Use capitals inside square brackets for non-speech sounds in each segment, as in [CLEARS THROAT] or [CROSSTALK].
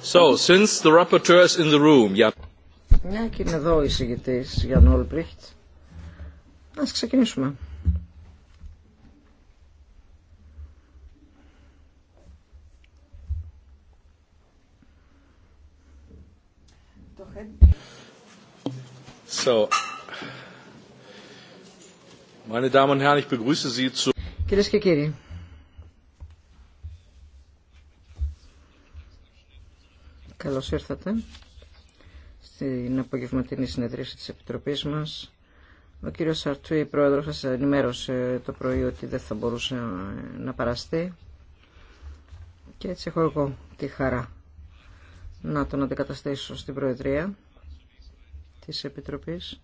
So, since the in the room, Μια και είναι εδώ η για Γιάνν Όλμπριχτ, ας ξεκινήσουμε. So, meine Damen und και κύριοι, Καλώς ήρθατε στην απογευματινή συνεδρίαση της Επιτροπής μας. Ο κύριος Σαρτουή, πρόεδρος, σας ενημέρωσε το πρωί ότι δεν θα μπορούσε να παραστεί και έτσι έχω εγώ τη χαρά να τον αντικαταστήσω στην Προεδρία της Επιτροπής.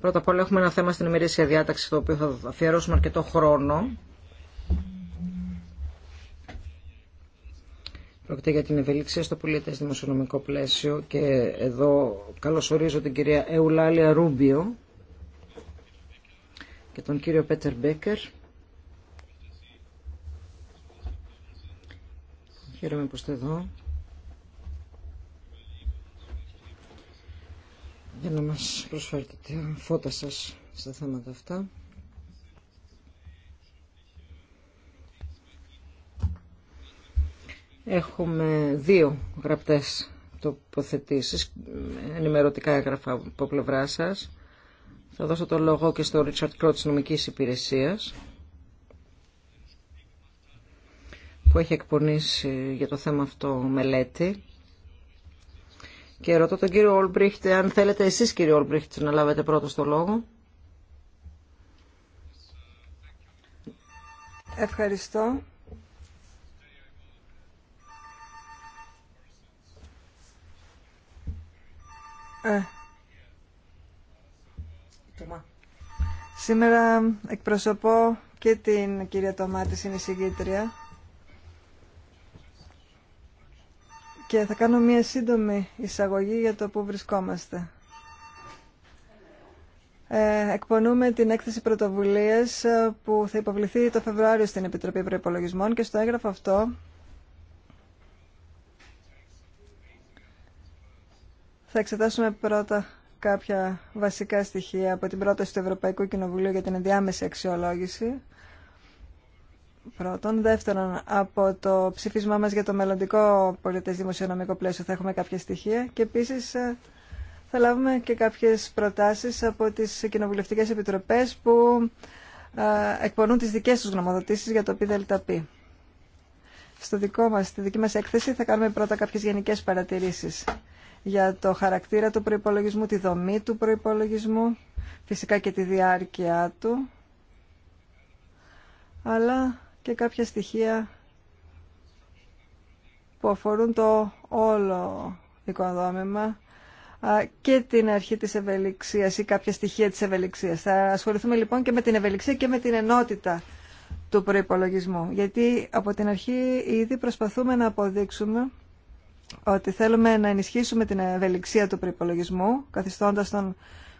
Πρώτα απ' όλα έχουμε ένα θέμα στην ημερήσια διάταξη το οποίο θα αφιερώσουμε αρκετό χρόνο Πρόκειται για την ευελιξία στο πολιτέ δημοσιονομικό πλαίσιο και εδώ καλωσορίζω την κυρία Εουλάλια Ρούμπιο και τον κύριο Πέτερ Μπέκερ. Χαίρομαι που είστε εδώ. Για να μας προσφέρετε τη φώτα σας στα θέματα αυτά. Έχουμε δύο γραπτές τοποθετήσεις, ενημερωτικά έγγραφα από πλευρά σας. Θα δώσω το λόγο και στο Richard Κρότ της Νομικής Υπηρεσίας που έχει εκπονήσει για το θέμα αυτό μελέτη. Και ρωτώ τον κύριο Ολμπρίχτ, αν θέλετε εσείς κύριο Ολμπρίχτ να λάβετε πρώτο το λόγο. Ευχαριστώ. Ε. Σήμερα εκπροσωπώ και την κυρία Τωμάτη, συνεισηγήτρια. Και θα κάνω μία σύντομη εισαγωγή για το που βρισκόμαστε. Ε, εκπονούμε την έκθεση πρωτοβουλίας ε, που θα υποβληθεί το Φεβρουάριο στην Επιτροπή Προϋπολογισμών και στο έγγραφο αυτό Θα εξετάσουμε πρώτα κάποια βασικά στοιχεία από την πρόταση του Ευρωπαϊκού Κοινοβουλίου για την ενδιάμεση αξιολόγηση. Πρώτον. Δεύτερον, από το ψήφισμά μας για το μελλοντικό πολιτές δημοσιονομικό πλαίσιο θα έχουμε κάποια στοιχεία και επίσης ε, θα λάβουμε και κάποιες προτάσεις από τις κοινοβουλευτικέ επιτροπές που ε, εκπονούν τις δικές τους γνωμοδοτήσεις για το ΠΔΛΤΑΠΗ. Στο δικό μας, στη δική μας έκθεση θα κάνουμε πρώτα κάποιες γενικές παρατηρήσεις για το χαρακτήρα του προϋπολογισμού, τη δομή του προϋπολογισμού, φυσικά και τη διάρκεια του, αλλά και κάποια στοιχεία που αφορούν το όλο οικοδόμημα και την αρχή της ευελιξίας ή κάποια στοιχεία της ευελιξίας. Θα ασχοληθούμε λοιπόν και με την ευελιξία και με την ενότητα του προϋπολογισμού. Γιατί από την αρχή ήδη προσπαθούμε να αποδείξουμε ότι θέλουμε να ενισχύσουμε την ευελιξία του προπολογισμού, καθιστώντας τον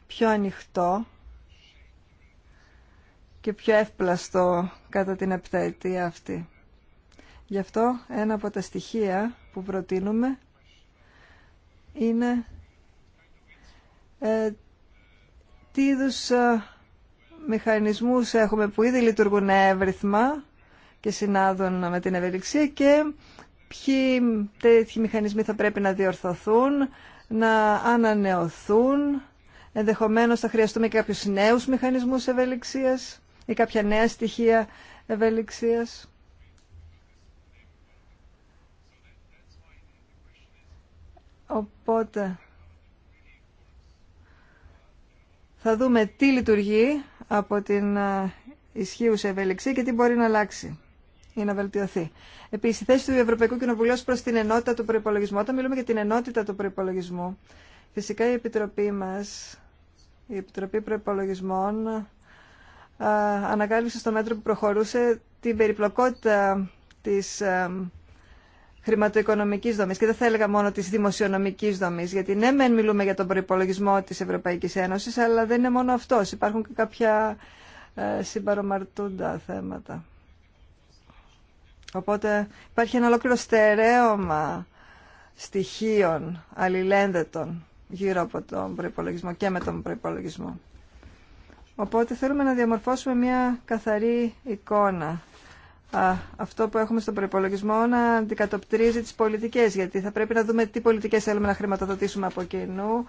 πιο ανοιχτό και πιο εύπλαστο κατά την επταετία αυτή. Γι' αυτό ένα από τα στοιχεία που προτείνουμε είναι ε, τι είδου ε, μηχανισμούς έχουμε που ήδη λειτουργούν εύρυθμα και συνάδουν με την ευελιξία και ποιοι τέτοιοι μηχανισμοί θα πρέπει να διορθωθούν, να ανανεωθούν, ενδεχομένως θα χρειαστούμε και κάποιους νέους μηχανισμούς ευελιξίας ή κάποια νέα στοιχεία ευελιξίας. Οπότε θα δούμε τι λειτουργεί από την ε, ισχύουσα ευελιξία και τι μπορεί να αλλάξει ή να βελτιωθεί. Επίση, η θέση του Ευρωπαϊκού Κοινοβουλίου προ την ενότητα του προπολογισμού. Όταν μιλούμε για την ενότητα του προπολογισμού, φυσικά η Επιτροπή μα, η Επιτροπή Προπολογισμών, ανακάλυψε στο μέτρο που προχωρούσε την περιπλοκότητα τη χρηματοοικονομικής δομής και δεν θα έλεγα μόνο τη δημοσιονομική δομή, γιατί ναι μεν μιλούμε για τον προπολογισμό της Ευρωπαϊκής Ένωσης, αλλά δεν είναι μόνο αυτός. Υπάρχουν και κάποια ε, συμπαρομαρτούντα θέματα. Οπότε υπάρχει ένα ολόκληρο στερέωμα στοιχείων αλληλένδετων γύρω από τον προϋπολογισμό και με τον προϋπολογισμό. Οπότε θέλουμε να διαμορφώσουμε μια καθαρή εικόνα. Α, αυτό που έχουμε στον προπολογισμό να αντικατοπτρίζει τις πολιτικές, γιατί θα πρέπει να δούμε τι πολιτικές θέλουμε να χρηματοδοτήσουμε από κοινού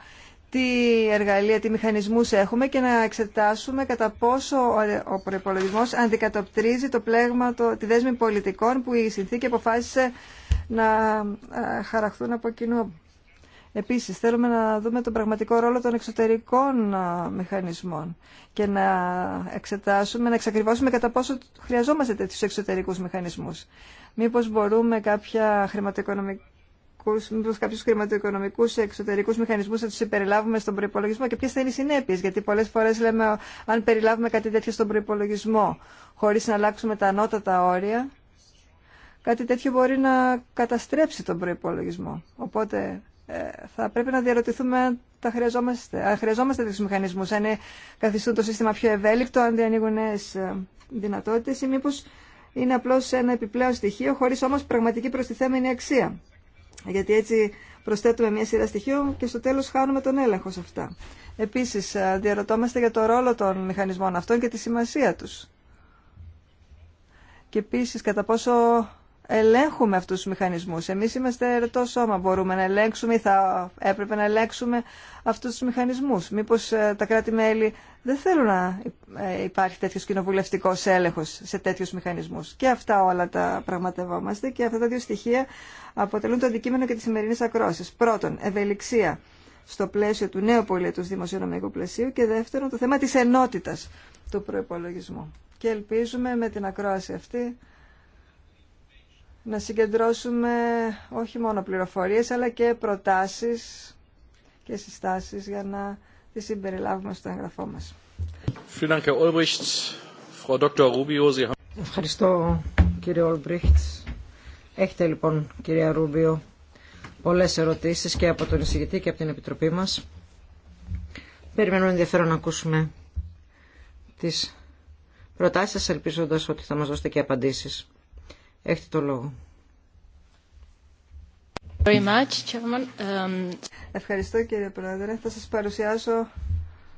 τι εργαλεία, τι μηχανισμούς έχουμε και να εξετάσουμε κατά πόσο ο προπολογισμό αντικατοπτρίζει το πλέγμα, το, τη δέσμη πολιτικών που η συνθήκη αποφάσισε να ε, χαραχθούν από κοινού. Επίσης, θέλουμε να δούμε τον πραγματικό ρόλο των εξωτερικών ε, μηχανισμών και να εξετάσουμε, να εξακριβώσουμε κατά πόσο χρειαζόμαστε τέτοιους εξωτερικούς μηχανισμούς. Μήπως μπορούμε κάποια χρηματοοικονομικά κάποιου κάποιους χρηματοοικονομικούς εξωτερικού μηχανισμού θα του συμπεριλάβουμε στον προπολογισμό. και ποιε θα είναι οι συνέπειε, γιατί πολλέ φορέ λέμε αν περιλάβουμε κάτι τέτοιο στον προπολογισμό, χωρί να αλλάξουμε τα ανώτατα όρια, κάτι τέτοιο μπορεί να καταστρέψει τον προπολογισμό. Οπότε ε, θα πρέπει να διαρωτηθούμε αν τα χρειαζόμαστε, αν χρειαζόμαστε τέτοιους μηχανισμούς, αν ε, καθιστούν το σύστημα πιο ευέλικτο, αν διανοίγουν νέε δυνατότητε, ή μήπω είναι απλώ ένα επιπλέον στοιχείο χωρί όμω πραγματική προστιθέμενη αξία γιατί έτσι προσθέτουμε μια σειρά στοιχείων και στο τέλος χάνουμε τον έλεγχο σε αυτά. Επίσης, διαρωτόμαστε για το ρόλο των μηχανισμών αυτών και τη σημασία τους. Και επίσης, κατά πόσο ελέγχουμε αυτού του μηχανισμού. Εμεί είμαστε ερετό σώμα, μπορούμε να ελέγξουμε ή θα έπρεπε να ελέγξουμε αυτούς τους μηχανισμούς. Μήπως ε, τα κράτη-μέλη δεν θέλουν να ε, υπάρχει τέτοιο κοινοβουλευτικό έλεγχο σε τέτοιου μηχανισμού. Και αυτά όλα τα πραγματευόμαστε και αυτά τα δύο στοιχεία αποτελούν το αντικείμενο και τη σημερινή ακρόση. Πρώτον, ευελιξία στο πλαίσιο του νέου πολίτου δημοσιονομικού πλαισίου και δεύτερον, το θέμα τη ενότητα του προπολογισμού. Και ελπίζουμε με την ακρόαση αυτή να συγκεντρώσουμε όχι μόνο πληροφορίες αλλά και προτάσεις και συστάσεις για να τις συμπεριλάβουμε στο εγγραφό μας. Ευχαριστώ κύριε Ολμπρίχτ. Έχετε λοιπόν κυρία Ρούμπιο πολλές ερωτήσεις και από τον εισηγητή και από την Επιτροπή μας. Περιμένουμε ενδιαφέρον να ακούσουμε τις προτάσεις σας ελπίζοντας ότι θα μας δώσετε και απαντήσεις. Έχετε το λόγο. Um, Ευχαριστώ κύριε Πρόεδρε. Θα σας παρουσιάσω,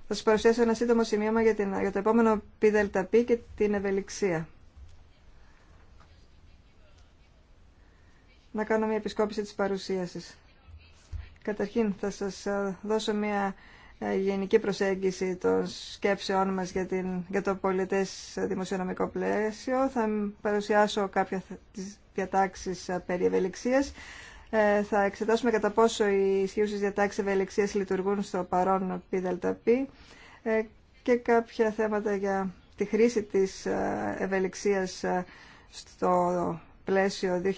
θα σας παρουσιάσω ένα σύντομο σημείωμα για, την, για το επόμενο ΠΔΕΛΤΑΠΗ και την ευελιξία. Να κάνω μια επισκόπηση της παρουσίασης. Καταρχήν θα σας ε, δώσω μια ε, γενική προσέγγιση των σκέψεών μας για, την, για το πολιτές δημοσιονομικό πλαίσιο. Θα παρουσιάσω κάποια τις διατάξεις ε, περί ευελιξίας. Ε, θα εξετάσουμε κατά πόσο οι ισχύουσε διατάξει ευελιξία λειτουργούν στο παρόν ΠΔΠ και κάποια θέματα για τη χρήση της ευελιξίας στο πλαίσιο 2014-2020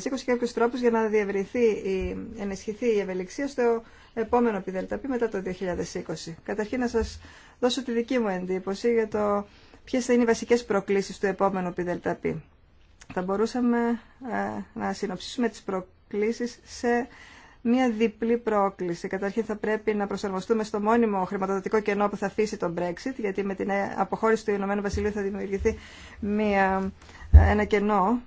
και κάποιου τρόπους για να διευρυνθεί, η, ενισχυθεί η ευελιξία στο επόμενο ΠΙΔΕΛΤΑΠΗ μετά το 2020. Καταρχήν να σας δώσω τη δική μου εντύπωση για το ποιες θα είναι οι βασικές προκλήσεις του επόμενου ΠΙΔΕΛΤΑΠΗ. Θα μπορούσαμε ε, να συνοψίσουμε τις προκλήσεις σε μια διπλή πρόκληση. Καταρχήν θα πρέπει να προσαρμοστούμε στο μόνιμο χρηματοδοτικό κενό που θα αφήσει το Brexit, γιατί με την ε, αποχώρηση του Ηνωμένου Βασιλείου θα δημιουργηθεί μια ένα κενό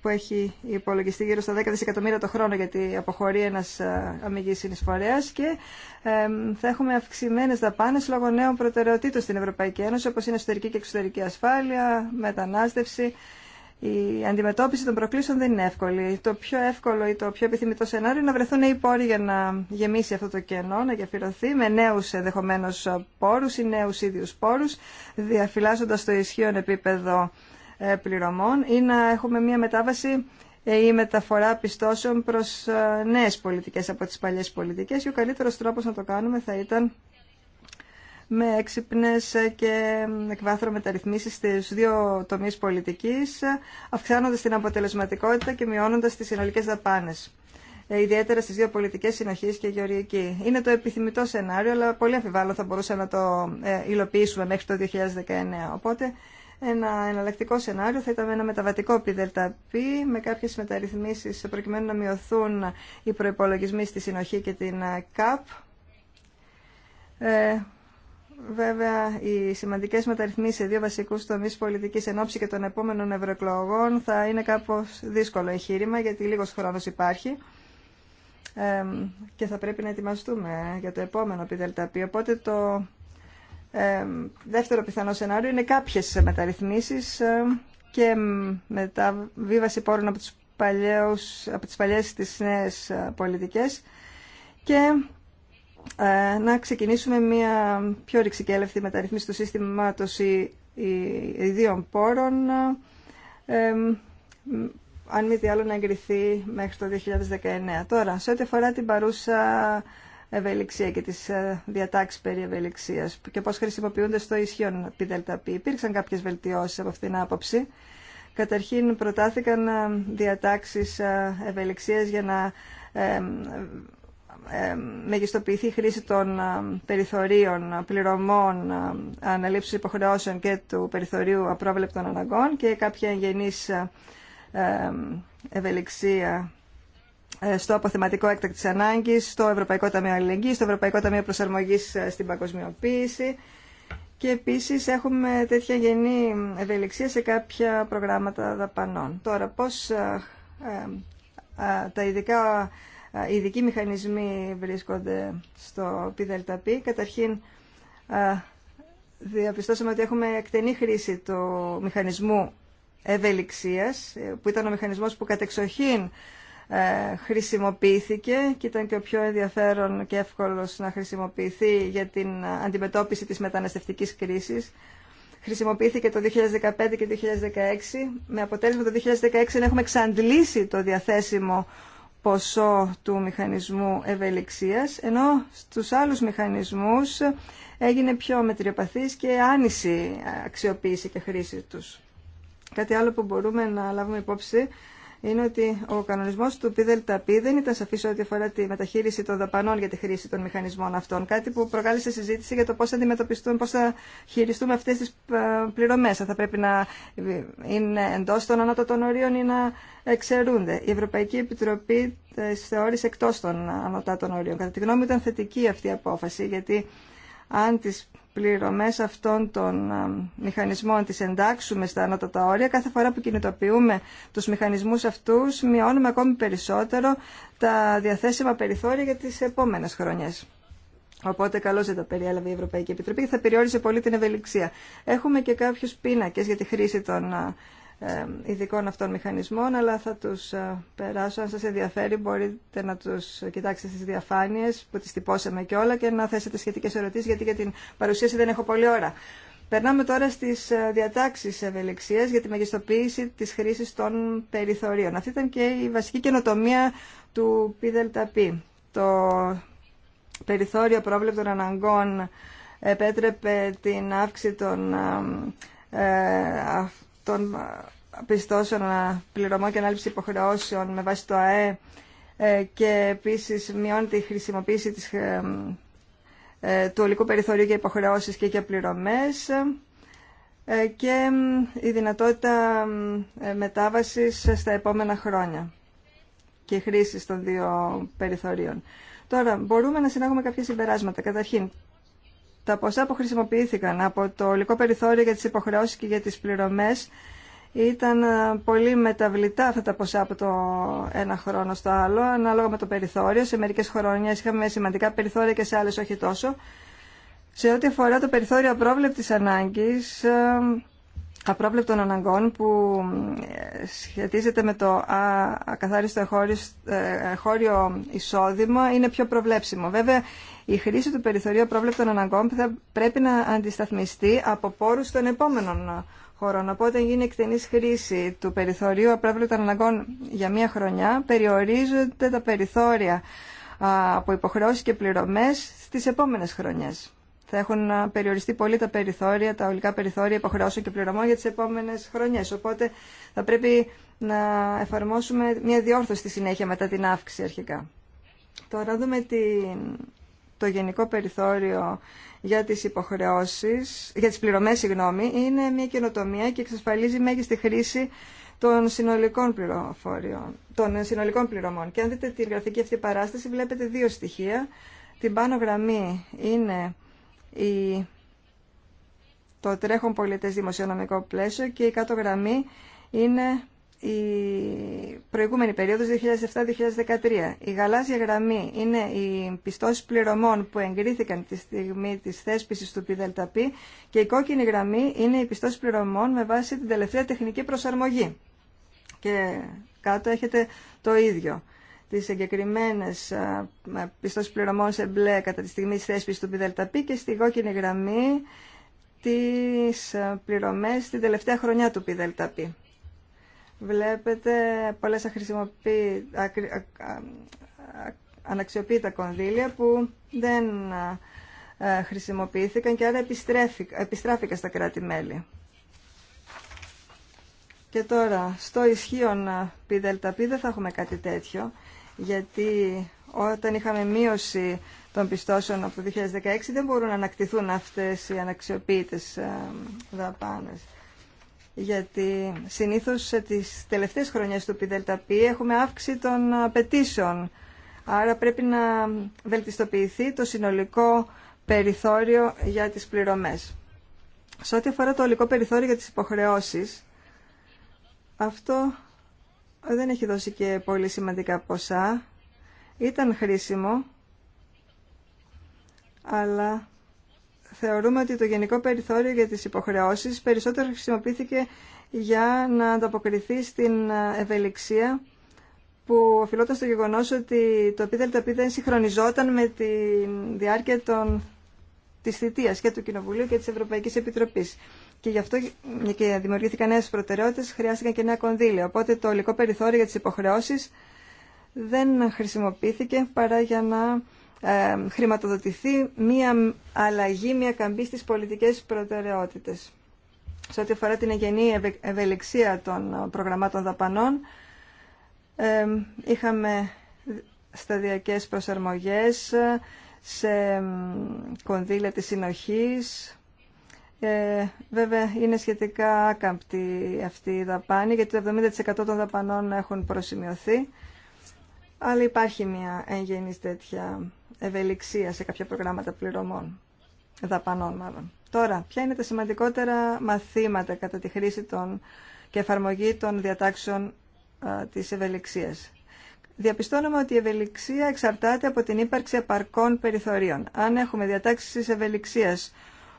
που έχει υπολογιστεί γύρω στα 10 δισεκατομμύρια το χρόνο γιατί αποχωρεί ένας ε, αμυγής συνεισφορέας και θα έχουμε αυξημένες δαπάνες λόγω νέων προτεραιοτήτων στην Ευρωπαϊκή Ένωση όπως είναι εσωτερική και εξωτερική ασφάλεια, μετανάστευση. Η αντιμετώπιση των προκλήσεων δεν είναι εύκολη. Το πιο εύκολο ή το πιο επιθυμητό σενάριο είναι να βρεθούν νέοι πόροι για να γεμίσει αυτό το κενό, να γεφυρωθεί με νέου ενδεχομένω πόρου ή νέου ίδιου πόρου, διαφυλάσσοντα το ισχύον επίπεδο ε, πληρωμών ή να έχουμε μια μετάβαση ε, ή μεταφορά πιστώσεων προς ε, νέες πολιτικές από τις παλιές πολιτικές και ο καλύτερος τρόπος να το κάνουμε θα ήταν με έξυπνες και εκβάθρο μεταρρυθμίσεις στις δύο τομείς πολιτικής, αυξάνοντας την αποτελεσματικότητα και μειώνοντας τις συνολικές δαπάνες. Ιδιαίτερα στις δύο πολιτικές συνοχής και γεωργική. Είναι το επιθυμητό σενάριο, αλλά πολύ αμφιβάλλω θα μπορούσα να το υλοποιήσουμε μέχρι το 2019. Οπότε ένα εναλλακτικό σενάριο θα ήταν ένα μεταβατικό πι με κάποιες μεταρρυθμίσεις προκειμένου να μειωθούν οι προϋπολογισμοί στη συνοχή και την ε, ΚΑΠ. Ε, βέβαια, οι σημαντικές μεταρρυθμίσεις σε δύο βασικούς τομείς πολιτικής ενόψη και των επόμενων ευρωεκλογών θα είναι κάπως δύσκολο εγχείρημα γιατί λίγος χρόνος υπάρχει ε, και θα πρέπει να ετοιμαστούμε ε, για το επόμενο ΠΔΠ. Οπότε το δεύτερο πιθανό σενάριο είναι κάποιες μεταρρυθμίσεις και μεταβίβαση πόρων από, τις από τις παλιές τις νέες ε, πολιτικές και ε, να ξεκινήσουμε μια πιο ρηξικέλευτη μεταρρύθμιση του σύστηματος ιδίων πόρων αν μη τι άλλο να εγκριθεί μέχρι το 2019. Τώρα, σε ό,τι αφορά την παρούσα ευελιξία και τις ε, διατάξεις περί ευελιξίας και πώς χρησιμοποιούνται στο ισχύον ΠΔΠ. Υπήρξαν κάποιες βελτιώσεις από αυτήν την άποψη. Καταρχήν προτάθηκαν ε, διατάξεις ε, ευελιξίας για να μεγιστοποιηθεί η χρήση των περιθωρίων πληρωμών αναλήψης υποχρεώσεων και του περιθωρίου απρόβλεπτων αναγκών και κάποια εγγενής ευελιξία ε, στο αποθεματικό έκτακτης ανάγκης, στο Ευρωπαϊκό Ταμείο Αλληλεγγύη, στο Ευρωπαϊκό Ταμείο Προσαρμογής ε, στην Παγκοσμιοποίηση και επίσης έχουμε τέτοια γενή ευελιξία σε κάποια προγράμματα δαπανών. Τώρα, πώς ε, τα ειδικά, ειδικοί μηχανισμοί βρίσκονται στο ΠΙΔΑΛΤΑΠΗ Καταρχήν, διαπιστώσαμε ότι έχουμε εκτενή χρήση του μηχανισμού ευελιξίας, που ήταν ο μηχανισμός που κατεξοχήν ε, χρησιμοποιήθηκε και ήταν και ο πιο ενδιαφέρον και εύκολος να χρησιμοποιηθεί για την αντιμετώπιση της μεταναστευτικής κρίσης. Χρησιμοποιήθηκε το 2015 και το 2016 με αποτέλεσμα το 2016 να έχουμε εξαντλήσει το διαθέσιμο ποσό του μηχανισμού ευελιξίας, ενώ στους άλλους μηχανισμούς έγινε πιο μετριοπαθής και άνηση αξιοποίηση και χρήση τους. Κάτι άλλο που μπορούμε να λάβουμε υπόψη είναι ότι ο κανονισμός του ΠΙΔΕΛΤΑΠΗ δεν ήταν σαφής ό,τι αφορά τη μεταχείριση των δαπανών για τη χρήση των μηχανισμών αυτών. Κάτι που προκάλεσε συζήτηση για το πώς θα αντιμετωπιστούν, πώς θα χειριστούμε αυτές τις ε, πληρωμές. Θα πρέπει να είναι εντός των ανώτατων ορίων ή να εξαιρούνται. Η Ευρωπαϊκή Επιτροπή τις θεώρησε εκτός των ανώτατων ορίων. Κατά τη γνώμη ήταν θετική αυτή η απόφαση, γιατί αν τις πληρωμές αυτών των μηχανισμών τις εντάξουμε στα ανώτατα όρια, κάθε φορά που κινητοποιούμε τους μηχανισμούς αυτούς, μειώνουμε ακόμη περισσότερο τα διαθέσιμα περιθώρια για τις επόμενες χρονιές. Οπότε καλώ δεν τα περιέλαβε η Ευρωπαϊκή Επιτροπή και θα περιόρισε πολύ την ευελιξία. Έχουμε και κάποιου πίνακε για τη χρήση των ειδικών αυτών μηχανισμών, αλλά θα τους ε, περάσω. Αν σας ενδιαφέρει μπορείτε να τους κοιτάξετε στις διαφάνειες που τις τυπώσαμε και όλα και να θέσετε σχετικές ερωτήσεις, γιατί για την παρουσίαση δεν έχω πολλή ώρα. Περνάμε τώρα στις ε, διατάξεις ευελιξίας για τη μεγιστοποίηση της χρήσης των περιθωρίων. Αυτή ήταν και η βασική καινοτομία του ΠΔΠ. Το περιθώριο πρόβλεπτων αναγκών επέτρεπε την αύξηση των ε, των πιστώσεων πληρωμών και ανάληψη υποχρεώσεων με βάση το ΑΕ ε, και επίσης μειώνεται τη χρησιμοποίηση ε, ε, του ολικού περιθωρίου για υποχρεώσεις και για πληρωμές και η δυνατότητα μετάβασης στα επόμενα χρόνια και χρήση των δύο περιθωρίων. Τώρα, μπορούμε να συνάγουμε κάποια συμπεράσματα. Καταρχήν, τα ποσά που χρησιμοποιήθηκαν από το ολικό περιθώριο για τις υποχρεώσεις και για τις πληρωμές ήταν ε, πολύ μεταβλητά αυτά τα ποσά από το ένα χρόνο στο άλλο, ανάλογα με το περιθώριο. Σε μερικές χρονιές είχαμε σημαντικά περιθώρια και σε άλλες όχι τόσο. Σε ό,τι αφορά το περιθώριο απρόβλεπτης ανάγκης, ε, απρόβλεπτων αναγκών που σχετίζεται με το ακαθάριστο ε, χώριο εισόδημα είναι πιο προβλέψιμο. Βέβαια, η χρήση του περιθωρίου απρόβλεπτων αναγκών θα πρέπει να αντισταθμιστεί από πόρους των επόμενων χωρών. Οπότε, γίνει εκτενής χρήση του περιθωρίου απρόβλεπτων αναγκών για μία χρονιά, περιορίζονται τα περιθώρια από υποχρεώσεις και πληρωμές στις επόμενες χρονιές θα έχουν περιοριστεί πολύ τα περιθώρια, τα ολικά περιθώρια υποχρεώσεων και πληρωμών για τις επόμενες χρονιές. Οπότε θα πρέπει να εφαρμόσουμε μια διόρθωση στη συνέχεια μετά την αύξηση αρχικά. Τώρα δούμε την... το γενικό περιθώριο για τις υποχρεώσεις, για τις πληρωμές, συγγνώμη, είναι μια καινοτομία και εξασφαλίζει μέγιστη χρήση των συνολικών, πληροφοριών, των συνολικών πληρωμών. Και αν δείτε τη γραφική αυτή παράσταση βλέπετε δύο στοιχεία. Την πάνω γραμμή είναι το τρέχον πολιτές δημοσιονομικό πλαίσιο και η κάτω γραμμή είναι η προηγούμενη περίοδος 2007-2013. Η γαλάζια γραμμή είναι οι πιστώσεις πληρωμών που εγκρίθηκαν τη στιγμή της θέσπισης του ΠΔΠ και η κόκκινη γραμμή είναι οι πιστώσεις πληρωμών με βάση την τελευταία τεχνική προσαρμογή. Και κάτω έχετε το ίδιο τις συγκεκριμένε πιστώσεις πληρωμών σε μπλε κατά τη στιγμή της θέσπισης του ΠΙΔΕΛΤΑΠΗ και στη κόκκινη γραμμή τις πληρωμές την τελευταία χρονιά του ΠΙΔΕΛΤΑΠΗ Βλέπετε πολλές αναξιοποιητά κονδύλια που δεν χρησιμοποιήθηκαν και άρα επιστράφηκαν στα κράτη-μέλη. Και τώρα, στο ισχύον ΠΔΕΛΤΑΠΗ δεν θα έχουμε κάτι τέτοιο, γιατί όταν είχαμε μείωση των πιστώσεων από το 2016 δεν μπορούν να ανακτηθούν αυτές οι αναξιοποιητές ε, δαπάνες. Γιατί συνήθως τις τελευταίες χρονιές του ΠΙΔΕΛΤΑΠΗ έχουμε αύξηση των απαιτήσεων. Άρα πρέπει να βελτιστοποιηθεί το συνολικό περιθώριο για τις πληρωμές. Σε ό,τι αφορά το ολικό περιθώριο για τις υποχρεώσεις, αυτό δεν έχει δώσει και πολύ σημαντικά ποσά. Ήταν χρήσιμο, αλλά θεωρούμε ότι το γενικό περιθώριο για τις υποχρεώσεις περισσότερο χρησιμοποιήθηκε για να ανταποκριθεί στην ευελιξία που οφειλόταν στο γεγονός ότι το ΠΔΠ δεν συγχρονιζόταν με τη διάρκεια των, της θητείας και του Κοινοβουλίου και της Ευρωπαϊκής Επιτροπής και γι' αυτό και δημιουργήθηκαν νέε προτεραιότητε, χρειάστηκαν και νέα κονδύλια. Οπότε το ολικό περιθώριο για τι υποχρεώσει δεν χρησιμοποιήθηκε παρά για να ε, χρηματοδοτηθεί μία αλλαγή, μία καμπή στις πολιτικές προτεραιότητες. Σε ό,τι αφορά την εγγενή ευελιξία των προγραμμάτων δαπανών, ε, είχαμε σταδιακές προσαρμογές σε κονδύλια της συνοχής, ε, βέβαια είναι σχετικά άκαμπτη αυτή η δαπάνη γιατί το 70% των δαπανών έχουν προσημειωθεί αλλά υπάρχει μια εγγενής τέτοια ευελιξία σε κάποια προγράμματα πληρωμών, δαπανών μάλλον. Τώρα, ποια είναι τα σημαντικότερα μαθήματα κατά τη χρήση των και εφαρμογή των διατάξεων της ευελιξίας. Διαπιστώνουμε ότι η ευελιξία εξαρτάται από την ύπαρξη επαρκών περιθωρίων. Αν έχουμε διατάξεις ευελιξίας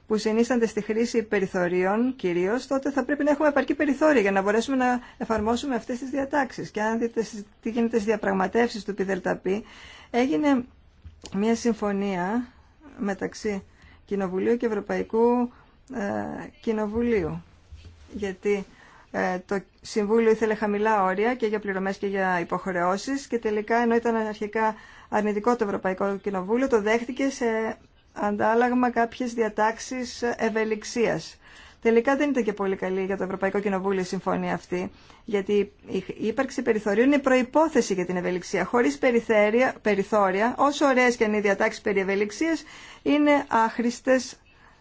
που συνίστανται στη χρήση περιθωρίων κυρίω, τότε θα πρέπει να έχουμε επαρκή περιθώρια για να μπορέσουμε να εφαρμόσουμε αυτέ τι διατάξει. Και αν δείτε τι γίνεται στι διαπραγματεύσει του ΠΙΔΕΛΤΑΠΗ, έγινε μια συμφωνία μεταξύ Κοινοβουλίου και Ευρωπαϊκού ε, Κοινοβουλίου. Γιατί ε, το Συμβούλιο ήθελε χαμηλά όρια και για πληρωμέ και για υποχρεώσει. και τελικά ενώ ήταν αρχικά αρνητικό το Ευρωπαϊκό Κοινοβούλιο το δέχτηκε σε αντάλλαγμα κάποιες διατάξεις ευελιξίας. Τελικά δεν ήταν και πολύ καλή για το Ευρωπαϊκό Κοινοβούλιο η συμφωνία αυτή, γιατί η ύπαρξη περιθωρίων είναι προϋπόθεση για την ευελιξία. Χωρίς περιθώρια, όσο ωραίες και αν είναι οι διατάξεις περί ευελιξίας, είναι άχρηστες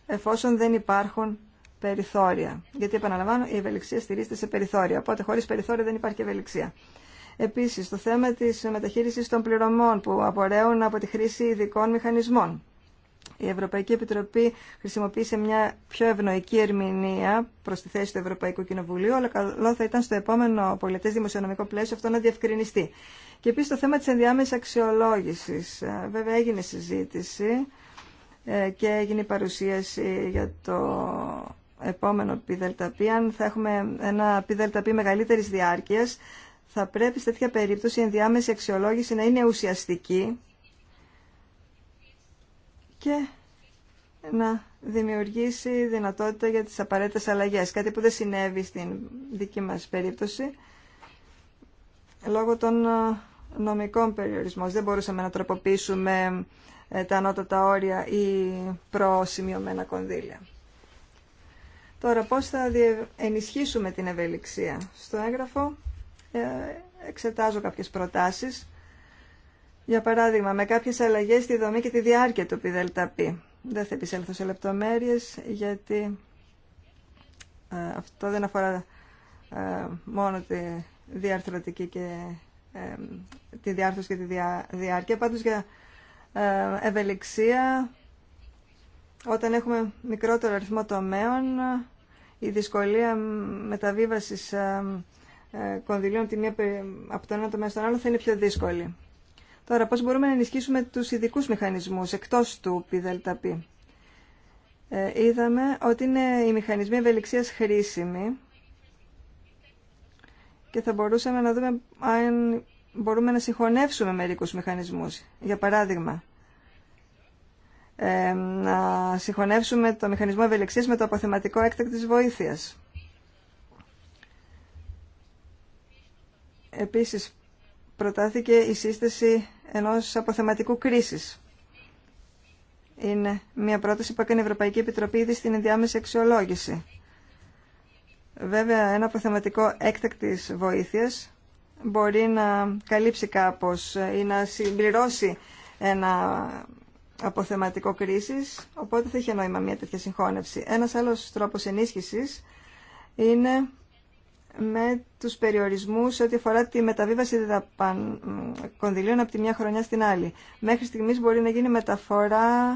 εφόσον δεν υπάρχουν περιθώρια. Γιατί, επαναλαμβάνω, η ευελιξία στηρίζεται σε περιθώρια, οπότε χωρίς περιθώρια δεν υπάρχει ευελιξία. Επίσης, το θέμα της μεταχείρισης των πληρωμών που απορρέουν από τη χρήση ειδικών μηχανισμών η Ευρωπαϊκή Επιτροπή χρησιμοποίησε μια πιο ευνοϊκή ερμηνεία προ τη θέση του Ευρωπαϊκού Κοινοβουλίου, αλλά καλό θα ήταν στο επόμενο πολιτέ δημοσιονομικό πλαίσιο αυτό να διευκρινιστεί. Και επίση το θέμα τη ενδιάμεση αξιολόγηση. Ε, βέβαια, έγινε συζήτηση ε, και έγινε η παρουσίαση για το επόμενο ΠΔΠ. Αν θα έχουμε ένα ΠΔΠ μεγαλύτερη διάρκεια, θα πρέπει σε τέτοια περίπτωση η ενδιάμεση αξιολόγηση να είναι ουσιαστική και να δημιουργήσει δυνατότητα για τις απαραίτητες αλλαγές. Κάτι που δεν συνέβη στην δική μας περίπτωση λόγω των ε, νομικών περιορισμών. Δεν μπορούσαμε να τροποποιήσουμε ε, τα ανώτατα όρια ή προσημειωμένα κονδύλια. Τώρα πώς θα ενισχύσουμε την ευελιξία. Στο έγγραφο ε, εξετάζω κάποιες προτάσεις για παράδειγμα, με κάποιες αλλαγέ στη δομή και τη διάρκεια του ΠΔΠ. Δεν θα επισέλθω σε λεπτομέρειε γιατί ε, αυτό δεν αφορά ε, μόνο τη διαρθρωτική και ε, τη διάρθρωση και τη διάρκεια. Πάντως για ευελιξία, όταν έχουμε μικρότερο αριθμό τομέων, η δυσκολία μεταβίβασης κονδυλίων από το ένα τομέα στον άλλο θα είναι πιο δύσκολη. Τώρα, πώς μπορούμε να ενισχύσουμε τους ειδικού μηχανισμούς εκτός του ΠΙΔΑΛΤΑΠΗ. Ε, είδαμε ότι είναι οι μηχανισμοί ευελιξίας χρήσιμοι και θα μπορούσαμε να δούμε αν μπορούμε να συγχωνεύσουμε μερικούς μηχανισμούς. Για παράδειγμα, ε, να συγχωνεύσουμε το μηχανισμό ευελιξίας με το αποθεματικό έκτακτης βοήθειας. Επίσης, προτάθηκε η σύσταση ενός αποθεματικού κρίσης. Είναι μια πρόταση που έκανε η Ευρωπαϊκή Επιτροπή ήδη στην ενδιάμεση αξιολόγηση. Βέβαια, ένα αποθεματικό έκτακτης βοήθειας μπορεί να καλύψει κάπως ή να συμπληρώσει ένα αποθεματικό κρίσης, οπότε θα είχε νόημα μια τέτοια συγχώνευση. Ένας άλλος τρόπος ενίσχυσης είναι με τους περιορισμούς ό,τι αφορά τη μεταβίβαση κονδυλίων από τη μια χρονιά στην άλλη. Μέχρι στιγμής μπορεί να γίνει μεταφορά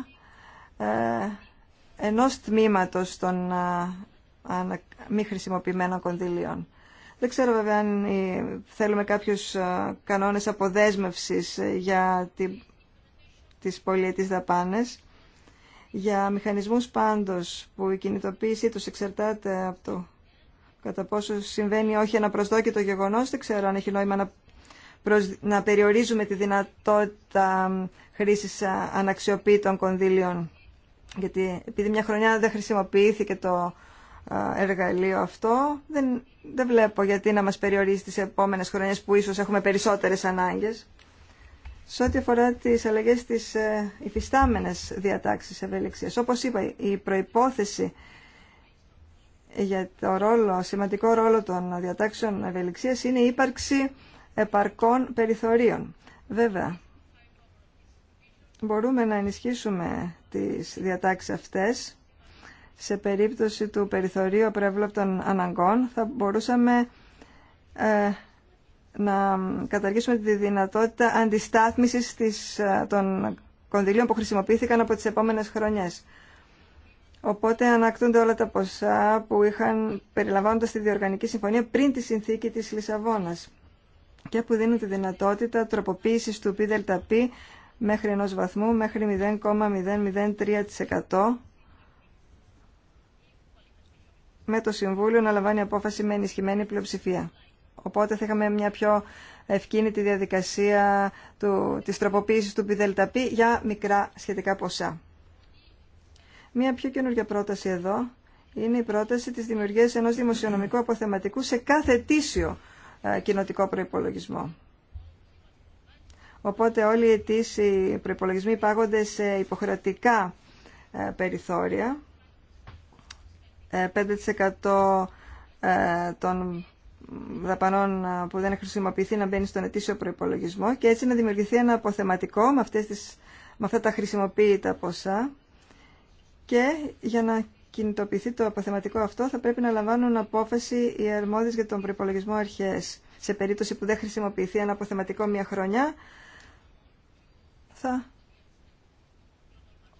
ε, ενός τμήματος των ανα, μη χρησιμοποιημένων κονδυλίων. Δεν ξέρω βέβαια αν θέλουμε κάποιους κανόνες αποδέσμευσης ε, για τη, τις πολιτικές δαπάνες. Για μηχανισμούς πάντως που η κινητοποίησή τους εξαρτάται από το κατά πόσο συμβαίνει όχι ένα προσδόκητο γεγονός, δεν ξέρω αν έχει νόημα να, να περιορίζουμε τη δυνατότητα χρήσης αναξιοποίητων κονδύλιων. Γιατί επειδή μια χρονιά δεν χρησιμοποιήθηκε το εργαλείο αυτό, δεν, δεν βλέπω γιατί να μας περιορίζει τις επόμενες χρονιές που ίσως έχουμε περισσότερες ανάγκες. Σε ό,τι αφορά τις αλλαγές στις ε, υφιστάμενες διατάξεις ευελιξίας, όπως είπα, η προϋπόθεση για το ρόλο, σημαντικό ρόλο των διατάξεων ευελιξίας είναι η ύπαρξη επαρκών περιθωρίων. Βέβαια, μπορούμε να ενισχύσουμε τις διατάξεις αυτές. Σε περίπτωση του περιθωρίου των αναγκών θα μπορούσαμε ε, να καταργήσουμε τη δυνατότητα αντιστάθμισης ε, των κονδυλίων που χρησιμοποιήθηκαν από τις επόμενες χρονιές. Οπότε ανακτούνται όλα τα ποσά που είχαν περιλαμβάνοντα τη διοργανική συμφωνία πριν τη συνθήκη της Λισαβόνα και που δίνουν τη δυνατότητα τροποποίηση του ΠΔΠ μέχρι ενό βαθμού, μέχρι 0,003% με το Συμβούλιο να λαμβάνει απόφαση με ενισχυμένη πλειοψηφία. Οπότε θα είχαμε μια πιο ευκίνητη διαδικασία του, της τροποποίησης του ΠΔΠ για μικρά σχετικά ποσά. Μία πιο καινούργια πρόταση εδώ είναι η πρόταση της δημιουργίας ενός δημοσιονομικού αποθεματικού σε κάθε ε, κοινοτικό προϋπολογισμό. Οπότε όλοι οι αιτήσιοι προϋπολογισμοί πάγονται σε υποχρεωτικά ε, περιθώρια. 5% ε, ε, των δαπανών που δεν χρησιμοποιηθεί να μπαίνει στον ετήσιο προϋπολογισμό και έτσι να δημιουργηθεί ένα αποθεματικό με, αυτές τις, με αυτά τα χρησιμοποίητα ποσά και για να κινητοποιηθεί το αποθεματικό αυτό θα πρέπει να λαμβάνουν απόφαση οι αρμόδιες για τον προπολογισμό αρχές. Σε περίπτωση που δεν χρησιμοποιηθεί ένα αποθεματικό μία χρονιά θα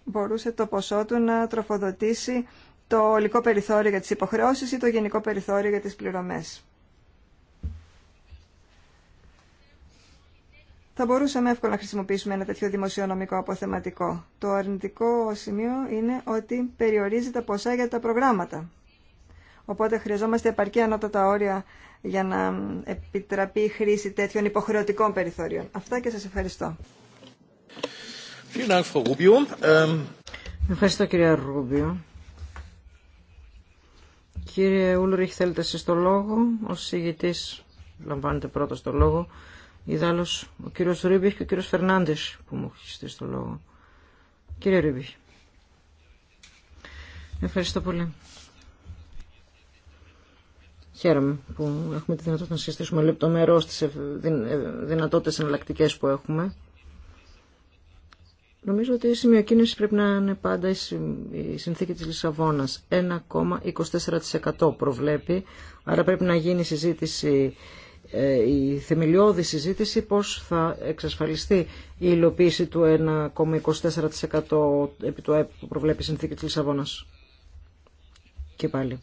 μπορούσε το ποσό του να τροφοδοτήσει το ολικό περιθώριο για τις υποχρεώσεις ή το γενικό περιθώριο για τις πληρωμές. θα μπορούσαμε εύκολα να χρησιμοποιήσουμε ένα τέτοιο δημοσιονομικό αποθεματικό. Το αρνητικό σημείο είναι ότι περιορίζει τα ποσά για τα προγράμματα. Οπότε χρειαζόμαστε επαρκή ανώτατα όρια για να επιτραπεί η χρήση τέτοιων υποχρεωτικών περιθώριων. Αυτά και σας ευχαριστώ. Ähm, ευχαριστώ κυρία Ρούμπιο. Κύριε Ούλριχ, θέλετε εσείς το λόγο. Ο συγητής λαμβάνετε πρώτος το λόγο. Ιδάλλως ο κύριος Ρούμπιχ και ο κύριος Φερνάντες που μου έχει στείλει το λόγο. Κύριε Ρούμπιχ. Ευχαριστώ πολύ. Χαίρομαι που έχουμε τη δυνατότητα να συζητήσουμε λεπτομερώς τις ε, δυνατότητες εναλλακτικέ που έχουμε. Νομίζω ότι η σημειοκίνηση πρέπει να είναι πάντα η συνθήκη της Λισαβόνας. 1,24% προβλέπει, άρα πρέπει να γίνει συζήτηση ε, η θεμελιώδη συζήτηση πώς θα εξασφαλιστεί η υλοποίηση του 1,24% επί του ΑΕΠ που προβλέπει η συνθήκη της Λισαβόνας. Και πάλι.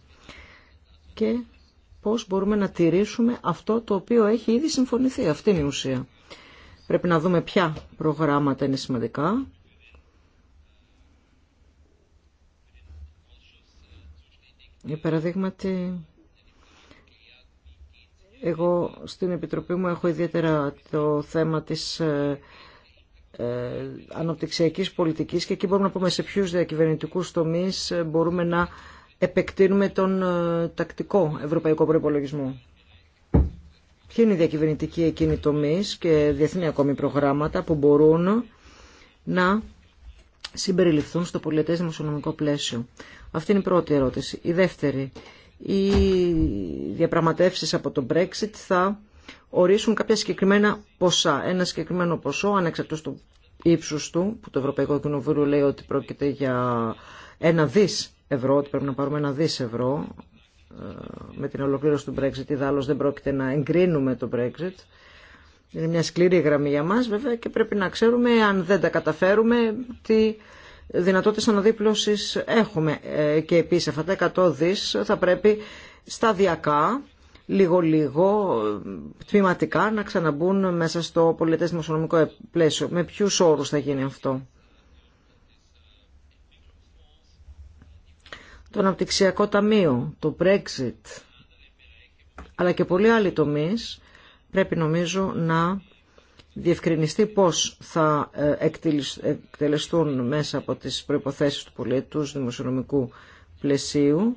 Και πώς μπορούμε να τηρήσουμε αυτό το οποίο έχει ήδη συμφωνηθεί. Αυτή είναι η ουσία. Πρέπει να δούμε ποια προγράμματα είναι σημαντικά. Για παραδείγματι, εγώ στην Επιτροπή μου έχω ιδιαίτερα το θέμα της ε, ε, αναπτυξιακής πολιτικής και εκεί μπορούμε να πούμε σε ποιους διακυβερνητικούς τομείς ε, μπορούμε να επεκτείνουμε τον ε, τακτικό ευρωπαϊκό προϋπολογισμό. Ποιοι είναι οι διακυβερνητικοί εκείνοι τομείς και διεθνή ακόμη προγράμματα που μπορούν να συμπεριληφθούν στο πολιτές δημοσιονομικό πλαίσιο. Αυτή είναι η πρώτη ερώτηση. Η δεύτερη οι διαπραγματεύσεις από το Brexit θα ορίσουν κάποια συγκεκριμένα ποσά. Ένα συγκεκριμένο ποσό, ανεξαρτήτως του ύψους του, που το Ευρωπαϊκό Κοινοβούλιο λέει ότι πρόκειται για ένα δις ευρώ, ότι πρέπει να πάρουμε ένα δις ευρώ ε, με την ολοκλήρωση του Brexit, ιδάλλως δεν πρόκειται να εγκρίνουμε το Brexit. Είναι μια σκληρή γραμμή για μας βέβαια και πρέπει να ξέρουμε αν δεν τα καταφέρουμε τι δυνατότητες αναδίπλωσης έχουμε. Ε, και επίσης αυτά τα 100 δις θα πρέπει σταδιακά, λίγο-λίγο, τμηματικά να ξαναμπούν μέσα στο πολιτές δημοσιονομικό πλαίσιο. Με ποιους όρους θα γίνει αυτό. Το αναπτυξιακό ταμείο, το Brexit, αλλά και πολλοί άλλοι τομείς πρέπει νομίζω να διευκρινιστεί πώς θα ε, εκτελεστούν μέσα από τις προϋποθέσεις του πολίτου δημοσιονομικού πλαισίου.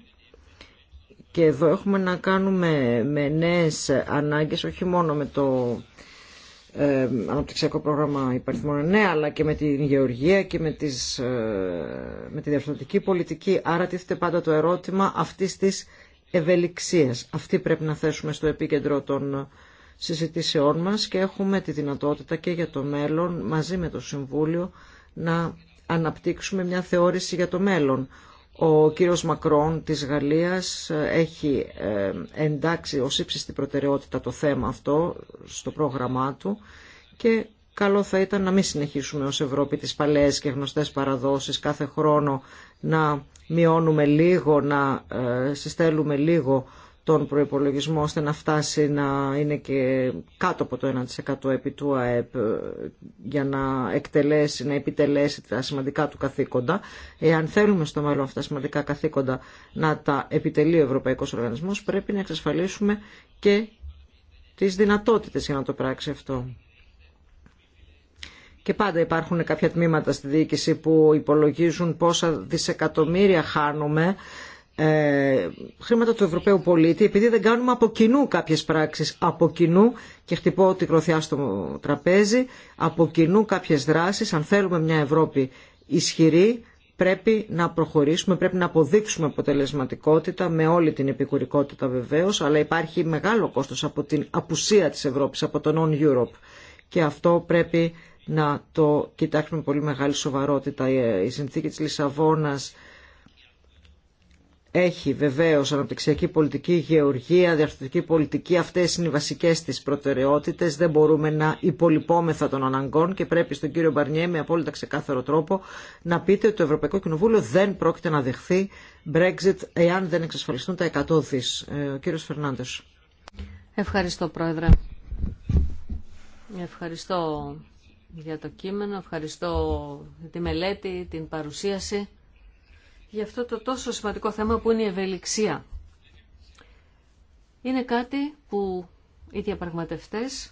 Και εδώ έχουμε να κάνουμε με νέες ανάγκες, όχι μόνο με το ε, αναπτυξιακό πρόγραμμα υπαριθμών νέα αλλά και με την γεωργία και με, τις, ε, με τη διαφορετική πολιτική. Άρα τίθεται πάντα το ερώτημα αυτής της ευελιξίας. Αυτή πρέπει να θέσουμε στο επίκεντρο των συζητήσεών μας και έχουμε τη δυνατότητα και για το μέλλον μαζί με το Συμβούλιο να αναπτύξουμε μια θεώρηση για το μέλλον. Ο κύριος Μακρόν της Γαλλίας ε, έχει ε, εντάξει ως ύψιστη προτεραιότητα το θέμα αυτό στο πρόγραμμά του και καλό θα ήταν να μην συνεχίσουμε ως Ευρώπη τις παλαιές και γνωστές παραδόσεις κάθε χρόνο να μειώνουμε λίγο, να ε, συστέλουμε λίγο τον προϋπολογισμό ώστε να φτάσει να είναι και κάτω από το 1% επί του ΑΕΠ ε, για να εκτελέσει, να επιτελέσει τα σημαντικά του καθήκοντα. Εάν θέλουμε στο μέλλον αυτά τα σημαντικά καθήκοντα να τα επιτελεί ο Ευρωπαϊκός Οργανισμός πρέπει να εξασφαλίσουμε και τις δυνατότητες για να το πράξει αυτό. Και πάντα υπάρχουν κάποια τμήματα στη διοίκηση που υπολογίζουν πόσα δισεκατομμύρια χάνουμε ε, χρήματα του Ευρωπαίου πολίτη, επειδή δεν κάνουμε από κοινού κάποιες πράξεις, από κοινού, και χτυπώ την κροθιά στο τραπέζι, από κοινού κάποιες δράσεις, αν θέλουμε μια Ευρώπη ισχυρή, πρέπει να προχωρήσουμε, πρέπει να αποδείξουμε αποτελεσματικότητα με όλη την επικουρικότητα βεβαίως, αλλά υπάρχει μεγάλο κόστος από την απουσία της Ευρώπης, από το non-Europe. Και αυτό πρέπει να το κοιτάξουμε πολύ μεγάλη σοβαρότητα. Η συνθήκη της Λισαβόνας έχει βεβαίως αναπτυξιακή πολιτική, γεωργία, διαρθρωτική πολιτική. Αυτές είναι οι βασικές της προτεραιότητες. Δεν μπορούμε να υπολοιπόμεθα των αναγκών και πρέπει στον κύριο Μπαρνιέ με απόλυτα ξεκάθαρο τρόπο να πείτε ότι το Ευρωπαϊκό Κοινοβούλιο δεν πρόκειται να δεχθεί Brexit εάν δεν εξασφαλιστούν τα 100 ε, Ο κύριος Φερνάντες. Ευχαριστώ Πρόεδρε. Ευχαριστώ για το κείμενο, ευχαριστώ τη μελέτη, την παρουσίαση για αυτό το τόσο σημαντικό θέμα που είναι η ευελιξία. Είναι κάτι που οι διαπραγματευτές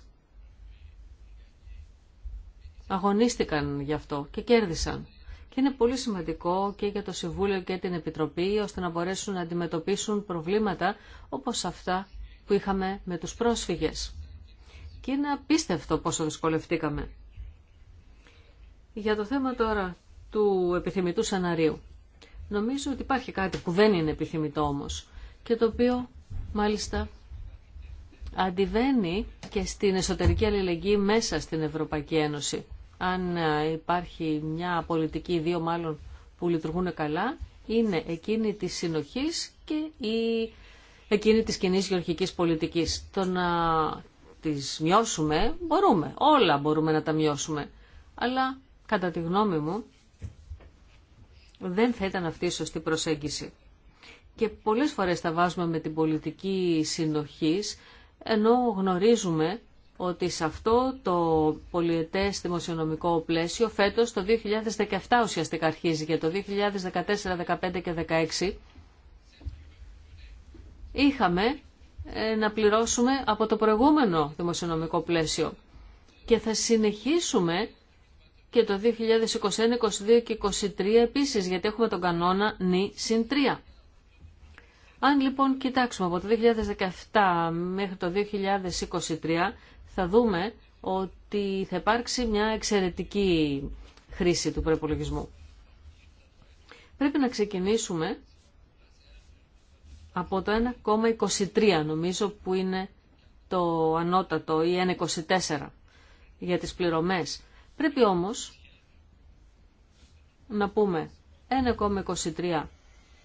αγωνίστηκαν γι' αυτό και κέρδισαν. Και είναι πολύ σημαντικό και για το Συμβούλιο και την Επιτροπή ώστε να μπορέσουν να αντιμετωπίσουν προβλήματα όπως αυτά που είχαμε με τους πρόσφυγες. Και είναι απίστευτο πόσο δυσκολευτήκαμε. Για το θέμα τώρα του επιθυμητού σεναρίου. Νομίζω ότι υπάρχει κάτι που δεν είναι επιθυμητό όμως και το οποίο μάλιστα αντιβαίνει και στην εσωτερική αλληλεγγύη μέσα στην Ευρωπαϊκή Ένωση. Αν ε, υπάρχει μια πολιτική, δύο μάλλον, που λειτουργούν καλά, είναι εκείνη της συνοχής και η... εκείνη της κοινή γεωργικής πολιτικής. Το να τις μειώσουμε μπορούμε, όλα μπορούμε να τα μειώσουμε. Αλλά κατά τη γνώμη μου δεν θα ήταν αυτή η σωστή προσέγγιση. Και πολλές φορές τα βάζουμε με την πολιτική συνοχής, ενώ γνωρίζουμε ότι σε αυτό το πολιετές δημοσιονομικό πλαίσιο φέτος το 2017 ουσιαστικά αρχίζει για το 2014, 2015 και 2016 είχαμε ε, να πληρώσουμε από το προηγούμενο δημοσιονομικό πλαίσιο και θα συνεχίσουμε και το 2021, 22 και 23 επίσης, γιατί έχουμε τον κανόνα νη συν 3. Αν λοιπόν κοιτάξουμε από το 2017 μέχρι το 2023, θα δούμε ότι θα υπάρξει μια εξαιρετική χρήση του προπολογισμού. Πρέπει να ξεκινήσουμε από το 1,23 νομίζω που είναι το ανώτατο ή 1,24 για τις πληρωμές. Πρέπει όμως να πούμε 1,23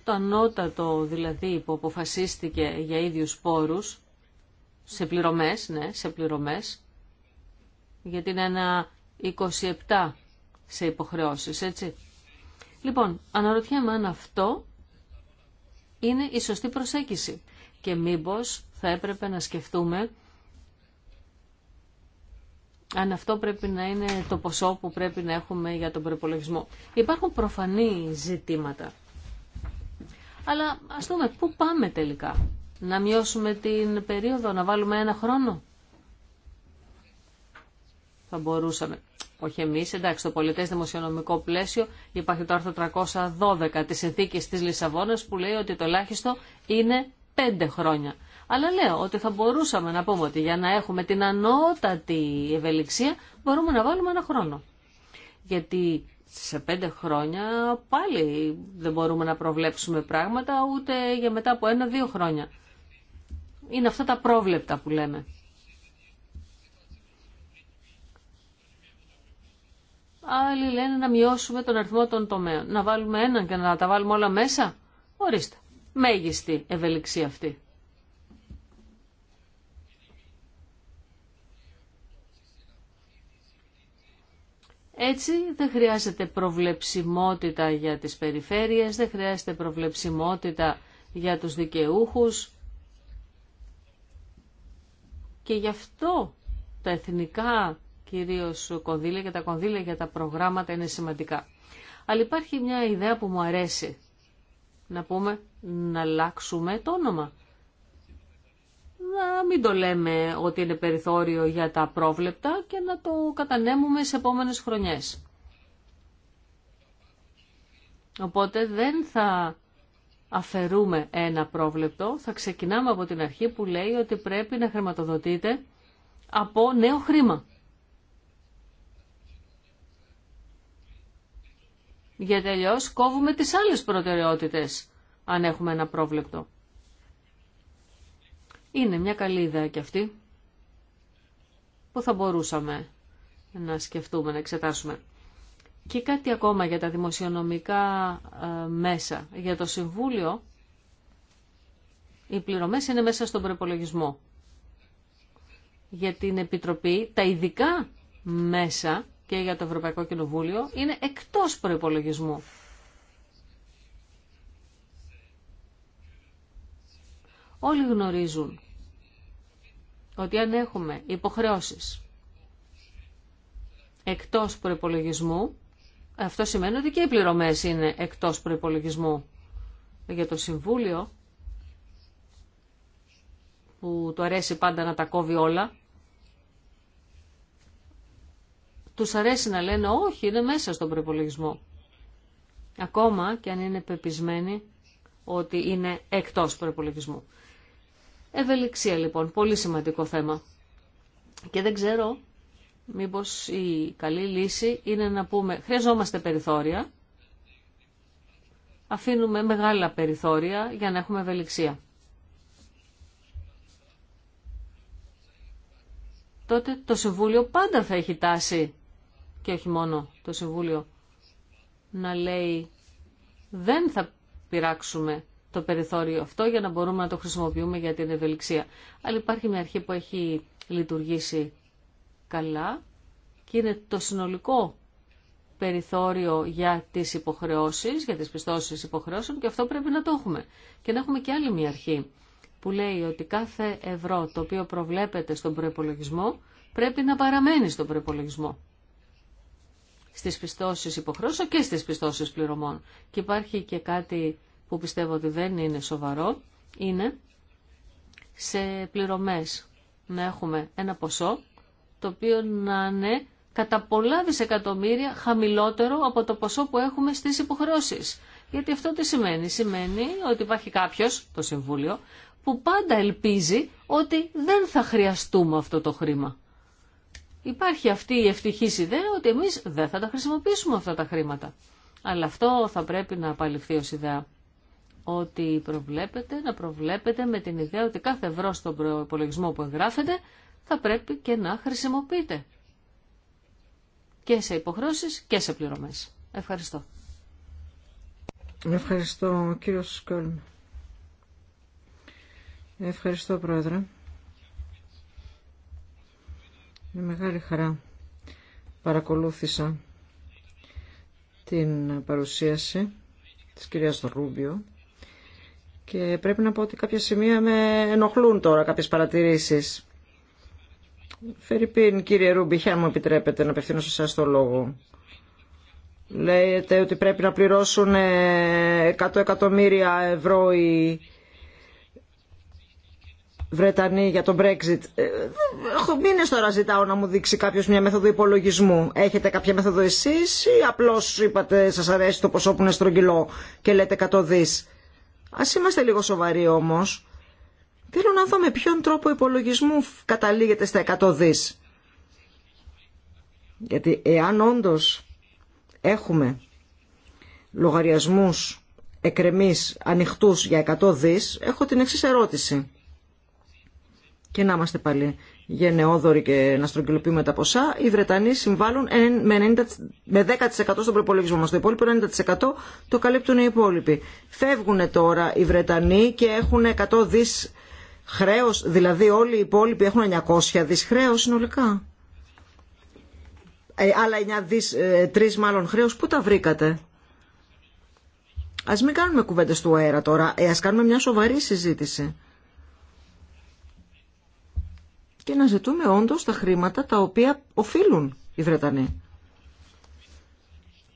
το ανώτατο δηλαδή που αποφασίστηκε για ίδιους πόρους σε πληρωμές, ναι, σε πληρωμές γιατί είναι ένα 27 σε υποχρεώσεις, έτσι. Λοιπόν, αναρωτιέμαι αν αυτό είναι η σωστή προσέγγιση και μήπως θα έπρεπε να σκεφτούμε αν αυτό πρέπει να είναι το ποσό που πρέπει να έχουμε για τον προπολογισμό. Υπάρχουν προφανή ζητήματα. Αλλά ας δούμε πού πάμε τελικά. Να μειώσουμε την περίοδο, να βάλουμε ένα χρόνο. Θα μπορούσαμε. Όχι εμείς, εντάξει, το πολιτές δημοσιονομικό πλαίσιο υπάρχει το άρθρο 312 της συνθήκης της Λισαβόνας που λέει ότι το ελάχιστο είναι πέντε χρόνια. Αλλά λέω ότι θα μπορούσαμε να πούμε ότι για να έχουμε την ανώτατη ευελιξία μπορούμε να βάλουμε ένα χρόνο. Γιατί σε πέντε χρόνια πάλι δεν μπορούμε να προβλέψουμε πράγματα ούτε για μετά από ένα-δύο χρόνια. Είναι αυτά τα πρόβλεπτα που λέμε. Άλλοι λένε να μειώσουμε τον αριθμό των τομέων. Να βάλουμε έναν και να τα βάλουμε όλα μέσα. Ορίστε. Μέγιστη ευελιξία αυτή. Έτσι δεν χρειάζεται προβλεψιμότητα για τις περιφέρειες, δεν χρειάζεται προβλεψιμότητα για τους δικαιούχους. Και γι' αυτό τα εθνικά κυρίως κονδύλια και τα κονδύλια για τα προγράμματα είναι σημαντικά. Αλλά υπάρχει μια ιδέα που μου αρέσει. Να πούμε να αλλάξουμε το όνομα να μην το λέμε ότι είναι περιθώριο για τα πρόβλεπτα και να το κατανέμουμε σε επόμενες χρονιές. Οπότε δεν θα αφαιρούμε ένα πρόβλεπτο, θα ξεκινάμε από την αρχή που λέει ότι πρέπει να χρηματοδοτείτε από νέο χρήμα. Για τελειώς κόβουμε τις άλλες προτεραιότητες αν έχουμε ένα πρόβλεπτο. Είναι μια καλή ιδέα και αυτή που θα μπορούσαμε να σκεφτούμε, να εξετάσουμε. Και κάτι ακόμα για τα δημοσιονομικά ε, μέσα. Για το Συμβούλιο οι πληρωμές είναι μέσα στον προπολογισμό. Για την Επιτροπή τα ειδικά μέσα και για το Ευρωπαϊκό Κοινοβούλιο είναι εκτός προϋπολογισμού. Όλοι γνωρίζουν ότι αν έχουμε υποχρεώσεις εκτός προϋπολογισμού, αυτό σημαίνει ότι και οι πληρωμές είναι εκτός προϋπολογισμού. Για το Συμβούλιο, που του αρέσει πάντα να τα κόβει όλα, τους αρέσει να λένε όχι, είναι μέσα στον προϋπολογισμό. Ακόμα και αν είναι πεπισμένοι ότι είναι εκτός προϋπολογισμού. Ευελιξία λοιπόν, πολύ σημαντικό θέμα. Και δεν ξέρω μήπως η καλή λύση είναι να πούμε χρειαζόμαστε περιθώρια, αφήνουμε μεγάλα περιθώρια για να έχουμε ευελιξία. Τότε το Συμβούλιο πάντα θα έχει τάση, και όχι μόνο το Συμβούλιο, να λέει δεν θα πειράξουμε το περιθώριο αυτό για να μπορούμε να το χρησιμοποιούμε για την ευελιξία. Αλλά υπάρχει μια αρχή που έχει λειτουργήσει καλά και είναι το συνολικό περιθώριο για τις υποχρεώσεις, για τις πιστώσεις υποχρεώσεων και αυτό πρέπει να το έχουμε. Και να έχουμε και άλλη μια αρχή που λέει ότι κάθε ευρώ το οποίο προβλέπεται στον προπολογισμό πρέπει να παραμένει στον προπολογισμό. Στις πιστώσεις υποχρεώσεων και στις πιστώσεις πληρωμών. Και υπάρχει και κάτι που πιστεύω ότι δεν είναι σοβαρό, είναι σε πληρωμές να έχουμε ένα ποσό το οποίο να είναι κατά πολλά δισεκατομμύρια χαμηλότερο από το ποσό που έχουμε στις υποχρεώσεις. Γιατί αυτό τι σημαίνει. Σημαίνει ότι υπάρχει κάποιος, το Συμβούλιο, που πάντα ελπίζει ότι δεν θα χρειαστούμε αυτό το χρήμα. Υπάρχει αυτή η ευτυχής ιδέα ότι εμείς δεν θα τα χρησιμοποιήσουμε αυτά τα χρήματα. Αλλά αυτό θα πρέπει να απαλληφθεί ως ιδέα ότι προβλέπετε, να προβλέπετε με την ιδέα ότι κάθε ευρώ στον προπολογισμό που εγγράφεται θα πρέπει και να χρησιμοποιείτε. Και σε υποχρώσεις και σε πληρωμές. Ευχαριστώ. Ευχαριστώ κύριο Σκόλμ. Ευχαριστώ πρόεδρε. Με μεγάλη χαρά παρακολούθησα την παρουσίαση της κυρίας Ρούμπιο και πρέπει να πω ότι κάποια σημεία με ενοχλούν τώρα κάποιες παρατηρήσεις. Φερρυπίν, κύριε αν μου επιτρέπετε να απευθύνω σε εσάς το λόγο. Λέτε ότι πρέπει να πληρώσουν 100 ε, εκατομμύρια ευρώ οι Βρετανοί για τον Brexit. Ε, έχω μήνες τώρα ζητάω να μου δείξει κάποιος μια μέθοδο υπολογισμού. Έχετε κάποια μέθοδο εσείς ή απλώς είπατε σας αρέσει το ποσό που είναι στρογγυλό και λέτε 100 δις. Ας είμαστε λίγο σοβαροί όμως. Θέλω να δω με ποιον τρόπο υπολογισμού καταλήγεται στα 100 δις. Γιατί εάν όντως έχουμε λογαριασμούς εκρεμής ανοιχτούς για 100 δις, έχω την εξής ερώτηση. Και να είμαστε πάλι γενναιόδοροι και να στρογγυλοποιούμε τα ποσά, οι Βρετανοί συμβάλλουν με, με 10% στον προπολογισμό μας. Το υπόλοιπο 90% το καλύπτουν οι υπόλοιποι. Φεύγουν τώρα οι Βρετανοί και έχουν 100 δις χρέος, δηλαδή όλοι οι υπόλοιποι έχουν 900 δις χρέος συνολικά. Ε, άλλα 9 δις, 3 ε, μάλλον χρέος, πού τα βρήκατε. Ας μην κάνουμε κουβέντες του αέρα τώρα, ε, ας κάνουμε μια σοβαρή συζήτηση και να ζητούμε όντως τα χρήματα τα οποία οφείλουν οι Βρετανοί.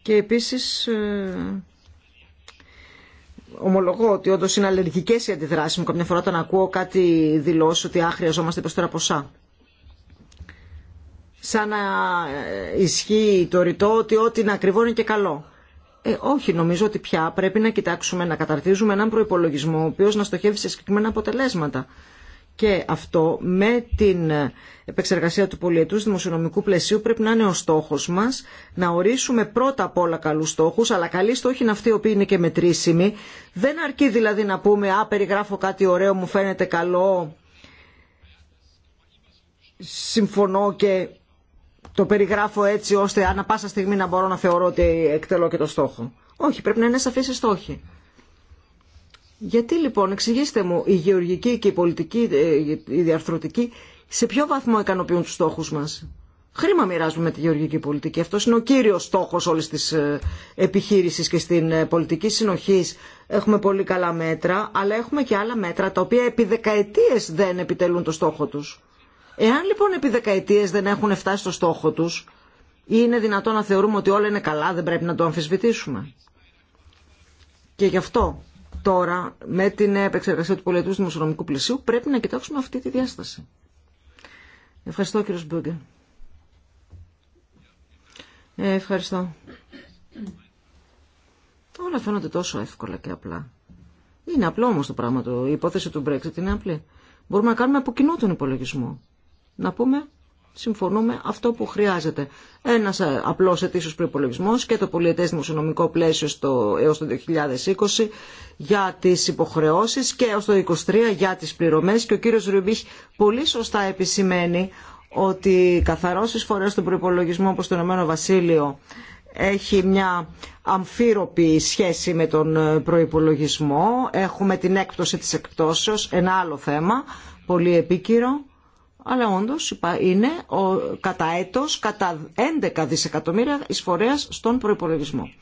Και επίσης ε, ομολογώ ότι όντως είναι αλλεργικές οι αντιδράσεις μου. Καμιά φορά όταν ακούω κάτι δηλώσει ότι χρειαζόμαστε τώρα ποσά. Σαν να ε, ισχύει το ρητό ότι ό,τι είναι ακριβό είναι και καλό. Ε, όχι, νομίζω ότι πια πρέπει να κοιτάξουμε να καταρτίζουμε έναν προπολογισμό ο οποίο να στοχεύει σε συγκεκριμένα αποτελέσματα και αυτό με την επεξεργασία του πολιετούς δημοσιονομικού πλαισίου πρέπει να είναι ο στόχος μας, να ορίσουμε πρώτα απ' όλα καλούς στόχους, αλλά καλή στόχη είναι αυτοί οι οποίοι είναι και μετρήσιμοι. Δεν αρκεί δηλαδή να πούμε «Α, περιγράφω κάτι ωραίο, μου φαίνεται καλό, συμφωνώ και το περιγράφω έτσι ώστε ανά πάσα στιγμή να μπορώ να θεωρώ ότι εκτελώ και το στόχο». Όχι, πρέπει να είναι σαφή οι στόχη. Γιατί λοιπόν, εξηγήστε μου, η γεωργική και η πολιτική, ε, η διαρθρωτική, σε ποιο βαθμό ικανοποιούν τους στόχους μας. Χρήμα μοιράζουμε με τη γεωργική πολιτική. Αυτό είναι ο κύριος στόχος όλης της ε, επιχείρησης και στην ε, πολιτική συνοχής. Έχουμε πολύ καλά μέτρα, αλλά έχουμε και άλλα μέτρα τα οποία επί δεκαετίες δεν επιτελούν το στόχο τους. Εάν λοιπόν επί δεκαετίες δεν έχουν φτάσει στο στόχο τους, είναι δυνατόν να θεωρούμε ότι όλα είναι καλά, δεν πρέπει να το αμφισβητήσουμε. Και γι' αυτό τώρα με την επεξεργασία του πολιτού δημοσιονομικού πλαισίου, πρέπει να κοιτάξουμε αυτή τη διάσταση. Ευχαριστώ κύριο Μπούγκερ. Ε, ευχαριστώ. Όλα φαίνονται τόσο εύκολα και απλά. Είναι απλό όμω το πράγμα. Το, η υπόθεση του Brexit είναι απλή. Μπορούμε να κάνουμε από κοινό τον υπολογισμό. Να πούμε συμφωνούμε αυτό που χρειάζεται. Ένα ε, απλό ετήσιο προπολογισμό και το πολιετέ δημοσιονομικό πλαίσιο στο, έως το 2020 για τι υποχρεώσει και έως το 2023 για τι πληρωμέ. Και ο κύριο Ρουμπίχ πολύ σωστά επισημαίνει ότι καθαρό εισφορέ του προπολογισμό όπω το Ηνωμένο Βασίλειο έχει μια αμφίροπη σχέση με τον ε, προϋπολογισμό. Έχουμε την έκπτωση της εκπτώσεως, ένα άλλο θέμα, πολύ επίκυρο αλλά όντως είναι ο, κατά έτος κατά 11 δισεκατομμύρια εισφορέας στον προϋπολογισμό.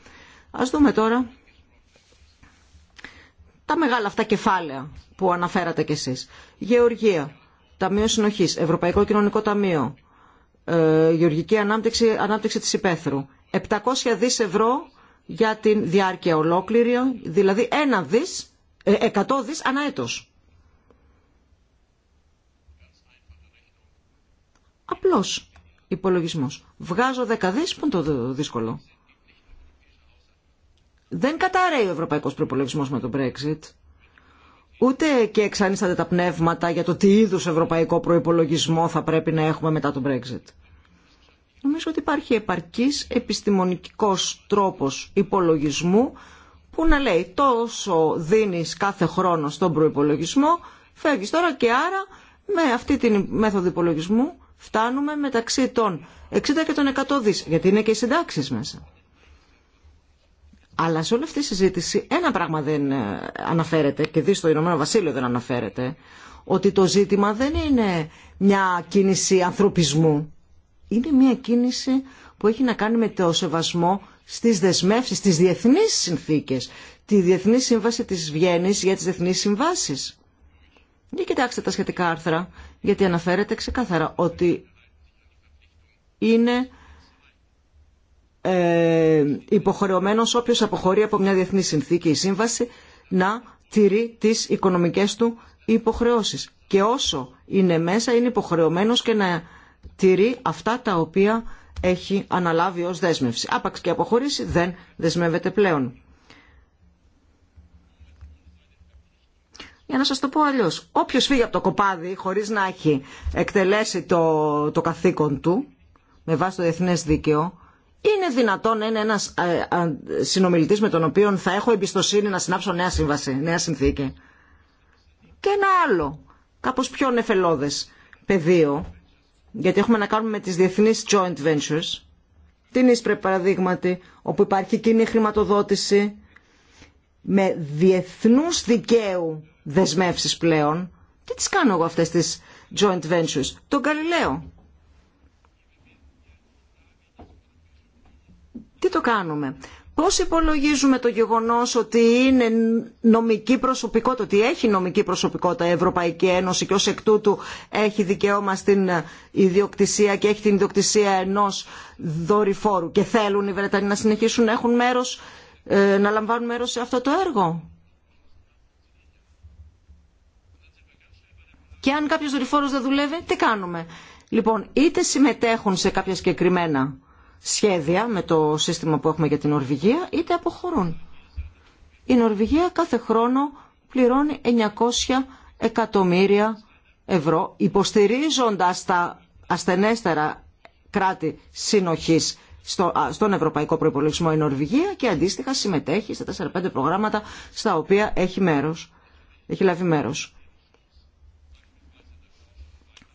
Ας δούμε τώρα τα μεγάλα αυτά κεφάλαια που αναφέρατε κι εσείς. Γεωργία, Ταμείο Συνοχής, Ευρωπαϊκό Κοινωνικό Ταμείο, ε, Γεωργική Ανάπτυξη, Ανάπτυξη της Υπέθρου. 700 δις ευρώ για την διάρκεια ολόκληρη, δηλαδή ένα 100 ε, δις ανά έτος. Απλός υπολογισμός. Βγάζω δέκα που είναι το δύσκολο. Δεν καταραίει ο ευρωπαϊκός προπολογισμό με το Brexit. Ούτε και εξάνισταται τα πνεύματα για το τι είδους ευρωπαϊκό προϋπολογισμό θα πρέπει να έχουμε μετά το Brexit. Νομίζω ότι υπάρχει επαρκής επιστημονικός τρόπος υπολογισμού που να λέει τόσο δίνεις κάθε χρόνο στον προϋπολογισμό, φεύγεις τώρα και άρα με αυτή την μέθοδο υπολογισμού φτάνουμε μεταξύ των 60 και των 100 δις, γιατί είναι και οι συντάξει μέσα. Αλλά σε όλη αυτή τη συζήτηση ένα πράγμα δεν ε, αναφέρεται και δει στο Ηνωμένο Βασίλειο δεν αναφέρεται ότι το ζήτημα δεν είναι μια κίνηση ανθρωπισμού. Είναι μια κίνηση που έχει να κάνει με το σεβασμό στις δεσμεύσεις, στις διεθνείς συνθήκες, τη Διεθνή Σύμβαση της Βιέννης για τις Διεθνείς Συμβάσεις. Για κοιτάξτε τα σχετικά άρθρα, γιατί αναφέρεται ξεκάθαρα ότι είναι ε, υποχρεωμένος όποιος αποχωρεί από μια διεθνή συνθήκη ή σύμβαση να τηρεί τις οικονομικές του υποχρεώσεις. Και όσο είναι μέσα είναι υποχρεωμένος και να τηρεί αυτά τα οποία έχει αναλάβει ως δέσμευση. Άπαξ και αποχωρήσει δεν δεσμεύεται πλέον. Για να σας το πω αλλιώς, όποιος φύγει από το κοπάδι χωρίς να έχει εκτελέσει το, το καθήκον του, με βάση το διεθνές δίκαιο, είναι δυνατόν να είναι ένας ε, συνομιλητής με τον οποίο θα έχω εμπιστοσύνη να συνάψω νέα σύμβαση, νέα συνθήκη. Και ένα άλλο, κάπως πιο νεφελώδες πεδίο, γιατί έχουμε να κάνουμε με τις διεθνείς joint ventures, την Ίσπρε παραδείγματι, όπου υπάρχει κοινή χρηματοδότηση με διεθνούς δικαίου δεσμεύσεις πλέον. Τι τις κάνω εγώ αυτές τις joint ventures. Τον Γαλιλαίο. Τι το κάνουμε. Πώς υπολογίζουμε το γεγονός ότι είναι νομική προσωπικότητα, ότι έχει νομική προσωπικότητα η Ευρωπαϊκή Ένωση και ως εκ τούτου έχει δικαίωμα στην ιδιοκτησία και έχει την ιδιοκτησία ενός δορυφόρου και θέλουν οι Βρετανοί να συνεχίσουν να έχουν μέρος, ε, να λαμβάνουν μέρος σε αυτό το έργο. Και αν κάποιο δορυφόρο δεν δουλεύει, τι κάνουμε. Λοιπόν, είτε συμμετέχουν σε κάποια συγκεκριμένα σχέδια με το σύστημα που έχουμε για την Νορβηγία, είτε αποχωρούν. Η Νορβηγία κάθε χρόνο πληρώνει 900 εκατομμύρια ευρώ, υποστηρίζοντας τα ασθενέστερα κράτη συνοχής στο, στον Ευρωπαϊκό Προϋπολογισμό η Νορβηγία και αντίστοιχα συμμετέχει σε 4-5 προγράμματα στα οποία έχει μέρος. Έχει λάβει μέρος.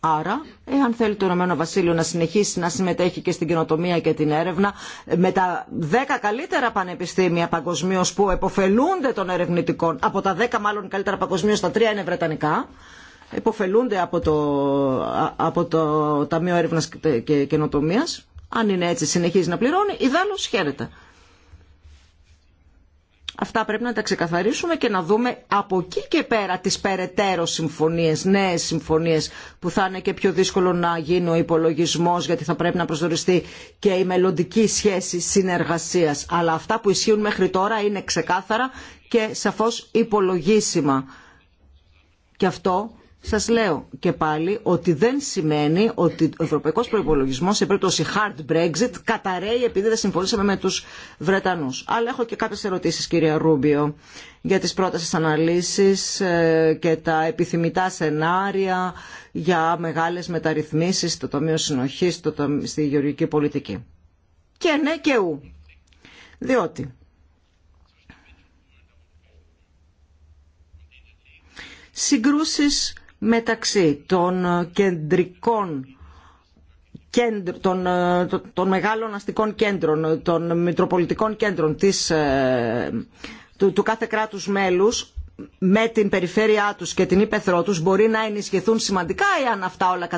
Άρα, εάν θέλει το Ηνωμένο Βασίλειο να συνεχίσει να συμμετέχει και στην καινοτομία και την έρευνα, με τα 10 καλύτερα πανεπιστήμια παγκοσμίω που επωφελούνται των ερευνητικών, από τα 10 μάλλον καλύτερα παγκοσμίω, τα τρία είναι βρετανικά, επωφελούνται από το, από το Ταμείο Έρευνα και Καινοτομία. Αν είναι έτσι, συνεχίζει να πληρώνει, ιδάλω χαίρεται. Αυτά πρέπει να τα ξεκαθαρίσουμε και να δούμε από εκεί και πέρα τις περαιτέρω συμφωνίες, νέες συμφωνίες που θα είναι και πιο δύσκολο να γίνει ο υπολογισμός γιατί θα πρέπει να προσδοριστεί και η μελλοντική σχέση συνεργασίας. Αλλά αυτά που ισχύουν μέχρι τώρα είναι ξεκάθαρα και σαφώς υπολογίσιμα. Και αυτό σας λέω και πάλι ότι δεν σημαίνει ότι ο ευρωπαϊκός Προπολογισμό, σε περίπτωση hard Brexit καταραίει επειδή δεν συμφωνήσαμε με τους Βρετανούς. Αλλά έχω και κάποιες ερωτήσεις κυρία Ρούμπιο για τις πρώτες αναλύσεις ε, και τα επιθυμητά σενάρια για μεγάλες μεταρρυθμίσει στο τομείο Συνοχής, στη γεωργική πολιτική. Και ναι και ου. Διότι συγκρούσεις μεταξύ των ε, κεντρικών των, ε, των μεγάλων αστικών κέντρων, ε, των μητροπολιτικών κέντρων της, του, του κάθε κράτους μέλους με την περιφέρειά τους και την ύπεθρό τους μπορεί να ενισχυθούν σημαντικά εάν αυτά όλα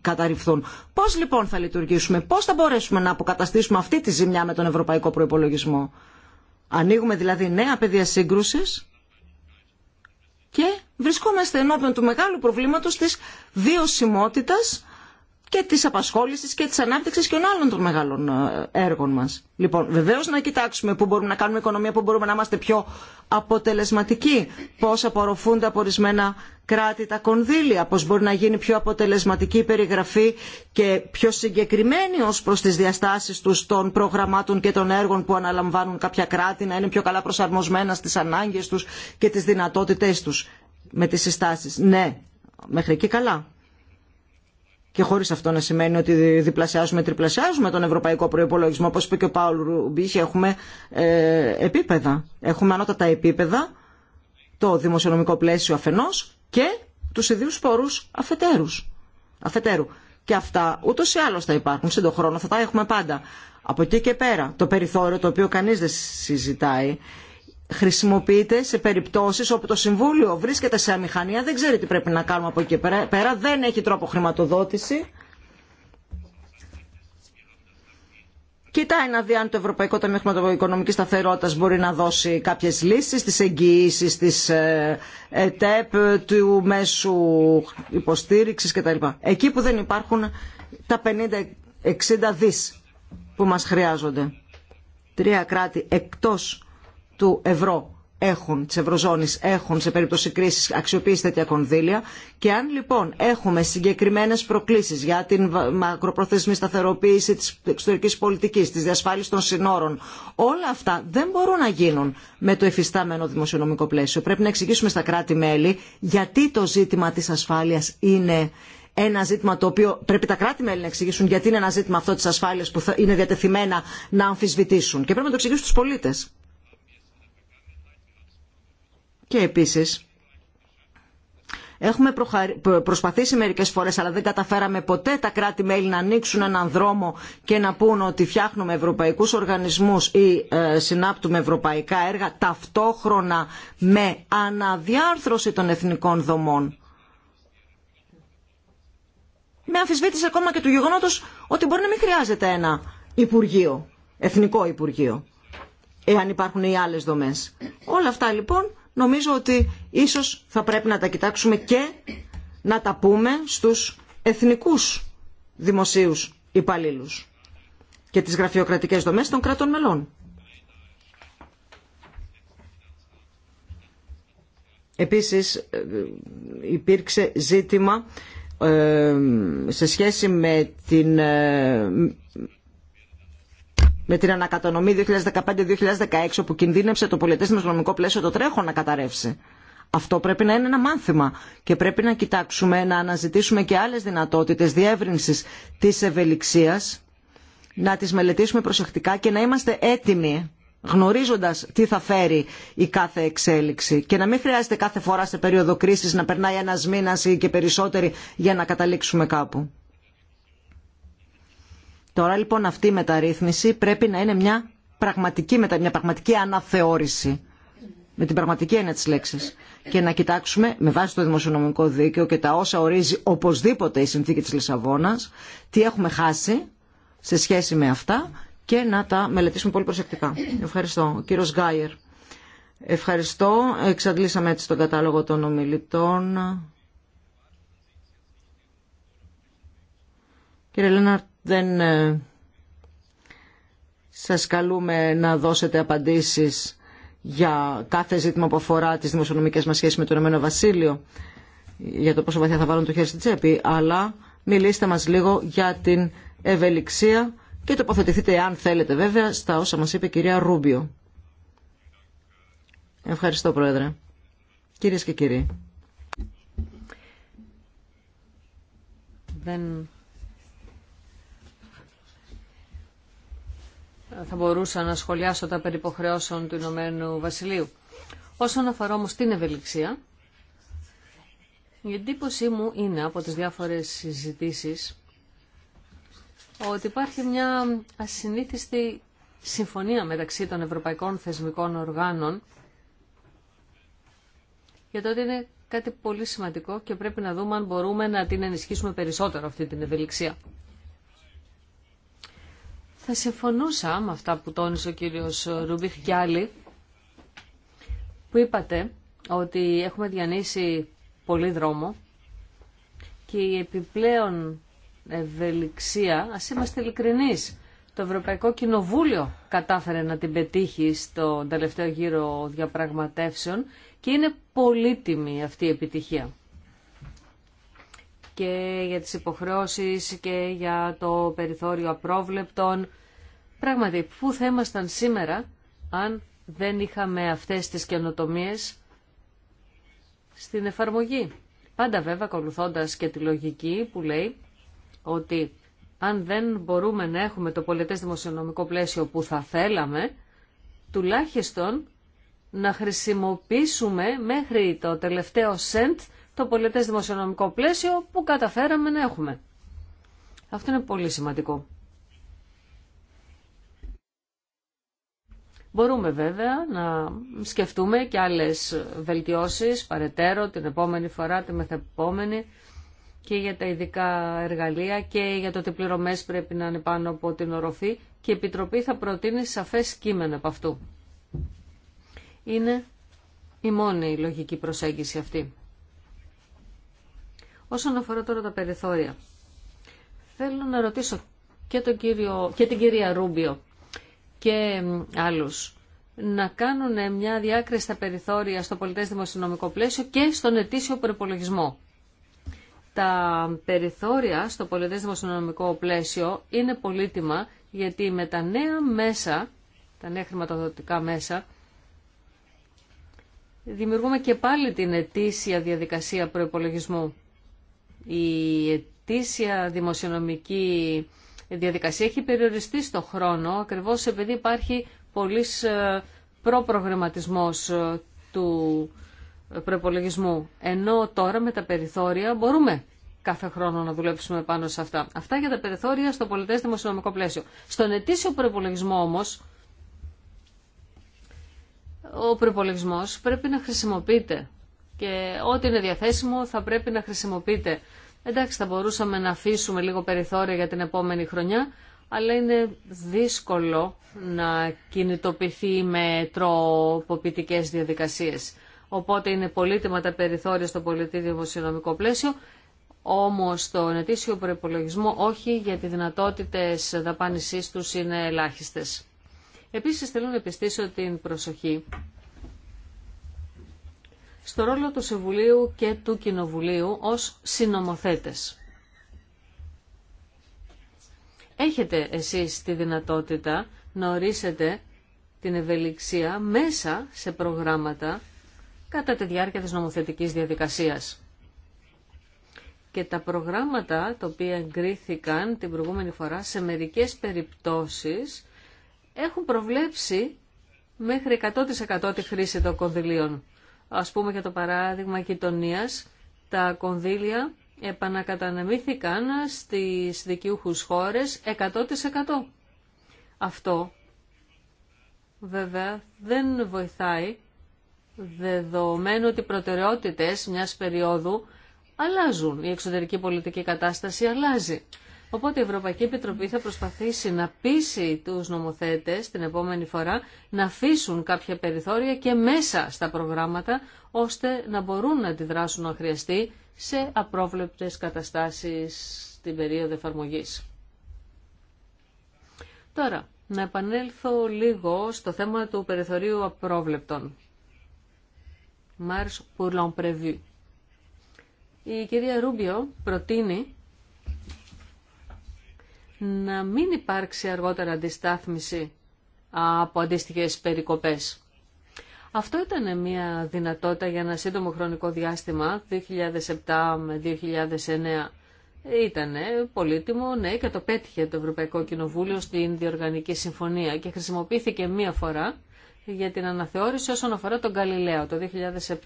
καταρριφθούν. Πώς λοιπόν θα λειτουργήσουμε, πώς θα μπορέσουμε να αποκαταστήσουμε αυτή τη ζημιά με τον ευρωπαϊκό προϋπολογισμό. Ανοίγουμε δηλαδή νέα πεδία σύγκρουσης και βρισκόμαστε ενώπιον του μεγάλου προβλήματος της βιωσιμότητας και τη απασχόληση και τη ανάπτυξη και των άλλων των μεγάλων ε, έργων μα. Λοιπόν, βεβαίω να κοιτάξουμε πού μπορούμε να κάνουμε οικονομία, πού μπορούμε να είμαστε πιο αποτελεσματικοί, πώ απορροφούνται από ορισμένα κράτη τα κονδύλια, πώ μπορεί να γίνει πιο αποτελεσματική η περιγραφή και πιο συγκεκριμένη ω προ τι διαστάσει του των προγραμμάτων και των έργων που αναλαμβάνουν κάποια κράτη, να είναι πιο καλά προσαρμοσμένα στι ανάγκε του και τι δυνατότητε του με τι συστάσει. Ναι, μέχρι εκεί καλά. Και χωρίς αυτό να σημαίνει ότι διπλασιάζουμε, τριπλασιάζουμε τον ευρωπαϊκό Προπολογισμό, Όπως είπε και ο Πάουλ Ρουμπίχη, έχουμε ε, επίπεδα. Έχουμε ανώτατα επίπεδα, το δημοσιονομικό πλαίσιο αφενός και τους ίδιου πόρους αφετέρους. αφετέρου. Και αυτά ούτω ή άλλω θα υπάρχουν, σύντο χρόνο θα τα έχουμε πάντα. Από εκεί και πέρα, το περιθώριο το οποίο κανεί δεν συζητάει χρησιμοποιείται σε περιπτώσεις όπου το Συμβούλιο βρίσκεται σε αμηχανία, δεν ξέρει τι πρέπει να κάνουμε από εκεί πέρα, δεν έχει τρόπο χρηματοδότηση. Κοιτάει να δει αν το Ευρωπαϊκό Ταμείο Χρηματοοικονομικής Σταθερότητας μπορεί να δώσει κάποιες λύσεις, τις εγγυήσεις της ε, ΕΤΕΠ, του μέσου υποστήριξης κτλ. Εκεί που δεν υπάρχουν τα 50-60 δις που μας χρειάζονται. Τρία κράτη εκτός του ευρώ έχουν, της Ευρωζώνης έχουν σε περίπτωση κρίσης αξιοποιήσει τέτοια κονδύλια και αν λοιπόν έχουμε συγκεκριμένες προκλήσεις για την μακροπροθεσμή σταθεροποίηση της εξωτερικής πολιτικής, της διασφάλισης των συνόρων, όλα αυτά δεν μπορούν να γίνουν με το εφιστάμενο δημοσιονομικό πλαίσιο. Πρέπει να εξηγήσουμε στα κράτη-μέλη γιατί το ζήτημα της ασφάλειας είναι ένα ζήτημα το οποίο πρέπει τα κράτη-μέλη να εξηγήσουν γιατί είναι ένα ζήτημα αυτό της ασφάλειας που είναι διατεθειμένα να αμφισβητήσουν. Και πρέπει να το εξηγήσουν στους πολίτες. Και επίσης Έχουμε προσπαθήσει μερικές φορές αλλά δεν καταφέραμε ποτέ τα κράτη-μέλη να ανοίξουν έναν δρόμο και να πούν ότι φτιάχνουμε ευρωπαϊκούς οργανισμούς ή ε, συνάπτουμε ευρωπαϊκά έργα ταυτόχρονα με αναδιάρθρωση των εθνικών δομών. Με αμφισβήτηση ακόμα και του γεγονότος ότι μπορεί να μην χρειάζεται ένα Εθνικό Υπουργείο, εάν υπάρχουν οι άλλες δομές. Όλα αυτά λοιπόν νομίζω ότι ίσως θα πρέπει να τα κοιτάξουμε και να τα πούμε στους εθνικούς δημοσίους υπαλλήλου και τις γραφειοκρατικές δομές των κρατών μελών. Επίσης ε, υπήρξε ζήτημα ε, σε σχέση με την ε, με την ανακατανομή 2015-2016 που κινδύνευσε το πολιτές νομικό πλαίσιο το τρέχον να καταρρεύσει. Αυτό πρέπει να είναι ένα μάθημα και πρέπει να κοιτάξουμε να αναζητήσουμε και άλλες δυνατότητες διεύρυνσης της ευελιξίας, να τις μελετήσουμε προσεκτικά και να είμαστε έτοιμοι γνωρίζοντας τι θα φέρει η κάθε εξέλιξη και να μην χρειάζεται κάθε φορά σε περίοδο κρίσης να περνάει ένας μήνας ή και περισσότεροι για να καταλήξουμε κάπου. Τώρα λοιπόν αυτή η μεταρρύθμιση πρέπει να είναι μια πραγματική, μια πραγματική αναθεώρηση με την πραγματική έννοια της λέξης και να κοιτάξουμε με βάση το δημοσιονομικό δίκαιο και τα όσα ορίζει οπωσδήποτε η συνθήκη της Λισαβόνας τι έχουμε χάσει σε σχέση με αυτά και να τα μελετήσουμε πολύ προσεκτικά. Ευχαριστώ. Ο κύριος Γκάιερ. Ευχαριστώ. Εξαντλήσαμε έτσι τον κατάλογο των ομιλητών. Κύριε Λέναρτ, δεν ε, σας καλούμε να δώσετε απαντήσεις για κάθε ζήτημα που αφορά τις δημοσιονομικές μας σχέσεις με το Ηνωμένο Βασίλειο, για το πόσο βαθιά θα βάλουν το χέρι στην τσέπη, αλλά μιλήστε μας λίγο για την ευελιξία και τοποθετηθείτε, αν θέλετε βέβαια, στα όσα μας είπε η κυρία Ρούμπιο. Ευχαριστώ, Πρόεδρε. Κυρίες και κύριοι. θα μπορούσα να σχολιάσω τα περί υποχρεώσεων του Ηνωμένου Βασιλείου. Όσον αφορά όμως την ευελιξία, η εντύπωσή μου είναι από τις διάφορες συζητήσεις ότι υπάρχει μια ασυνήθιστη συμφωνία μεταξύ των ευρωπαϊκών θεσμικών οργάνων για το ότι είναι κάτι πολύ σημαντικό και πρέπει να δούμε αν μπορούμε να την ενισχύσουμε περισσότερο αυτή την ευελιξία. Θα συμφωνούσα με αυτά που τόνισε ο κύριος Ρουμπίχ και που είπατε ότι έχουμε διανύσει πολύ δρόμο και η επιπλέον ευελιξία, ας είμαστε ειλικρινείς, το Ευρωπαϊκό Κοινοβούλιο κατάφερε να την πετύχει στον τελευταίο γύρο διαπραγματεύσεων και είναι πολύτιμη αυτή η επιτυχία και για τις υποχρεώσεις και για το περιθώριο απρόβλεπτων. Πράγματι, πού θα ήμασταν σήμερα αν δεν είχαμε αυτές τις καινοτομίες στην εφαρμογή. Πάντα βέβαια ακολουθώντα και τη λογική που λέει ότι αν δεν μπορούμε να έχουμε το πολιτές δημοσιονομικό πλαίσιο που θα θέλαμε, τουλάχιστον να χρησιμοποιήσουμε μέχρι το τελευταίο σεντ το πολιτές δημοσιονομικό πλαίσιο που καταφέραμε να έχουμε. Αυτό είναι πολύ σημαντικό. Μπορούμε βέβαια να σκεφτούμε και άλλες βελτιώσεις παρετέρω την επόμενη φορά, την μεθεπόμενη και για τα ειδικά εργαλεία και για το ότι πληρωμές πρέπει να είναι πάνω από την οροφή και η Επιτροπή θα προτείνει σαφές κείμενα από αυτού. Είναι η μόνη λογική προσέγγιση αυτή. Όσον αφορά τώρα τα περιθώρια, θέλω να ρωτήσω και, τον κύριο, και την κυρία Ρούμπιο και άλλους να κάνουν ε, μια διάκριση στα περιθώρια στο πολιτές δημοσιονομικό πλαίσιο και στον ετήσιο προπολογισμό. Τα περιθώρια στο πολιτές δημοσιονομικό πλαίσιο είναι πολύτιμα γιατί με τα νέα μέσα, τα νέα χρηματοδοτικά μέσα, δημιουργούμε και πάλι την ετήσια διαδικασία προπολογισμού η ετήσια δημοσιονομική διαδικασία έχει περιοριστεί στο χρόνο, ακριβώς επειδή υπάρχει πολλής ε, προπρογραμματισμός ε, του προπολογισμού. Ενώ τώρα με τα περιθώρια μπορούμε κάθε χρόνο να δουλέψουμε πάνω σε αυτά. Αυτά για τα περιθώρια στο πολιτές δημοσιονομικό πλαίσιο. Στον ετήσιο προπολογισμό όμως, ο προπολογισμό πρέπει να χρησιμοποιείται και ό,τι είναι διαθέσιμο θα πρέπει να χρησιμοποιείται. Εντάξει, θα μπορούσαμε να αφήσουμε λίγο περιθώρια για την επόμενη χρονιά, αλλά είναι δύσκολο να κινητοποιηθεί με τροποποιητικές διαδικασίες. Οπότε είναι πολύτιμα τα περιθώρια στο πολιτικο δημοσιονομικό πλαίσιο, όμως το ετήσιο προπολογισμό όχι γιατί οι δυνατότητες δαπάνησής τους είναι ελάχιστες. Επίσης θέλω να επιστήσω την προσοχή στο ρόλο του Συμβουλίου και του Κοινοβουλίου ως συνομοθέτες. Έχετε εσείς τη δυνατότητα να ορίσετε την ευελιξία μέσα σε προγράμματα κατά τη διάρκεια της νομοθετικής διαδικασίας. Και τα προγράμματα τα οποία εγκρίθηκαν την προηγούμενη φορά σε μερικές περιπτώσεις έχουν προβλέψει μέχρι 100% τη χρήση των κονδυλίων. Ας πούμε για το παράδειγμα γειτονίας, τα κονδύλια επανακατανεμήθηκαν στις δικιούχους χώρες 100%. Αυτό βέβαια δεν βοηθάει δεδομένου ότι οι προτεραιότητες μιας περίοδου αλλάζουν. Η εξωτερική πολιτική κατάσταση αλλάζει. Οπότε η Ευρωπαϊκή Επιτροπή θα προσπαθήσει να πείσει τους νομοθέτες την επόμενη φορά να αφήσουν κάποια περιθώρια και μέσα στα προγράμματα ώστε να μπορούν να αντιδράσουν αν χρειαστεί σε απρόβλεπτες καταστάσεις στην περίοδο εφαρμογής. Τώρα, να επανέλθω λίγο στο θέμα του περιθωρίου απρόβλεπτων. Mars pour l'imprevu. Η κυρία Ρούμπιο προτείνει να μην υπάρξει αργότερα αντιστάθμιση από αντίστοιχε περικοπές. Αυτό ήταν μια δυνατότητα για ένα σύντομο χρονικό διάστημα, 2007 με 2009. Ήταν πολύτιμο, ναι, και το πέτυχε το Ευρωπαϊκό Κοινοβούλιο στην Διοργανική Συμφωνία και χρησιμοποιήθηκε μία φορά για την αναθεώρηση όσον αφορά τον Καλλιλέο το 2007,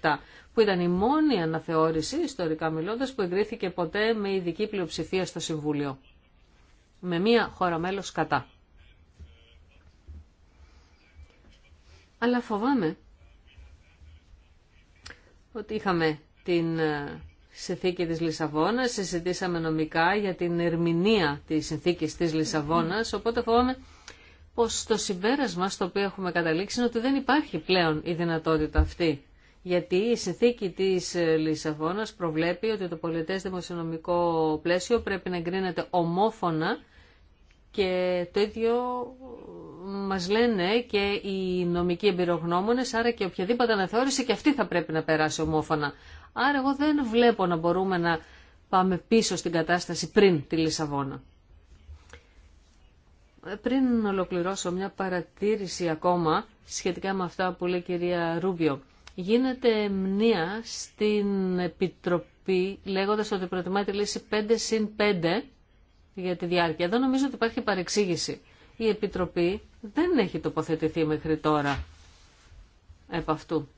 που ήταν η μόνη αναθεώρηση, ιστορικά μιλώντας, που εγκρίθηκε ποτέ με ειδική πλειοψηφία στο Συμβούλιο με μία χώρα μέλος κατά. Αλλά φοβάμαι ότι είχαμε την ε, συνθήκη της Λισαβόνας, συζητήσαμε νομικά για την ερμηνεία της συνθήκης της Λισαβόνας, οπότε φοβάμαι πως το συμπέρασμα στο οποίο έχουμε καταλήξει είναι ότι δεν υπάρχει πλέον η δυνατότητα αυτή γιατί η συνθήκη της Λισαβόνας προβλέπει ότι το πολιτές δημοσιονομικό πλαίσιο πρέπει να εγκρίνεται ομόφωνα και το ίδιο μας λένε και οι νομικοί εμπειρογνώμονες, άρα και οποιαδήποτε αναθεώρηση και αυτή θα πρέπει να περάσει ομόφωνα. Άρα εγώ δεν βλέπω να μπορούμε να πάμε πίσω στην κατάσταση πριν τη Λισαβόνα. Πριν ολοκληρώσω μια παρατήρηση ακόμα σχετικά με αυτά που λέει η κυρία Ρούμπιο γίνεται μνήα στην Επιτροπή λέγοντας ότι προτιμάει τη λύση 5 συν 5 για τη διάρκεια. Εδώ νομίζω ότι υπάρχει παρεξήγηση. Η Επιτροπή δεν έχει τοποθετηθεί μέχρι τώρα επ' αυτού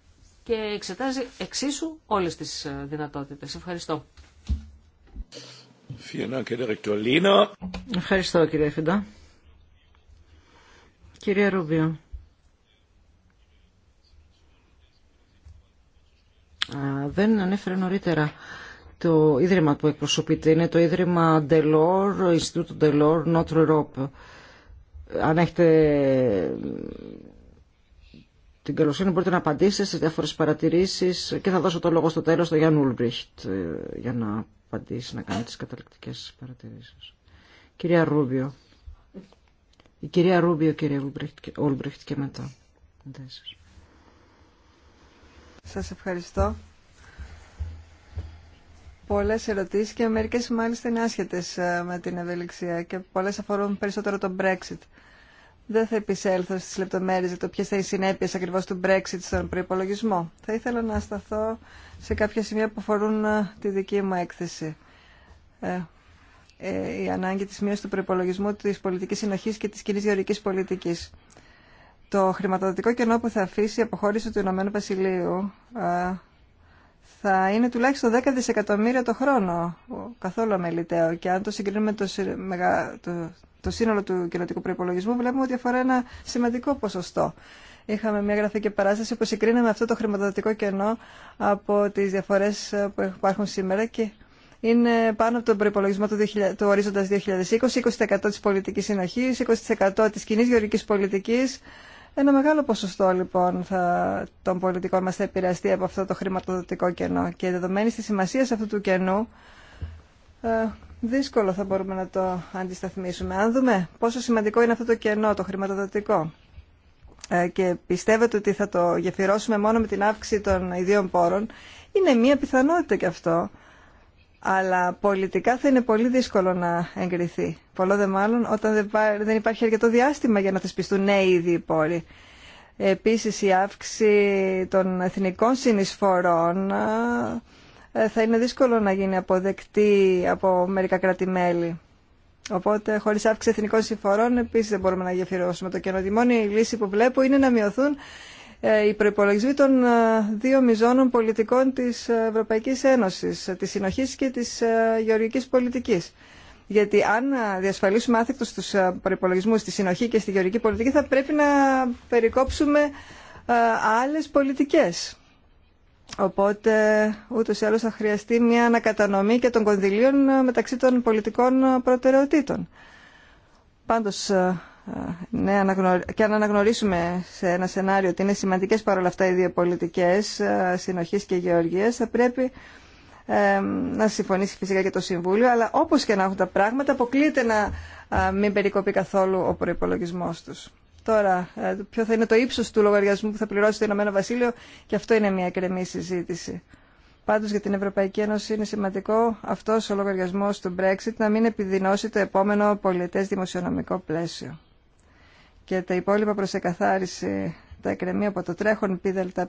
και εξετάζει εξίσου όλες τις ε, δυνατότητες. Ευχαριστώ. Ευχαριστώ κύριε Φιντά. Κυρία Ρούμπιο. δεν ανέφερε νωρίτερα το ίδρυμα που εκπροσωπείται. Είναι το ίδρυμα Delor Ινστιτούτο Delor Notre Europe. Αν έχετε την καλοσύνη μπορείτε να απαντήσετε σε διάφορες παρατηρήσεις και θα δώσω το λόγο στο τέλος στο Γιάννου Ουλμπριχτ ε, για να απαντήσει, να κάνει τις καταληκτικές παρατηρήσεις. Κυρία Ρούμπιο. Η κυρία Ρούμπιο, κύριε Ουλμπριχτ και μετά. Σας ευχαριστώ. Πολλές ερωτήσεις και μερικές μάλιστα είναι άσχετες ε, με την ευελιξία και πολλές αφορούν περισσότερο το Brexit. Δεν θα επισέλθω στις λεπτομέρειες για το ποιες θα είναι οι συνέπειες ακριβώς του Brexit στον προϋπολογισμό. Θα ήθελα να σταθώ σε κάποια σημεία που αφορούν ε, τη δική μου έκθεση. Ε, ε, η ανάγκη της μείωσης του προϋπολογισμού της πολιτικής συνοχής και της κοινής γεωρικής πολιτικής το χρηματοδοτικό κενό που θα αφήσει η αποχώρηση του Ηνωμένου Βασιλείου ε, θα είναι τουλάχιστον 10 δισεκατομμύρια το χρόνο, καθόλου αμεληταίο. Και αν το συγκρίνουμε το, το, σύνολο του κοινοτικού προπολογισμού, βλέπουμε ότι αφορά ένα σημαντικό ποσοστό. Είχαμε μια γραφική παράσταση που συγκρίναμε αυτό το χρηματοδοτικό κενό από τι διαφορέ ε, που υπάρχουν σήμερα και είναι πάνω από τον προπολογισμό του, του ορίζοντα 2020, 20% τη πολιτική συνοχή, 20% τη κοινή γεωργική πολιτική, ένα μεγάλο ποσοστό λοιπόν θα, των πολιτικών μας θα επηρεαστεί από αυτό το χρηματοδοτικό κενό και δεδομένη της σημασίας αυτού του κενού ε, δύσκολο θα μπορούμε να το αντισταθμίσουμε. Αν δούμε πόσο σημαντικό είναι αυτό το κενό, το χρηματοδοτικό ε, και πιστεύετε ότι θα το γεφυρώσουμε μόνο με την αύξηση των ιδίων πόρων, είναι μία πιθανότητα και αυτό αλλά πολιτικά θα είναι πολύ δύσκολο να εγκριθεί. Πολλό δε μάλλον όταν δεν υπάρχει αρκετό διάστημα για να θεσπιστούν νέοι ήδη οι πόροι. Επίσης η αύξηση των εθνικών συνεισφορών ε, θα είναι δύσκολο να γίνει αποδεκτή από μερικά κράτη-μέλη. Οπότε χωρίς αύξηση εθνικών συνεισφορών, επίσης δεν μπορούμε να γεφυρώσουμε το κενό. Η μόνη λύση που βλέπω είναι να μειωθούν ε, οι προπολογισμοί των ε, δύο μιζώνων πολιτικών της Ευρωπαϊκής Ένωσης, ε, της συνοχής και της γεωργικής πολιτικής. Γιατί αν διασφαλίσουμε άθεκτο τους προπολογισμού στη συνοχή και στη γεωργική πολιτική θα πρέπει να περικόψουμε άλλες πολιτικές. Οπότε ούτως ή άλλως θα χρειαστεί μια ανακατανομή και των κονδυλίων μεταξύ των πολιτικών προτεραιοτήτων. Ε, ναι, και αν αναγνωρίσουμε σε ένα σενάριο ότι είναι σημαντικές παρόλα αυτά οι δύο πολιτικές ε, συνοχής και γεωργίας θα πρέπει ε, να συμφωνήσει φυσικά και το Συμβούλιο αλλά όπως και να έχουν τα πράγματα αποκλείεται να μην περικοπεί καθόλου ο προπολογισμό τους. Τώρα, ε, ποιο θα είναι το ύψος του λογαριασμού που θα πληρώσει το Ηνωμένο Βασίλειο και αυτό είναι μια εκρεμή συζήτηση. Πάντως για την Ευρωπαϊκή Ένωση είναι σημαντικό αυτός ο λογαριασμός του Brexit να μην επιδεινώσει το επόμενο πολιτές δημοσιονομικό πλαίσιο και τα υπόλοιπα προς τα εκκρεμή από το τρέχον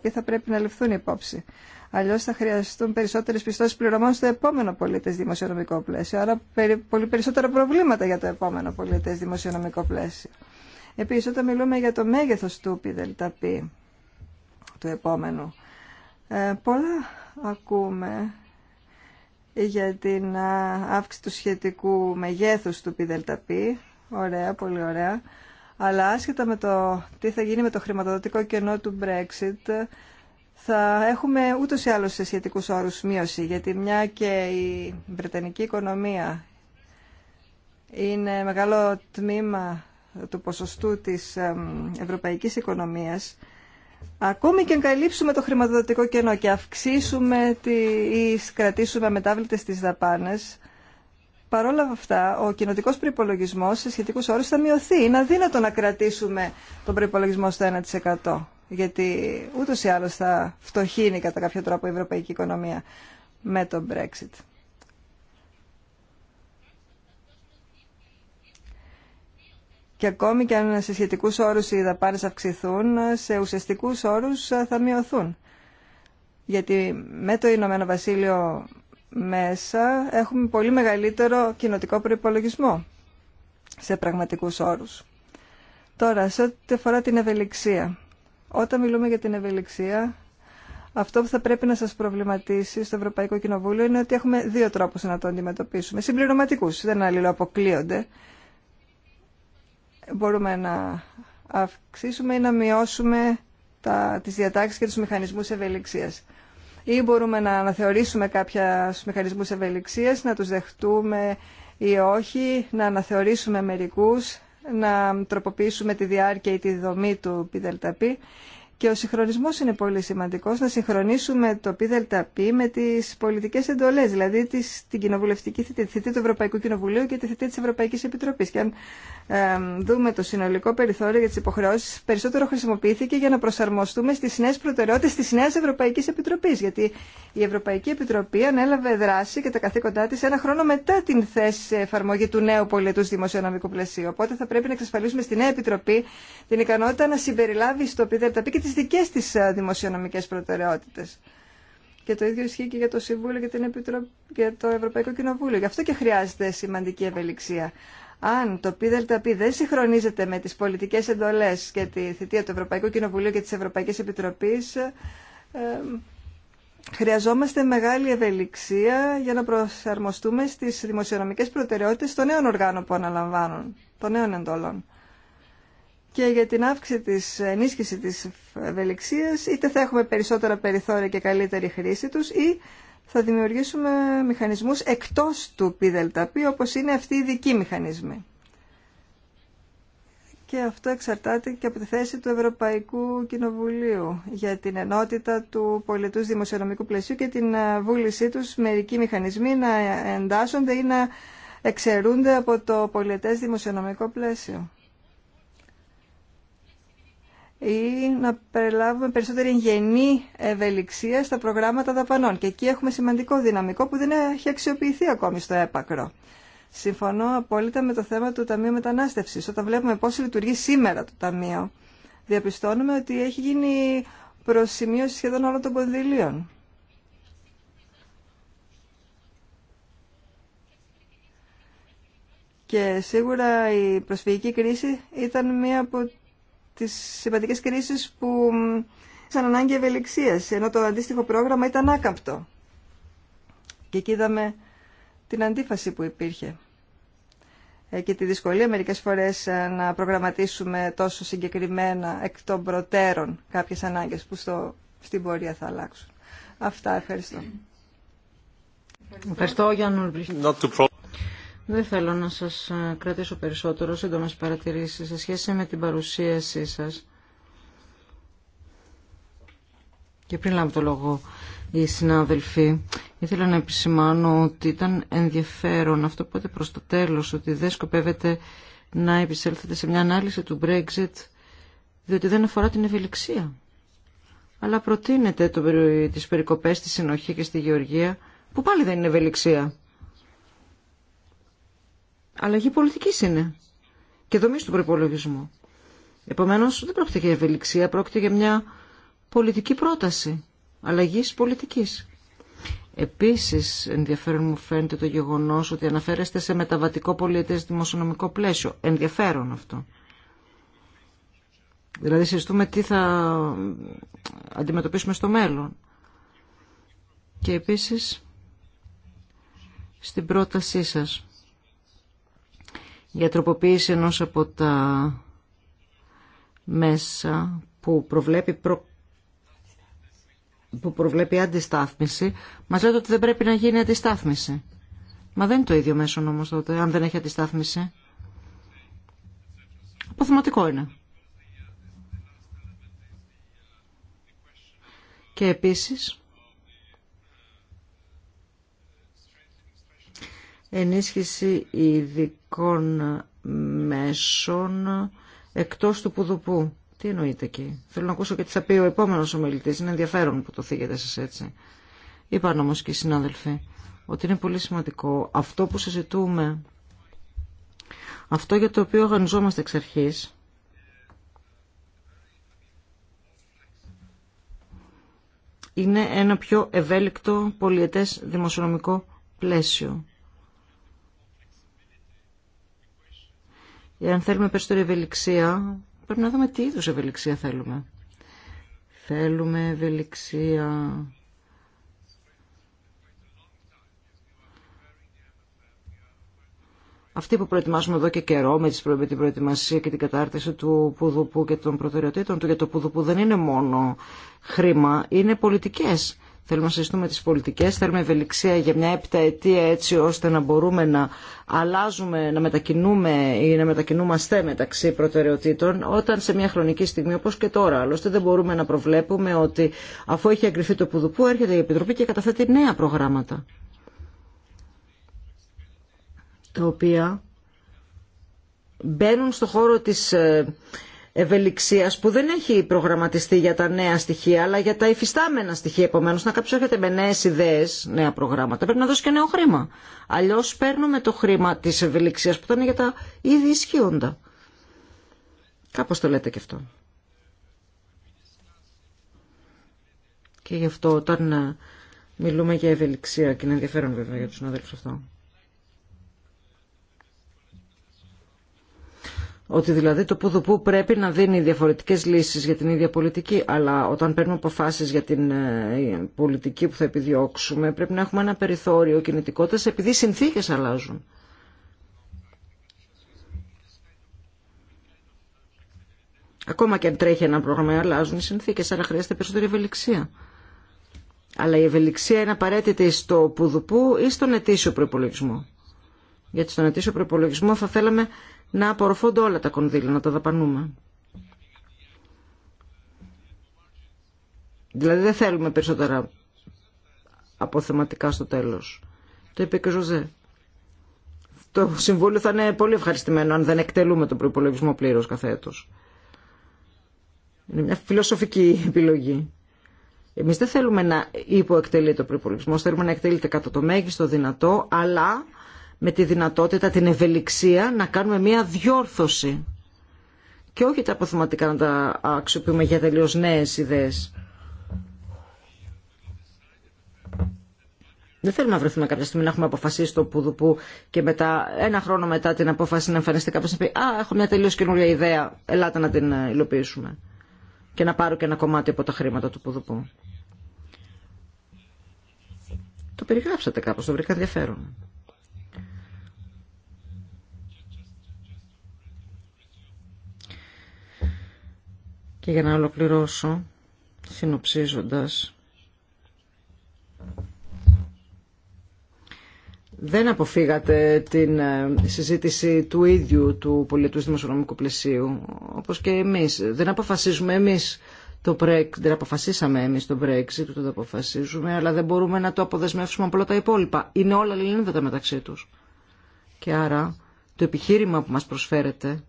πι θα πρέπει να ληφθούν υπόψη. Αλλιώ θα χρειαστούν περισσότερε πιστώσει πληρωμών στο επόμενο πολίτε δημοσιονομικό πλαίσιο, άρα πολύ περισσότερα προβλήματα για το επόμενο πολίτε δημοσιονομικό πλαίσιο. Επίση όταν μιλούμε για το μέγεθο του πι του επόμενου, ε, πολλά ακούμε για την ε, αύξηση του σχετικού μεγέθους του πι. Ωραία, πολύ ωραία. Αλλά άσχετα με το τι θα γίνει με το χρηματοδοτικό κενό του Brexit, θα έχουμε ούτως ή άλλως σε σχετικούς όρους μείωση, γιατί μια και η Βρετανική οικονομία είναι μεγάλο τμήμα του ποσοστού της ευρωπαϊκής οικονομίας, ακόμη και αν καλύψουμε το χρηματοδοτικό κενό και αυξήσουμε ή κρατήσουμε μετάβλητες τις δαπάνες, Παρόλα αυτά, ο κοινοτικό προπολογισμό σε σχετικού όρου θα μειωθεί. Είναι αδύνατο να κρατήσουμε τον προπολογισμό στο 1%. Γιατί ούτω ή άλλω θα φτωχύνει κατά κάποιο τρόπο η ευρωπαϊκή οικονομία με τον Brexit. Και ακόμη και αν σε σχετικούς όρου οι δαπάνε αυξηθούν, σε ουσιαστικούς όρου θα μειωθούν. Γιατί με το Ηνωμένο Βασίλειο μέσα έχουμε πολύ μεγαλύτερο κοινοτικό προϋπολογισμό σε πραγματικούς όρους. Τώρα, σε ό,τι αφορά την ευελιξία. Όταν μιλούμε για την ευελιξία, αυτό που θα πρέπει να σας προβληματίσει στο Ευρωπαϊκό Κοινοβούλιο είναι ότι έχουμε δύο τρόπους να το αντιμετωπίσουμε. Συμπληρωματικούς, δεν αλληλοαποκλείονται. Μπορούμε να αυξήσουμε ή να μειώσουμε τα, τις διατάξεις και τους μηχανισμούς ευελιξίας ή μπορούμε να αναθεωρήσουμε κάποια μηχανισμούς ευελιξίας, να τους δεχτούμε ή όχι, να αναθεωρήσουμε μερικούς, να τροποποιήσουμε τη διάρκεια ή τη δομή του ΠΔΠ και ο συγχρονισμός είναι πολύ σημαντικός, να συγχρονίσουμε το ΠΔΕΛΤΑΠ με τις πολιτικές εντολές, δηλαδή τις, την κοινοβουλευτική θητή, τη θητή του Ευρωπαϊκού Κοινοβουλίου και τη θητή της Ευρωπαϊκής Επιτροπής. Και αν ε, δούμε το συνολικό περιθώριο για τις υποχρεώσεις, περισσότερο χρησιμοποιήθηκε για να προσαρμοστούμε στις νέες προτεραιότητες της νέας Ευρωπαϊκής Επιτροπής, γιατί η Ευρωπαϊκή Επιτροπή ανέλαβε δράση και τα καθήκοντά της ένα χρόνο μετά την θέση εφαρμογή του νέου πολιτού δημοσιονομικού πλαισίου. Οπότε θα πρέπει να εξασφαλίσουμε στη νέα Επιτροπή την ικανότητα να συμπεριλάβει στο ΠΔΕΛΤΑΠ και τις δικές της ε, δημοσιονομικές προτεραιότητες. Και το ίδιο ισχύει και για το Συμβούλιο και, την Επιτροπή, και το Ευρωπαϊκό Κοινοβούλιο. Γι' αυτό και χρειάζεται σημαντική ευελιξία. Αν το ΠΔΠ δεν συγχρονίζεται με τις πολιτικές εντολές και τη θητεία του Ευρωπαϊκού Κοινοβουλίου και της Ευρωπαϊκής Επιτροπής, ε, χρειαζόμαστε μεγάλη ευελιξία για να προσαρμοστούμε στις δημοσιονομικές προτεραιότητες των νέων οργάνων που αναλαμβάνουν, των νέων εντολών και για την αύξηση της ενίσχυση της ευελιξίας είτε θα έχουμε περισσότερα περιθώρια και καλύτερη χρήση τους ή θα δημιουργήσουμε μηχανισμούς εκτός του ΠΔΠ όπως είναι αυτοί οι δικοί μηχανισμοί. Και αυτό εξαρτάται και από τη θέση του Ευρωπαϊκού Κοινοβουλίου για την ενότητα του πολιτούς δημοσιονομικού πλαισίου και την ε, βούλησή τους μερικοί μηχανισμοί να εντάσσονται ή να εξαιρούνται από το πολιτές δημοσιονομικό πλαίσιο ή να περιλάβουμε περισσότερη γενή ευελιξία στα προγράμματα δαπανών. Και εκεί έχουμε σημαντικό δυναμικό που δεν έχει αξιοποιηθεί ακόμη στο έπακρο. Συμφωνώ απόλυτα με το θέμα του Ταμείου Μετανάστευσης. Όταν βλέπουμε πώς λειτουργεί σήμερα το Ταμείο, διαπιστώνουμε ότι έχει γίνει προσημείωση σχεδόν όλων των κονδυλίων. Και σίγουρα η προσφυγική κρίση ήταν μία από τις σημαντικές κρίσεις που σαν ανάγκη ευελιξίας, ενώ το αντίστοιχο πρόγραμμα ήταν άκαμπτο. Και εκεί είδαμε την αντίφαση που υπήρχε ε, και τη δυσκολία μερικές φορές ε, να προγραμματίσουμε τόσο συγκεκριμένα εκ των προτέρων κάποιες ανάγκες που στο, στην πορεία θα αλλάξουν. Αυτά, ευχαριστώ. Ευχαριστώ, Γιάννου. Δεν θέλω να σας ε, κρατήσω περισσότερο σύντομες παρατηρήσεις σε σχέση με την παρουσίασή σας. Και πριν λάβω το λόγο οι συνάδελφοι, ήθελα να επισημάνω ότι ήταν ενδιαφέρον αυτό που είπατε προς το τέλος, ότι δεν σκοπεύετε να επισέλθετε σε μια ανάλυση του Brexit, διότι δεν αφορά την ευελιξία. Αλλά προτείνετε το, τις περικοπές στη συνοχή και στη γεωργία, που πάλι δεν είναι ευελιξία αλλαγή πολιτική είναι και δομή του προπολογισμού. Επομένως δεν πρόκειται για ευελιξία, πρόκειται για μια πολιτική πρόταση αλλαγή πολιτικής. Επίσης ενδιαφέρον μου φαίνεται το γεγονός ότι αναφέρεστε σε μεταβατικό πολιτικο δημοσιονομικό πλαίσιο. Ενδιαφέρον αυτό. Δηλαδή συζητούμε τι θα αντιμετωπίσουμε στο μέλλον. Και επίσης στην πρότασή σας για τροποποίηση ενός από τα μέσα που προβλέπει, προ... που προβλέπει αντιστάθμιση, μας λέτε ότι δεν πρέπει να γίνει αντιστάθμιση. Μα δεν είναι το ίδιο μέσο όμως τότε, αν δεν έχει αντιστάθμιση. Αποθυματικό είναι. Και επίσης, ενίσχυση ειδικών μέσων εκτός του πουδουπού. Τι εννοείται εκεί. Θέλω να ακούσω και τι θα πει ο επόμενος ομιλητής. Είναι ενδιαφέρον που το θίγετε σας έτσι. Είπαν όμω και οι συνάδελφοι ότι είναι πολύ σημαντικό αυτό που συζητούμε, αυτό για το οποίο οργανιζόμαστε εξ αρχής, είναι ένα πιο ευέλικτο πολιετές δημοσιονομικό πλαίσιο. Εάν θέλουμε περισσότερη ευελιξία, πρέπει να δούμε τι είδους ευελιξία θέλουμε. Θέλουμε ευελιξία Αυτή που προετοιμάσουμε εδώ και καιρό με την προετοιμασία και την κατάρτιση του Πουδουπού και των προτεραιοτήτων του για το Πουδουπού δεν είναι μόνο χρήμα, είναι πολιτικές. Θέλουμε να συζητούμε τις πολιτικές, θέλουμε ευελιξία για μια αιτία έτσι ώστε να μπορούμε να αλλάζουμε, να μετακινούμε ή να μετακινούμαστε μεταξύ προτεραιοτήτων όταν σε μια χρονική στιγμή όπως και τώρα. Άλλωστε δεν μπορούμε να προβλέπουμε ότι αφού έχει εγκριθεί το πουδουπού έρχεται η Επιτροπή και καταθέτει νέα προγράμματα. Τα οποία μπαίνουν στο χώρο της ε, ευελιξίας που δεν έχει προγραμματιστεί για τα νέα στοιχεία αλλά για τα υφιστάμενα στοιχεία. Επομένως, να κάποιο έρχεται με νέε ιδέες, νέα προγράμματα, πρέπει να δώσει και νέο χρήμα. Αλλιώ παίρνουμε το χρήμα της ευελιξίας που ήταν για τα ήδη ισχύοντα. Κάπω το λέτε και αυτό. Και γι' αυτό όταν ε, μιλούμε για ευελιξία και είναι ενδιαφέρον βέβαια για του συναδέλφου αυτό Ότι δηλαδή το που πρέπει να δίνει διαφορετικές λύσεις για την ίδια πολιτική, αλλά όταν παίρνουμε αποφάσεις για την ε, πολιτική που θα επιδιώξουμε, πρέπει να έχουμε ένα περιθώριο κινητικότητας επειδή οι συνθήκες αλλάζουν. Ακόμα και αν τρέχει ένα πρόγραμμα, αλλάζουν οι συνθήκες, άρα χρειάζεται περισσότερη ευελιξία. Αλλά η ευελιξία είναι απαραίτητη στο πουδουπού ή στον ετήσιο προπολογισμό γιατί στον ετήσιο προπολογισμό θα θέλαμε να απορροφώνται όλα τα κονδύλια, να τα δαπανούμε. Δηλαδή δεν θέλουμε περισσότερα αποθεματικά στο τέλος. Το είπε και ο Ζωζέ. Το Συμβούλιο θα είναι πολύ ευχαριστημένο αν δεν εκτελούμε τον προπολογισμό πλήρως κάθε έτος. Είναι μια φιλοσοφική επιλογή. Εμείς δεν θέλουμε να υποεκτελεί το προπολογισμό, θέλουμε να εκτελείται κατά το μέγιστο δυνατό, αλλά με τη δυνατότητα, την ευελιξία να κάνουμε μια διόρθωση και όχι τα αποθυματικά να τα αξιοποιούμε για τελείω νέε ιδέες. Δεν θέλουμε να βρεθούμε κάποια στιγμή να έχουμε αποφασίσει το πουδουπού και μετά, ένα χρόνο μετά την απόφαση να εμφανιστεί κάποιο να πει Α, έχω μια τελείω καινούργια ιδέα. Ελάτε να την ε, υλοποιήσουμε. Και να πάρω και ένα κομμάτι από τα χρήματα του πουδουπού. Το περιγράψατε κάπως, το βρήκα ενδιαφέρον. Και για να ολοκληρώσω, συνοψίζοντας, δεν αποφύγατε την ε, συζήτηση του ίδιου του πολιτού δημοσιονομικού πλαισίου, όπως και εμείς. Δεν αποφασίζουμε εμείς το Brexit δεν αποφασίσαμε εμείς το Brexit, το, αποφασίζουμε, αλλά δεν μπορούμε να το αποδεσμεύσουμε από τα υπόλοιπα. Είναι όλα λιλίνδετα μεταξύ τους. Και άρα το επιχείρημα που μας προσφέρεται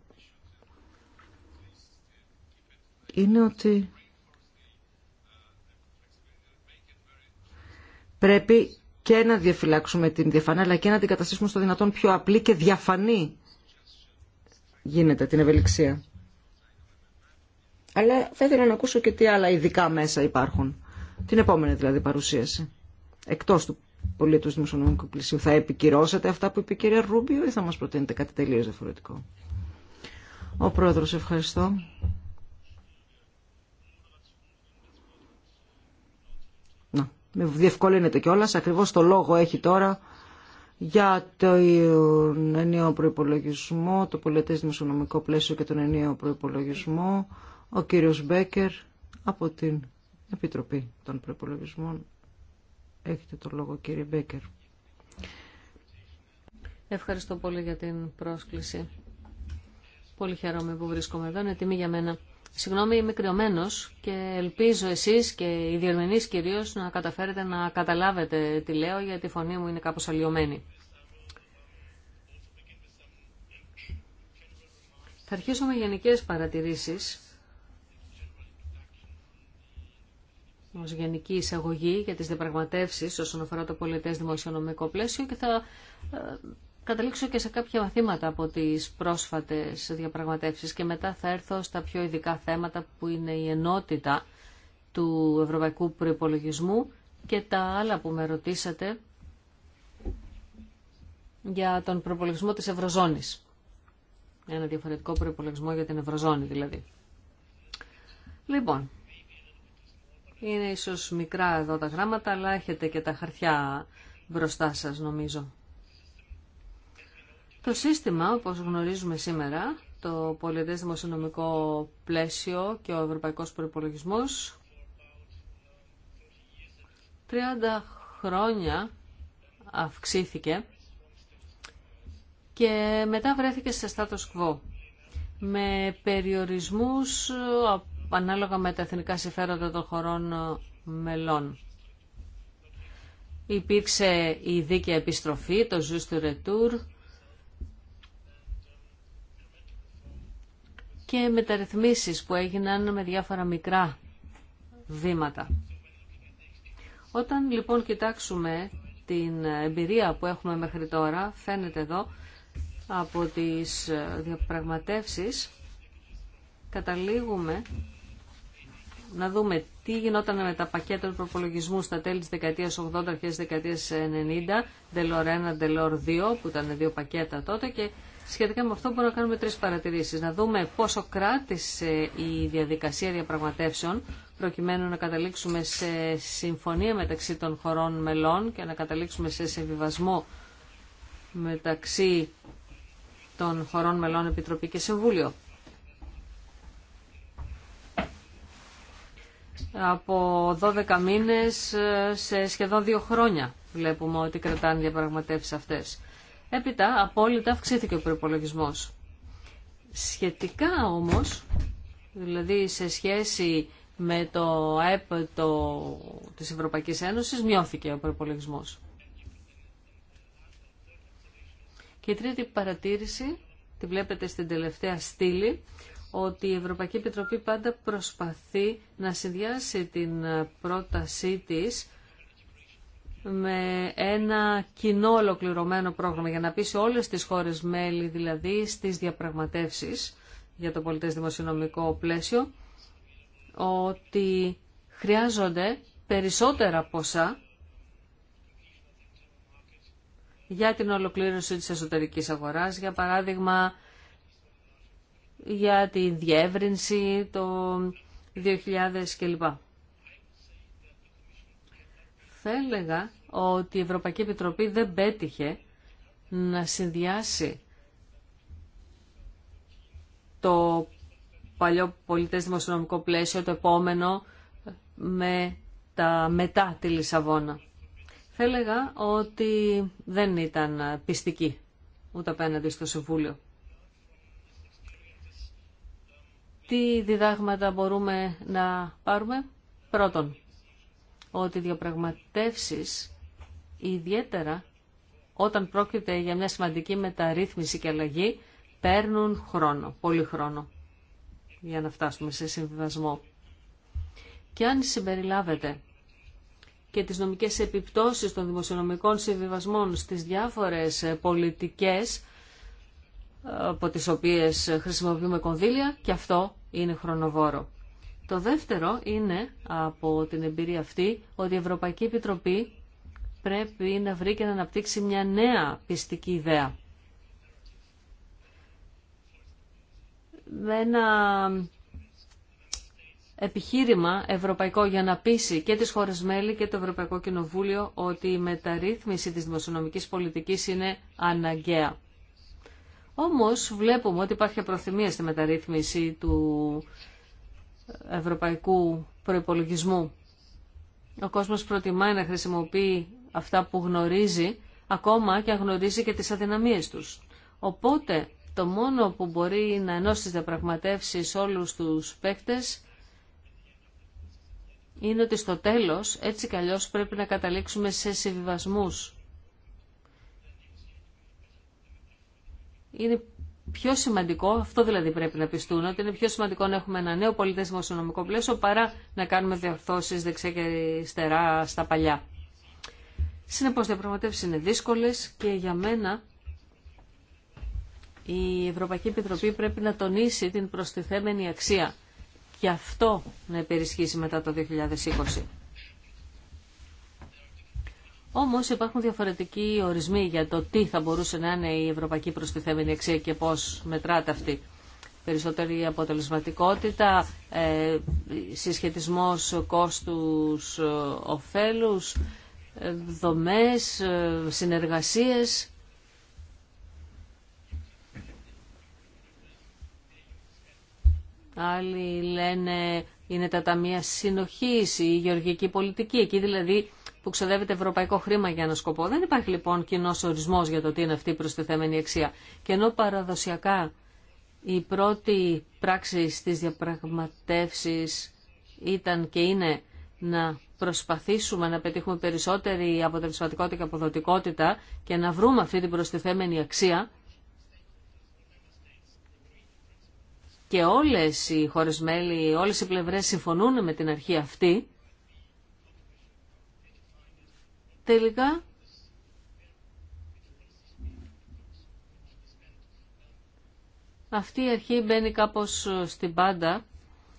είναι ότι πρέπει και να διαφυλάξουμε την διαφανή αλλά και να την καταστήσουμε στο δυνατόν πιο απλή και διαφανή γίνεται την ευελιξία. Αλλά θα ήθελα να ακούσω και τι άλλα ειδικά μέσα υπάρχουν. Την επόμενη δηλαδή παρουσίαση. Εκτός του πολίτου δημοσιονομικού πλησίου. Θα επικυρώσετε αυτά που είπε η κυρία Ρούμπιο ή θα μας προτείνετε κάτι τελείως διαφορετικό. Ο πρόεδρος ευχαριστώ. με διευκολύνεται κιόλα, ακριβώς το λόγο έχει τώρα για τον ενίο προπολογισμό, το πολιτισμικο δημοσιονομικό πλαίσιο και τον ενίο προπολογισμό, ο κύριος Μπέκερ από την Επιτροπή των προπολογισμών. Έχετε το λόγο κύριε Μπέκερ. Ευχαριστώ πολύ για την πρόσκληση. Πολύ χαίρομαι που βρίσκομαι εδώ. Είναι τιμή για μένα. Συγγνώμη, είμαι κρυωμένο και ελπίζω εσεί και οι διερμηνεί κυρίω να καταφέρετε να καταλάβετε τι λέω, γιατί η φωνή μου είναι κάπω αλλοιωμένη. Θα αρχίσω με γενικέ παρατηρήσει. Ω γενική εισαγωγή για τι διαπραγματεύσει όσον αφορά το πολιτέ δημοσιονομικό πλαίσιο και θα ε, καταλήξω και σε κάποια μαθήματα από τις πρόσφατες διαπραγματεύσεις και μετά θα έρθω στα πιο ειδικά θέματα που είναι η ενότητα του ευρωπαϊκού προϋπολογισμού και τα άλλα που με ρωτήσατε για τον προϋπολογισμό της Ευρωζώνης. Ένα διαφορετικό προϋπολογισμό για την Ευρωζώνη δηλαδή. Λοιπόν, είναι ίσως μικρά εδώ τα γράμματα, αλλά έχετε και τα χαρτιά μπροστά σας νομίζω. Το σύστημα, όπως γνωρίζουμε σήμερα, το πολιτές δημοσιονομικό πλαίσιο και ο ευρωπαϊκός προϋπολογισμός, 30 χρόνια αυξήθηκε και μετά βρέθηκε σε status quo με περιορισμούς ανάλογα με τα εθνικά συμφέροντα των χωρών μελών. Υπήρξε η δίκαια επιστροφή, το του ρετούρ», και μεταρρυθμίσεις που έγιναν με διάφορα μικρά βήματα. Όταν λοιπόν κοιτάξουμε την εμπειρία που έχουμε μέχρι τώρα, φαίνεται εδώ από τις διαπραγματεύσεις, καταλήγουμε να δούμε τι γινόταν με τα πακέτα του προπολογισμού στα τέλη της δεκαετίας 80, και της δεκαετίας 90, Delor 1, Delor 2, που ήταν δύο πακέτα τότε και Σχετικά με αυτό μπορούμε να κάνουμε τρεις παρατηρήσεις. Να δούμε πόσο κράτησε η διαδικασία διαπραγματεύσεων προκειμένου να καταλήξουμε σε συμφωνία μεταξύ των χωρών μελών και να καταλήξουμε σε συμβιβασμό μεταξύ των χωρών μελών Επιτροπή και Συμβούλιο. Από 12 μήνες σε σχεδόν δύο χρόνια βλέπουμε ότι κρατάνε διαπραγματεύσεις αυτές. Έπειτα απόλυτα αυξήθηκε ο προπολογισμό. Σχετικά όμως, δηλαδή σε σχέση με το ΑΕΠ της Ευρωπαϊκής Ένωσης, μειώθηκε ο προπολογισμό. Και η τρίτη παρατήρηση, τη βλέπετε στην τελευταία στήλη, ότι η Ευρωπαϊκή Επιτροπή πάντα προσπαθεί να συνδυάσει την πρότασή της με ένα κοινό ολοκληρωμένο πρόγραμμα για να πει σε όλες τις χώρες μέλη δηλαδή στις διαπραγματεύσεις για το πολιτές δημοσιονομικό πλαίσιο ότι χρειάζονται περισσότερα ποσά για την ολοκλήρωση της εσωτερικής αγοράς, για παράδειγμα για τη διεύρυνση το 2000 κλπ θα έλεγα ότι η Ευρωπαϊκή Επιτροπή δεν πέτυχε να συνδυάσει το παλιό πολιτές δημοσιονομικό πλαίσιο, το επόμενο, με τα μετά τη Λισαβόνα. Θα έλεγα ότι δεν ήταν πιστική ούτε απέναντι στο Συμβούλιο. Τι διδάγματα μπορούμε να πάρουμε. Πρώτον, ότι οι διαπραγματεύσεις ιδιαίτερα όταν πρόκειται για μια σημαντική μεταρρύθμιση και αλλαγή παίρνουν χρόνο, πολύ χρόνο για να φτάσουμε σε συμβιβασμό. Και αν συμπεριλάβετε και τις νομικές επιπτώσεις των δημοσιονομικών συμβιβασμών στις διάφορες πολιτικές ε, από τις οποίες χρησιμοποιούμε κονδύλια και αυτό είναι χρονοβόρο. Το δεύτερο είναι από την εμπειρία αυτή ότι η Ευρωπαϊκή Επιτροπή πρέπει να βρει και να αναπτύξει μια νέα πιστική ιδέα. Με ένα επιχείρημα ευρωπαϊκό για να πείσει και τις χώρες μέλη και το Ευρωπαϊκό Κοινοβούλιο ότι η μεταρρύθμιση της δημοσιονομικής πολιτικής είναι αναγκαία. Όμως βλέπουμε ότι υπάρχει προθυμία στη μεταρρύθμιση του ευρωπαϊκού προϋπολογισμού. Ο κόσμος προτιμάει να χρησιμοποιεί αυτά που γνωρίζει, ακόμα και γνωρίζει και τις αδυναμίες τους. Οπότε, το μόνο που μπορεί να ενώσει τις διαπραγματεύσεις όλους τους παίκτες είναι ότι στο τέλος, έτσι κι πρέπει να καταλήξουμε σε συμβιβασμούς. Είναι πιο σημαντικό, αυτό δηλαδή πρέπει να πιστούν, ότι είναι πιο σημαντικό να έχουμε ένα νέο νέο πολιτισμο-οικονομικό πλαίσιο παρά να κάνουμε διορθώσει δεξιά και αριστερά στα παλιά. Συνεπώ, διαπραγματεύσει είναι δύσκολε και για μένα η Ευρωπαϊκή Επιτροπή πρέπει να τονίσει την προστιθέμενη αξία. Και αυτό να υπερισχύσει μετά το 2020. Όμω, υπάρχουν διαφορετικοί ορισμοί για το τι θα μπορούσε να είναι η ευρωπαϊκή προστιθέμενη αξία και πώς μετράται αυτή. Περισσότερη αποτελεσματικότητα, ε, συσχετισμός κόστους κόστους-οφέλους, ε, ε, δομές, ε, συνεργασίες. Άλλοι λένε είναι τα ταμεία συνοχής, η γεωργική πολιτική, εκεί δηλαδή που ξοδεύεται ευρωπαϊκό χρήμα για ένα σκοπό. Δεν υπάρχει λοιπόν κοινό ορισμό για το τι είναι αυτή η προστιθέμενη αξία. Και ενώ παραδοσιακά η πρώτη πράξη στις διαπραγματεύσεις ήταν και είναι να προσπαθήσουμε να πετύχουμε περισσότερη αποτελεσματικότητα και αποδοτικότητα και να βρούμε αυτή την προστιθέμενη αξία και όλες οι χώρες μέλη, όλες οι πλευρές συμφωνούν με την αρχή αυτή, Τελικά, αυτή η αρχή μπαίνει κάπως ε, στην πάντα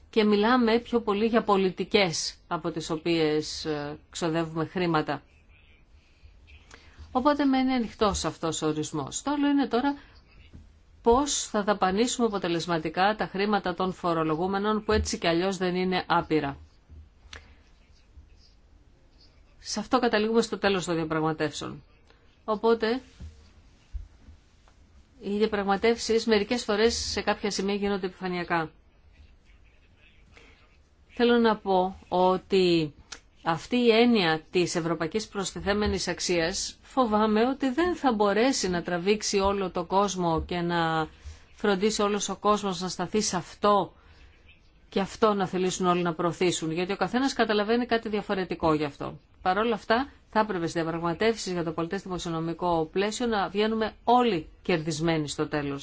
και μιλάμε πιο πολύ για πολιτικές από τις οποίες ε, ξοδεύουμε χρήματα. Οπότε μένει ανοιχτό αυτός ο ορισμός. Το άλλο είναι τώρα πώς θα δαπανίσουμε αποτελεσματικά τα χρήματα των φορολογούμενων που έτσι κι αλλιώς δεν είναι άπειρα. Σε αυτό καταλήγουμε στο τέλος των διαπραγματεύσεων. Οπότε, οι διαπραγματεύσεις μερικές φορές σε κάποια σημεία γίνονται επιφανειακά. Θέλω να πω ότι αυτή η έννοια της ευρωπαϊκής προστιθέμενης αξίας φοβάμαι ότι δεν θα μπορέσει να τραβήξει όλο το κόσμο και να φροντίσει όλος ο κόσμος να σταθεί σε αυτό και αυτό να θελήσουν όλοι να προωθήσουν, γιατί ο καθένα καταλαβαίνει κάτι διαφορετικό γι' αυτό. Παρ' όλα αυτά, θα έπρεπε στι διαπραγματεύσει για το πολιτέ δημοσιονομικό πλαίσιο να βγαίνουμε όλοι κερδισμένοι στο τέλο.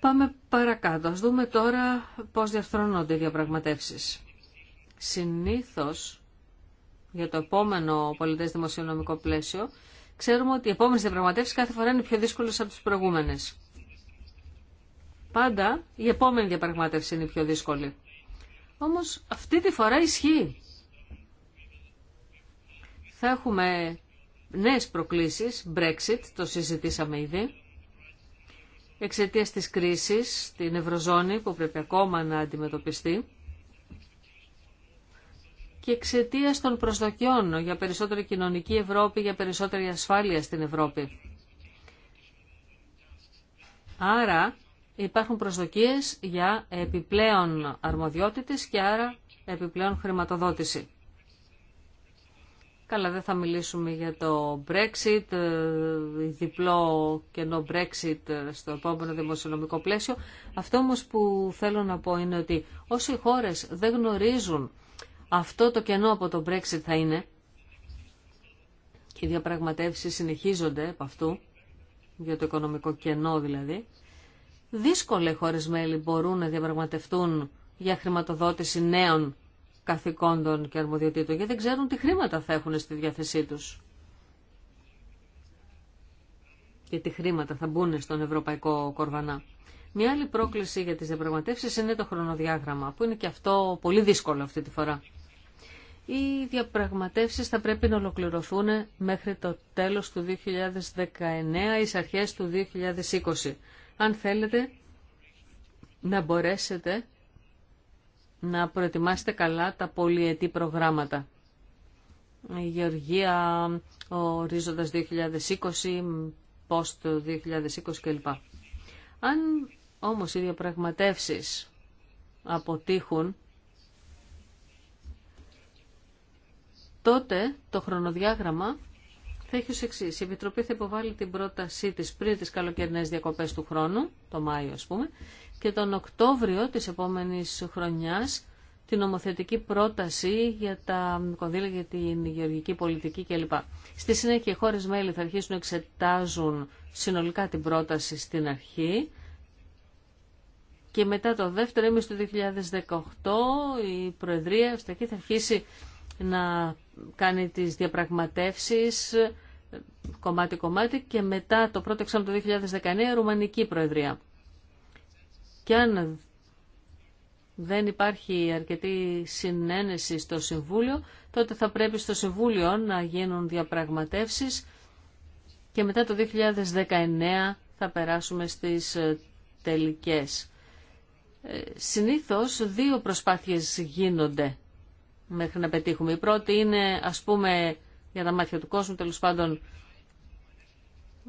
Πάμε παρακάτω. Ας δούμε τώρα πώς διαρθρώνονται οι διαπραγματεύσεις. Συνήθως, για το επόμενο πολιτές δημοσιονομικό πλαίσιο, ξέρουμε ότι οι επόμενες διαπραγματεύσεις κάθε φορά είναι πιο δύσκολες από τις προηγούμενες. Πάντα η επόμενη διαπραγμάτευση είναι η πιο δύσκολη. Όμως αυτή τη φορά ισχύει. Θα έχουμε νέες προκλήσεις, Brexit, το συζητήσαμε ήδη, εξαιτίας της κρίσης στην Ευρωζώνη που πρέπει ακόμα να αντιμετωπιστεί και εξαιτία των προσδοκιών για περισσότερη κοινωνική Ευρώπη, για περισσότερη ασφάλεια στην Ευρώπη. Άρα υπάρχουν προσδοκίες για επιπλέον αρμοδιότητες και άρα επιπλέον χρηματοδότηση. Καλά, δεν θα μιλήσουμε για το Brexit, ε, διπλό κενό Brexit στο επόμενο δημοσιονομικό πλαίσιο. Αυτό όμως που θέλω να πω είναι ότι όσοι χώρες δεν γνωρίζουν αυτό το κενό από το Brexit θα είναι, και οι διαπραγματεύσεις συνεχίζονται από αυτού, για το οικονομικό κενό δηλαδή, δύσκολα οι χώρες μέλη μπορούν να διαπραγματευτούν για χρηματοδότηση νέων καθηκόντων και αρμοδιοτήτων, γιατί δεν ξέρουν τι χρήματα θα έχουν στη διάθεσή τους. Και τι χρήματα θα μπουν στον ευρωπαϊκό κορβανά. Μια άλλη πρόκληση για τις διαπραγματεύσεις είναι το χρονοδιάγραμμα, που είναι και αυτό πολύ δύσκολο αυτή τη φορά. Οι διαπραγματεύσεις θα πρέπει να ολοκληρωθούν μέχρι το τέλος του 2019 ή αρχές του 2020 αν θέλετε να μπορέσετε να προετοιμάσετε καλά τα πολυετή προγράμματα. Η Γεωργία, ο Ορίζοντας 2020, Post 2020 κλπ. Αν όμως οι διαπραγματεύσεις αποτύχουν, τότε το χρονοδιάγραμμα θα έχει ω εξή. Η Επιτροπή θα υποβάλει την πρότασή τη πριν τι καλοκαιρινέ διακοπέ του χρόνου, το Μάιο α πούμε, και τον Οκτώβριο τη επόμενη χρονιά την νομοθετική πρόταση για τα κονδύλια για την γεωργική πολιτική κλπ. Στη συνέχεια οι χώρες μέλη θα αρχίσουν να εξετάζουν συνολικά την πρόταση στην αρχή και μετά το δεύτερο ο του 2018 η Προεδρία εκεί θα αρχίσει να κάνει τις διαπραγματεύσεις κομμάτι-κομμάτι και μετά το πρώτο εξάμεινο του 2019 Ρουμανική Προεδρία. Και αν δεν υπάρχει αρκετή συνένεση στο Συμβούλιο, τότε θα πρέπει στο Συμβούλιο να γίνουν διαπραγματεύσεις και μετά το 2019 θα περάσουμε στις ε, τελικές. Ε, συνήθως δύο προσπάθειες γίνονται μέχρι να πετύχουμε. Η πρώτη είναι, ας πούμε, για τα μάτια του κόσμου, τέλο πάντων,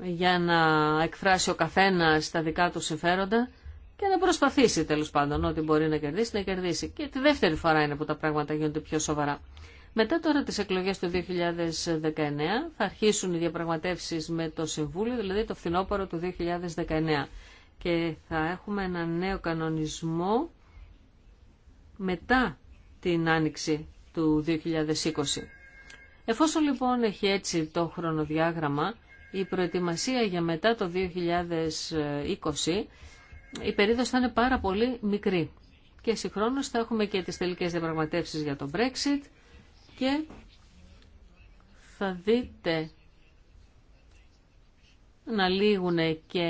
για να εκφράσει ο καθένας τα δικά του συμφέροντα και να προσπαθήσει τέλο πάντων ό,τι μπορεί να κερδίσει, να κερδίσει. Και τη δεύτερη φορά είναι που τα πράγματα γίνονται πιο σοβαρά. Μετά τώρα τις εκλογές του 2019 θα αρχίσουν οι διαπραγματεύσεις με το Συμβούλιο, δηλαδή το φθινόπωρο του 2019. Και θα έχουμε ένα νέο κανονισμό μετά την Άνοιξη του 2020. Εφόσον λοιπόν έχει έτσι το χρονοδιάγραμμα, η προετοιμασία για μετά το 2020, η περίοδος θα είναι πάρα πολύ μικρή. Και συγχρόνως θα έχουμε και τις τελικές διαπραγματεύσεις για το Brexit και θα δείτε να λήγουν και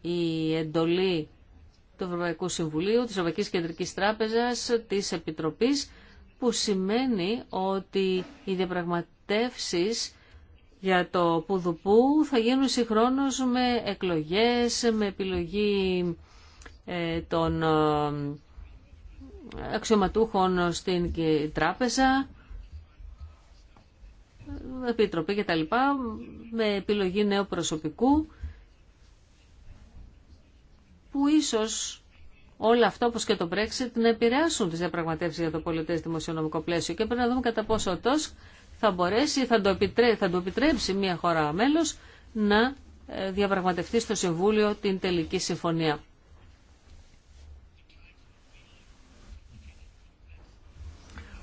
η εντολή του Ευρωπαϊκού Συμβουλίου, της Ευρωπαϊκής Κεντρικής Τράπεζας, της Επιτροπής που σημαίνει ότι οι διαπραγματεύσεις για το Πουδουπού θα γίνουν συγχρόνως με εκλογές, με επιλογή ε, των ε, αξιωματούχων στην τράπεζα, επιτροπή και τα με επιλογή νέου προσωπικού, που ίσως όλα αυτά όπως και το Brexit να επηρεάσουν τις διαπραγματεύσει για το πολιτέ δημοσιονομικό πλαίσιο και πρέπει να δούμε κατά πόσο τόσο θα μπορέσει, θα, το επιτρέψει μια χώρα μέλο να ε, διαπραγματευτεί στο Συμβούλιο την τελική συμφωνία.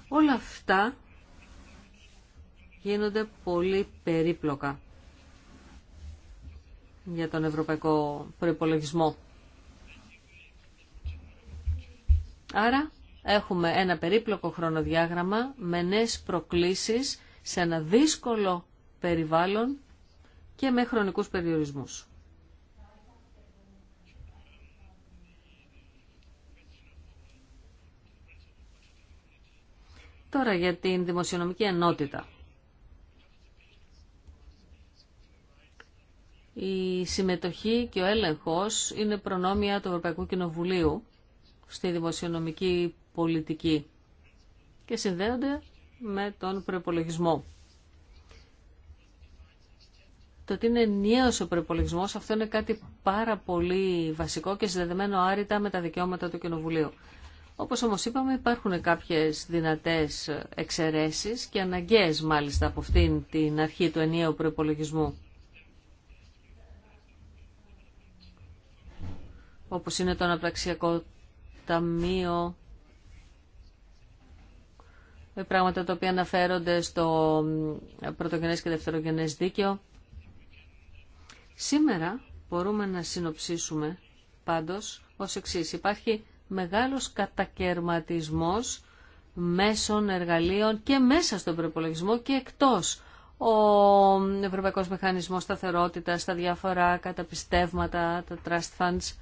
Όλα αυτά γίνονται πολύ περίπλοκα για τον ευρωπαϊκό προϋπολογισμό. Άρα έχουμε ένα περίπλοκο χρονοδιάγραμμα με νέες προκλήσεις σε ένα δύσκολο περιβάλλον και με χρονικούς περιορισμούς. Τώρα για την δημοσιονομική ενότητα. Η συμμετοχή και ο έλεγχος είναι προνόμια του Ευρωπαϊκού Κοινοβουλίου στη δημοσιονομική πολιτική και συνδέονται με τον προπολογισμό. Το ότι είναι ενιαίο ο προπολογισμό, αυτό είναι κάτι πάρα πολύ βασικό και συνδεδεμένο άρρητα με τα δικαιώματα του Κοινοβουλίου. Όπω όμω είπαμε, υπάρχουν κάποιε δυνατέ εξαιρέσει και αναγκαίε μάλιστα από αυτήν την αρχή του ενιαίου προπολογισμού. Όπω είναι το αναπραξιακό ταμείο ε, πράγματα τα οποία αναφέρονται στο πρωτογενές και δευτερογενές δίκαιο. Σήμερα μπορούμε να συνοψίσουμε πάντως ως εξής. Υπάρχει μεγάλος κατακερματισμός μέσων εργαλείων και μέσα στον προπολογισμό και εκτός. Ο Ευρωπαϊκός Μηχανισμός Σταθερότητας, τα διάφορα καταπιστεύματα, τα trust funds,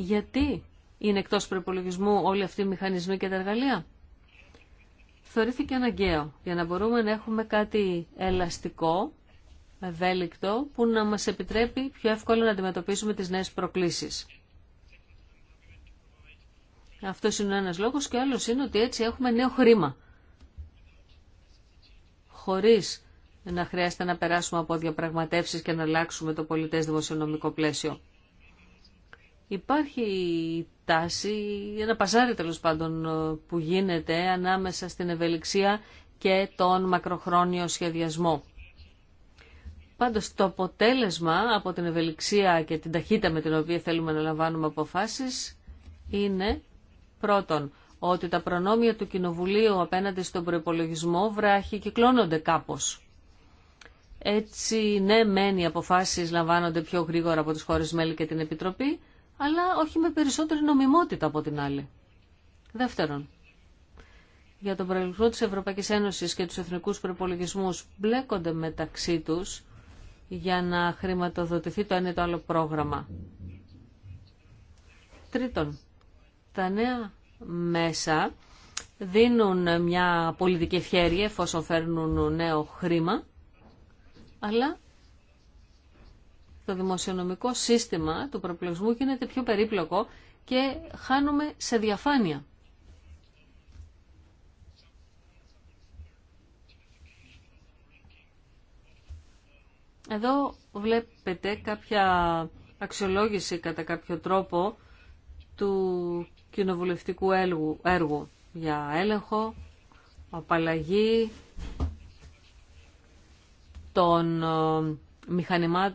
γιατί είναι εκτός προπολογισμού όλοι αυτοί οι μηχανισμοί και τα εργαλεία. Θεωρήθηκε αναγκαίο για να μπορούμε να έχουμε κάτι ελαστικό, ευέλικτο, που να μας επιτρέπει πιο εύκολα να αντιμετωπίσουμε τις νέες προκλήσεις. Αυτό είναι ένας λόγος και άλλος είναι ότι έτσι έχουμε νέο χρήμα. Χωρίς να χρειάζεται να περάσουμε από διαπραγματεύσεις και να αλλάξουμε το πολιτές δημοσιονομικό πλαίσιο. Υπάρχει τάση, ένα παζάρι τέλος πάντων ε, που γίνεται ανάμεσα στην ευελιξία και τον μακροχρόνιο σχεδιασμό. Πάντως το αποτέλεσμα από την ευελιξία και την ταχύτητα με την οποία θέλουμε να λαμβάνουμε αποφάσεις είναι πρώτον ότι τα προνόμια του Κοινοβουλίου απέναντι στον προπολογισμό βράχει κυκλώνονται κάπως. Έτσι, ναι, μεν οι αποφάσεις λαμβάνονται πιο γρήγορα από τις χώρες μέλη και την Επιτροπή, αλλά όχι με περισσότερη νομιμότητα από την άλλη. Δεύτερον, για τον προελθό της Ευρωπαϊκής Ένωσης και τους εθνικούς προπολογισμούς μπλέκονται μεταξύ τους για να χρηματοδοτηθεί το ένα ή το άλλο πρόγραμμα. Τρίτον, τα νέα μέσα δίνουν μια πολιτική ευχαίρεια εφόσον φέρνουν νέο χρήμα, αλλά το δημοσιονομικό σύστημα του προπλογισμού γίνεται πιο περίπλοκο και χάνουμε σε διαφάνεια. Εδώ βλέπετε κάποια αξιολόγηση κατά κάποιο τρόπο του κοινοβουλευτικού έργου για έλεγχο, απαλλαγή των ε,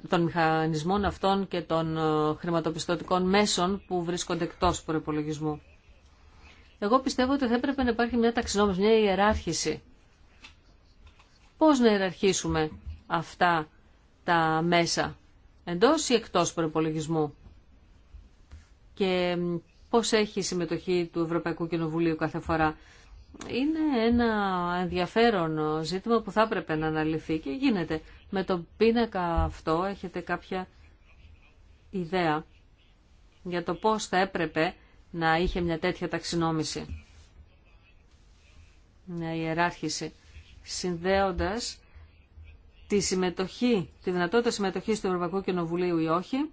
των μηχανισμών αυτών και των ε, χρηματοπιστωτικών μέσων που βρίσκονται εκτός προπολογισμού. Εγώ πιστεύω ότι θα έπρεπε να υπάρχει μια ταξινόμηση, μια ιεράρχηση. Πώς να ιεραρχήσουμε αυτά τα μέσα, εντός ή εκτός προπολογισμού και πώς έχει η συμμετοχή του Ευρωπαϊκού Κοινοβουλίου κάθε φορά. Είναι ένα ενδιαφέρον ζήτημα που θα έπρεπε να αναλυθεί και γίνεται. Με τον πίνακα αυτό έχετε κάποια ιδέα για το πώς θα έπρεπε να είχε μια τέτοια ταξινόμηση, μια ιεράρχηση, συνδέοντας τη συμμετοχή, τη δυνατότητα συμμετοχής του Ευρωπαϊκού Κοινοβουλίου ή όχι,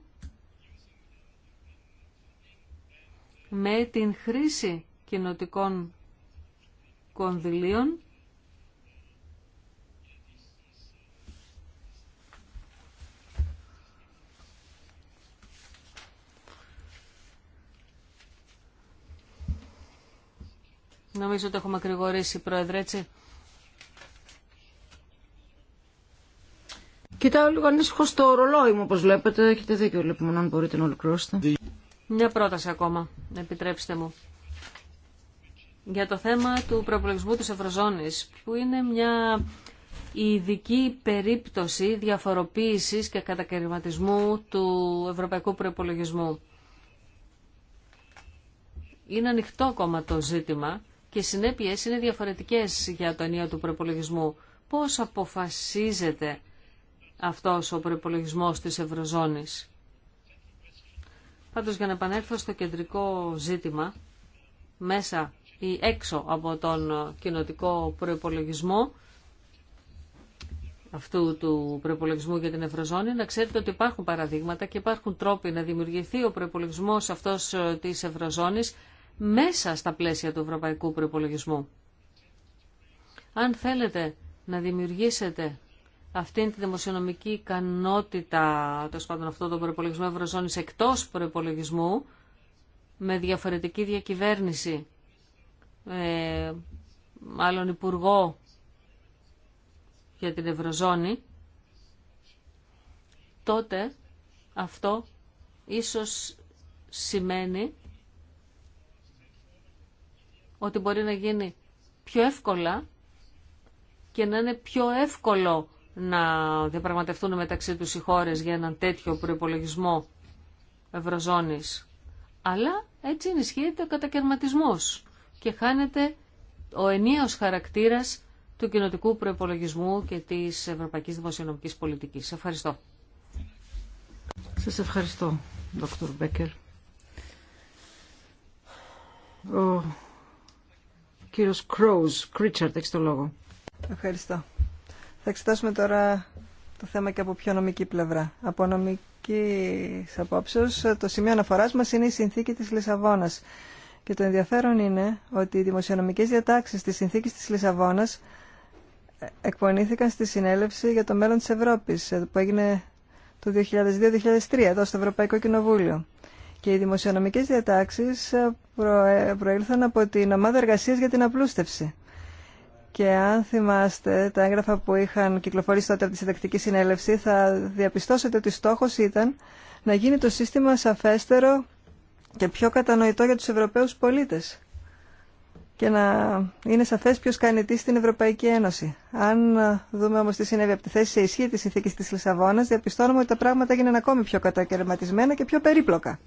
με την χρήση κοινοτικών κονδυλίων Νομίζω ότι έχουμε ακρηγορήσει, Πρόεδρε, έτσι. Κοιτάω λίγο ανήσυχο στο ρολόι μου, όπως βλέπετε. Έχετε δίκιο, λοιπόν, αν μπορείτε να ολοκληρώσετε. Μια πρόταση ακόμα, επιτρέψτε μου. Για το θέμα του προπολογισμού της Ευρωζώνης, που είναι μια ειδική περίπτωση διαφοροποίησης και κατακαιρματισμού του ευρωπαϊκού προπολογισμού. Είναι ανοιχτό ακόμα το ζήτημα και οι συνέπειες είναι διαφορετικές για το ενίο του προπολογισμού. Πώς αποφασίζεται αυτός ο προπολογισμό τη Ευρωζώνη. Πάντως για να επανέλθω στο κεντρικό ζήτημα, μέσα ή έξω από τον κοινοτικό προπολογισμό, αυτού του προπολογισμού για την Ευρωζώνη, να ξέρετε ότι υπάρχουν παραδείγματα και υπάρχουν τρόποι να δημιουργηθεί ο προπολογισμό αυτό ε, τη Ευρωζώνη μέσα στα πλαίσια του ευρωπαϊκού προϋπολογισμού. Αν θέλετε να δημιουργήσετε αυτήν τη δημοσιονομική ικανότητα, το πάντων αυτό το προπολογισμό Ευρωζώνης εκτός προπολογισμού, με διαφορετική διακυβέρνηση, ε, υπουργό για την Ευρωζώνη, τότε αυτό ίσως σημαίνει ότι μπορεί να γίνει πιο εύκολα και να είναι πιο εύκολο να διαπραγματευτούν μεταξύ τους οι χώρες για έναν τέτοιο προϋπολογισμό ευρωζώνης. Αλλά έτσι ενισχύεται ο κατακαιρματισμός και χάνεται ο ενίος χαρακτήρας του κοινοτικού προϋπολογισμού και της ευρωπαϊκής δημοσιονομικής πολιτικής. Ευχαριστώ. Σας ευχαριστώ, Δόκτωρ Μπέκερ κύριος Κρόους. Κρίτσαρτ, έχεις το λόγο. Ευχαριστώ. Θα εξετάσουμε τώρα το θέμα και από πιο νομική πλευρά. Από νομική απόψεω, το σημείο αναφοράς μας είναι η συνθήκη της Λισαβόνα. Και το ενδιαφέρον είναι ότι οι δημοσιονομικές διατάξει της συνθήκης της Λισαβόνα ε, εκπονήθηκαν στη συνέλευση για το μέλλον της Ευρώπης, ε, που έγινε το 2002-2003 εδώ στο Ευρωπαϊκό Κοινοβούλιο. Και οι δημοσιονομικές διατάξεις ε, ε, προήλθαν από την ομάδα εργασίας για την απλούστευση. Και αν θυμάστε τα έγγραφα που είχαν κυκλοφορήσει τότε από τη συντακτική συνέλευση, θα διαπιστώσετε ότι στόχος ήταν να γίνει το σύστημα σαφέστερο και πιο κατανοητό για τους Ευρωπαίους πολίτες και να είναι σαφές ποιος κάνει τι στην Ευρωπαϊκή Ένωση. Αν ε, δούμε όμως τι συνέβη από τη θέση σε ισχύ της συνθήκης της Λισαβόνας, διαπιστώνουμε ότι τα πράγματα έγιναν ακόμη πιο κατακαιρματισμένα και πιο περίπλοκα.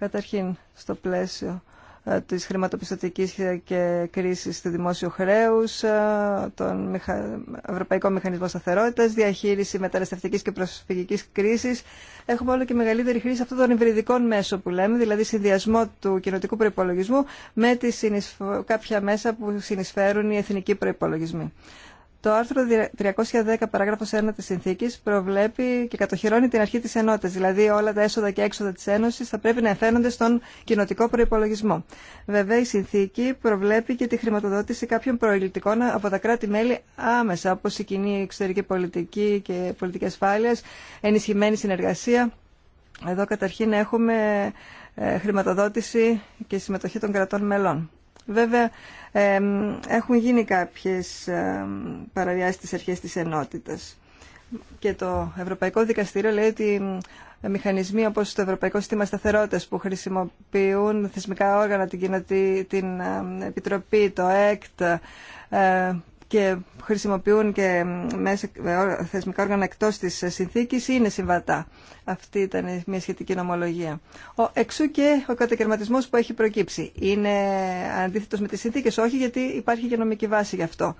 Καταρχήν, στο πλαίσιο ε, της χρηματοπιστωτικής ε, και κρίσης του δημόσιου χρέους, ε, τον Ευρωπαϊκό Μηχανισμό Σταθερότητας, διαχείριση μεταναστευτικής και προσφυγικής κρίσης. Έχουμε όλο και μεγαλύτερη χρήση αυτών των υβριδικών μέσων που λέμε, δηλαδή συνδυασμό του κοινοτικού προϋπολογισμού με τις κάποια μέσα που συνεισφέρουν οι εθνικοί προϋπολογισμοί. Το άρθρο 310 παράγραφος 1 της συνθήκης προβλέπει και κατοχυρώνει την αρχή της ενότητας, δηλαδή όλα τα έσοδα και έξοδα της Ένωσης θα πρέπει να εφαίνονται στον κοινοτικό προϋπολογισμό. Βέβαια η συνθήκη προβλέπει και τη χρηματοδότηση κάποιων προηλητικών από τα κράτη-μέλη άμεσα, όπως η κοινή εξωτερική πολιτική και πολιτική ασφάλεια, ενισχυμένη συνεργασία. Εδώ καταρχήν έχουμε ε, χρηματοδότηση και συμμετοχή των κρατών μελών. Βέβαια, έχουν γίνει κάποιες παραβιάσεις της αρχές της ενότητας. Και το Ευρωπαϊκό Δικαστήριο λέει ότι μηχανισμοί όπως το Ευρωπαϊκό Σύστημα Σταθερότητας που χρησιμοποιούν θεσμικά όργανα, την, την Επιτροπή, το ΕΚΤ, ε, και χρησιμοποιούν και μέσα, θεσμικά όργανα εκτός της συνθήκης είναι συμβατά. Αυτή ήταν μια σχετική νομολογία. Ο, εξού και ο κατακαιρματισμός που έχει προκύψει. Είναι αντίθετος με τις συνθήκες, όχι γιατί υπάρχει και νομική βάση γι' αυτό.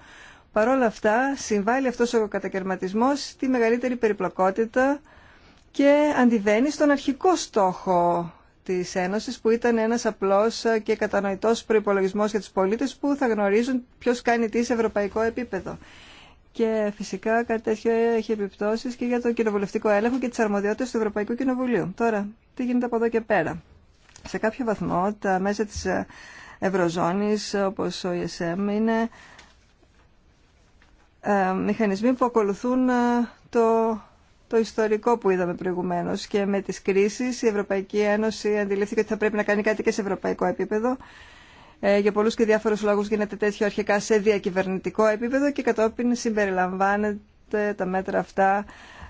Παρ' όλα αυτά συμβάλλει αυτός ο κατακαιρματισμός στη μεγαλύτερη περιπλοκότητα και αντιβαίνει στον αρχικό στόχο της Ένωσης που ήταν ένας απλός και κατανοητός προϋπολογισμός για τους πολίτες που θα γνωρίζουν ποιος κάνει τι σε ευρωπαϊκό επίπεδο. Και φυσικά κάτι τέτοιο έχει επιπτώσεις και για το κοινοβουλευτικό έλεγχο και τις αρμοδιότητες του Ευρωπαϊκού Κοινοβουλίου. Τώρα, τι γίνεται από εδώ και πέρα. Σε κάποιο βαθμό τα μέσα της Ευρωζώνης όπως ο ESM είναι ε, μηχανισμοί που ακολουθούν ε, το το ιστορικό που είδαμε προηγουμένω και με τι κρίσει η Ευρωπαϊκή Ένωση αντιλήφθηκε ότι θα πρέπει να κάνει κάτι και σε ευρωπαϊκό επίπεδο. Ε, για πολλού και διάφορου λόγου γίνεται τέτοιο αρχικά σε διακυβερνητικό επίπεδο και κατόπιν συμπεριλαμβάνεται τα μέτρα αυτά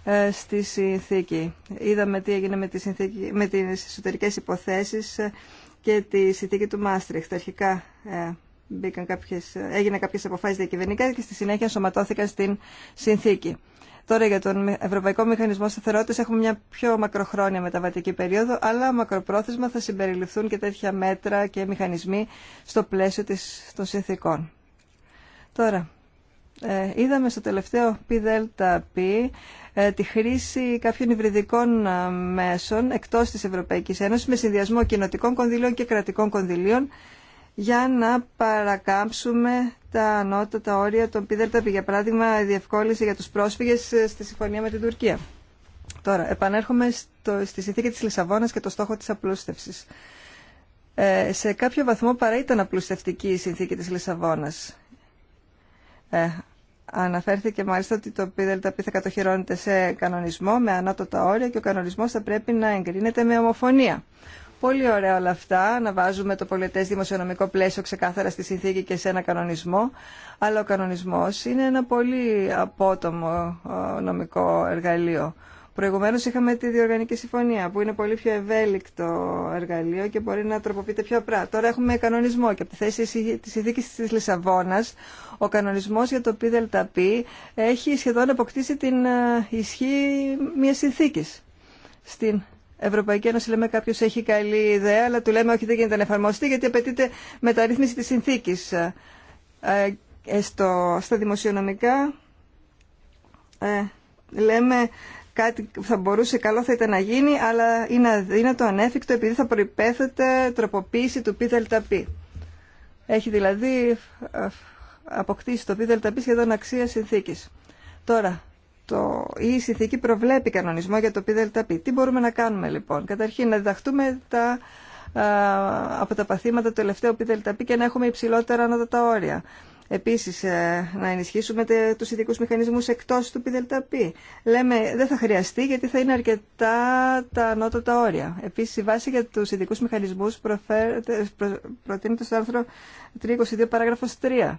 ε, στη συνθήκη. Είδαμε τι έγινε με, τη εσωτερικέ με τις εσωτερικές υποθέσεις ε, και τη συνθήκη του Μάστριχτ. Αρχικά ε, μπήκαν κάποιες, ε, έγιναν κάποιες αποφάσεις διακυβερνικά και στη συνέχεια σωματώθηκαν στην συνθήκη. Τώρα για τον Ευρωπαϊκό Μηχανισμό Σταθερότητα έχουμε μια πιο μακροχρόνια μεταβατική περίοδο, αλλά μακροπρόθεσμα θα συμπεριληφθούν και τέτοια μέτρα και μηχανισμοί στο πλαίσιο της, των συνθήκων. Τώρα, ε, είδαμε στο τελευταίο πι ε, τη χρήση κάποιων υβριδικών ε, μέσων εκτός της Ευρωπαϊκής Ένωσης με συνδυασμό κοινοτικών κονδυλίων και κρατικών κονδυλίων για να παρακάμψουμε τα ανώτατα όρια των ΠΙΔΕΛΤΑΠ, για παράδειγμα, η διευκόλυνση για τους πρόσφυγες ε, στη συμφωνία με την Τουρκία. Τώρα, επανέρχομαι στο, στη συνθήκη της Λισαβόνας και το στόχο της απλούστευσης. Ε, σε κάποιο βαθμό παρά ήταν απλουστευτική η συνθήκη της Λισαβόνας. Ε, αναφέρθηκε μάλιστα ότι το ΠΔΠ θα κατοχυρώνεται σε κανονισμό με ανώτατα όρια και ο κανονισμό θα πρέπει να εγκρίνεται με ομοφωνία. Πολύ ωραία όλα αυτά, να βάζουμε το πολιτές δημοσιονομικό πλαίσιο ξεκάθαρα στη συνθήκη και σε ένα κανονισμό, αλλά ο κανονισμός είναι ένα πολύ απότομο ε, νομικό εργαλείο. Προηγουμένω είχαμε τη διοργανική συμφωνία, που είναι πολύ πιο ευέλικτο εργαλείο και μπορεί να τροποποιείται πιο απρά. Τώρα έχουμε κανονισμό και από τη θέση τη συνθήκη τη Λισαβόνα, ο κανονισμό για το ΠΔΠ έχει σχεδόν αποκτήσει την ε, ισχύ μια συνθήκη. Στην Ευρωπαϊκή Ένωση λέμε κάποιο έχει καλή ιδέα, αλλά του λέμε όχι δεν γίνεται να εφαρμοστεί γιατί απαιτείται μεταρρύθμιση της συνθήκης. Ε, ε, στα δημοσιονομικά ε, λέμε κάτι που θα μπορούσε καλό θα ήταν να γίνει, αλλά είναι αδύνατο, ανέφικτο, επειδή θα προϋπέθεται τροποποίηση του ΠΔΠ. Έχει δηλαδή ε, αποκτήσει το ΠΔΠ σχεδόν αξία συνθήκης. Τώρα, το, η συνθήκη προβλέπει κανονισμό για το ΠΔΠ. Τι μπορούμε να κάνουμε λοιπόν. Καταρχήν να διδαχτούμε τα, από τα παθήματα του τελευταίου ΠΔΠ και να έχουμε υψηλότερα ανώτατα όρια. Επίσης, ε, να ενισχύσουμε τους ειδικούς μηχανισμούς εκτός του ΠΔΠ. Λέμε, δεν θα χρειαστεί γιατί θα είναι αρκετά τα ανώτατα όρια. Επίσης, η βάση για τους ειδικούς μηχανισμούς προτείνεται στο άρθρο 322 παράγραφος 3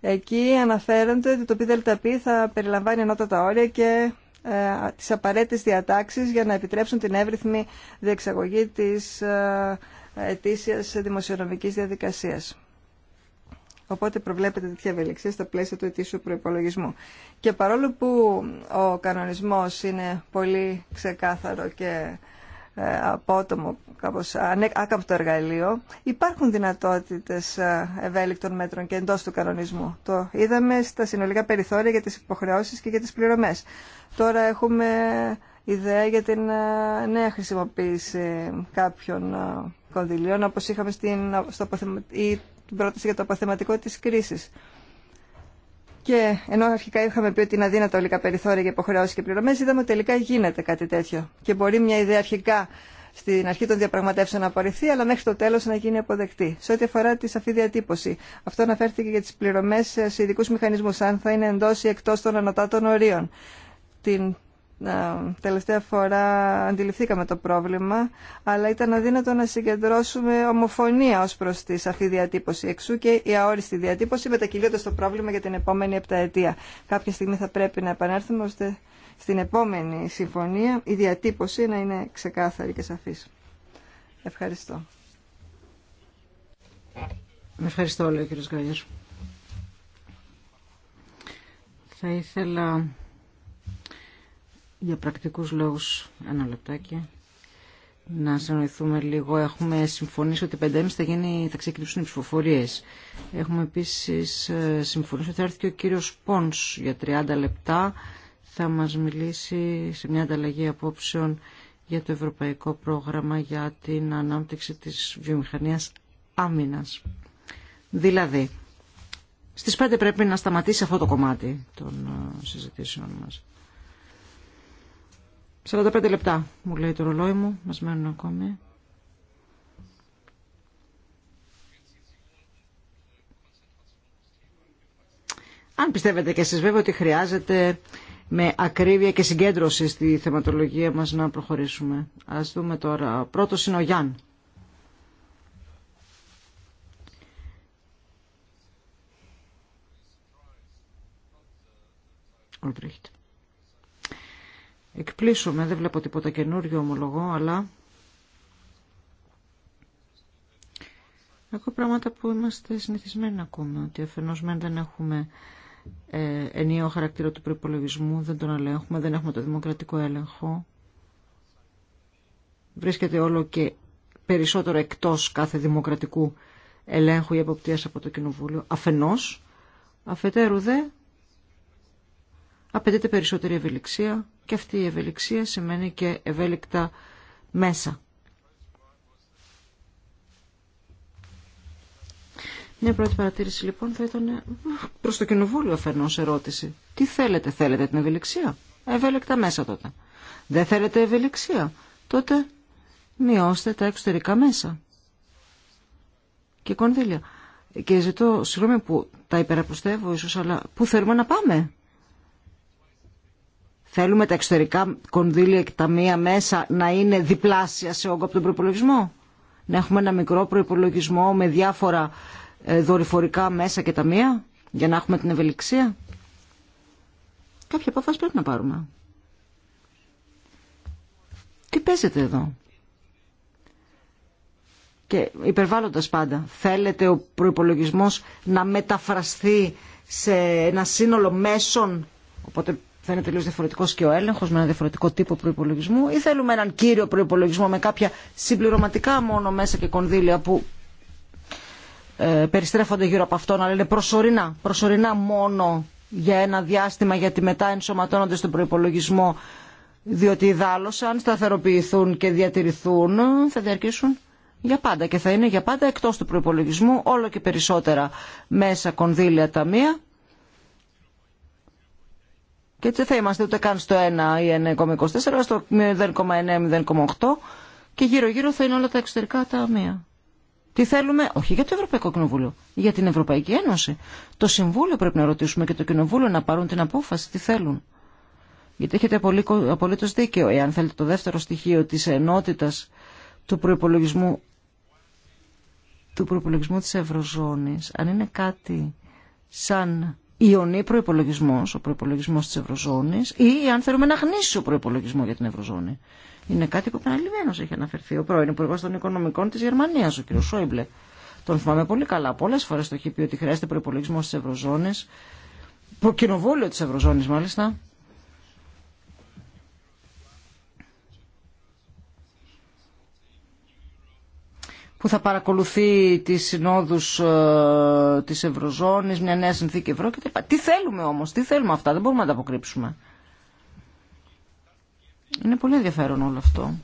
Εκεί αναφέρονται ότι το ΠΔΠ θα περιλαμβάνει ανώτατα όρια και ε, τις απαραίτητες διατάξεις για να επιτρέψουν την εύρυθμη διεξαγωγή της ε, ετήσιας δημοσιονομικής διαδικασίας. Οπότε προβλέπεται τέτοια ευελιξία στα πλαίσια του ετήσιου προπολογισμού. Και παρόλο που ο κανονισμός είναι πολύ ξεκάθαρο και ε, απότομο, κάπως άκαμπτο εργαλείο, υπάρχουν δυνατότητες ε, ευέλικτων μέτρων και εντός του κανονισμού. Το είδαμε στα συνολικά περιθώρια για τις υποχρεώσεις και για τις πληρωμές. Τώρα έχουμε ιδέα για την ε, νέα χρησιμοποίηση κάποιων κονδυλίων, όπως είχαμε στην, στο αποθεμα... ή την πρόταση για το αποθεματικό της κρίσης. Και ενώ αρχικά είχαμε πει ότι είναι αδύνατο ολικά περιθώρια για υποχρεώσει και πληρωμέ, είδαμε ότι τελικά γίνεται κάτι τέτοιο. Και μπορεί μια ιδέα αρχικά στην αρχή των διαπραγματεύσεων να απορριφθεί, αλλά μέχρι το τέλο να γίνει αποδεκτή. Σε ό,τι αφορά τη σαφή διατύπωση, αυτό αναφέρθηκε για τι πληρωμέ σε ειδικού μηχανισμού, αν θα είναι εντό ή εκτό των ανωτάτων ορίων. Την τελευταία φορά αντιληφθήκαμε το πρόβλημα, αλλά ήταν αδύνατο να συγκεντρώσουμε ομοφωνία ως προς τη σαφή διατύπωση εξού και η αόριστη διατύπωση μετακυλίωτας το πρόβλημα για την επόμενη επταετία. Κάποια στιγμή θα πρέπει να επανέλθουμε ώστε στην επόμενη συμφωνία η διατύπωση να είναι ξεκάθαρη και σαφής. Ευχαριστώ. Ευχαριστώ, όλοι ο κύριος Γκαλιάς. Θα ήθελα για πρακτικούς λόγους ένα λεπτάκι να συνοηθούμε λίγο. Έχουμε συμφωνήσει ότι 5.30 θα, γίνει, θα ξεκινήσουν οι ψηφοφορίες. Έχουμε επίσης ε, συμφωνήσει ότι θα έρθει και ο κύριος Πόνς για 30 λεπτά. Θα μας μιλήσει σε μια ανταλλαγή απόψεων για το Ευρωπαϊκό Πρόγραμμα για την Ανάπτυξη της Βιομηχανίας Άμυνας. Δηλαδή, στις 5 πρέπει να σταματήσει αυτό το κομμάτι των ε, συζητήσεων μας. 45 λεπτά μου λέει το ρολόι μου, μας μένουν ακόμη. Αν πιστεύετε και εσείς βέβαια ότι χρειάζεται με ακρίβεια και συγκέντρωση στη θεματολογία μας να προχωρήσουμε. Ας δούμε τώρα. Πρώτο είναι ο Γιάνν. Ολμπρίχτ. Εκπλήσουμε, δεν βλέπω τίποτα καινούριο ομολογώ, αλλά... έχω πράγματα που είμαστε συνηθισμένοι να ακούμε, ότι αφενός μεν δεν έχουμε ε, ενιαίο χαρακτήρα του προπολογισμού, δεν τον ελέγχουμε, δεν έχουμε το δημοκρατικό έλεγχο. Βρίσκεται όλο και περισσότερο εκτός κάθε δημοκρατικού ελέγχου ή εποπτείας από το Κοινοβούλιο. Αφενός, αφετέρου δε, απαιτείται περισσότερη ευελιξία, και αυτή η ευελιξία σημαίνει και ευέλικτα μέσα. Μια πρώτη παρατήρηση λοιπόν θα ήταν προς το κοινοβούλιο αφενός ερώτηση. Τι θέλετε, θέλετε την ευελιξία. Ευέλικτα μέσα τότε. Δεν θέλετε ευελιξία. Τότε μειώστε τα εξωτερικά μέσα. Και κονδύλια. Και ζητώ συγγνώμη που τα υπεραπροστεύω ίσως, αλλά πού θέλουμε να πάμε. Θέλουμε τα εξωτερικά κονδύλια και τα μία μέσα να είναι διπλάσια σε όγκο από τον προπολογισμό. Να έχουμε ένα μικρό προπολογισμό με διάφορα ε, δορυφορικά μέσα και ταμεία για να έχουμε την ευελιξία. Κάποια απόφαση πρέπει να πάρουμε. Τι παίζεται εδώ. Και υπερβάλλοντας πάντα, θέλετε ο προϋπολογισμός να μεταφραστεί σε ένα σύνολο μέσων, οπότε θα είναι τελείω διαφορετικό και ο έλεγχο με ένα διαφορετικό τύπο προπολογισμού ή θέλουμε έναν κύριο προπολογισμό με κάποια συμπληρωματικά μόνο μέσα και κονδύλια που ε, περιστρέφονται γύρω από αυτόν, αλλά είναι προσωρινά, προσωρινά μόνο για ένα διάστημα γιατί μετά ενσωματώνονται στον προπολογισμό. Διότι οι δάλωσαν, αν σταθεροποιηθούν και διατηρηθούν, θα διαρκήσουν για πάντα και θα είναι για πάντα εκτός του προϋπολογισμού όλο και περισσότερα μέσα κονδύλια ταμεία και έτσι δεν θα είμαστε ούτε καν στο 1 ή 1,24, στο 0,9, 0,8 και γύρω-γύρω θα είναι όλα τα εξωτερικά ταμεία. Τι θέλουμε, όχι για το Ευρωπαϊκό Κοινοβούλιο, για την Ευρωπαϊκή Ένωση. Το Συμβούλιο πρέπει να ρωτήσουμε και το Κοινοβούλιο να πάρουν την απόφαση τι θέλουν. Γιατί έχετε απολύτω δίκαιο, εάν θέλετε το δεύτερο στοιχείο της ενότητας του προπολογισμού του προπολογισμού της Ευρωζώνης, αν είναι κάτι σαν Ιωνή προπολογισμό, ο προπολογισμό τη Ευρωζώνη, ή αν θέλουμε να ο προπολογισμό για την Ευρωζώνη. Είναι κάτι που επαναλημμένω έχει αναφερθεί ο πρώην Υπουργό των Οικονομικών τη Γερμανία, ο κ. Σόιμπλε. Τον θυμάμαι πολύ καλά. Πολλέ φορέ το έχει πει ότι χρειάζεται προπολογισμό τη Ευρωζώνη, προκοινοβούλιο τη Ευρωζώνη μάλιστα, που θα παρακολουθεί τις συνόδους ε, της Ευρωζώνης, μια νέα συνθήκη ευρώ κτλ. Τι θέλουμε όμως, τι θέλουμε αυτά, δεν μπορούμε να τα αποκρύψουμε. Είναι πολύ ενδιαφέρον όλο αυτό.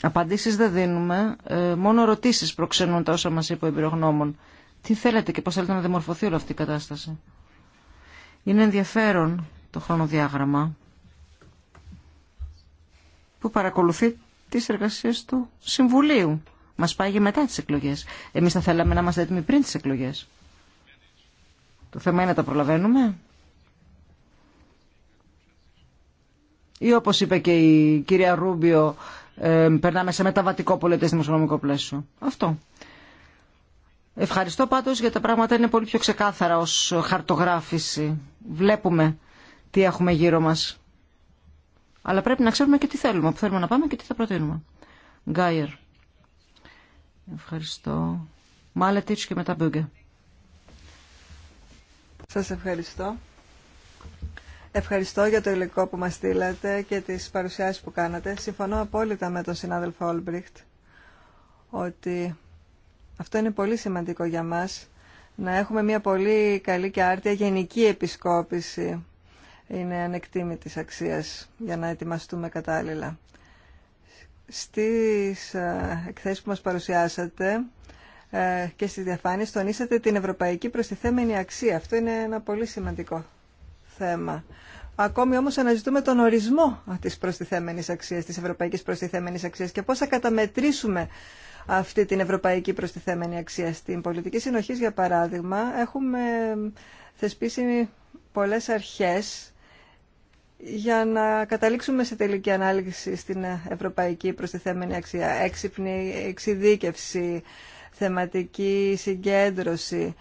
Απαντήσεις δεν δίνουμε, ε, μόνο ερωτήσεις προξενούν τα όσα μας είπε ο εμπειρογνώμων. Τι θέλετε και πώς θέλετε να δημορφωθεί όλη αυτή η κατάσταση. Είναι ενδιαφέρον το χρονοδιάγραμμα που παρακολουθεί τις εργασίες του Συμβουλίου. Μας και μετά τις εκλογές. Εμείς θα θέλαμε να είμαστε έτοιμοι πριν τις εκλογές. Το θέμα είναι να τα προλαβαίνουμε. Ή όπως είπε και η κυρία Ρούμπιο, περνάμε σε μεταβατικό πολιτές δημοσιονομικό πλαίσιο. Αυτό. Ευχαριστώ πάντως για τα πράγματα είναι πολύ πιο ξεκάθαρα ως χαρτογράφηση. Βλέπουμε τι έχουμε γύρω μας. Αλλά πρέπει να ξέρουμε και τι θέλουμε, που θέλουμε να πάμε και τι θα προτείνουμε. Γκάιερ. Ευχαριστώ. Μάλετιτς και μετά Μπούγκε. Σας ευχαριστώ. Ευχαριστώ για το υλικό που μας στείλατε και τις παρουσιάσεις που κάνατε. Συμφωνώ απόλυτα με τον συνάδελφο Όλμπριχτ ότι αυτό είναι πολύ σημαντικό για μας να έχουμε μια πολύ καλή και άρτια γενική επισκόπηση είναι ανεκτήμητης αξίας για να ετοιμαστούμε κατάλληλα. Στις ε, εκθέσεις που μας παρουσιάσατε ε, και στις διαφάνειες τονίσατε την ευρωπαϊκή προστιθέμενη αξία. Αυτό είναι ένα πολύ σημαντικό θέμα. Ακόμη όμως αναζητούμε τον ορισμό της προστιθέμενης αξίας, της ευρωπαϊκής προστιθέμενης αξίας και πώς θα καταμετρήσουμε αυτή την ευρωπαϊκή προστιθέμενη αξία. Στην πολιτική συνοχή, για παράδειγμα, έχουμε θεσπίσει πολλές αρχές για να καταλήξουμε σε τελική ανάλυση στην ευρωπαϊκή προστιθέμενη αξία. Έξυπνη εξειδίκευση, θεματική συγκέντρωση,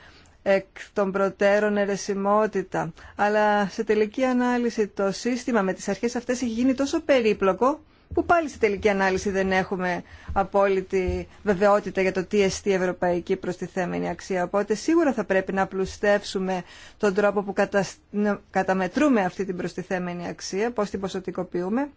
εκ των προτέρων ερεσιμότητα. Αλλά σε τελική ανάλυση το σύστημα με τις αρχές αυτές έχει γίνει τόσο περίπλοκο που πάλι στη τελική ανάλυση δεν έχουμε απόλυτη βεβαιότητα για το τι εστί ευρωπαϊκή προστιθέμενη αξία. Οπότε σίγουρα θα πρέπει να πλουστεύσουμε τον τρόπο που καταμετρούμε αυτή την προστιθέμενη αξία, πώς την ποσοτικοποιούμε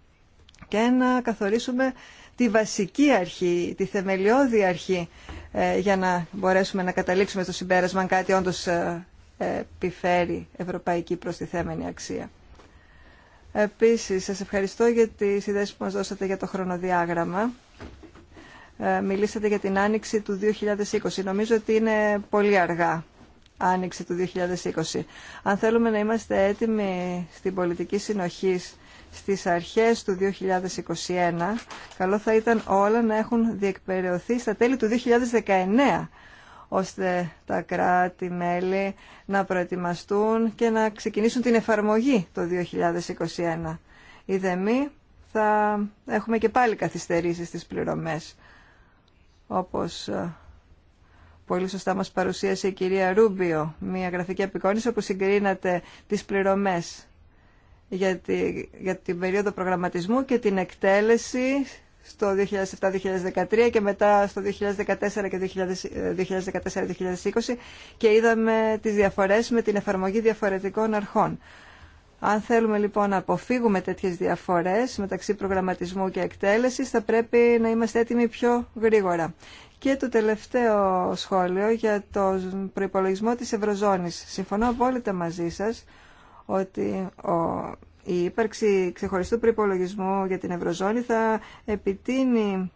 και να καθορίσουμε τη βασική αρχή, τη θεμελιώδη αρχή ε, για να μπορέσουμε να καταλήξουμε στο συμπέρασμα αν κάτι όντως ε, ε, επιφέρει ευρωπαϊκή προστιθέμενη αξία. Επίσης, σας ευχαριστώ για τις ιδέες που μας δώσατε για το χρονοδιάγραμμα. Ε, μιλήσατε για την άνοιξη του 2020. Νομίζω ότι είναι πολύ αργά άνοιξη του 2020. Αν θέλουμε να είμαστε έτοιμοι στην πολιτική συνοχή στις αρχές του 2021, καλό θα ήταν όλα να έχουν διεκπαιρεωθεί στα τέλη του 2019 ώστε τα κράτη-μέλη να προετοιμαστούν και να ξεκινήσουν την εφαρμογή το 2021. Η δεμή θα έχουμε και πάλι καθυστερήσεις στις πληρωμές, όπως ε, πολύ σωστά μας παρουσίασε η κυρία Ρούμπιο, μια γραφική απεικόνηση όπου συγκρίνατε τις πληρωμές για, τη, για την περίοδο προγραμματισμού και την εκτέλεση στο 2007-2013 και μετά στο 2014 και 2014-2020 και είδαμε τις διαφορές με την εφαρμογή διαφορετικών αρχών. Αν θέλουμε λοιπόν να αποφύγουμε τέτοιες διαφορές μεταξύ προγραμματισμού και εκτέλεσης θα πρέπει να είμαστε έτοιμοι πιο γρήγορα. Και το τελευταίο σχόλιο για το προϋπολογισμό της Ευρωζώνης. Συμφωνώ απόλυτα μαζί σας ότι ο η ύπαρξη ξεχωριστού προπολογισμού για την Ευρωζώνη θα επιτείνει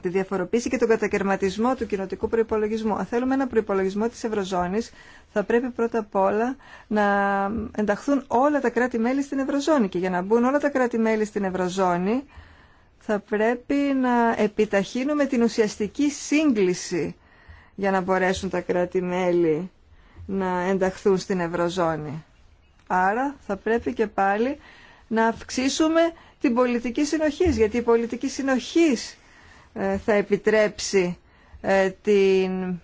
τη διαφοροποίηση και τον κατακαιρματισμό του κοινοτικού προπολογισμού. Αν θέλουμε ένα προπολογισμό τη Ευρωζώνη, θα πρέπει πρώτα απ' όλα να ενταχθούν όλα τα κράτη-μέλη στην Ευρωζώνη. Και για να μπουν όλα τα κράτη-μέλη στην Ευρωζώνη, θα πρέπει να επιταχύνουμε την ουσιαστική σύγκληση για να μπορέσουν τα κράτη-μέλη να ενταχθούν στην Ευρωζώνη. Άρα θα πρέπει και πάλι να αυξήσουμε την πολιτική συνοχής, γιατί η πολιτική συνοχής ε, θα επιτρέψει ε, την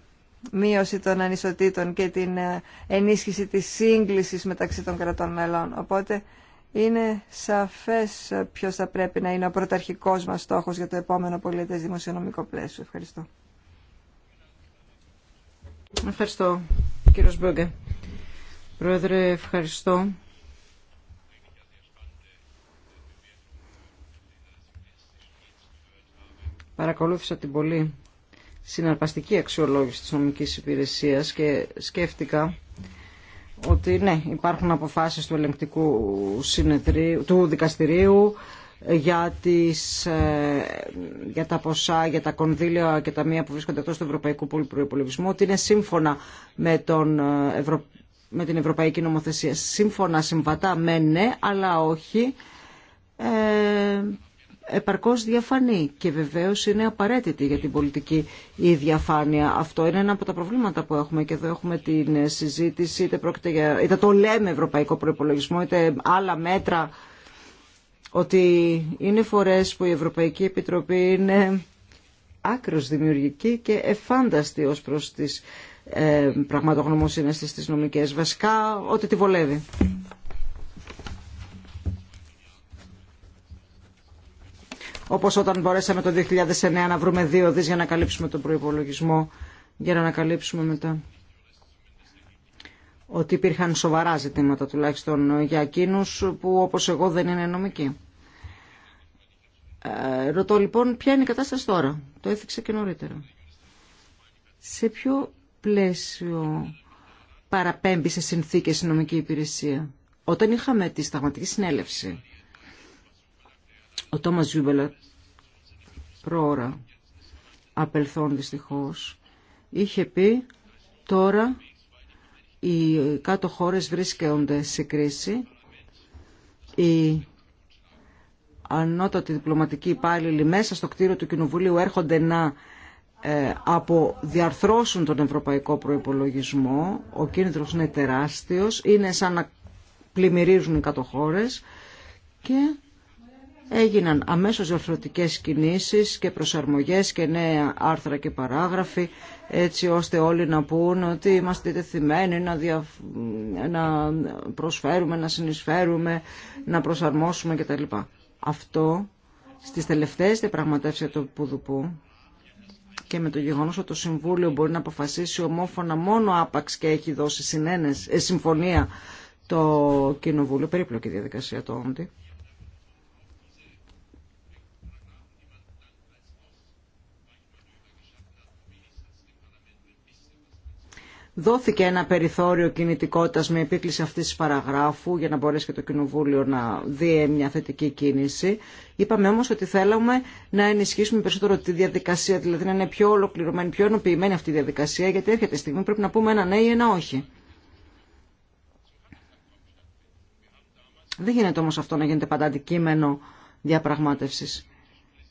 μείωση των ανισοτήτων και την ε, ενίσχυση της σύγκλησης μεταξύ των κρατών μελών. Οπότε είναι σαφές ποιος θα πρέπει να είναι ο πρωταρχικός μας στόχος για το επόμενο πολιτές δημοσιονομικό πλαίσιο. Ευχαριστώ. Ευχαριστώ, κύριος Πρόεδρε, ευχαριστώ. Παρακολούθησα την πολύ συναρπαστική αξιολόγηση της νομικής υπηρεσίας και σκέφτηκα ότι ναι, υπάρχουν αποφάσεις του ελεγκτικού συνεδρίου, του δικαστηρίου για, τις, ε, για τα ποσά, για τα κονδύλια και τα μία που βρίσκονται εκτός του Ευρωπαϊκού Πολυπροϋπολογισμού, ότι είναι σύμφωνα με τον, ε, Ευρω με την Ευρωπαϊκή Νομοθεσία. Σύμφωνα, συμβατά, με ναι, αλλά όχι ε, επαρκώς διαφανή και βεβαίως είναι απαραίτητη για την πολιτική η διαφάνεια. Αυτό είναι ένα από τα προβλήματα που έχουμε και εδώ έχουμε την συζήτηση, είτε, πρόκειται για, είτε το λέμε ευρωπαϊκό προϋπολογισμό, είτε άλλα μέτρα, ότι είναι φορές που η Ευρωπαϊκή Επιτροπή είναι άκρος δημιουργική και εφάνταστη ως προς τις ε, είναι στις νομικές. Βασικά, ό,τι τη βολεύει. Όπως όταν μπορέσαμε το 2009 να βρούμε δύο δις για να καλύψουμε τον προϋπολογισμό, για να ανακαλύψουμε μετά ότι υπήρχαν σοβαρά ζητήματα τουλάχιστον για εκείνους που όπως εγώ δεν είναι νομικοί. Ε, ρωτώ λοιπόν ποια είναι η κατάσταση τώρα. Το έθιξα και νωρίτερα. Σε ποιο πλαίσιο παραπέμπει σε συνθήκες η νομική υπηρεσία. Όταν είχαμε τη σταγματική συνέλευση, ο Τόμας Ζούμπελα πρόωρα απελθόν δυστυχώς, είχε πει τώρα οι κάτω χώρες βρίσκονται σε κρίση, οι ανώτατοι διπλωματικοί υπάλληλοι μέσα στο κτίριο του Κοινοβουλίου έρχονται να ε, Από διαρθρώσουν τον ευρωπαϊκό προϋπολογισμό. Ο κίνδυνος είναι τεράστιος, είναι σαν να πλημμυρίζουν οι κατοχώρες και έγιναν αμέσως διορθωτικές κινήσεις και προσαρμογές και νέα άρθρα και παράγραφοι έτσι ώστε όλοι να πούν ότι είμαστε τεθειμένοι να, δια... προσφέρουμε, να συνεισφέρουμε, να προσαρμόσουμε κτλ. Αυτό στις τελευταίες διαπραγματεύσεις του Πουδουπού και με το γεγονός ότι το Συμβούλιο μπορεί να αποφασίσει ομόφωνα μόνο άπαξ και έχει δώσει συνένες, ε, συμφωνία το Κοινοβούλιο, περίπλοκη διαδικασία το όντι. δόθηκε ένα περιθώριο κινητικότητας με επίκληση αυτής της παραγράφου για να μπορέσει και το Κοινοβούλιο να δει μια θετική κίνηση. Είπαμε όμως ότι θέλαμε να ενισχύσουμε περισσότερο τη διαδικασία, δηλαδή να είναι πιο ολοκληρωμένη, πιο ενοποιημένη αυτή η διαδικασία, γιατί έρχεται η στιγμή πρέπει να πούμε ένα ναι ή ένα όχι. Δεν γίνεται όμως αυτό να γίνεται πάντα αντικείμενο διαπραγμάτευσης.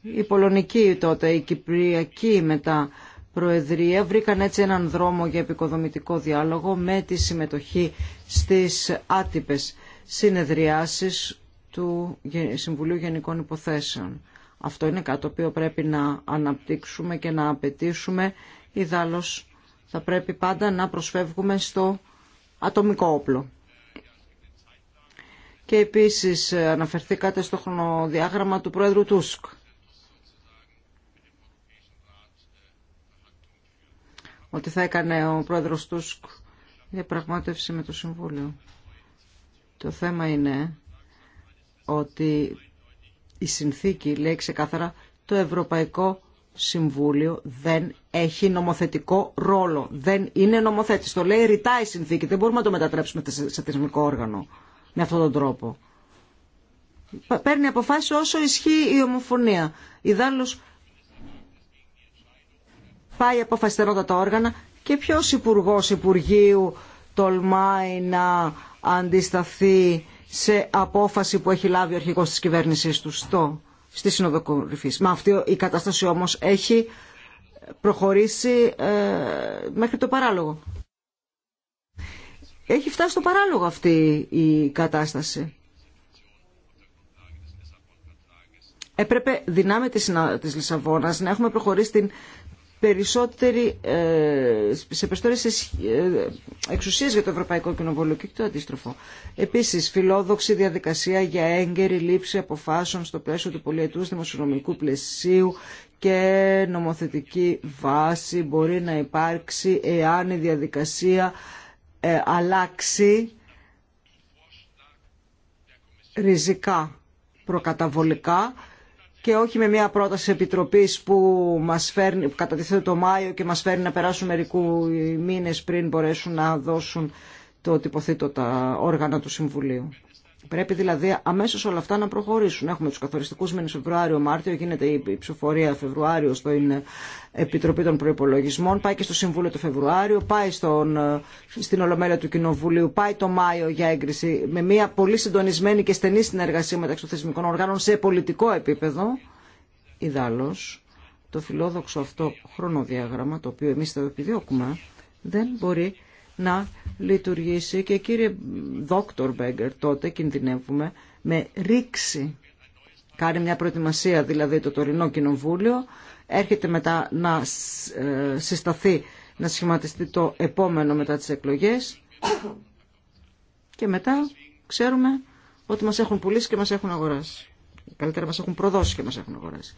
Η πολωνική τότε, η κυπριακή μετά Προεδρία βρήκαν έτσι έναν δρόμο για επικοδομητικό διάλογο με τη συμμετοχή στις άτυπες συνεδριάσεις του Συμβουλίου Γενικών Υποθέσεων. Αυτό είναι κάτι το οποίο πρέπει να αναπτύξουμε και να απαιτήσουμε. Ιδάλλως θα πρέπει πάντα να προσφεύγουμε στο ατομικό όπλο. Και επίσης αναφερθήκατε στο χρονοδιάγραμμα του Πρόεδρου Τούσκ. ότι θα έκανε ο πρόεδρος Τούσκ διαπραγμάτευση με το Συμβούλιο. Το θέμα είναι ότι η συνθήκη λέει ξεκάθαρα το Ευρωπαϊκό Συμβούλιο δεν έχει νομοθετικό ρόλο. Δεν είναι νομοθέτης. Το λέει ρητά η συνθήκη. Δεν μπορούμε να το μετατρέψουμε σε θεσμικό όργανο με αυτόν τον τρόπο. Παίρνει αποφάσεις όσο ισχύει η ομοφωνία. Ιδάλλως πάει από φαστερότατα όργανα και ποιος υπουργό Υπουργείου τολμάει να αντισταθεί σε απόφαση που έχει λάβει ο αρχηγός της κυβέρνησής του στο, στη Συνοδοκορυφή. Μα αυτή η κατάσταση όμως έχει προχωρήσει ε, μέχρι το παράλογο. Έχει φτάσει στο παράλογο αυτή η κατάσταση. Έπρεπε δυνάμει της Λισαβόνας να έχουμε προχωρήσει την περισσότερη, ε, σε περισσότερες ε, εξουσίες για το Ευρωπαϊκό Κοινοβούλιο και το αντίστροφο. Επίσης, φιλόδοξη διαδικασία για έγκαιρη λήψη αποφάσεων στο πλαίσιο του πολιετούς δημοσιονομικού πλαισίου και νομοθετική βάση μπορεί να υπάρξει εάν η διαδικασία ε, αλλάξει ριζικά προκαταβολικά και όχι με μια πρόταση επιτροπής που μας φέρνει, κατατίθεται το Μάιο και μας φέρνει να περάσουν μερικού μήνες πριν μπορέσουν να δώσουν το τυποθήτο τα όργανα του Συμβουλίου. Πρέπει δηλαδή αμέσως όλα αυτά να προχωρήσουν. Έχουμε τους καθοριστικούς μήνες Φεβρουάριο-Μάρτιο, γίνεται η ψηφοφορία Φεβρουάριο στην ε, Επιτροπή των Προϋπολογισμών, πάει και στο Συμβούλιο του Φεβρουάριο, πάει στον, ε, στην Ολομέλεια του Κοινοβουλίου, πάει το Μάιο για έγκριση με μια πολύ συντονισμένη και στενή συνεργασία μεταξύ των θεσμικών οργάνων σε πολιτικό επίπεδο. Ιδάλω το φιλόδοξο αυτό χρονοδιάγραμμα, το οποίο εμείς το επιδιώκουμε, δεν μπορεί να λειτουργήσει και κύριε Δόκτωρ Μπέγκερ τότε κινδυνεύουμε με ρήξη. Κάνει μια προετοιμασία δηλαδή το τωρινό κοινοβούλιο, έρχεται μετά να ε, συσταθεί, να σχηματιστεί το επόμενο μετά τις εκλογές και μετά ξέρουμε ότι μας έχουν πουλήσει και μας έχουν αγοράσει. Καλύτερα μας έχουν προδώσει και μας έχουν αγοράσει.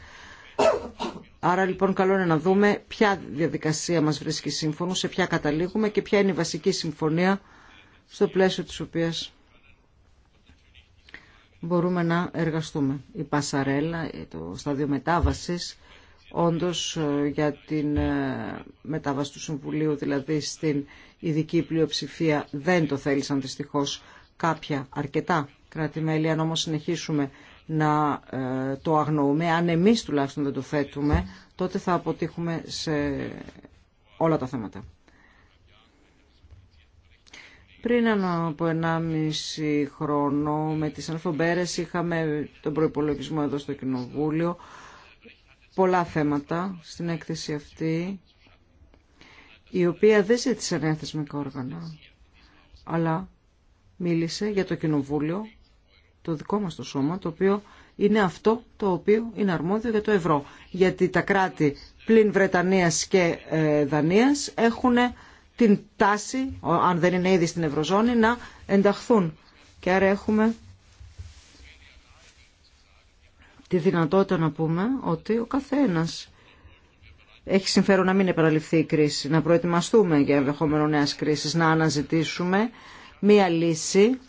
Άρα λοιπόν καλό είναι να δούμε ποια διαδικασία μας βρίσκει σύμφωνο, σε ποια καταλήγουμε και ποια είναι η βασική συμφωνία στο πλαίσιο της οποίας μπορούμε να εργαστούμε. Η Πασαρέλα, το στάδιο μετάβασης, όντως ε, για την ε, μετάβαση του Συμβουλίου, δηλαδή στην ειδική πλειοψηφία, δεν το θέλησαν δυστυχώς κάποια αρκετά κράτη-μέλη. Αν όμως συνεχίσουμε να ε, το αγνοούμε, αν εμείς τουλάχιστον δεν το θέτουμε, τότε θα αποτύχουμε σε όλα τα θέματα. Πριν από 1,5 χρόνο με τις αλφομπέρες είχαμε τον προϋπολογισμό εδώ στο Κοινοβούλιο. Πολλά θέματα στην έκθεση αυτή, η οποία δεν ζήτησε νέα θεσμικά όργανα, αλλά μίλησε για το Κοινοβούλιο το δικό μας το σώμα, το οποίο είναι αυτό το οποίο είναι αρμόδιο για το ευρώ. Γιατί τα κράτη πλην Βρετανίας και ε, Δανίας έχουν την τάση, αν δεν είναι ήδη στην Ευρωζώνη, να ενταχθούν. Και άρα έχουμε τη δυνατότητα να πούμε ότι ο καθένας έχει συμφέρον να μην επαναληφθεί η κρίση, να προετοιμαστούμε για ενδεχόμενο νέα κρίση, να αναζητήσουμε μία λύση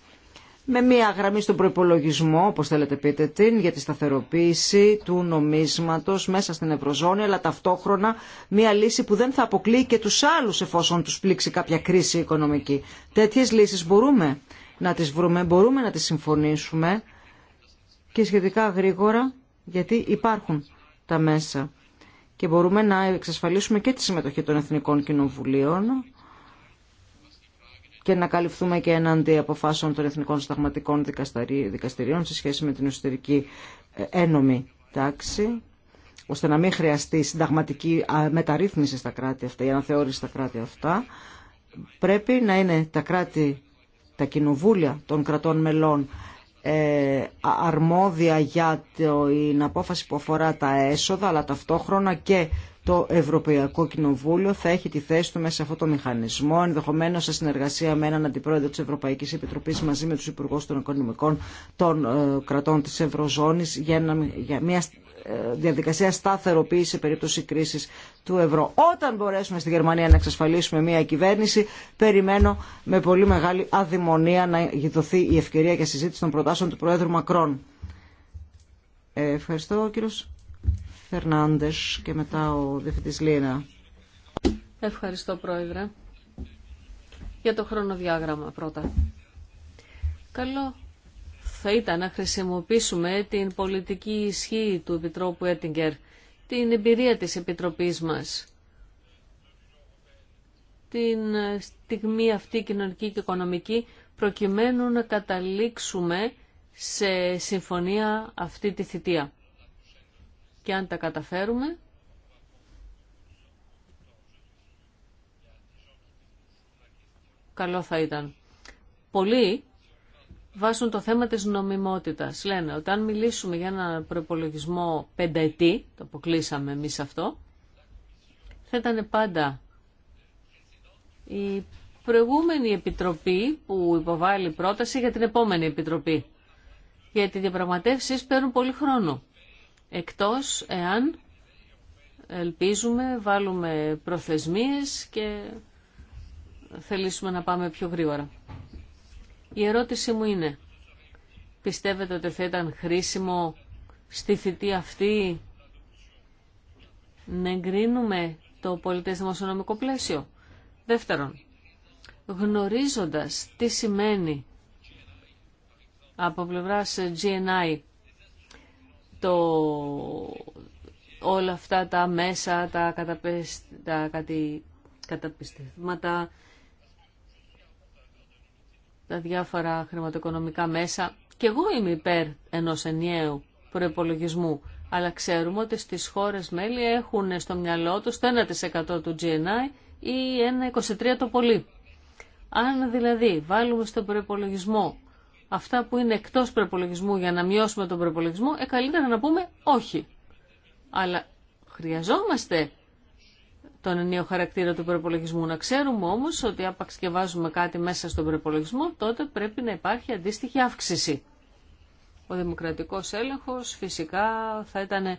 με μία γραμμή στον προπολογισμό, όπως θέλετε πείτε την, για τη σταθεροποίηση του νομίσματος μέσα στην Ευρωζώνη, αλλά ταυτόχρονα μία λύση που δεν θα αποκλείει και τους άλλους εφόσον τους πλήξει κάποια κρίση οικονομική. Τέτοιες λύσεις μπορούμε να τις βρούμε, μπορούμε να τις συμφωνήσουμε και σχετικά γρήγορα, γιατί υπάρχουν τα μέσα και μπορούμε να εξασφαλίσουμε και τη συμμετοχή των Εθνικών Κοινοβουλίων και να καλυφθούμε και εναντί αποφάσεων των Εθνικών Σταγματικών Δικαστηρίων σε σχέση με την εσωτερική ε, ένομη τάξη, ώστε να μην χρειαστεί συνταγματική μεταρρύθμιση στα κράτη αυτά, για να θεωρείς τα κράτη αυτά, πρέπει να είναι τα κράτη, τα κοινοβούλια των κρατών μελών ε, αρμόδια για την απόφαση που αφορά τα έσοδα, αλλά ταυτόχρονα και το Ευρωπαϊκό Κοινοβούλιο θα έχει τη θέση του μέσα σε αυτό το μηχανισμό, ενδεχομένω σε συνεργασία με έναν αντιπρόεδρο τη Ευρωπαϊκή Επιτροπή μαζί με του υπουργού των οικονομικών των ε, κρατών τη Ευρωζώνη για, μια ε, διαδικασία σταθεροποίηση σε περίπτωση κρίση του ευρώ. Όταν μπορέσουμε στη Γερμανία να εξασφαλίσουμε μια κυβέρνηση, περιμένω με πολύ μεγάλη αδημονία να δοθεί η ευκαιρία για συζήτηση των προτάσεων του Προέδρου Μακρόν. Ε, ευχαριστώ, κύριος Ευχαριστώ Πρόεδρε. Για το χρονοδιάγραμμα πρώτα. Καλό θα ήταν να χρησιμοποιήσουμε την πολιτική ισχύ του Επιτρόπου Έτιγκερ, την εμπειρία της Επιτροπής μας, την στιγμή αυτή κοινωνική και οικονομική, προκειμένου να καταλήξουμε σε συμφωνία αυτή τη θητεία και αν τα καταφέρουμε καλό θα ήταν. Πολλοί βάζουν το θέμα της νομιμότητας. Λένε ότι αν μιλήσουμε για ένα προπολογισμό πενταετή, το αποκλείσαμε εμείς αυτό, θα ήταν πάντα η προηγούμενη επιτροπή που υποβάλλει πρόταση για την επόμενη επιτροπή. Γιατί οι διαπραγματεύσεις παίρνουν πολύ χρόνο εκτός εάν ελπίζουμε, βάλουμε προθεσμίες και θελήσουμε να πάμε πιο γρήγορα. Η ερώτηση μου είναι, πιστεύετε ότι θα ήταν χρήσιμο στη θητή αυτή να εγκρίνουμε το πολιτές δημοσιονομικό πλαίσιο. Δεύτερον, γνωρίζοντας τι σημαίνει από πλευράς GNI το, όλα αυτά τα μέσα, τα, καταπεσ... τα κατι καταπιστεύματα, τα διάφορα χρηματοοικονομικά μέσα. Και εγώ είμαι υπέρ ενός ενιαίου προπολογισμού, αλλά ξέρουμε ότι στις χώρες μέλη έχουν στο μυαλό τους το 1% του GNI ή 1,23% το πολύ. Αν δηλαδή βάλουμε στον προπολογισμό αυτά που είναι εκτό προπολογισμού για να μειώσουμε τον προπολογισμό, ε, καλύτερα να πούμε όχι. Αλλά χρειαζόμαστε τον ενίο χαρακτήρα του προπολογισμού. Να ξέρουμε όμω ότι άπαξ και βάζουμε κάτι μέσα στον προπολογισμό, τότε πρέπει να υπάρχει αντίστοιχη αύξηση. Ο δημοκρατικό έλεγχο φυσικά θα ήταν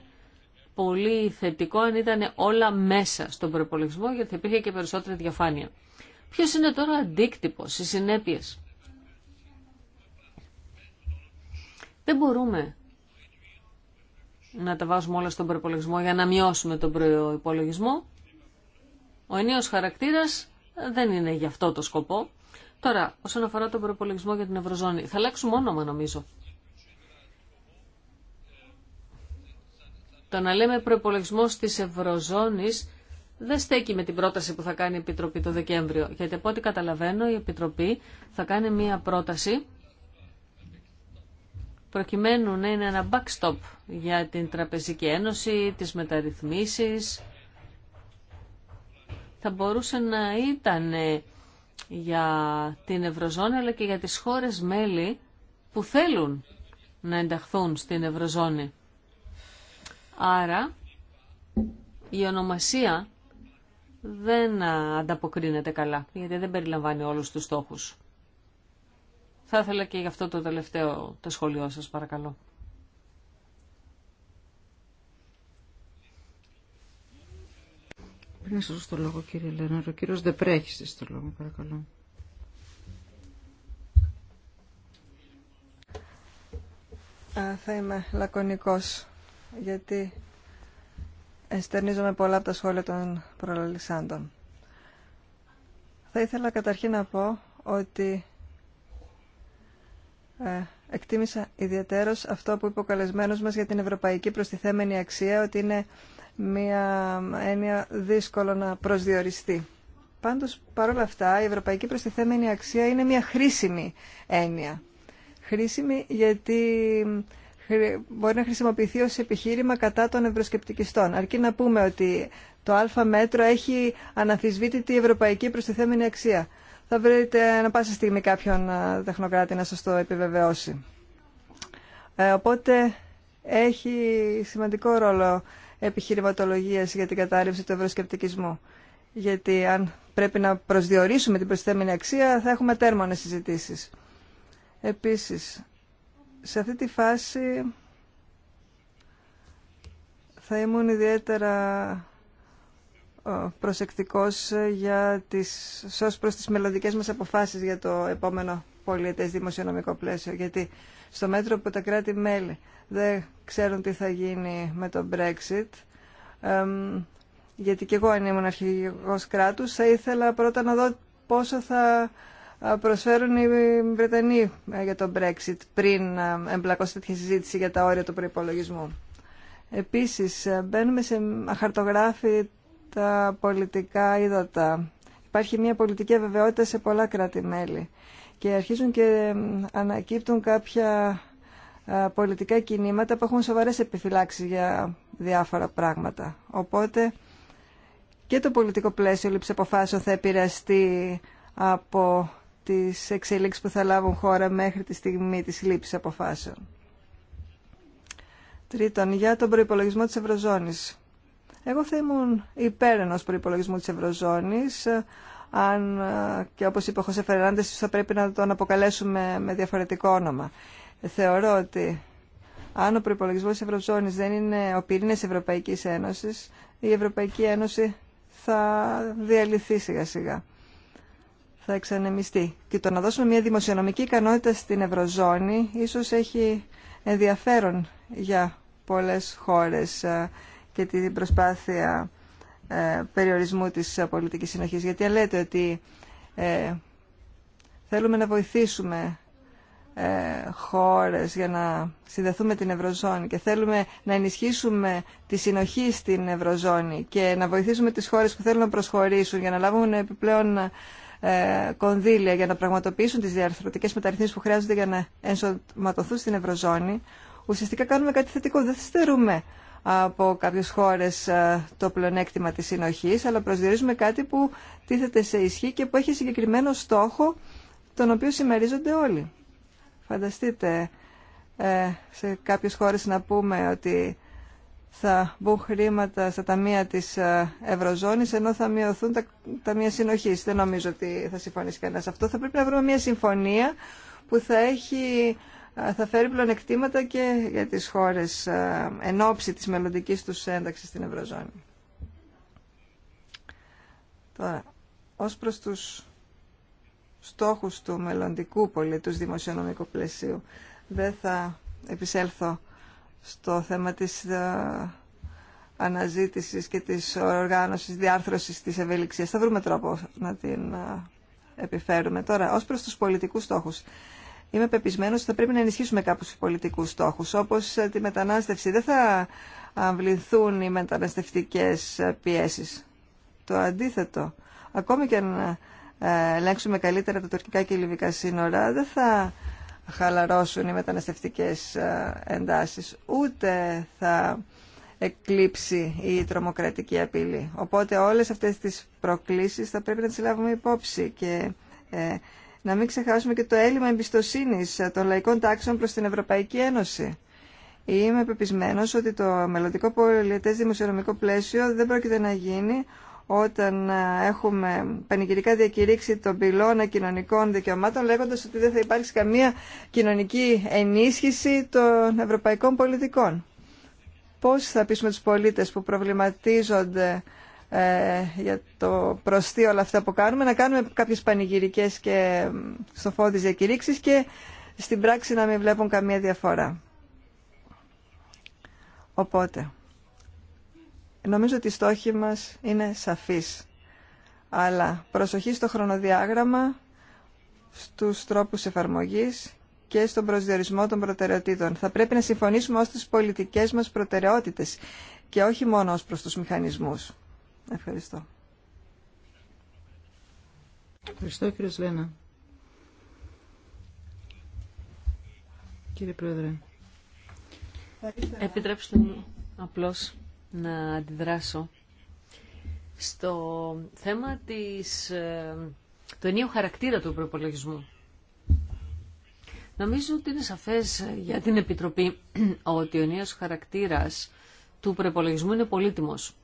πολύ θετικό αν ήταν όλα μέσα στον προπολογισμό, γιατί θα υπήρχε και περισσότερη διαφάνεια. Ποιο είναι τώρα ο αντίκτυπο, οι συνέπειε, Δεν μπορούμε να τα βάζουμε όλα στον προπολογισμό για να μειώσουμε τον προϋπολογισμό. Ο ενίος χαρακτήρας δεν είναι γι' αυτό το σκοπό. Τώρα, όσον αφορά τον προπολογισμό για την Ευρωζώνη, θα αλλάξουμε όνομα νομίζω. Το να λέμε προπολογισμό τη Ευρωζώνης δεν στέκει με την πρόταση που θα κάνει η Επιτροπή το Δεκέμβριο. Γιατί από ό,τι καταλαβαίνω η Επιτροπή θα κάνει μία πρόταση προκειμένου να είναι ένα backstop για την Τραπεζική Ένωση, τις μεταρρυθμίσεις. Θα μπορούσε να ήταν για την Ευρωζώνη αλλά και για τις χώρες μέλη που θέλουν να ενταχθούν στην Ευρωζώνη. Άρα η ονομασία δεν ανταποκρίνεται καλά, γιατί δεν περιλαμβάνει όλους τους στόχους. Θα ήθελα και γι' αυτό το τελευταίο το σχόλιο σας παρακαλώ. Πριν να σας δώσω το λόγο κύριε Λένα, ο κύριος δεν πρέχει το λόγο παρακαλώ. Α, θα είμαι λακωνικός γιατί εστερνίζομαι πολλά από τα σχόλια των προλαλισσάντων. Θα ήθελα καταρχήν να πω ότι ε, εκτίμησα ιδιαίτερος αυτό που είπε ο καλεσμένο μας για την ευρωπαϊκή προστιθέμενη αξία, ότι είναι μια έννοια δύσκολο να προσδιοριστεί. Πάντως, παρόλα αυτά, η ευρωπαϊκή προστιθέμενη αξία είναι μια χρήσιμη έννοια. Χρήσιμη γιατί μπορεί να χρησιμοποιηθεί ως επιχείρημα κατά των ευρωσκεπτικιστών. Αρκεί να πούμε ότι το α μέτρο έχει αναφυσβήτητη ευρωπαϊκή προστιθέμενη αξία θα βρείτε να πάσα στιγμή κάποιον τεχνοκράτη να σας το επιβεβαιώσει. Ε, οπότε έχει σημαντικό ρόλο επιχειρηματολογίας για την κατάρρευση του ευρωσκεπτικισμού. Γιατί αν πρέπει να προσδιορίσουμε την προσθέμενη αξία θα έχουμε τέρμονες συζητήσεις. Επίσης, σε αυτή τη φάση θα ήμουν ιδιαίτερα ε, προσεκτικός ε, για τις, ως προς τις μελλοντικές μας αποφάσεις για το επόμενο πολιτέ δημοσιονομικό πλαίσιο. Γιατί στο μέτρο που τα κράτη-μέλη δεν ξέρουν τι θα γίνει με το Brexit, γιατί και εγώ αν ήμουν αρχηγός κράτους, θα ήθελα πρώτα να δω πόσο θα ε, προσφέρουν οι Βρετανοί για το Brexit πριν εμπλακώ σε τέτοια συζήτηση για τα όρια του προϋπολογισμού. Επίσης, μπαίνουμε σε αχαρτογράφη τα πολιτικά είδατα. Υπάρχει μια πολιτική αβεβαιότητα σε πολλά κράτη-μέλη και αρχίζουν και ανακύπτουν κάποια πολιτικά κινήματα που έχουν σοβαρές επιφυλάξεις για διάφορα πράγματα. Οπότε και το πολιτικό πλαίσιο λήψη αποφάσεων θα επηρεαστεί από τις εξελίξεις που θα λάβουν χώρα μέχρι τη στιγμή της λήψης αποφάσεων. Τρίτον, για τον προϋπολογισμό της Ευρωζώνης. Εγώ θα ήμουν υπέρ ενό προπολογισμού τη Ευρωζώνη, ε, αν ε, και όπως είπε ο Χωσέ Φερνάντε, θα πρέπει να τον αποκαλέσουμε με διαφορετικό όνομα. Θεωρώ ότι αν ο προπολογισμό τη Ευρωζώνης δεν είναι ο πυρήνας Ευρωπαϊκής Ένωσης, η Ευρωπαϊκή Ένωση θα διαλυθεί σιγά σιγά. Θα εξανεμιστεί. Και το να δώσουμε μια δημοσιονομική ικανότητα στην Ευρωζώνη ίσως έχει ενδιαφέρον για πολλές χώρες ε, και την προσπάθεια ε, περιορισμού της πολιτικής συνοχής. Γιατί λέτε ότι ε, θέλουμε να βοηθήσουμε ε, χώρες για να συνδεθούμε την Ευρωζώνη και θέλουμε να ενισχύσουμε τη συνοχή στην Ευρωζώνη και να βοηθήσουμε τις χώρες που θέλουν να προσχωρήσουν για να λάβουν επιπλέον ε, κονδύλια για να πραγματοποιήσουν τις διαρθρωτικές μεταρρυθμίσεις που χρειάζονται για να ενσωματωθούν στην Ευρωζώνη. Ουσιαστικά κάνουμε κάτι θετικό. Δεν στερούμε από κάποιες χώρες ε, το πλεονέκτημα της συνοχής, αλλά προσδιορίζουμε κάτι που τίθεται σε ισχύ και που έχει συγκεκριμένο στόχο τον οποίο συμμερίζονται όλοι. Φανταστείτε ε, σε κάποιες χώρες να πούμε ότι θα μπουν χρήματα στα ταμεία της ε, Ευρωζώνης ενώ θα μειωθούν τα ταμεία συνοχής. Δεν νομίζω ότι θα συμφωνήσει κανένας αυτό. Θα πρέπει να βρούμε μια συμφωνία που θα έχει θα φέρει πλονεκτήματα και για τις χώρες εν ώψη της μελλοντικής τους ένταξης στην Ευρωζώνη. Τώρα, ως προς τους στόχους του μελλοντικού πολιτούς δημοσιονομικού πλαισίου, δεν θα επισέλθω στο θέμα της αναζήτησης και της οργάνωσης διάρθρωσης της ευελιξίας. Θα βρούμε τρόπο να την επιφέρουμε. Τώρα, ως προς τους πολιτικούς στόχους είμαι πεπισμένο ότι θα πρέπει να ενισχύσουμε κάποιους πολιτικού πολιτικούς στόχους, όπως ε, τη μετανάστευση. Δεν θα αμβληθούν οι μεταναστευτικές ε, πιέσεις. Το αντίθετο. Ακόμη και αν ε, ελέγξουμε καλύτερα τα τουρκικά και λιβικά σύνορα, δεν θα χαλαρώσουν οι μεταναστευτικές εντάσεις, ούτε θα εκλείψει η τρομοκρατική απειλή. Οπότε όλες αυτές τις προκλήσεις θα πρέπει να τις λάβουμε υπόψη και να μην ξεχάσουμε και το έλλειμμα εμπιστοσύνη των λαϊκών τάξεων προς την Ευρωπαϊκή Ένωση. Είμαι πεπισμένο ότι το μελλοντικό πολιτέ δημοσιονομικό πλαίσιο δεν πρόκειται να γίνει όταν έχουμε πανηγυρικά διακηρύξει τον πυλώνα κοινωνικών δικαιωμάτων λέγοντας ότι δεν θα υπάρξει καμία κοινωνική ενίσχυση των ευρωπαϊκών πολιτικών. Πώς θα πείσουμε τους πολίτες που προβληματίζονται ε, για το προστεί όλα αυτά που κάνουμε, να κάνουμε κάποιες πανηγυρικές και στο διακηρύξεις και στην πράξη να μην βλέπουν καμία διαφορά. Οπότε, νομίζω ότι οι στόχοι μας είναι σαφής Αλλά προσοχή στο χρονοδιάγραμμα, στους τρόπους εφαρμογής και στον προσδιορισμό των προτεραιοτήτων. Θα πρέπει να συμφωνήσουμε ως τις πολιτικές μας προτεραιότητες και όχι μόνο ως προς τους μηχανισμούς. Ευχαριστώ. Ευχαριστώ κύριε Σλένα. Κύριε Πρόεδρε. Επιτρέψτε μου απλώς να αντιδράσω στο θέμα της, ε, του ενίου χαρακτήρα του προπολογισμού. Νομίζω ότι είναι σαφές για την Επιτροπή [CLEARS THROAT] ότι ο ενίος χαρακτήρας του προπολογισμού είναι πολύτιμος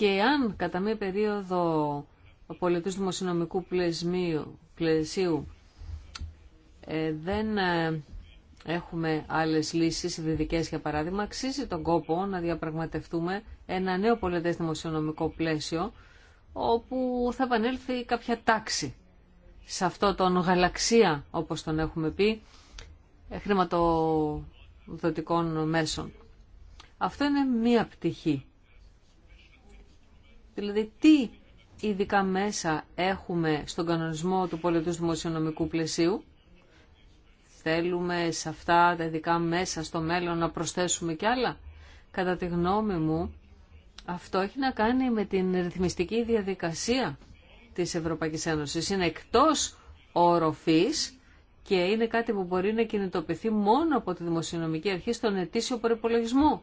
και αν κατά μία περίοδο πολιτής δημοσιονομικού πλαισίου, πλαισίου ε, δεν ε, έχουμε άλλες λύσεις διδικές, για παράδειγμα, αξίζει τον κόπο να διαπραγματευτούμε ένα νέο πολιτές δημοσιονομικό πλαίσιο όπου θα επανέλθει κάποια τάξη σε αυτό τον γαλαξία, όπως τον έχουμε πει, ε, χρηματοδοτικών μέσων. Αυτό είναι μία πτυχή Δηλαδή τι ειδικά μέσα έχουμε στον κανονισμό του πολιτού δημοσιονομικού πλαισίου. Θέλουμε σε αυτά τα ειδικά μέσα στο μέλλον να προσθέσουμε κι άλλα. Κατά τη γνώμη μου, αυτό έχει να κάνει με την ρυθμιστική διαδικασία της Ευρωπαϊκής Ένωσης. Είναι εκτός οροφής και είναι κάτι που μπορεί να κινητοποιηθεί μόνο από τη Δημοσιονομική Αρχή στον ετήσιο προπολογισμό.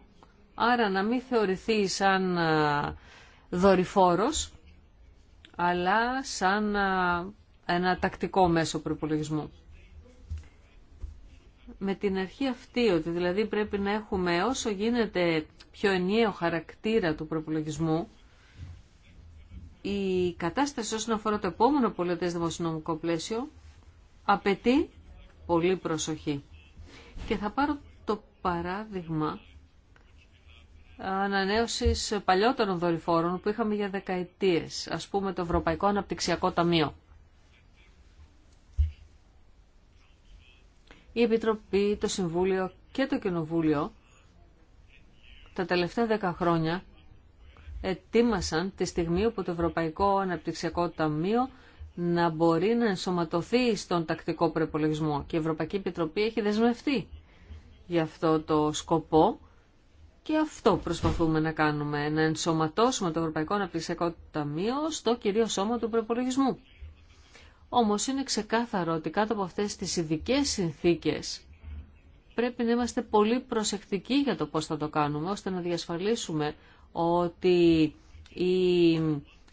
Άρα να μην θεωρηθεί σαν δορυφόρος, αλλά σαν ένα τακτικό μέσο προπολογισμού. Με την αρχή αυτή, ότι δηλαδή πρέπει να έχουμε όσο γίνεται πιο ενιαίο χαρακτήρα του προπολογισμού, η κατάσταση όσον αφορά το επόμενο πολιτές δημοσιονομικό πλαίσιο απαιτεί πολύ προσοχή. Και θα πάρω το παράδειγμα ανανέωσης παλιότερων δορυφόρων που είχαμε για δεκαετίες, ας πούμε το Ευρωπαϊκό Αναπτυξιακό Ταμείο. Η Επιτροπή, το Συμβούλιο και το Κοινοβούλιο τα τελευταία δέκα χρόνια ετοίμασαν τη στιγμή που το Ευρωπαϊκό Αναπτυξιακό Ταμείο να μπορεί να ενσωματωθεί στον τακτικό προπολογισμό και η Ευρωπαϊκή Επιτροπή έχει δεσμευτεί για αυτό το σκοπό και αυτό προσπαθούμε να κάνουμε, να ενσωματώσουμε το Ευρωπαϊκό Αναπτυξιακό Ταμείο στο κυρίω σώμα του προπολογισμού. Όμως είναι ξεκάθαρο ότι κάτω από αυτές τις ειδικέ συνθήκες πρέπει να είμαστε πολύ προσεκτικοί για το πώς θα το κάνουμε, ώστε να διασφαλίσουμε ότι η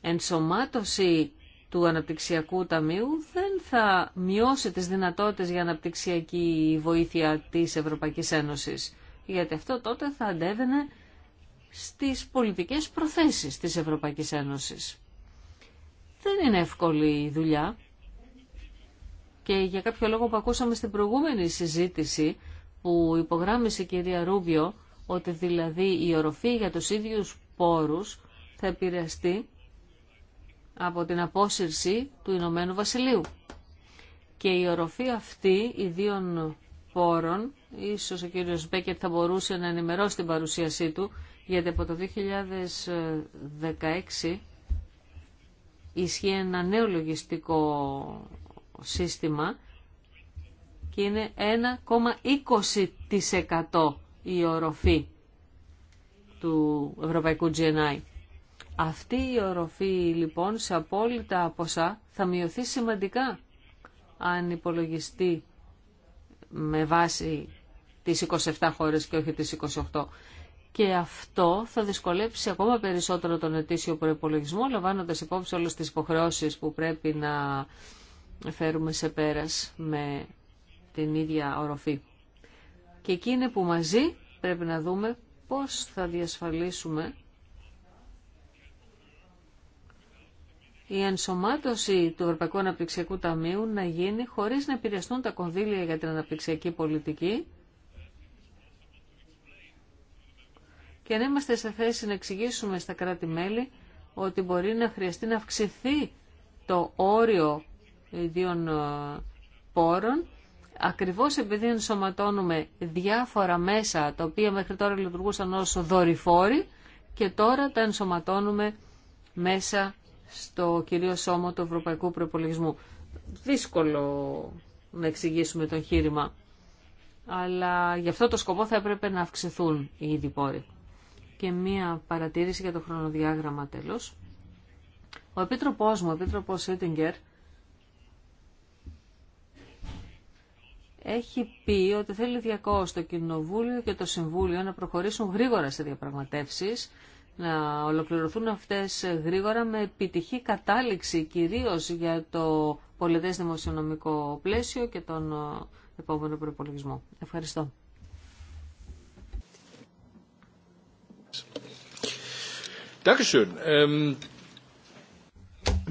ενσωμάτωση του Αναπτυξιακού Ταμείου δεν θα μειώσει τις δυνατότητες για αναπτυξιακή βοήθεια της Ευρωπαϊκής Ένωσης γιατί αυτό τότε θα αντέβαινε στις πολιτικές προθέσεις της Ευρωπαϊκής Ένωσης. Δεν είναι εύκολη η δουλειά και για κάποιο λόγο που ακούσαμε στην προηγούμενη συζήτηση που υπογράμμισε η κυρία Ρούμπιο ότι δηλαδή η οροφή για τους ίδιους πόρους θα επηρεαστεί από την απόσυρση του Ηνωμένου Βασιλείου. Και η οροφή αυτή ιδίων πόρων, ίσως ο κύριος Μπέκερ θα μπορούσε να ενημερώσει την παρουσίασή του, γιατί από το 2016 ισχύει ένα νέο λογιστικό σύστημα και είναι 1,20% η οροφή του Ευρωπαϊκού GNI. Αυτή η οροφή λοιπόν σε απόλυτα ποσά θα μειωθεί σημαντικά αν υπολογιστεί με βάση τις 27 χώρες και όχι τις 28. Και αυτό θα δυσκολέψει ακόμα περισσότερο τον ετήσιο προπολογισμό, λαμβάνοντας υπόψη όλες τις υποχρεώσεις που πρέπει να φέρουμε σε πέρας με την ίδια οροφή. Και εκεί είναι που μαζί πρέπει να δούμε πώς θα διασφαλίσουμε η ενσωμάτωση του Ευρωπαϊκού Αναπτυξιακού Ταμείου να γίνει χωρίς να επηρεαστούν τα κονδύλια για την αναπτυξιακή πολιτική και να είμαστε σε θέση να εξηγήσουμε στα κράτη-μέλη ότι μπορεί να χρειαστεί να αυξηθεί το όριο ιδίων ε, πόρων ακριβώς επειδή ενσωματώνουμε διάφορα μέσα τα οποία μέχρι τώρα λειτουργούσαν ως δορυφόροι και τώρα τα ενσωματώνουμε μέσα στο κυρίω σώμα του Ευρωπαϊκού Προπολογισμού. Δύσκολο να εξηγήσουμε το εγχείρημα, αλλά γι' αυτό το σκοπό θα έπρεπε να αυξηθούν οι ήδη Και μία παρατήρηση για το χρονοδιάγραμμα τέλος. Ο Επίτροπός μου, ο Επίτροπος Σίτιγκερ, έχει πει ότι θέλει διακόστο το Κοινοβούλιο και το Συμβούλιο να προχωρήσουν γρήγορα σε διαπραγματεύσεις να ολοκληρωθούν αυτές γρήγορα με επιτυχή κατάληξη κυρίως για το πολιτές δημοσιονομικό πλαίσιο και τον ε, επόμενο προπολογισμό. Ευχαριστώ. Ähm,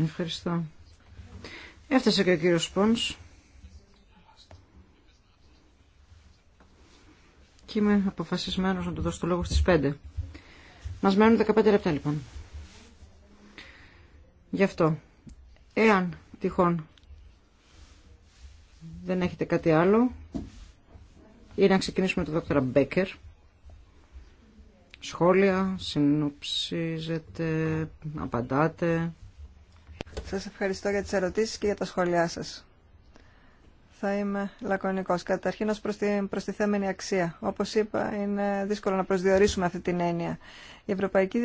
Ευχαριστώ. Έφτασε και ο κύριος Πόνς. Και είμαι αποφασισμένος να του δώσω το λόγο στις 5. Μας μένουν 15 λεπτά λοιπόν. Γι' αυτό, εάν τυχόν δεν έχετε κάτι άλλο, ή να ξεκινήσουμε με τον δόκτωρα Μπέκερ. Σχόλια, συνοψίζετε, απαντάτε. Σας ευχαριστώ για τις ερωτήσεις και για τα σχόλιά σας. Θα είμαι λακωνικός. Καταρχήν ως προς τη θέμενη αξία. Όπως είπα, είναι δύσκολο να προσδιορίσουμε αυτή την έννοια. Η Ευρωπαϊκή,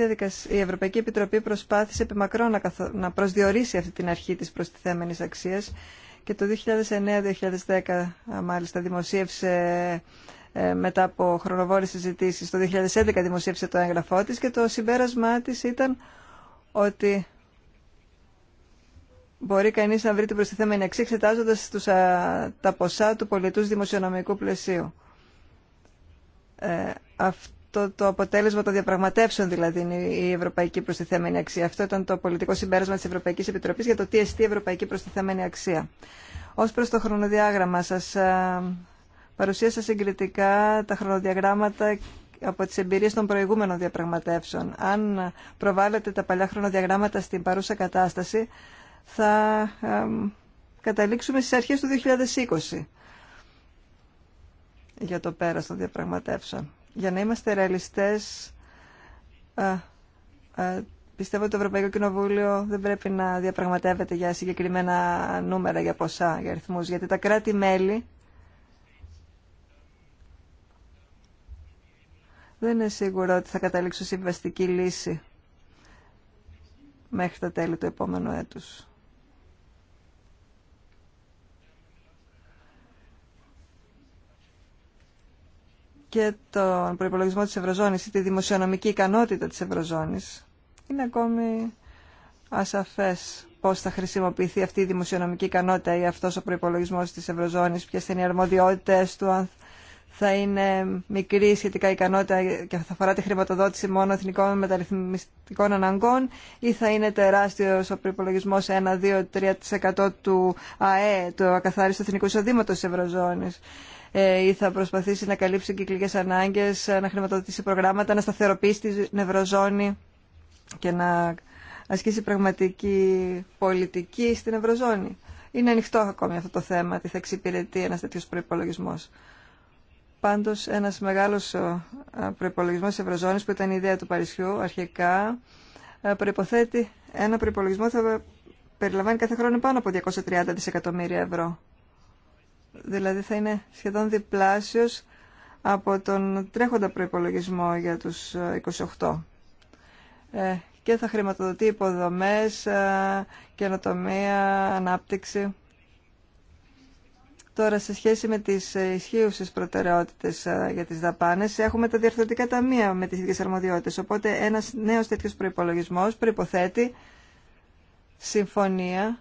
η Ευρωπαϊκή Επιτροπή προσπάθησε επιμακρό να, να προσδιορίσει αυτή την αρχή της θέμενη αξία και το 2009-2010 μάλιστα δημοσίευσε ε, μετά από χρονοβόρες συζητήσει. Το 2011 δημοσίευσε το έγγραφό της και το συμπέρασμά της ήταν ότι μπορεί κανείς να βρει την προστιθέμενη αξία εξετάζοντα τα ποσά του πολιτούς δημοσιονομικού πλαισίου. Ε, αυτό το αποτέλεσμα των διαπραγματεύσεων δηλαδή είναι η ευρωπαϊκή προστιθέμενη αξία. Αυτό ήταν το πολιτικό συμπέρασμα της Ευρωπαϊκής Επιτροπής για το τι εστί ευρωπαϊκή προστιθέμενη αξία. Ως προς το χρονοδιάγραμμα σας ε, παρουσίασα συγκριτικά τα χρονοδιαγράμματα από τις εμπειρίες των προηγούμενων διαπραγματεύσεων. Αν προβάλλετε τα παλιά χρονοδιαγράμματα στην παρούσα κατάσταση, θα καταλήξουμε στις αρχές του 2020 για το πέρας των διαπραγματεύσεων. Για να είμαστε ρεαλιστές, ε, ε, πιστεύω ότι το Ευρωπαϊκό Κοινοβούλιο δεν πρέπει να διαπραγματεύεται για συγκεκριμένα νούμερα, για ποσά, για αριθμούς, γιατί τα κράτη-μέλη δεν είναι σίγουρο ότι θα καταλήξουν συμβαστική λύση μέχρι τα τέλη του επόμενου έτους. και τον προϋπολογισμό της Ευρωζώνης ή τη δημοσιονομική ικανότητα της Ευρωζώνης, είναι ακόμη ασαφές πώς θα χρησιμοποιηθεί αυτή η δημοσιονομική ικανότητα ή αυτός ο προϋπολογισμός της Ευρωζώνης, ποιες θα είναι οι αρμοδιότητες του, αν θα είναι μικρή σχετικά ικανότητα και θα αφορά τη χρηματοδότηση μόνο εθνικών μεταρρυθμιστικών αναγκών ή θα είναι τεράστιος ο προπολογισμό 1-2-3% του ΑΕ, του ακαθάριστου εθνικού εισοδήματος της Ευρωζώνης. Ε, ή θα προσπαθήσει να καλύψει κυκλικές ανάγκες, ε, να χρηματοδοτήσει προγράμματα, να σταθεροποιήσει τη νευροζώνη και να ασκήσει πραγματική πολιτική στην Ευρωζώνη. Είναι ανοιχτό ακόμη αυτό το θέμα, τι θα εξυπηρετεί ένας τέτοιος προϋπολογισμός. Πάντως ένας μεγάλος ε, προϋπολογισμός της Ευρωζώνης που ήταν η ιδέα του Παρισιού αρχικά προϋποθέτει ένα προϋπολογισμό θα περιλαμβάνει κάθε χρόνο πάνω από 230 δισεκατομμύρια ευρώ δηλαδή θα είναι σχεδόν διπλάσιος από τον τρέχοντα προϋπολογισμό για τους 28. Ε, ε, και θα χρηματοδοτεί υποδομές, ε, καινοτομία, ανάπτυξη. Τώρα, σε σχέση με τις ισχύουσες προτεραιότητες για τις δαπάνες, έχουμε τα διαρθρωτικά ταμεία με τις ίδιες αρμοδιότητες. Οπότε, ένας νέος τέτοιος προϋπολογισμός προϋποθέτει συμφωνία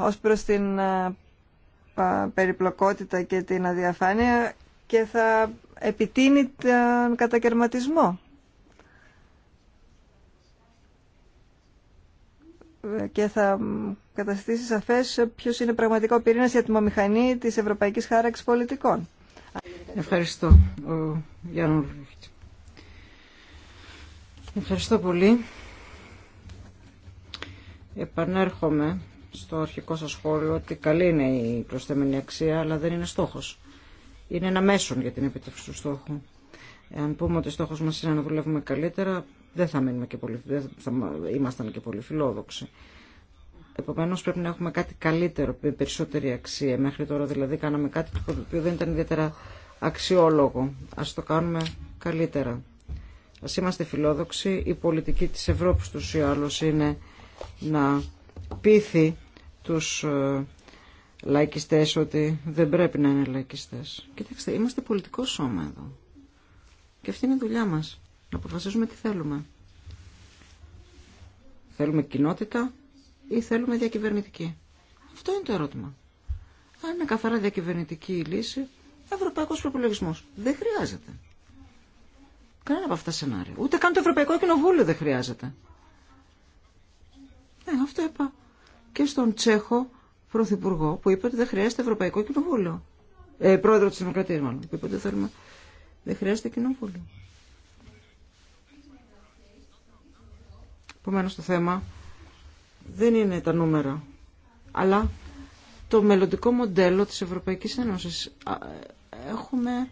ως προς την περιπλοκότητα και την αδιαφάνεια και θα επιτείνει τον κατακαιρματισμό. και θα καταστήσει σαφές ποιος είναι πραγματικό πυρήνας για τη μομηχανή της Ευρωπαϊκής Χάραξης Πολιτικών. Ευχαριστώ, Γιάννου Ευχαριστώ πολύ. Επανέρχομαι στο αρχικό σας σχόλιο ότι καλή είναι η προσθέμενη αξία, αλλά δεν είναι στόχος. Είναι ένα μέσον για την επίτευξη του στόχου. Εάν πούμε ότι στόχος μας είναι να δουλεύουμε καλύτερα, δεν θα, μείνουμε και πολύ, θα ήμασταν και πολύ φιλόδοξοι. Επομένω, πρέπει να έχουμε κάτι καλύτερο, περισσότερη αξία. Μέχρι τώρα δηλαδή κάναμε κάτι το οποίο δεν ήταν ιδιαίτερα αξιόλογο. Α το κάνουμε καλύτερα. Α είμαστε φιλόδοξοι. Η πολιτική τη Ευρώπη του ή άλλω είναι να πείθει τους ε, λαϊκιστές ότι δεν πρέπει να είναι λαϊκιστές. Κοιτάξτε, είμαστε πολιτικό σώμα εδώ. Και αυτή είναι η δουλειά μας. Να αποφασίζουμε τι θέλουμε. Θέλουμε κοινότητα ή θέλουμε διακυβερνητική. Αυτό είναι το ερώτημα. Αν είναι καθαρά διακυβερνητική η λύση, ευρωπαϊκό προπολογισμό. Δεν χρειάζεται. Κανένα από αυτά σενάρια. Ούτε καν το Ευρωπαϊκό Κοινοβούλιο δεν χρειάζεται. Ναι, αυτό είπα και στον Τσέχο Πρωθυπουργό που είπε ότι δεν χρειάζεται Ευρωπαϊκό Κοινοβούλιο. Ε, πρόεδρο της Δημοκρατία, μάλλον, που είπε ότι θέλουμε... δεν χρειάζεται Κοινοβούλιο. Επομένω, το θέμα δεν είναι τα νούμερα, αλλά το μελλοντικό μοντέλο της Ευρωπαϊκής Ένωσης. Έχουμε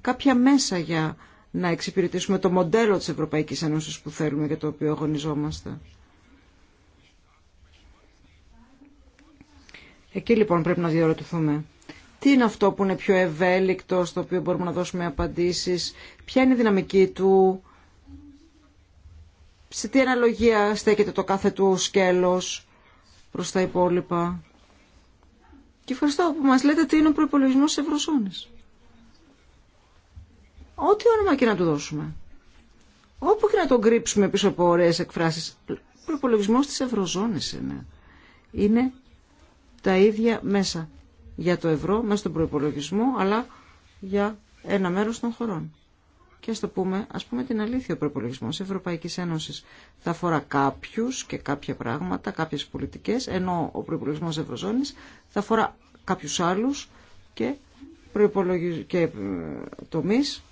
κάποια μέσα για να εξυπηρετήσουμε το μοντέλο της Ευρωπαϊκής Ένωσης που θέλουμε για το οποίο αγωνιζόμαστε. Εκεί λοιπόν πρέπει να διαρωτηθούμε. Τι είναι αυτό που είναι πιο ευέλικτο, στο οποίο μπορούμε να δώσουμε απαντήσεις, ποια είναι η δυναμική του, σε τι αναλογία στέκεται το κάθε του σκέλος προς τα υπόλοιπα. Και ευχαριστώ που μας λέτε τι είναι ο προϋπολογισμός της Ευρωζώνης. Ό,τι όνομα και να του δώσουμε. Όπου και να τον κρύψουμε πίσω από ωραίες εκφράσεις. Ο προπολογισμό της Ευρωζώνης είναι. Είναι τα ίδια μέσα για το ευρώ, μέσα στον προπολογισμό, αλλά για ένα μέρος των χωρών. Και ας το πούμε, ας πούμε την αλήθεια, ο προπολογισμό Ευρωπαϊκής Ένωσης θα αφορά κάποιους και κάποια πράγματα, κάποιες πολιτικές, ενώ ο προπολογισμό Ευρωζώνης θα αφορά κάποιους άλλους και, τομεί και ε, τομείς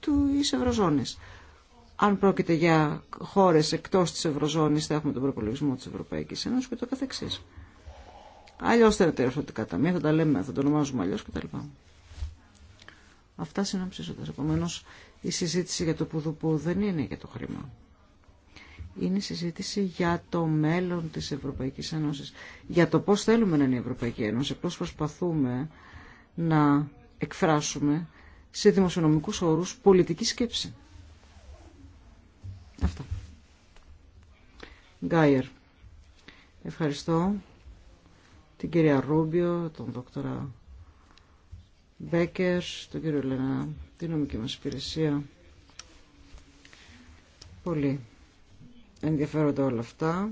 του εις Ευρωζώνης. Αν πρόκειται για χώρες εκτός της Ευρωζώνης θα έχουμε τον προπολογισμό της Ευρωπαϊκής Ένωσης και το καθεξής. Αλλιώ θα είναι τα ταμεία, θα τα λέμε, θα το ονομάζουμε αλλιώ κτλ. Αυτά συνοψίζοντα. Επομένω, η συζήτηση για το πουδουπού δεν είναι για το χρήμα. Είναι η συζήτηση για το μέλλον της Ευρωπαϊκής Ένωσης. Για το πώς θέλουμε να είναι η Ευρωπαϊκή Ένωση, πώς προσπαθούμε να εκφράσουμε σε δημοσιονομικούς όρους πολιτική σκέψη. Αυτά. Γκάιερ. Ευχαριστώ την κυρία Ρούμπιο, τον δόκτωρα Μπέκερ, τον κύριο Λενά, την νομική μας υπηρεσία. Πολύ ενδιαφέροντα όλα αυτά.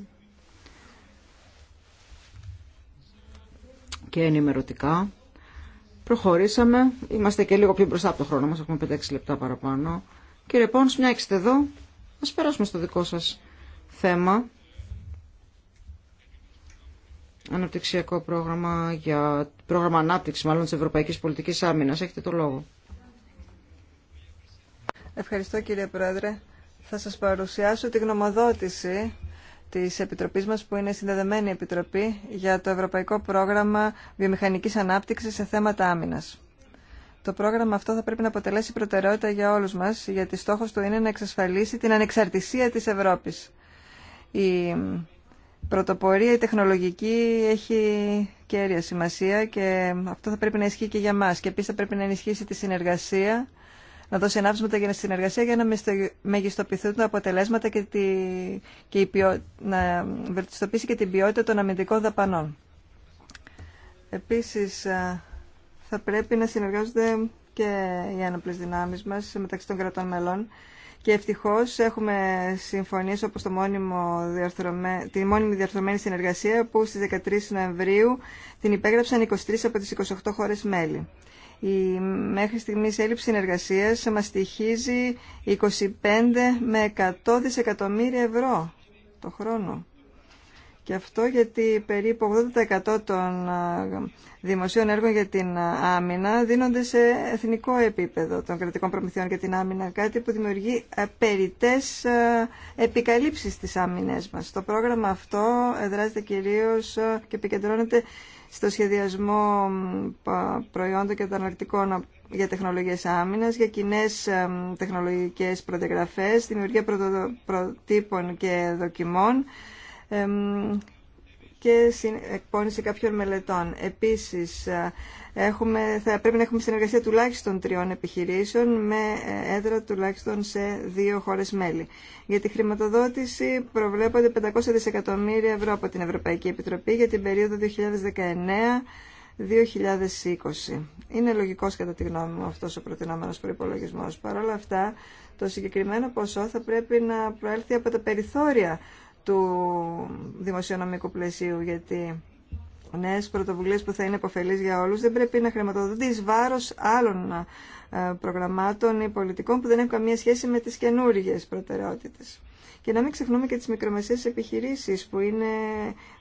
και ενημερωτικά. Προχωρήσαμε, είμαστε και λίγο πιο μπροστά από το χρόνο μας, έχουμε 5-6 λεπτά παραπάνω. Κύριε Πόνς, μια έξετε εδώ, ας περάσουμε στο δικό σας θέμα αναπτυξιακό πρόγραμμα για πρόγραμμα ανάπτυξη μάλλον της Ευρωπαϊκής Πολιτικής Άμυνας. Έχετε το λόγο. Ευχαριστώ κύριε Πρόεδρε. Θα σας παρουσιάσω τη γνωμοδότηση της Επιτροπής μας που είναι συνδεδεμένη Επιτροπή για το Ευρωπαϊκό Πρόγραμμα Βιομηχανικής Ανάπτυξης σε θέματα άμυνας. Το πρόγραμμα αυτό θα πρέπει να αποτελέσει προτεραιότητα για όλους μας, γιατί στόχος του είναι να εξασφαλίσει την ανεξαρτησία της Ευρώπης. Η πρωτοπορία η τεχνολογική έχει κέρια σημασία και αυτό θα πρέπει να ισχύει και για μας. Και επίσης θα πρέπει να ενισχύσει τη συνεργασία, να δώσει ανάπτυξη για τη συνεργασία για να μεγιστοποιηθούν τα αποτελέσματα και, τη, και να βελτιστοποιήσει και την ποιότητα των αμυντικών δαπανών. Επίσης θα πρέπει να συνεργάζονται και οι άνοπλες δυνάμεις μας μεταξύ των κρατών μελών και ευτυχώ έχουμε συμφωνήσει όπως το μόνιμο τη μόνιμη διαρθρωμένη συνεργασία που στις 13 Νοεμβρίου την υπέγραψαν 23 από τι 28 χώρε μέλη. Η μέχρι στιγμής έλλειψη συνεργασίας μας στοιχίζει 25 με 100 δισεκατομμύρια ευρώ το χρόνο. Και αυτό γιατί περίπου 80% των δημοσίων έργων για την άμυνα δίνονται σε εθνικό επίπεδο των κρατικών προμηθειών για την άμυνα, κάτι που δημιουργεί περιτές επικαλύψεις στις άμυνες μας. Το πρόγραμμα αυτό εδράζεται κυρίως και επικεντρώνεται στο σχεδιασμό προϊόντων και αναλυτικών για τεχνολογίες άμυνας, για κοινέ τεχνολογικές προδιαγραφές, δημιουργία πρωτοτύπων και δοκιμών, και εκπόνηση κάποιων μελετών. Επίσης, ε, έχουμε, θα πρέπει να έχουμε συνεργασία τουλάχιστον τριών επιχειρήσεων με ε, έδρα τουλάχιστον σε δύο χώρες μέλη. Για τη χρηματοδότηση προβλέπονται 500 δισεκατομμύρια ευρώ από την Ευρωπαϊκή Επιτροπή για την περίοδο 2019-2020. Είναι λογικός κατά τη γνώμη μου αυτός ο προτινόμενος προϋπολογισμός. Παρ' όλα αυτά, το συγκεκριμένο ποσό θα πρέπει να προέλθει από τα περιθώρια του δημοσιονομικού πλαισίου, γιατί νέες πρωτοβουλίες που θα είναι υποφελείς για όλους δεν πρέπει να χρηματοδοτεί εις βάρος άλλων ε, προγραμμάτων ή πολιτικών που δεν έχουν καμία σχέση με τις καινούργιες προτεραιότητες. Και να μην ξεχνούμε και τις μικρομεσαίες επιχειρήσεις που είναι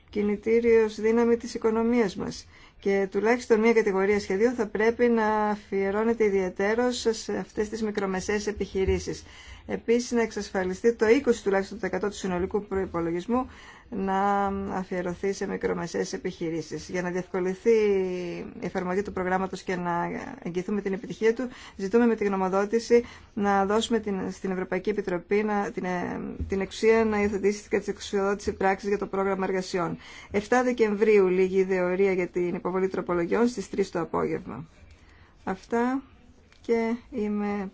κινητήριος δύναμη της οικονομίας μας. Και τουλάχιστον μία κατηγορία σχεδίων θα πρέπει να αφιερώνεται ιδιαίτερως σε αυτές τις μικρομεσαίες επιχειρήσεις. Επίσης να εξασφαλιστεί το 20% τουλάχιστον 100 του συνολικού προϋπολογισμού να αφιερωθεί σε μικρομεσαίες επιχειρήσεις. Για να διευκολυθεί η εφαρμογή του προγράμματος και να εγγυηθούμε την επιτυχία του, ζητούμε με την γνωμοδότηση να δώσουμε την, στην Ευρωπαϊκή Επιτροπή να, την, ε, την εξουσία να υιοθετήσει τις εξουσιοδότηση πράξης για το πρόγραμμα εργασιών. 7 Δεκεμβρίου λίγη ιδεωρία για την υποβολή τροπολογιών στις 3 το απόγευμα. Αυτά και είμαι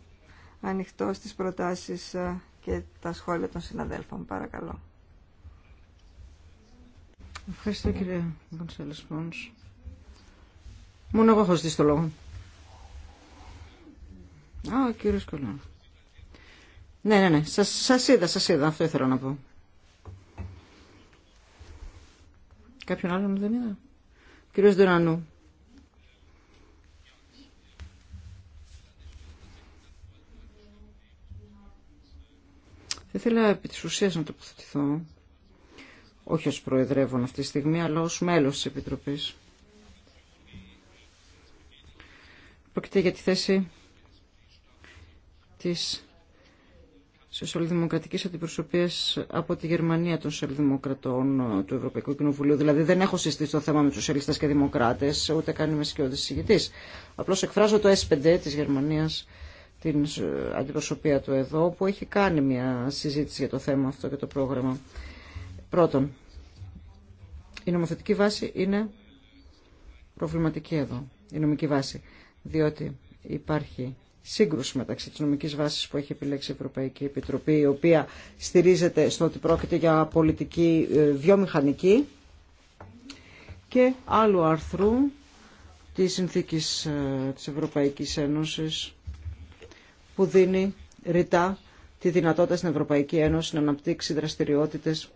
ανοιχτό στις προτάσεις ε, και τα σχόλια των συναδέλφων. Παρακαλώ. Ευχαριστώ κύριε Βονσέλης Πόνς. Μόνο εγώ έχω ζητήσει το λόγο. Α, ο κύριος Κολόν. Ναι, ναι, ναι. Σας, σας είδα, σας είδα. Αυτό ήθελα να πω. Κάποιον άλλον δεν είδα. Κύριος Δουρανού. Δεν θέλω επί της ουσίας να τοποθετηθώ, όχι ως προεδρεύων αυτή τη στιγμή, αλλά ως μέλος της Επιτροπής. Πρόκειται για τη θέση της σοσιαλδημοκρατικής αντιπροσωπείας από τη Γερμανία των σοσιαλδημοκρατών του Ευρωπαϊκού Κοινοβουλίου. Δηλαδή δεν έχω συστήσει το θέμα με τους σοσιαλιστές και δημοκράτες, ούτε καν είμαι σκιώδης συγητής. Απλώς εκφράζω το S5 της Γερμανίας την αντιπροσωπεία του εδώ, που έχει κάνει μια συζήτηση για το θέμα αυτό και το πρόγραμμα. Πρώτον, η νομοθετική βάση είναι προβληματική εδώ, η νομική βάση, διότι υπάρχει σύγκρουση μεταξύ της νομικής βάσης που έχει επιλέξει η Ευρωπαϊκή Επιτροπή, η οποία στηρίζεται στο ότι πρόκειται για πολιτική ε, βιομηχανική και άλλου άρθρου της συνθήκης ε, της Ευρωπαϊκής Ένωσης που δίνει ρητά τη δυνατότητα στην Ευρωπαϊκή Ένωση να αναπτύξει δραστηριότητες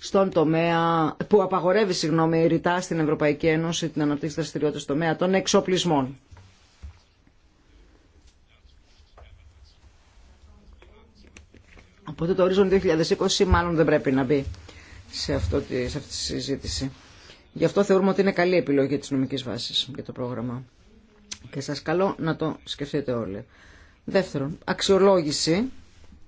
στον τομέα, που απαγορεύει συγγνώμη, ρητά στην Ευρωπαϊκή Ένωση την αναπτύξη δραστηριότητες στον τομέα των εξοπλισμών. Οπότε το ορίζον 2020 μάλλον δεν πρέπει να μπει σε, αυτό, σε αυτή τη συζήτηση. Γι' αυτό θεωρούμε ότι είναι καλή επιλογή τη νομική βάση για το πρόγραμμα. Και σας καλώ να το σκεφτείτε όλοι. Δεύτερον, αξιολόγηση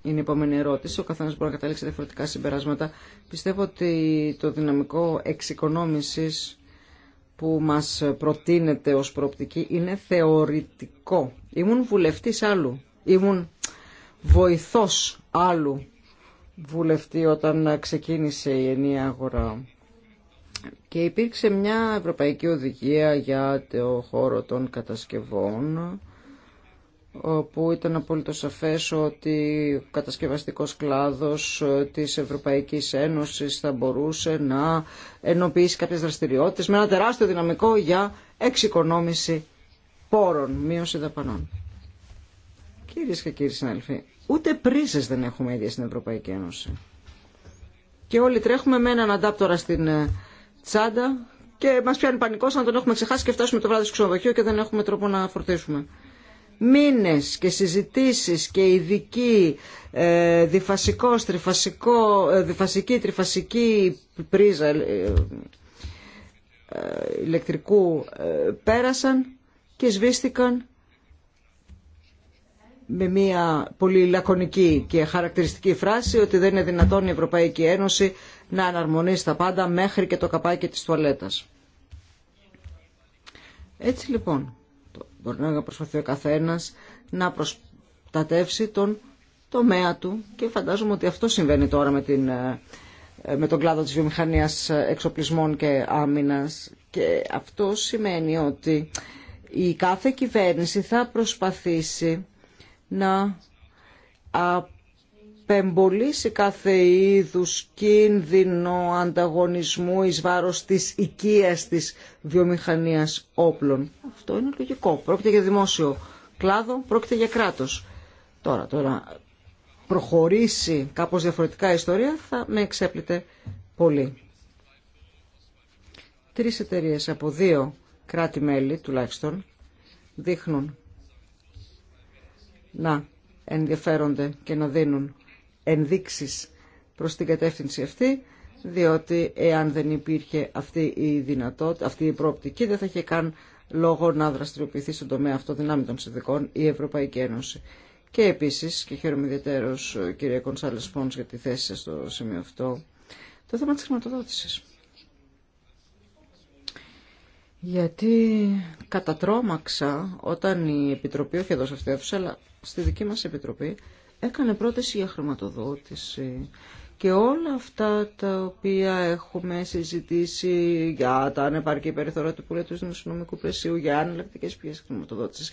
είναι η επόμενη ερώτηση. Ο καθένας μπορεί να καταλήξει διαφορετικά συμπεράσματα. Πιστεύω ότι το δυναμικό εξοικονόμηση που μας προτείνεται ως προοπτική είναι θεωρητικό. Ήμουν βουλευτή άλλου. Ήμουν βοηθό άλλου βουλευτή όταν ξεκίνησε η ενιαία αγορά και υπήρξε μια ευρωπαϊκή οδηγία για το χώρο των κατασκευών όπου ήταν απόλυτο σαφές ότι ο κατασκευαστικός κλάδος της Ευρωπαϊκής Ένωσης θα μπορούσε να ενοποιήσει κάποιες δραστηριότητες με ένα τεράστιο δυναμικό για εξοικονόμηση πόρων, μείωση δαπανών. Κυρίε και κύριοι συνάδελφοι, ούτε πρίζες δεν έχουμε ίδια στην Ευρωπαϊκή Ένωση. Και όλοι τρέχουμε με έναν αντάπτορα στην ε, τσάντα και μας πιάνει πανικός αν τον έχουμε ξεχάσει και φτάσουμε το βράδυ στο ξενοδοχείο και δεν έχουμε τρόπο να φορτίσουμε. Μήνες και συζητήσεις και ειδική ε, διφασικός, τριφασικό, ε, διφασική, τριφασική πρίζα ε, ε, ηλεκτρικού πέρασαν και σβήστηκαν με μια πολύ λακωνική και χαρακτηριστική φράση ότι δεν είναι δυνατόν η Ευρωπαϊκή Ένωση να εναρμονίσει τα πάντα μέχρι και το καπάκι της τουαλέτας. Έτσι λοιπόν, μπορεί να προσπαθεί ο καθένας να προστατεύσει τον τομέα του και φαντάζομαι ότι αυτό συμβαίνει τώρα με, την, ε, ε, με τον κλάδο της βιομηχανίας ε, εξοπλισμών και άμυνας και αυτό σημαίνει ότι η κάθε κυβέρνηση θα προσπαθήσει να σε κάθε είδους κίνδυνο ανταγωνισμού εις βάρος της οικίας της βιομηχανίας όπλων. Αυτό είναι λογικό. Πρόκειται για δημόσιο κλάδο, πρόκειται για κράτος. Τώρα, τώρα προχωρήσει κάπως διαφορετικά η ιστορία θα με εξέπλητε πολύ. Τρεις εταιρείε από δύο κράτη-μέλη τουλάχιστον δείχνουν να ενδιαφέρονται και να δίνουν ενδείξεις προς την κατεύθυνση αυτή, διότι εάν δεν υπήρχε αυτή η δυνατότητα, αυτή η προοπτική, δεν θα είχε καν λόγο να δραστηριοποιηθεί στον τομέα αυτό των συνδικών η Ευρωπαϊκή Ένωση. Και επίσης, και χαίρομαι ιδιαίτερος ε, κυρία Κονσάλες Πόνς για τη θέση σας στο σημείο αυτό, το θέμα της χρηματοδότησης. Γιατί κατατρόμαξα όταν η Επιτροπή, όχι εδώ σε αυτή, αλλά στη δική μας Επιτροπή, έκανε πρόταση για χρηματοδότηση και όλα αυτά τα οποία έχουμε συζητήσει για τα ανεπαρκή περιθώρια του πουλέτου του νοσονομικού πλαισίου, για ανελεκτικέ πηγές χρηματοδότησης,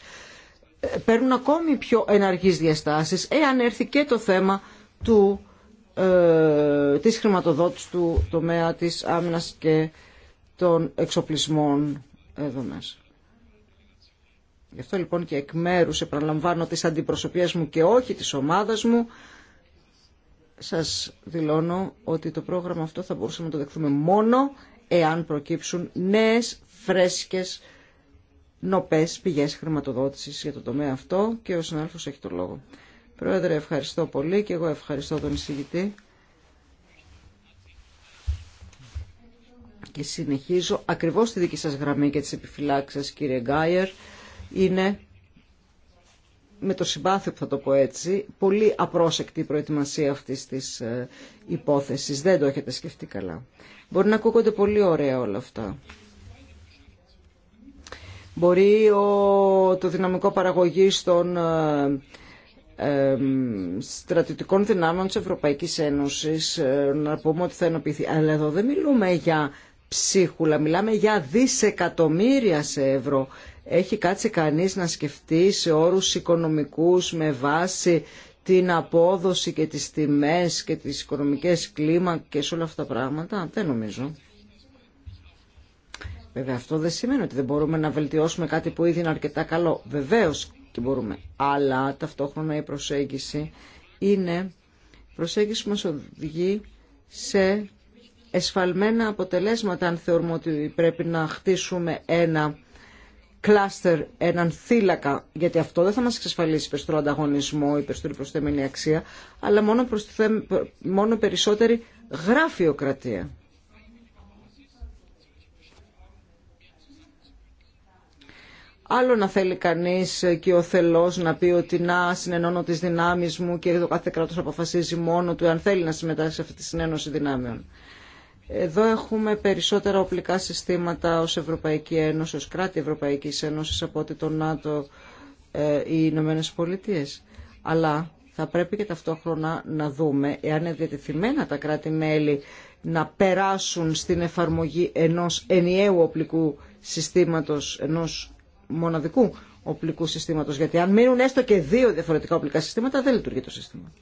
ε, παίρνουν ακόμη πιο εναργείς διαστάσεις εάν έρθει και το θέμα του, ε, της χρηματοδότησης του τομέα της άμυνας και των εξοπλισμών εδώ μέσα. Γι' αυτό λοιπόν και εκ μέρου επαναλαμβάνω τις αντιπροσωπία μου και όχι της ομάδας μου σας δηλώνω ότι το πρόγραμμα αυτό θα μπορούσαμε να το δεχθούμε μόνο εάν προκύψουν νέες φρέσκες νοπές πηγές χρηματοδότησης για το τομέα αυτό και ο συνάδελφος έχει το λόγο. Πρόεδρε ευχαριστώ πολύ και εγώ ευχαριστώ τον εισηγητή. Και συνεχίζω ακριβώς τη δική σας γραμμή και τις επιφυλάξεις κύριε Γκάιερ είναι με το συμπάθειο που θα το πω έτσι, πολύ απρόσεκτη η προετοιμασία αυτής της ε, υπόθεσης. Δεν το έχετε σκεφτεί καλά. Μπορεί να ακούγονται πολύ ωραία όλα αυτά. Μπορεί ο, το δυναμικό παραγωγής των ε, ε, στρατιωτικών δυνάμεων της Ευρωπαϊκής Ένωσης ε, να πούμε ότι θα ενοποιηθεί. Αλλά εδώ δεν μιλούμε για ψίχουλα, μιλάμε για δισεκατομμύρια σε ευρώ έχει κάτσει κανείς να σκεφτεί σε όρους οικονομικούς με βάση την απόδοση και τις τιμές και τις οικονομικές κλίμακες όλα αυτά τα πράγματα. Δεν νομίζω. Βέβαια αυτό δεν σημαίνει ότι δεν μπορούμε να βελτιώσουμε κάτι που ήδη είναι αρκετά καλό. Βεβαίως και μπορούμε. Αλλά ταυτόχρονα η προσέγγιση είναι προσέγγιση που μας οδηγεί σε εσφαλμένα αποτελέσματα αν θεωρούμε ότι πρέπει να χτίσουμε ένα κλάστερ, έναν θύλακα, γιατί αυτό δεν θα μας εξασφαλίσει περισσότερο ανταγωνισμό ή περισσότερη προσθέμενη αξία, αλλά μόνο, προσθε... μόνο περισσότερη γραφειοκρατία. Άλλο να θέλει κανείς και ο θελός να πει ότι να συνενώνω τις δυνάμεις μου και το κάθε κράτος αποφασίζει μόνο του αν θέλει να συμμετάσχει σε αυτή τη συνένωση δυνάμεων. Εδώ έχουμε περισσότερα οπλικά συστήματα ως Ευρωπαϊκή Ένωση, ως κράτη Ευρωπαϊκής Ένωσης από ότι το ΝΑΤΟ ε, οι Ηνωμένε Πολιτείε. Αλλά θα πρέπει και ταυτόχρονα να δούμε εάν είναι διατεθειμένα τα κράτη-μέλη να περάσουν στην εφαρμογή ενός ενιαίου οπλικού συστήματος, ενός μοναδικού οπλικού συστήματος. Γιατί αν μείνουν έστω και δύο διαφορετικά οπλικά συστήματα δεν λειτουργεί το σύστημα.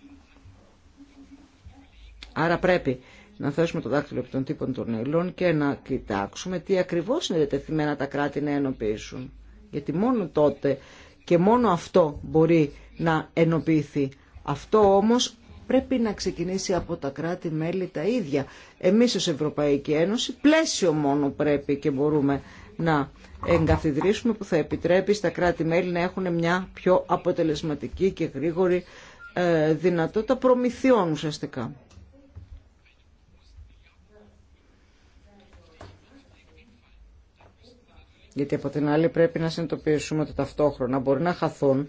Άρα πρέπει να θέσουμε το δάχτυλο επί των τύπων των ύλων και να κοιτάξουμε τι ακριβώς είναι διατεθειμένα τα κράτη να ενοποιήσουν. Γιατί μόνο τότε και μόνο αυτό μπορεί να ενοποιηθεί. Αυτό όμως πρέπει να ξεκινήσει από τα κράτη-μέλη τα ίδια. Εμείς ως Ευρωπαϊκή Ένωση πλαίσιο μόνο πρέπει και μπορούμε να εγκαθιδρύσουμε που θα επιτρέπει στα κράτη-μέλη να έχουν μια πιο αποτελεσματική και γρήγορη ε, δυνατότητα προμηθειών ουσιαστικά. Γιατί από την άλλη πρέπει να συνειδητοποιήσουμε ότι ταυτόχρονα μπορεί να χαθούν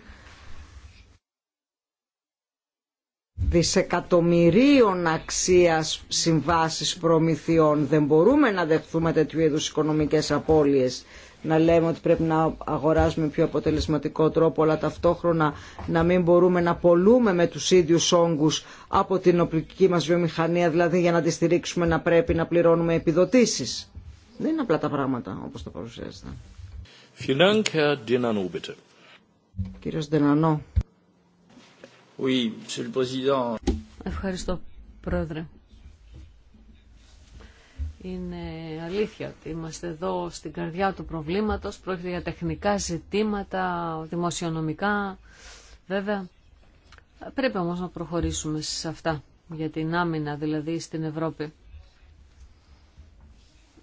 δισεκατομμυρίων αξίας συμβάσεις προμηθειών. Δεν μπορούμε να δεχθούμε τέτοιου είδους οικονομικές απώλειες. Να λέμε ότι πρέπει να αγοράζουμε πιο αποτελεσματικό τρόπο, αλλά ταυτόχρονα να μην μπορούμε να πολλούμε με τους ίδιους όγκους από την οπλική μας βιομηχανία, δηλαδή για να τη στηρίξουμε να πρέπει να πληρώνουμε επιδοτήσεις. Δεν είναι απλά τα πράγματα όπως τα παρουσιάζετε. Ευχαριστώ, Πρόεδρε. Είναι αλήθεια ότι είμαστε εδώ στην καρδιά του προβλήματος. Πρόκειται για τεχνικά ζητήματα, δημοσιονομικά, βέβαια. Πρέπει όμως να προχωρήσουμε σε αυτά για την άμυνα, δηλαδή στην Ευρώπη.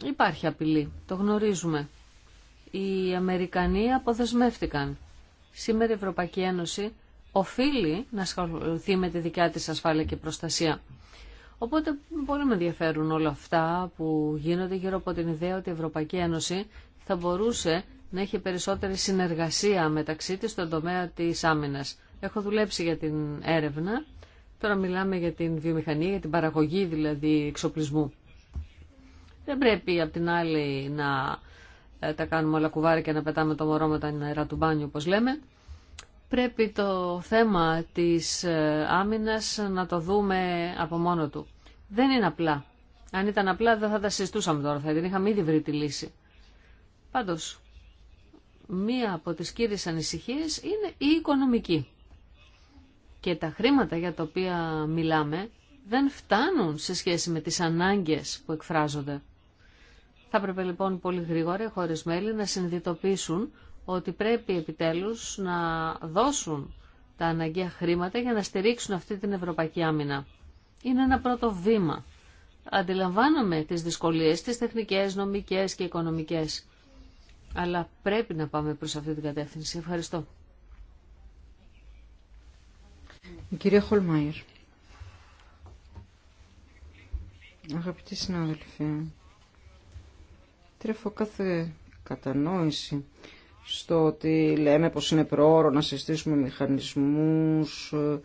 Υπάρχει απειλή, το γνωρίζουμε. Οι Αμερικανοί αποδεσμεύτηκαν. Σήμερα η Ευρωπαϊκή Ένωση οφείλει να ασχοληθεί με τη δικιά της ασφάλεια και προστασία. Οπότε πολύ με ενδιαφέρουν όλα αυτά που γίνονται γύρω από την ιδέα ότι η Ευρωπαϊκή Ένωση θα μπορούσε να έχει περισσότερη συνεργασία μεταξύ της στον τομέα της άμυνας. Έχω δουλέψει για την έρευνα, τώρα μιλάμε για την βιομηχανία, για την παραγωγή δηλαδή εξοπλισμού. Δεν πρέπει απ' την άλλη να ε, τα κάνουμε όλα κουβάρι και να πετάμε το μωρό με τα νερά του μπάνιου όπως λέμε. Πρέπει το θέμα της ε, άμυνας να το δούμε από μόνο του. Δεν είναι απλά. Αν ήταν απλά δεν θα τα συζητούσαμε τώρα, θα την είχαμε ήδη βρει τη λύση. Πάντως, μία από τις κύριες ανησυχίες είναι η οικονομική. Και τα χρήματα για τα οποία μιλάμε δεν φτάνουν σε σχέση με τις ανάγκες που εκφράζονται. Θα έπρεπε λοιπόν πολύ γρήγορα οι χώρες μέλη να συνειδητοποιήσουν ότι πρέπει επιτέλους να δώσουν τα αναγκαία χρήματα για να στηρίξουν αυτή την ευρωπαϊκή άμυνα. Είναι ένα πρώτο βήμα. Αντιλαμβάνομαι τις δυσκολίες, τις τεχνικές, νομικές και οικονομικές. Αλλά πρέπει να πάμε προς αυτή την κατεύθυνση. Ευχαριστώ. Η κυρία Αγαπητοί συνάδελφοι, τρέφω κάθε κατανόηση στο ότι λέμε πως είναι προώρο να συστήσουμε μηχανισμούς ε,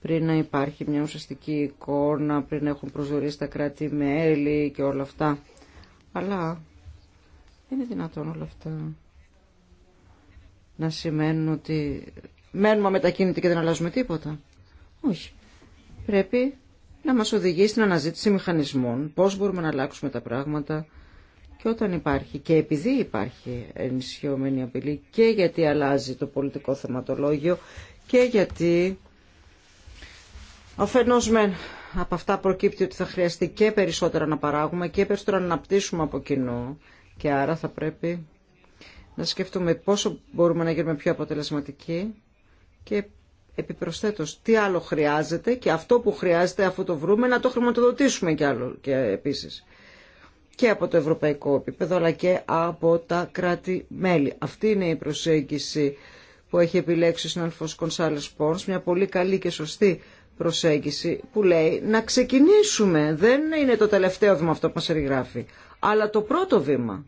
πριν να υπάρχει μια ουσιαστική εικόνα, πριν έχουν προσδιορίσει τα κράτη-μέλη και όλα αυτά. Αλλά είναι δυνατόν όλα αυτά να σημαίνουν ότι μένουμε μετακίνητοι και δεν αλλάζουμε τίποτα. Όχι. Πρέπει να μας οδηγεί στην αναζήτηση μηχανισμών, πώς μπορούμε να αλλάξουμε τα πράγματα, και όταν υπάρχει και επειδή υπάρχει ενισχυωμένη απειλή και γιατί αλλάζει το πολιτικό θεματολόγιο και γιατί αφενός μεν από αυτά προκύπτει ότι θα χρειαστεί και περισσότερα να παράγουμε και περισσότερα να αναπτύσσουμε από κοινό και άρα θα πρέπει να σκεφτούμε πόσο μπορούμε να γίνουμε πιο αποτελεσματικοί και επιπροσθέτως τι άλλο χρειάζεται και αυτό που χρειάζεται αφού το βρούμε να το χρηματοδοτήσουμε κι άλλο και επίσης και από το ευρωπαϊκό επίπεδο αλλά και από τα κράτη-μέλη. Αυτή είναι η προσέγγιση που έχει επιλέξει ο συνάδελφος Κονσάλες Πόνς, μια πολύ καλή και σωστή προσέγγιση που λέει να ξεκινήσουμε. Δεν είναι το τελευταίο βήμα αυτό που μας περιγράφει, αλλά το πρώτο βήμα.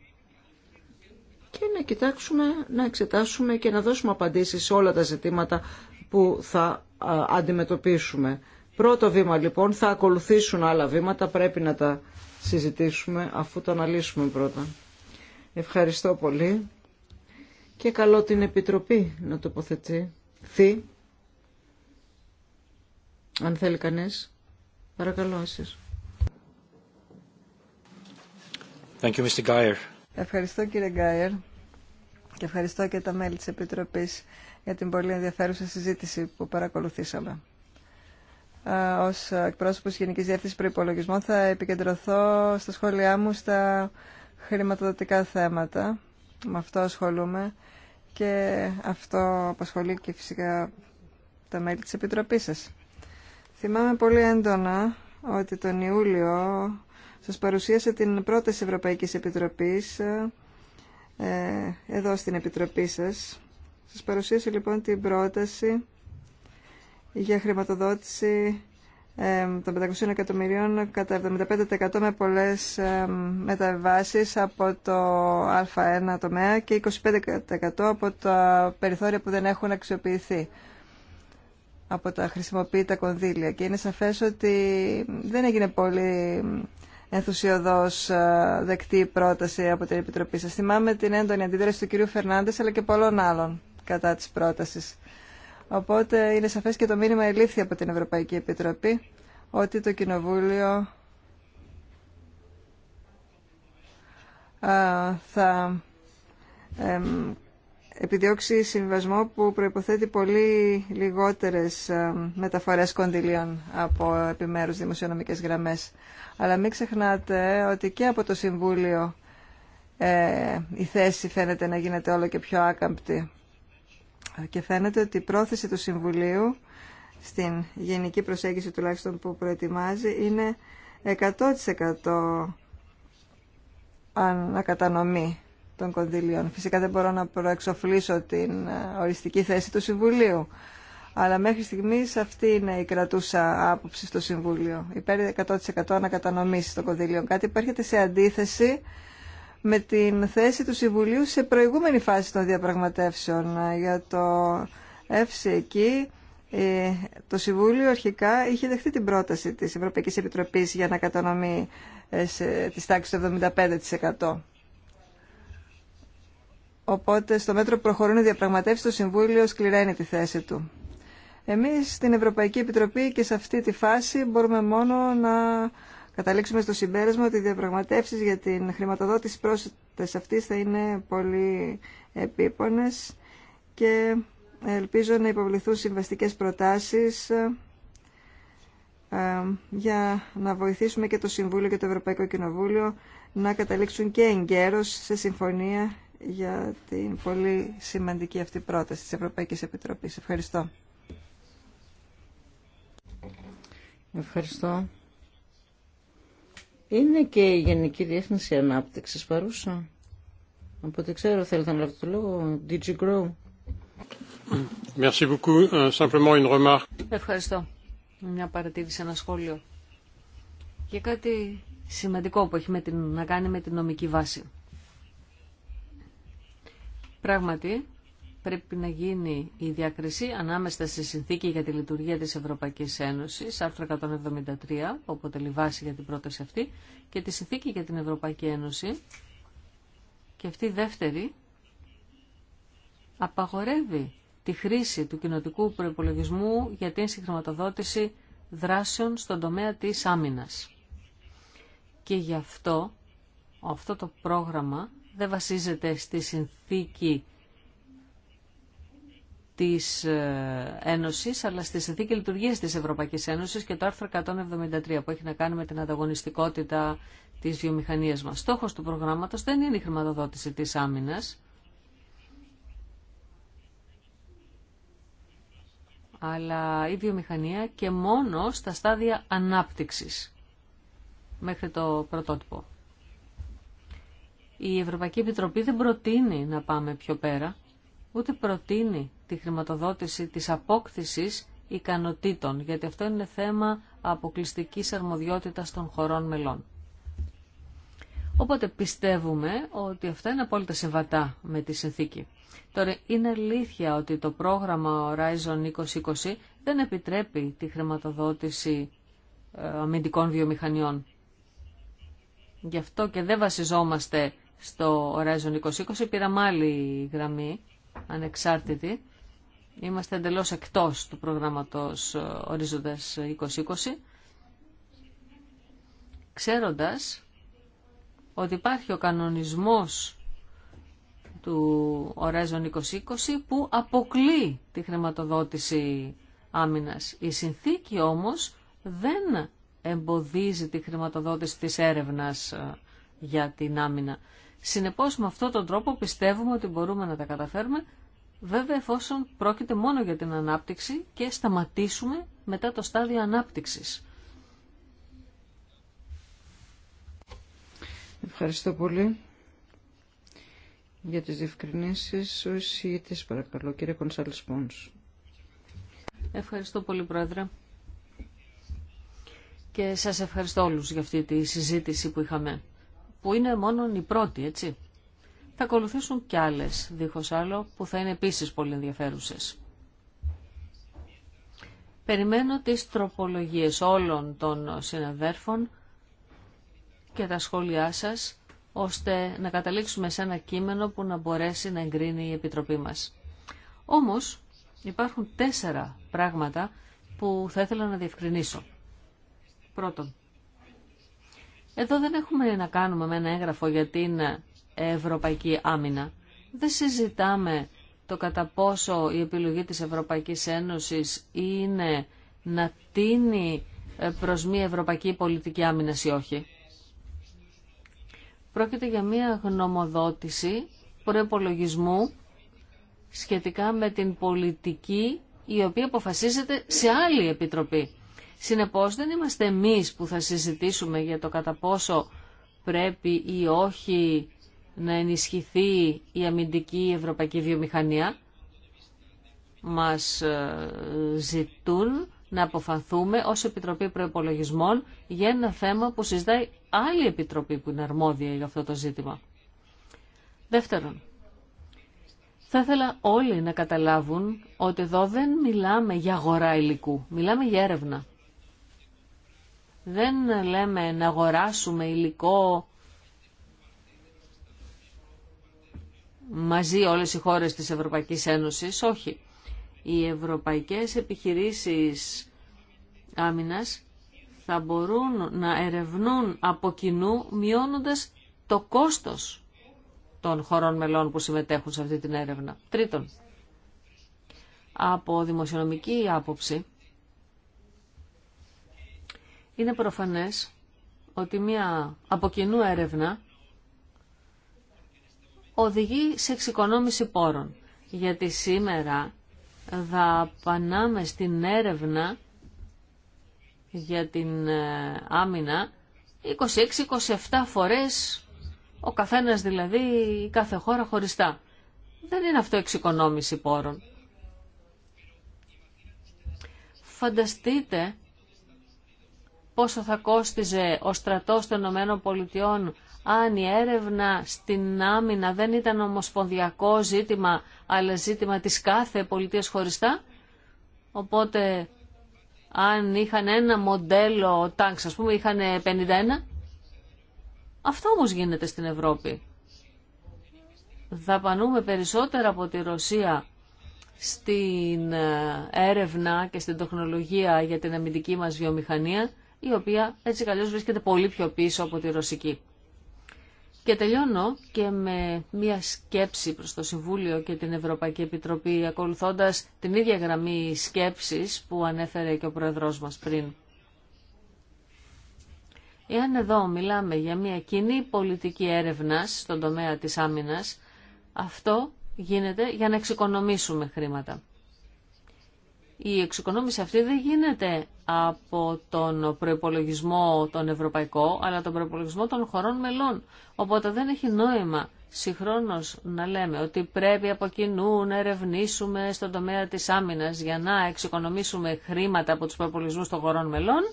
Και να κοιτάξουμε, να εξετάσουμε και να δώσουμε απαντήσεις σε όλα τα ζητήματα που θα αντιμετωπίσουμε. Πρώτο βήμα λοιπόν, θα ακολουθήσουν άλλα βήματα, πρέπει να τα συζητήσουμε αφού το αναλύσουμε πρώτα. Ευχαριστώ πολύ και καλό την Επιτροπή να τοποθετεί. Θη, αν θέλει κανείς, παρακαλώ εσείς. Thank you, Mr. Geyer. Ευχαριστώ κύριε Γκάιερ και ευχαριστώ και τα μέλη της Επιτροπής για την πολύ ενδιαφέρουσα συζήτηση που παρακολουθήσαμε. Ε, ως εκπρόσωπος της Γενικής Διεύθυνσης Προϋπολογισμών θα επικεντρωθώ στα σχόλιά μου στα χρηματοδοτικά θέματα. Με αυτό ασχολούμαι και αυτό απασχολεί και φυσικά τα μέλη της Επιτροπής σας. Θυμάμαι πολύ έντονα ότι τον Ιούλιο σας παρουσίασε την πρόταση Ευρωπαϊκής Επιτροπής ε, ε, εδώ στην Επιτροπή σας. Σας παρουσίασε λοιπόν την πρόταση για χρηματοδότηση των 500 εκατομμυρίων κατά 75% με πολλές μεταβάσεις από το Α1 τομέα και 25% από τα περιθώρια που δεν έχουν αξιοποιηθεί από τα χρησιμοποιητά κονδύλια. Και είναι σαφές ότι δεν έγινε πολύ ενθουσιοδός ε, δεκτή πρόταση από την Επιτροπή σας. Θυμάμαι την έντονη αντίδραση του κ. Φερνάντες αλλά και πολλών άλλων κατά της πρότασης. Οπότε είναι σαφές και το μήνυμα ελήφθη από την Ευρωπαϊκή Επιτροπή ότι το Κοινοβούλιο θα επιδιώξει συμβασμό που προϋποθέτει πολύ λιγότερες μεταφορές κονδυλίων από επιμέρους δημοσιονομικές γραμμές. Αλλά μην ξεχνάτε ότι και από το Συμβούλιο ε, η θέση φαίνεται να γίνεται όλο και πιο άκαμπτη. Και φαίνεται ότι η πρόθεση του Συμβουλίου στην γενική προσέγγιση τουλάχιστον που προετοιμάζει είναι 100% ανακατανομή των κονδυλίων. Φυσικά δεν μπορώ να προεξοφλήσω την ε, οριστική θέση του Συμβουλίου. Αλλά μέχρι στιγμής αυτή είναι η κρατούσα άποψη στο Συμβούλιο. Υπέρ 100% ανακατανομή των κονδυλίων. Κάτι που έρχεται σε αντίθεση με την θέση του Συμβουλίου σε προηγούμενη φάση των διαπραγματεύσεων για το ΕΦΣΙ εκεί. Ε, το Συμβούλιο αρχικά είχε δεχτεί την πρόταση της Ευρωπαϊκής Επιτροπής για να κατανομή ε, της τάξης του 75%. Οπότε στο μέτρο που προχωρούν οι διαπραγματεύσεις το Συμβούλιο σκληραίνει τη θέση του. Εμείς στην Ευρωπαϊκή Επιτροπή και σε αυτή τη φάση μπορούμε μόνο να καταλήξουμε στο συμπέρασμα ότι οι διαπραγματεύσεις για την χρηματοδότηση πρόσθετες αυτής θα είναι πολύ επίπονες και ελπίζω να υποβληθούν συμβαστικές προτάσεις ε, ε, για να βοηθήσουμε και το Συμβούλιο και το Ευρωπαϊκό Κοινοβούλιο να καταλήξουν και εγκαίρως σε συμφωνία για την πολύ σημαντική αυτή πρόταση της Ευρωπαϊκής Επιτροπής. Ευχαριστώ. Ευχαριστώ. Είναι και η Γενική Διεύθυνση Ανάπτυξης παρούσα. Από ό,τι ξέρω θέλετε να λάβετε το λόγο. DG Grow. Euh, Ευχαριστώ. Μια παρατήρηση, ένα σχόλιο. Και κάτι σημαντικό που έχει με την, να κάνει με την νομική βάση. Πράγματι, πρέπει να γίνει η διακρισή ανάμεσα στη συνθήκη για τη λειτουργία της Ευρωπαϊκής Ένωσης, άρθρο 173, που αποτελεί βάση για την πρόταση αυτή, και τη συνθήκη για την Ευρωπαϊκή Ένωση. Και αυτή η δεύτερη απαγορεύει τη χρήση του κοινοτικού προπολογισμού για την συγχρηματοδότηση δράσεων στον τομέα της άμυνας. Και γι' αυτό αυτό το πρόγραμμα δεν βασίζεται στη συνθήκη της ε, Ένωσης αλλά στη συνθήκη λειτουργίας της Ευρωπαϊκής Ένωσης και το άρθρο 173 που έχει να κάνει με την ανταγωνιστικότητα της βιομηχανίας μας. Στόχος του προγράμματος δεν είναι η χρηματοδότηση της άμυνας αλλά η βιομηχανία και μόνο στα στάδια ανάπτυξης μέχρι το πρωτότυπο. Η Ευρωπαϊκή Επιτροπή δεν προτείνει να πάμε πιο πέρα ούτε προτείνει τη χρηματοδότηση της απόκτησης ικανοτήτων, γιατί αυτό είναι θέμα αποκλειστικής αρμοδιότητας των χωρών μελών. Οπότε πιστεύουμε ότι αυτά είναι απόλυτα συμβατά με τη συνθήκη. Τώρα είναι αλήθεια ότι το πρόγραμμα Horizon 2020 δεν επιτρέπει τη χρηματοδότηση ε, αμυντικών βιομηχανιών. Γι' αυτό και δεν βασιζόμαστε στο Horizon 2020, πήραμε άλλη γραμμή ανεξάρτητη. Είμαστε εντελώς εκτός του προγράμματος ε, Ορίζοντας 2020, ξέροντας ότι υπάρχει ο κανονισμός του Horizon 2020 που αποκλεί τη χρηματοδότηση άμυνας. Η συνθήκη όμως δεν εμποδίζει τη χρηματοδότηση της έρευνας ε, για την άμυνα. Συνεπώς με αυτόν τον τρόπο πιστεύουμε ότι μπορούμε να τα καταφέρουμε, βέβαια εφόσον πρόκειται μόνο για την ανάπτυξη και σταματήσουμε μετά το στάδιο ανάπτυξης. Ευχαριστώ πολύ για τις διευκρινήσεις. Ο εισηγητής παρακαλώ, κύριε Κονσάλης Πόνς. Ευχαριστώ πολύ, Πρόεδρε. Και σας ευχαριστώ όλους για αυτή τη συζήτηση που είχαμε που είναι μόνο η πρώτη, έτσι. Θα ακολουθήσουν κι άλλες, δίχως άλλο, που θα είναι επίσης πολύ ενδιαφέρουσες. Περιμένω τις τροπολογίες όλων των συναδέρφων και τα σχόλιά σας, ώστε να καταλήξουμε σε ένα κείμενο που να μπορέσει να εγκρίνει η Επιτροπή μας. Όμως, υπάρχουν τέσσερα πράγματα που θα ήθελα να διευκρινίσω. Πρώτον, εδώ δεν έχουμε να κάνουμε με ένα έγγραφο για την ευρωπαϊκή άμυνα. Δεν συζητάμε το κατά πόσο η επιλογή της Ευρωπαϊκής Ένωσης είναι να τίνει ε, προς μια ευρωπαϊκή πολιτική άμυνα ή όχι. Πρόκειται για μια γνωμοδότηση προεπολογισμού σχετικά με την πολιτική η οποία αποφασίζεται σε άλλη επιτροπή. Συνεπώς δεν είμαστε εμείς που θα συζητήσουμε για το κατά πόσο πρέπει ή όχι να ενισχυθεί η αμυντική ευρωπαϊκή βιομηχανία. Μας ε, ζητούν να αποφανθούμε ως Επιτροπή Προϋπολογισμών για ένα θέμα που συζητάει άλλη Επιτροπή που είναι αρμόδια για αυτό το ζήτημα. Δεύτερον, θα ήθελα όλοι να καταλάβουν ότι εδώ δεν μιλάμε για αγορά υλικού, μιλάμε για έρευνα. Δεν λέμε να αγοράσουμε υλικό μαζί όλες οι χώρες της Ευρωπαϊκής Ένωσης. Όχι. Οι ευρωπαϊκές επιχειρήσεις άμυνας θα μπορούν να ερευνούν από κοινού μειώνοντας το κόστος των χωρών μελών που συμμετέχουν σε αυτή την έρευνα. Τρίτον, από δημοσιονομική άποψη, είναι προφανές ότι μια από κοινού έρευνα οδηγεί σε εξοικονόμηση πόρων. Γιατί σήμερα δαπανάμε στην έρευνα για την ε, άμυνα 26-27 φορές, ο καθένας δηλαδή, η κάθε χώρα χωριστά. Δεν είναι αυτό εξοικονόμηση πόρων. Φανταστείτε πόσο θα κόστιζε ο στρατός των Πολιτειών αν η έρευνα στην άμυνα δεν ήταν ομοσπονδιακό ζήτημα, αλλά ζήτημα της κάθε πολιτείας χωριστά. Οπότε, αν είχαν ένα μοντέλο τάγκ, ας πούμε, είχαν 51. Αυτό όμως γίνεται στην Ευρώπη. Δαπανούμε περισσότερα από τη Ρωσία στην ε, έρευνα και στην τεχνολογία για την αμυντική μας βιομηχανία η οποία έτσι καλώ βρίσκεται πολύ πιο πίσω από τη ρωσική. Και τελειώνω και με μία σκέψη προς το Συμβούλιο και την Ευρωπαϊκή Επιτροπή, ακολουθώντας την ίδια γραμμή σκέψης που ανέφερε και ο Πρόεδρός μας πριν. Εάν εδώ μιλάμε για μια κοινή πολιτική έρευνας στον τομέα της άμυνας, αυτό γίνεται για να εξοικονομήσουμε χρήματα. Η εξοικονόμηση αυτή δεν γίνεται από τον προπολογισμό τον ευρωπαϊκό, αλλά τον προπολογισμό των χωρών μελών. Οπότε δεν έχει νόημα συγχρόνως να λέμε ότι πρέπει από κοινού να ερευνήσουμε στον τομέα της άμυνας για να εξοικονομήσουμε χρήματα από τους προϋπολογισμούς των χωρών μελών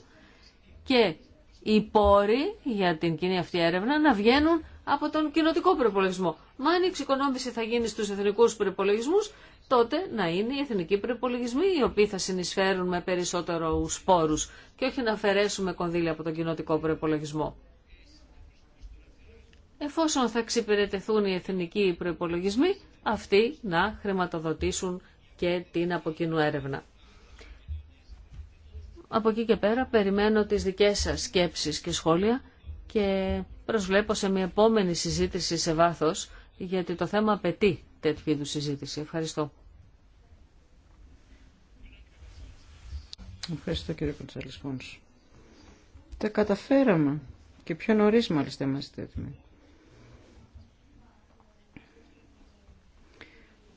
και οι πόροι για την κοινή αυτή έρευνα να βγαίνουν από τον κοινοτικό προπολογισμό. Μα αν η εξοικονόμηση θα γίνει στους εθνικούς προπολογισμού τότε να είναι οι εθνικοί προπολογισμοί οι οποίοι θα συνεισφέρουν με περισσότερου πόρου και όχι να αφαιρέσουμε κονδύλια από τον κοινοτικό προπολογισμό. Εφόσον θα εξυπηρετηθούν οι εθνικοί προπολογισμοί, αυτοί να χρηματοδοτήσουν και την αποκοινού έρευνα. Από εκεί και πέρα περιμένω τις δικές σας σκέψεις και σχόλια και προσβλέπω σε μια επόμενη συζήτηση σε βάθος γιατί το θέμα απαιτεί τέτοιου είδου συζήτηση. Ευχαριστώ. Ευχαριστώ κύριε Κοντσάλης Τα καταφέραμε και πιο νωρί μάλιστα είμαστε έτοιμοι.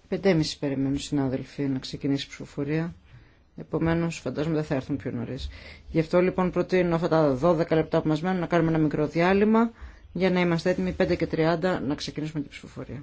Πεντέμιση περιμένουν συνάδελφοι να ξεκινήσει η ψηφοφορία. Επομένω, φαντάζομαι δεν θα έρθουν πιο νωρί. Γι' αυτό λοιπόν προτείνω αυτά τα 12 λεπτά που μα μένουν να κάνουμε ένα μικρό διάλειμμα για να είμαστε έτοιμοι 5 και 30 να ξεκινήσουμε την ψηφοφορία.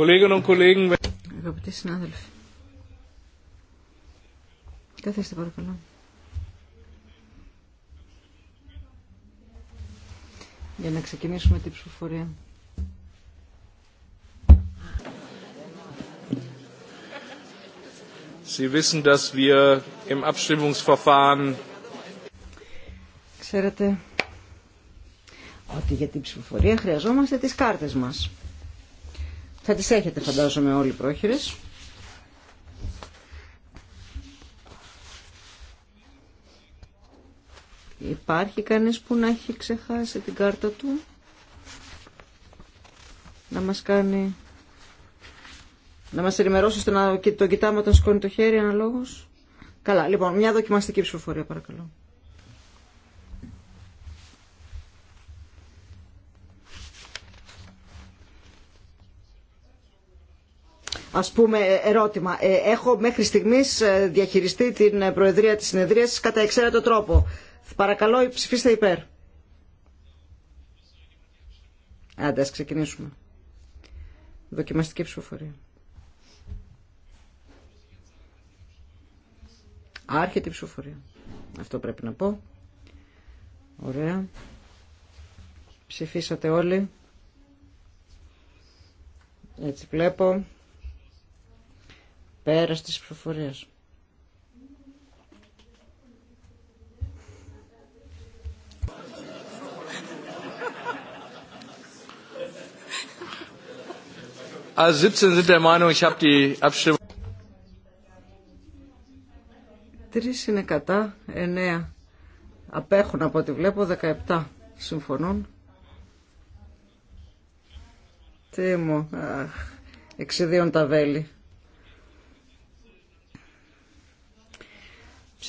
Αγαπητοί συνάδελφοι, καθίστε παρακαλώ. Για να ξεκινήσουμε την ψηφοφορία. Ξέρετε ότι για την ψηφοφορία χρειαζόμαστε τις κάρτες μας. Θα τις έχετε φαντάζομαι όλοι πρόχειρες. Υπάρχει κανείς που να έχει ξεχάσει την κάρτα του να μας κάνει να μας ενημερώσει ώστε να το κοιτάμε όταν σηκώνει το χέρι αναλόγως. Καλά, λοιπόν, μια δοκιμαστική ψηφοφορία παρακαλώ. ας πούμε ερώτημα. Ε, έχω μέχρι στιγμής ε, διαχειριστεί την ε, Προεδρία της Συνεδρίας κατά εξαίρετο τρόπο. Παρακαλώ ψηφίστε υπέρ. Άντε ας ξεκινήσουμε. Δοκιμαστική ψηφοφορία. Άρχεται η ψηφοφορία. Αυτό πρέπει να πω. Ωραία. Ψηφίσατε όλοι. Έτσι βλέπω. Πέρα της ψηφοφορίας. είναι κατά, εννέα απέχουν από ό,τι βλέπω, 17 συμφωνούν. Τι μου, εξιδίων τα βέλη.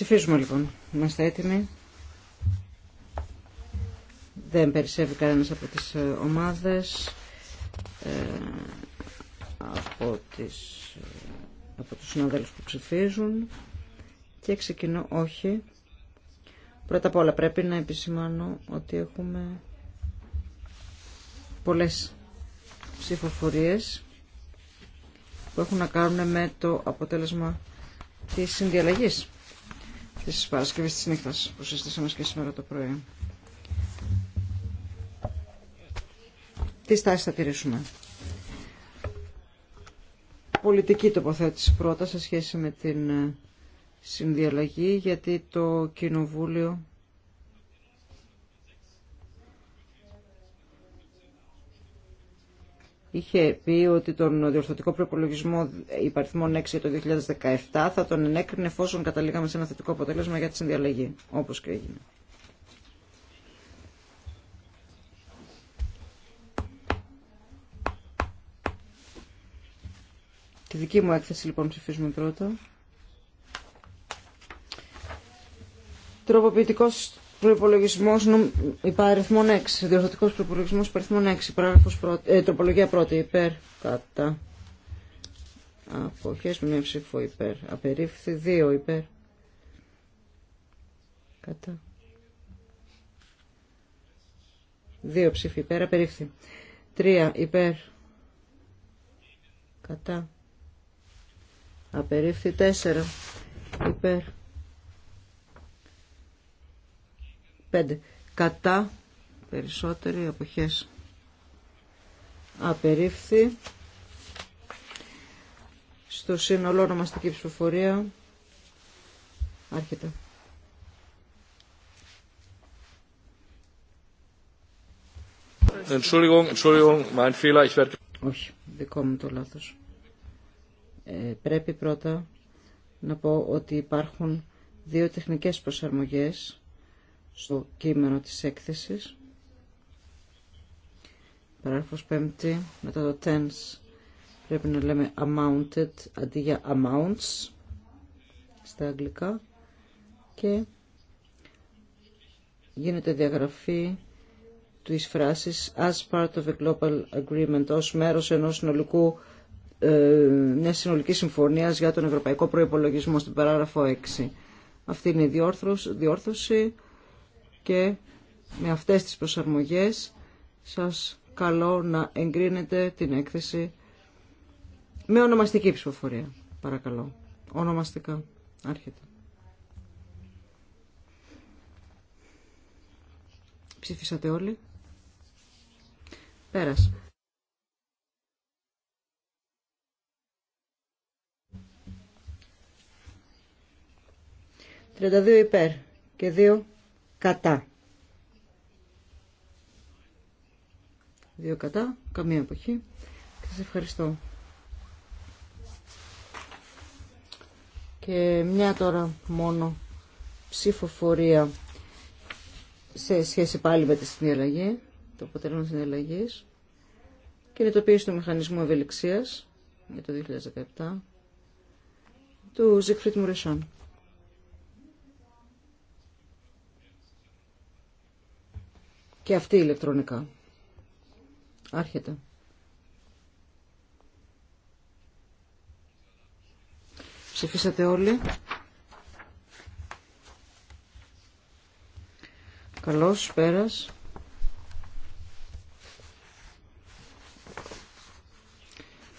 Ψηφίζουμε λοιπόν. Είμαστε έτοιμοι. Δεν περισσεύει κανένα από τις ε, ομάδες, ε, από, τις, ε, από τους συναδέλφους που ψηφίζουν και ξεκινώ όχι. Πρώτα απ' όλα πρέπει να επισημάνω ότι έχουμε πολλές ψηφοφορίες που έχουν να κάνουν με το αποτέλεσμα της συνδιαλλαγής. Τη Παρασκευής της νύχτας που συζητήσαμε και σήμερα το πρωί. Τι στάση θα τηρήσουμε. Πολιτική τοποθέτηση πρώτα σε σχέση με την ε, συνδιαλλαγή γιατί το Κοινοβούλιο είχε πει ότι τον διορθωτικό προπολογισμό υπαριθμών 6 για το 2017 θα τον ενέκρινε εφόσον καταλήγαμε σε ένα θετικό αποτέλεσμα για τη συνδιαλλαγή, όπως και έγινε. Τη δική μου έκθεση λοιπόν ψηφίζουμε πρώτα. Τροποποιητικός Προπολογισμό υπαριθμών 6. Διορθωτικό προπολογισμό υπαριθμών 6. ε, τροπολογία 1. Υπέρ. Κατά. Αποχέ με μια ψήφο υπέρ. Απερίφθη 2 υπέρ. Κατά. Δύο ψήφοι υπέρ. Απερίφθη. 3 υπέρ. Κατά. Απερίφθη 4 υπέρ. 5 κατά περισσότεροι εποχές απερίφθη στο σύνολο ονομαστική ψηφοφορία άρχεται Entschuldigung, Entschuldigung, mein Fehler, ich werde... Όχι, δικό μου το λάθος. Ε, πρέπει πρώτα να πω ότι υπάρχουν δύο τεχνικές προσαρμογές στο κείμενο της έκθεσης. Παράγραφος 5, μετά το tense πρέπει να λέμε amounted αντί για amounts στα αγγλικά και γίνεται διαγραφή του φράσης as part of a global agreement ως μέρος ενός συνολικού ε, μια συνολική συμφωνία για τον Ευρωπαϊκό Προπολογισμό στην παράγραφο 6. Αυτή είναι η διόρθωση και με αυτές τις προσαρμογές σας καλώ να εγκρίνετε την έκθεση με ονομαστική ψηφοφορία. Παρακαλώ. Ονομαστικά. Άρχεται. Ψήφισατε όλοι. Πέρασε. 32 υπέρ και δύο Κατά. Δύο κατά, καμία εποχή. Και ευχαριστώ. Και μια τώρα μόνο ψηφοφορία σε σχέση πάλι με τη συνδιαλλαγή, το αποτέλεσμα συνδιαλλαγής, ειδοποίηση του μηχανισμού ευελιξίας για το 2017 του Ζικφρίτ Μουρεσάν. και αυτή ηλεκτρονικά. Άρχεται. Ψηφίσατε όλοι. Καλώς, πέρας.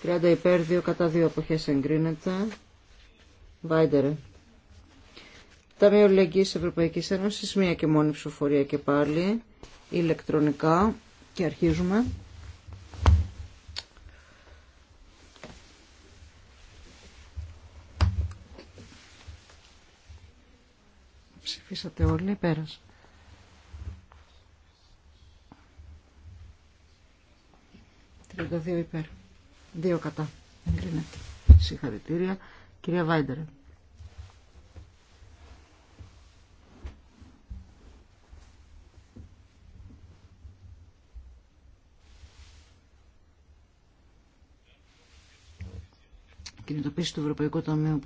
Τριάντα υπέρ, δύο κατά δύο αποχές εγκρίνεται. Βάιντερε. Ταμείο Λεγγύης Ευρωπαϊκής Ένωσης, μία και μόνη ψηφοφορία και πάλι, ηλεκτρονικά και αρχίζουμε. Ψηφίσατε όλοι, πέρασε. Τριάντα δύο υπέρ. Δύο κατά. Εγκρίνεται. Συγχαρητήρια. Κυρία Βάιντερε. κινητοποίηση του Ευρωπαϊκού Ταμείου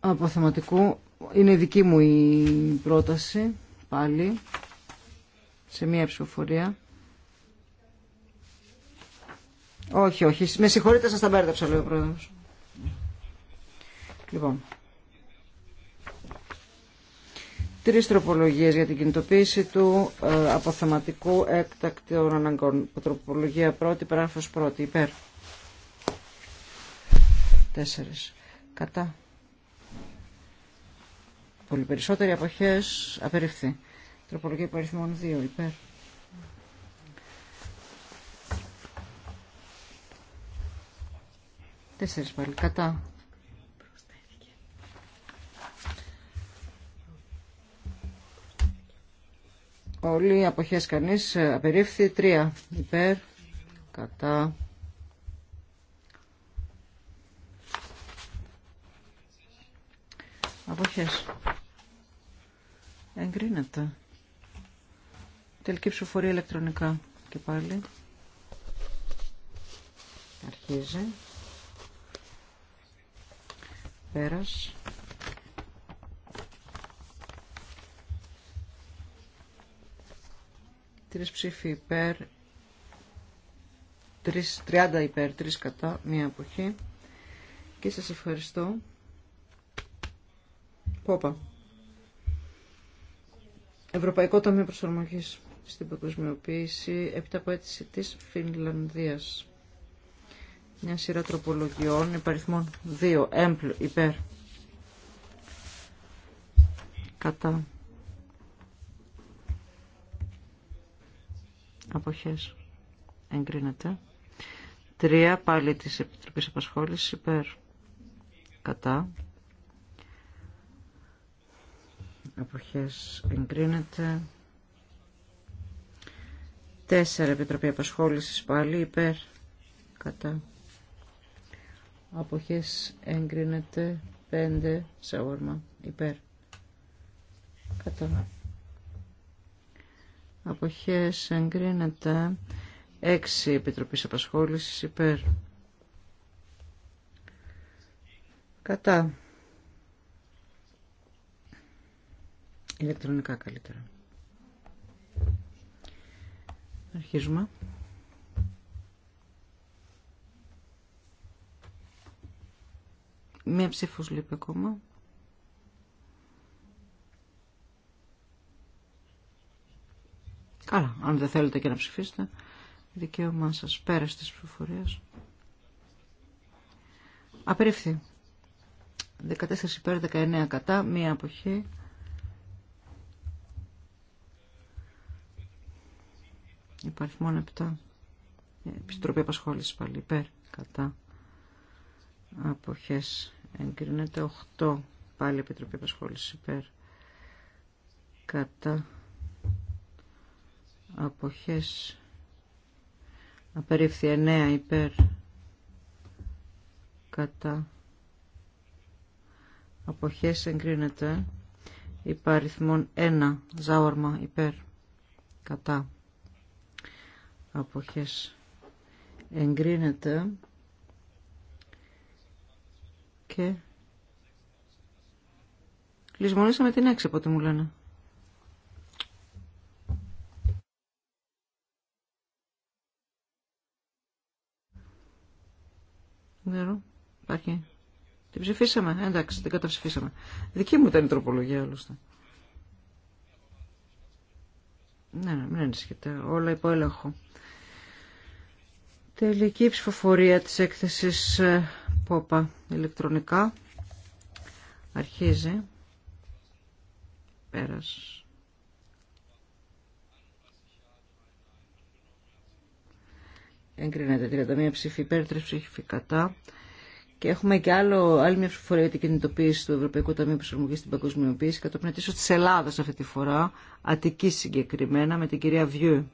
Από θεματικό, Είναι δική μου η πρόταση, πάλι, σε μία ψηφοφορία. Όχι, όχι. Με συγχωρείτε, σας τα μπέρδεψα, λέει ο πρόεδρος. Λοιπόν. τρεις τροπολογίες για την κινητοποίηση του ε, αποθεματικού έκτακτων αναγκών. Τροπολογία πρώτη, παράγραφος πρώτη, υπέρ. Τέσσερις. Κατά. Πολύ περισσότεροι αποχές απεριφθεί. Τροπολογία αριθμών 2, υπέρ. Τέσσερις πάλι, κατά. οι αποχές κανείς. Απερίφθη. Τρία υπέρ. Κατά. Αποχές. Εγκρίνεται. Τελική ψηφοφορία ηλεκτρονικά. Και πάλι. Αρχίζει. Πέρας. Τρεις ψήφοι υπέρ, τρεις, 30 υπέρ, τρεις κατά, μία εποχή. Και σας ευχαριστώ. Πόπα. Ευρωπαϊκό Ταμείο Προσαρμογής στην παγκοσμιοποίηση επί από αίτηση της Φινλανδίας. Μια σειρά τροπολογιών υπαριθμών 2 έμπλ υπέρ κατά αποχές εγκρίνεται. Τρία, πάλι της Επιτροπής Απασχόλησης υπέρ κατά αποχές εγκρίνεται. Τέσσερα, Επιτροπή Απασχόλησης πάλι υπέρ κατά αποχές εγκρίνεται. σε όρμα, υπέρ κατά αποχές εγκρίνεται έξι Επιτροπής Απασχόλησης υπέρ κατά ηλεκτρονικά καλύτερα αρχίζουμε μία ψήφος λείπει ακόμα Καλά, αν δεν θέλετε και να ψηφίσετε, δικαίωμά σας πέρα στις ψηφοφορίες. Απερίφθη. 14 υπέρ, 19 κατά, μία αποχή. Υπάρχει μόνο 7. Ε, Επιστροπή απασχόληση πάλι υπέρ, κατά. Αποχές εγκρίνεται 8. Πάλι επιτροπή απασχόληση υπέρ. Κατά αποχές απερίφθη 9 υπέρ κατά αποχές εγκρίνεται αριθμών 1 ζάορμα υπέρ κατά αποχές εγκρίνεται και λησμονήσαμε την έξι από ό,τι μου λένε Δεν ξέρω. Υπάρχει. Την ψηφίσαμε. Εντάξει, την καταψηφίσαμε. Δική μου ήταν η τροπολογία άλλωστε. Ναι, ναι, μην ανησυχείτε. Όλα υπό έλεγχο. Τελική ψηφοφορία της έκθεσης ε, ΠΟΠΑ ηλεκτρονικά. Αρχίζει. Πέρας. Εγκρίνεται 31 ψήφοι υπέρ, 3 ψήφοι κατά. Και έχουμε και άλλο, άλλη μια ψηφοφορία για την κινητοποίηση του Ευρωπαϊκού Ταμείου Προσαρμογή στην Παγκοσμιοποίηση κατόπιν αιτήσω τη Ελλάδα αυτή τη φορά, Αττική συγκεκριμένα, με την κυρία Βιού.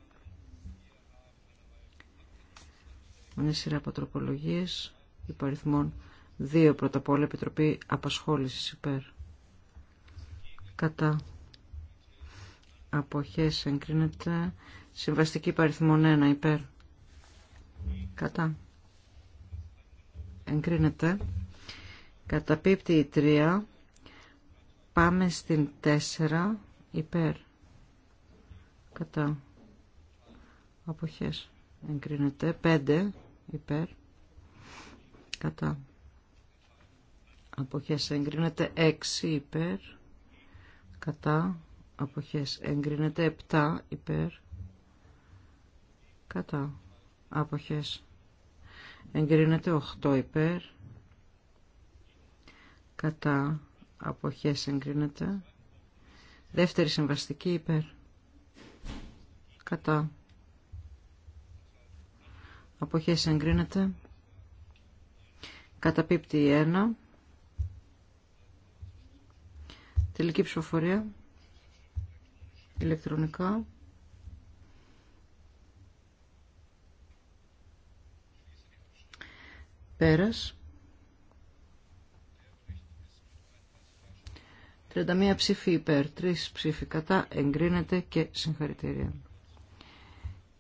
μια σειρά από τροπολογίε υπαριθμών. Δύο πρώτα απ' όλα Επιτροπή Απασχόληση υπέρ. Κατά. Αποχέ εγκρίνεται. Συμβαστική υπαριθμών 1 υπέρ. Κατά. Εγκρίνεται. Καταπίπτει η 3. Πάμε στην 4. Υπέρ. Κατά. Αποχές. Εγκρίνεται. 5. Υπέρ. Κατά. Αποχές εγκρίνεται 6 υπέρ. Κατά. Αποχές εγκρίνεται 7 υπέρ. Κατά άποχες εγκρίνεται 8 υπέρ κατά αποχές εγκρίνεται δεύτερη συμβαστική υπέρ κατά αποχές εγκρίνεται καταπίπτει 1 τελική ψηφοφορία ηλεκτρονικά Πέρας. 31 ψηφί υπέρ, 3 ψήφοι κατά, εγκρίνεται και συγχαρητήρια.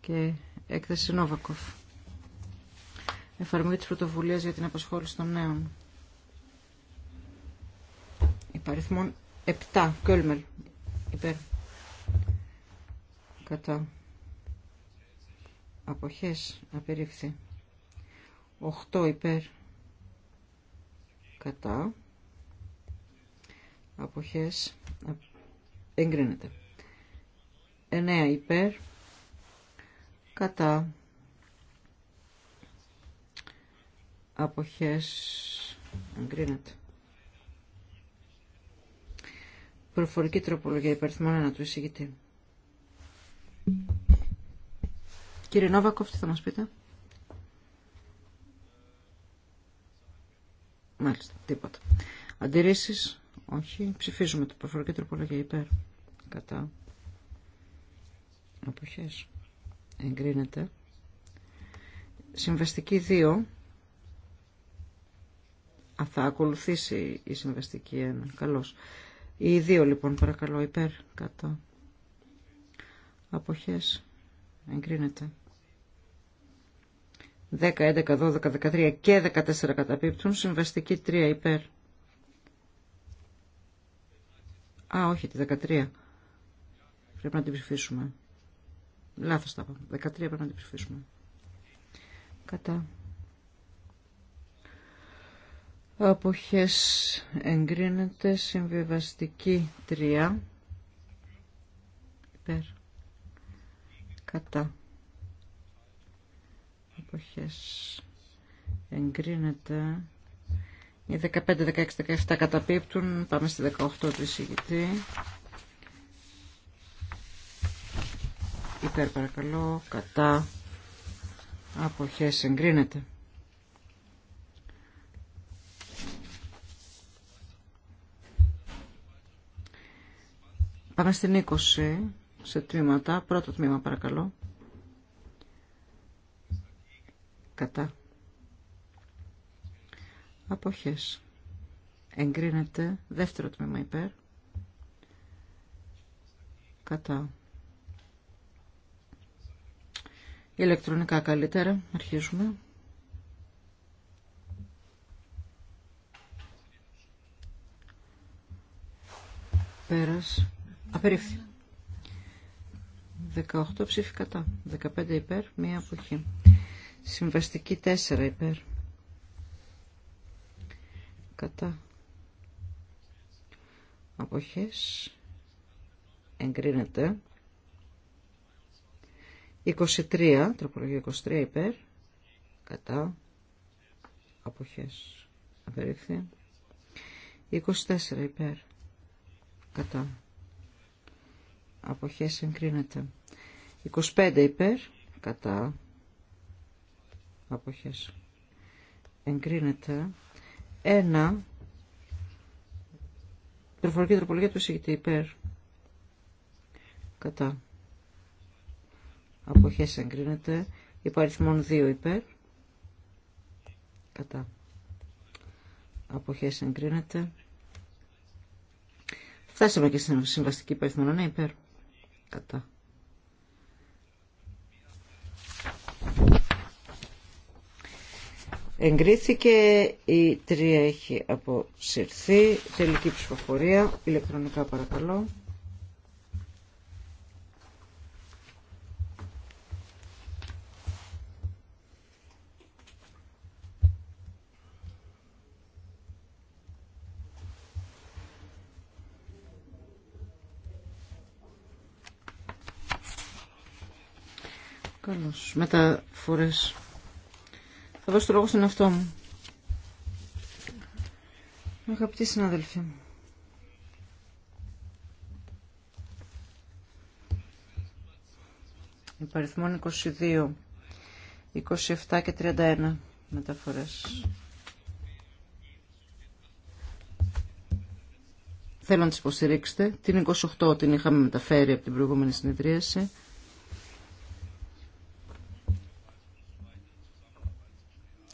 Και έκθεση Νόβακοφ. Εφαρμογή της πρωτοβουλίας για την απασχόληση των νέων. Υπαριθμών 7, κόλμελ υπέρ. Κατά. Αποχές, απερίφθη. 8 υπέρ κατά αποχές εγκρίνεται 9 υπέρ κατά αποχές εγκρίνεται προφορική τροπολογία υπερθυμών ένα του εισηγητή Κύριε Νόβακο, τι θα μας πείτε. Μάλιστα, τίποτα. Αντιρρήσεις, όχι. Ψηφίζουμε το προφορική τροπολογία υπέρ. Κατά. Αποχέ. Εγκρίνεται. Συμβαστική 2. Α, θα ακολουθήσει η συμβαστική 1. Καλώ. Η 2 λοιπόν, παρακαλώ, υπέρ. Κατά. απόχε. Εγκρίνεται. 10, 11, 12, 13 και 14 καταπίπτουν. Συμβαστική 3 υπέρ. Α, όχι, τη 13. Πρέπει να την ψηφίσουμε. Λάθος τα πω. 13 πρέπει να την ψηφίσουμε. Κατά. Αποχές εγκρίνεται συμβιβαστική 3 υπέρ κατά αποχές εγκρίνεται. Οι 15, 16, 17 καταπίπτουν. Πάμε στη 18 του εισηγητή. Υπέρ παρακαλώ, κατά αποχές εγκρίνεται. Πάμε στην 20 σε τμήματα. Πρώτο τμήμα παρακαλώ. κατά αποχές εγκρίνεται δεύτερο τμήμα υπέρ κατά ηλεκτρονικά καλύτερα αρχίζουμε πέρας απερίφθη 18 ψήφι κατά 15 υπέρ μία αποχή Συμβαστική 4 υπέρ. Κατά. Αποχές. Εγκρίνεται. 23, τροπολογία 23 υπέρ. Κατά. Αποχές. Απερίφθη. 24 υπέρ. Κατά. Αποχές εγκρίνεται. 25 υπέρ. Κατά αποχές εγκρίνεται ένα προφορική τροπολογία του εισηγητή υπέρ κατά αποχές εγκρίνεται υπαριθμών 2 υπέρ κατά αποχές εγκρίνεται φτάσαμε και στην συμβαστική υπαριθμόν. Ναι, υπέρ κατά Εγκρίθηκε η τρία έχει αποσυρθεί. Τελική ψηφοφορία. Ηλεκτρονικά παρακαλώ. Καλώς. Μεταφορές. Θα δώσω το λόγο στον εαυτό μου. Αγαπητοί συνάδελφοι μου. 22, 27 και 31 μεταφορές. Θέλω να τις υποστηρίξετε. Την 28 την είχαμε μεταφέρει από την προηγούμενη συνεδρίαση.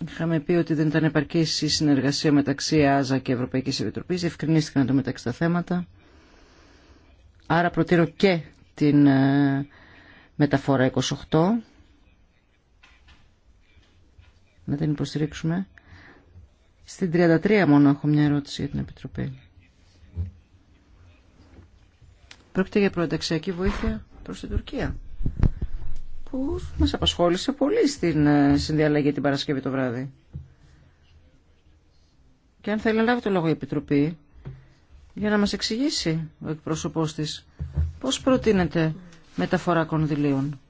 Είχαμε πει ότι δεν ήταν επαρκή η συνεργασία μεταξύ ΑΖΑ και Ευρωπαϊκή Επιτροπή. Ευκρινίστηκαν το μεταξύ τα θέματα. Άρα προτείνω και την ε, μεταφορά 28. Να την υποστηρίξουμε. Στην 33 μόνο έχω μια ερώτηση για την Επιτροπή. Πρόκειται για προενταξιακή βοήθεια προς την Τουρκία που μας απασχόλησε πολύ στην ε, συνδιαλλαγή την Παρασκευή το βράδυ. Και αν θέλει να λάβει το λόγο η Επιτροπή για να μας εξηγήσει ο εκπρόσωπός της πώς προτείνεται μεταφορά κονδυλίων.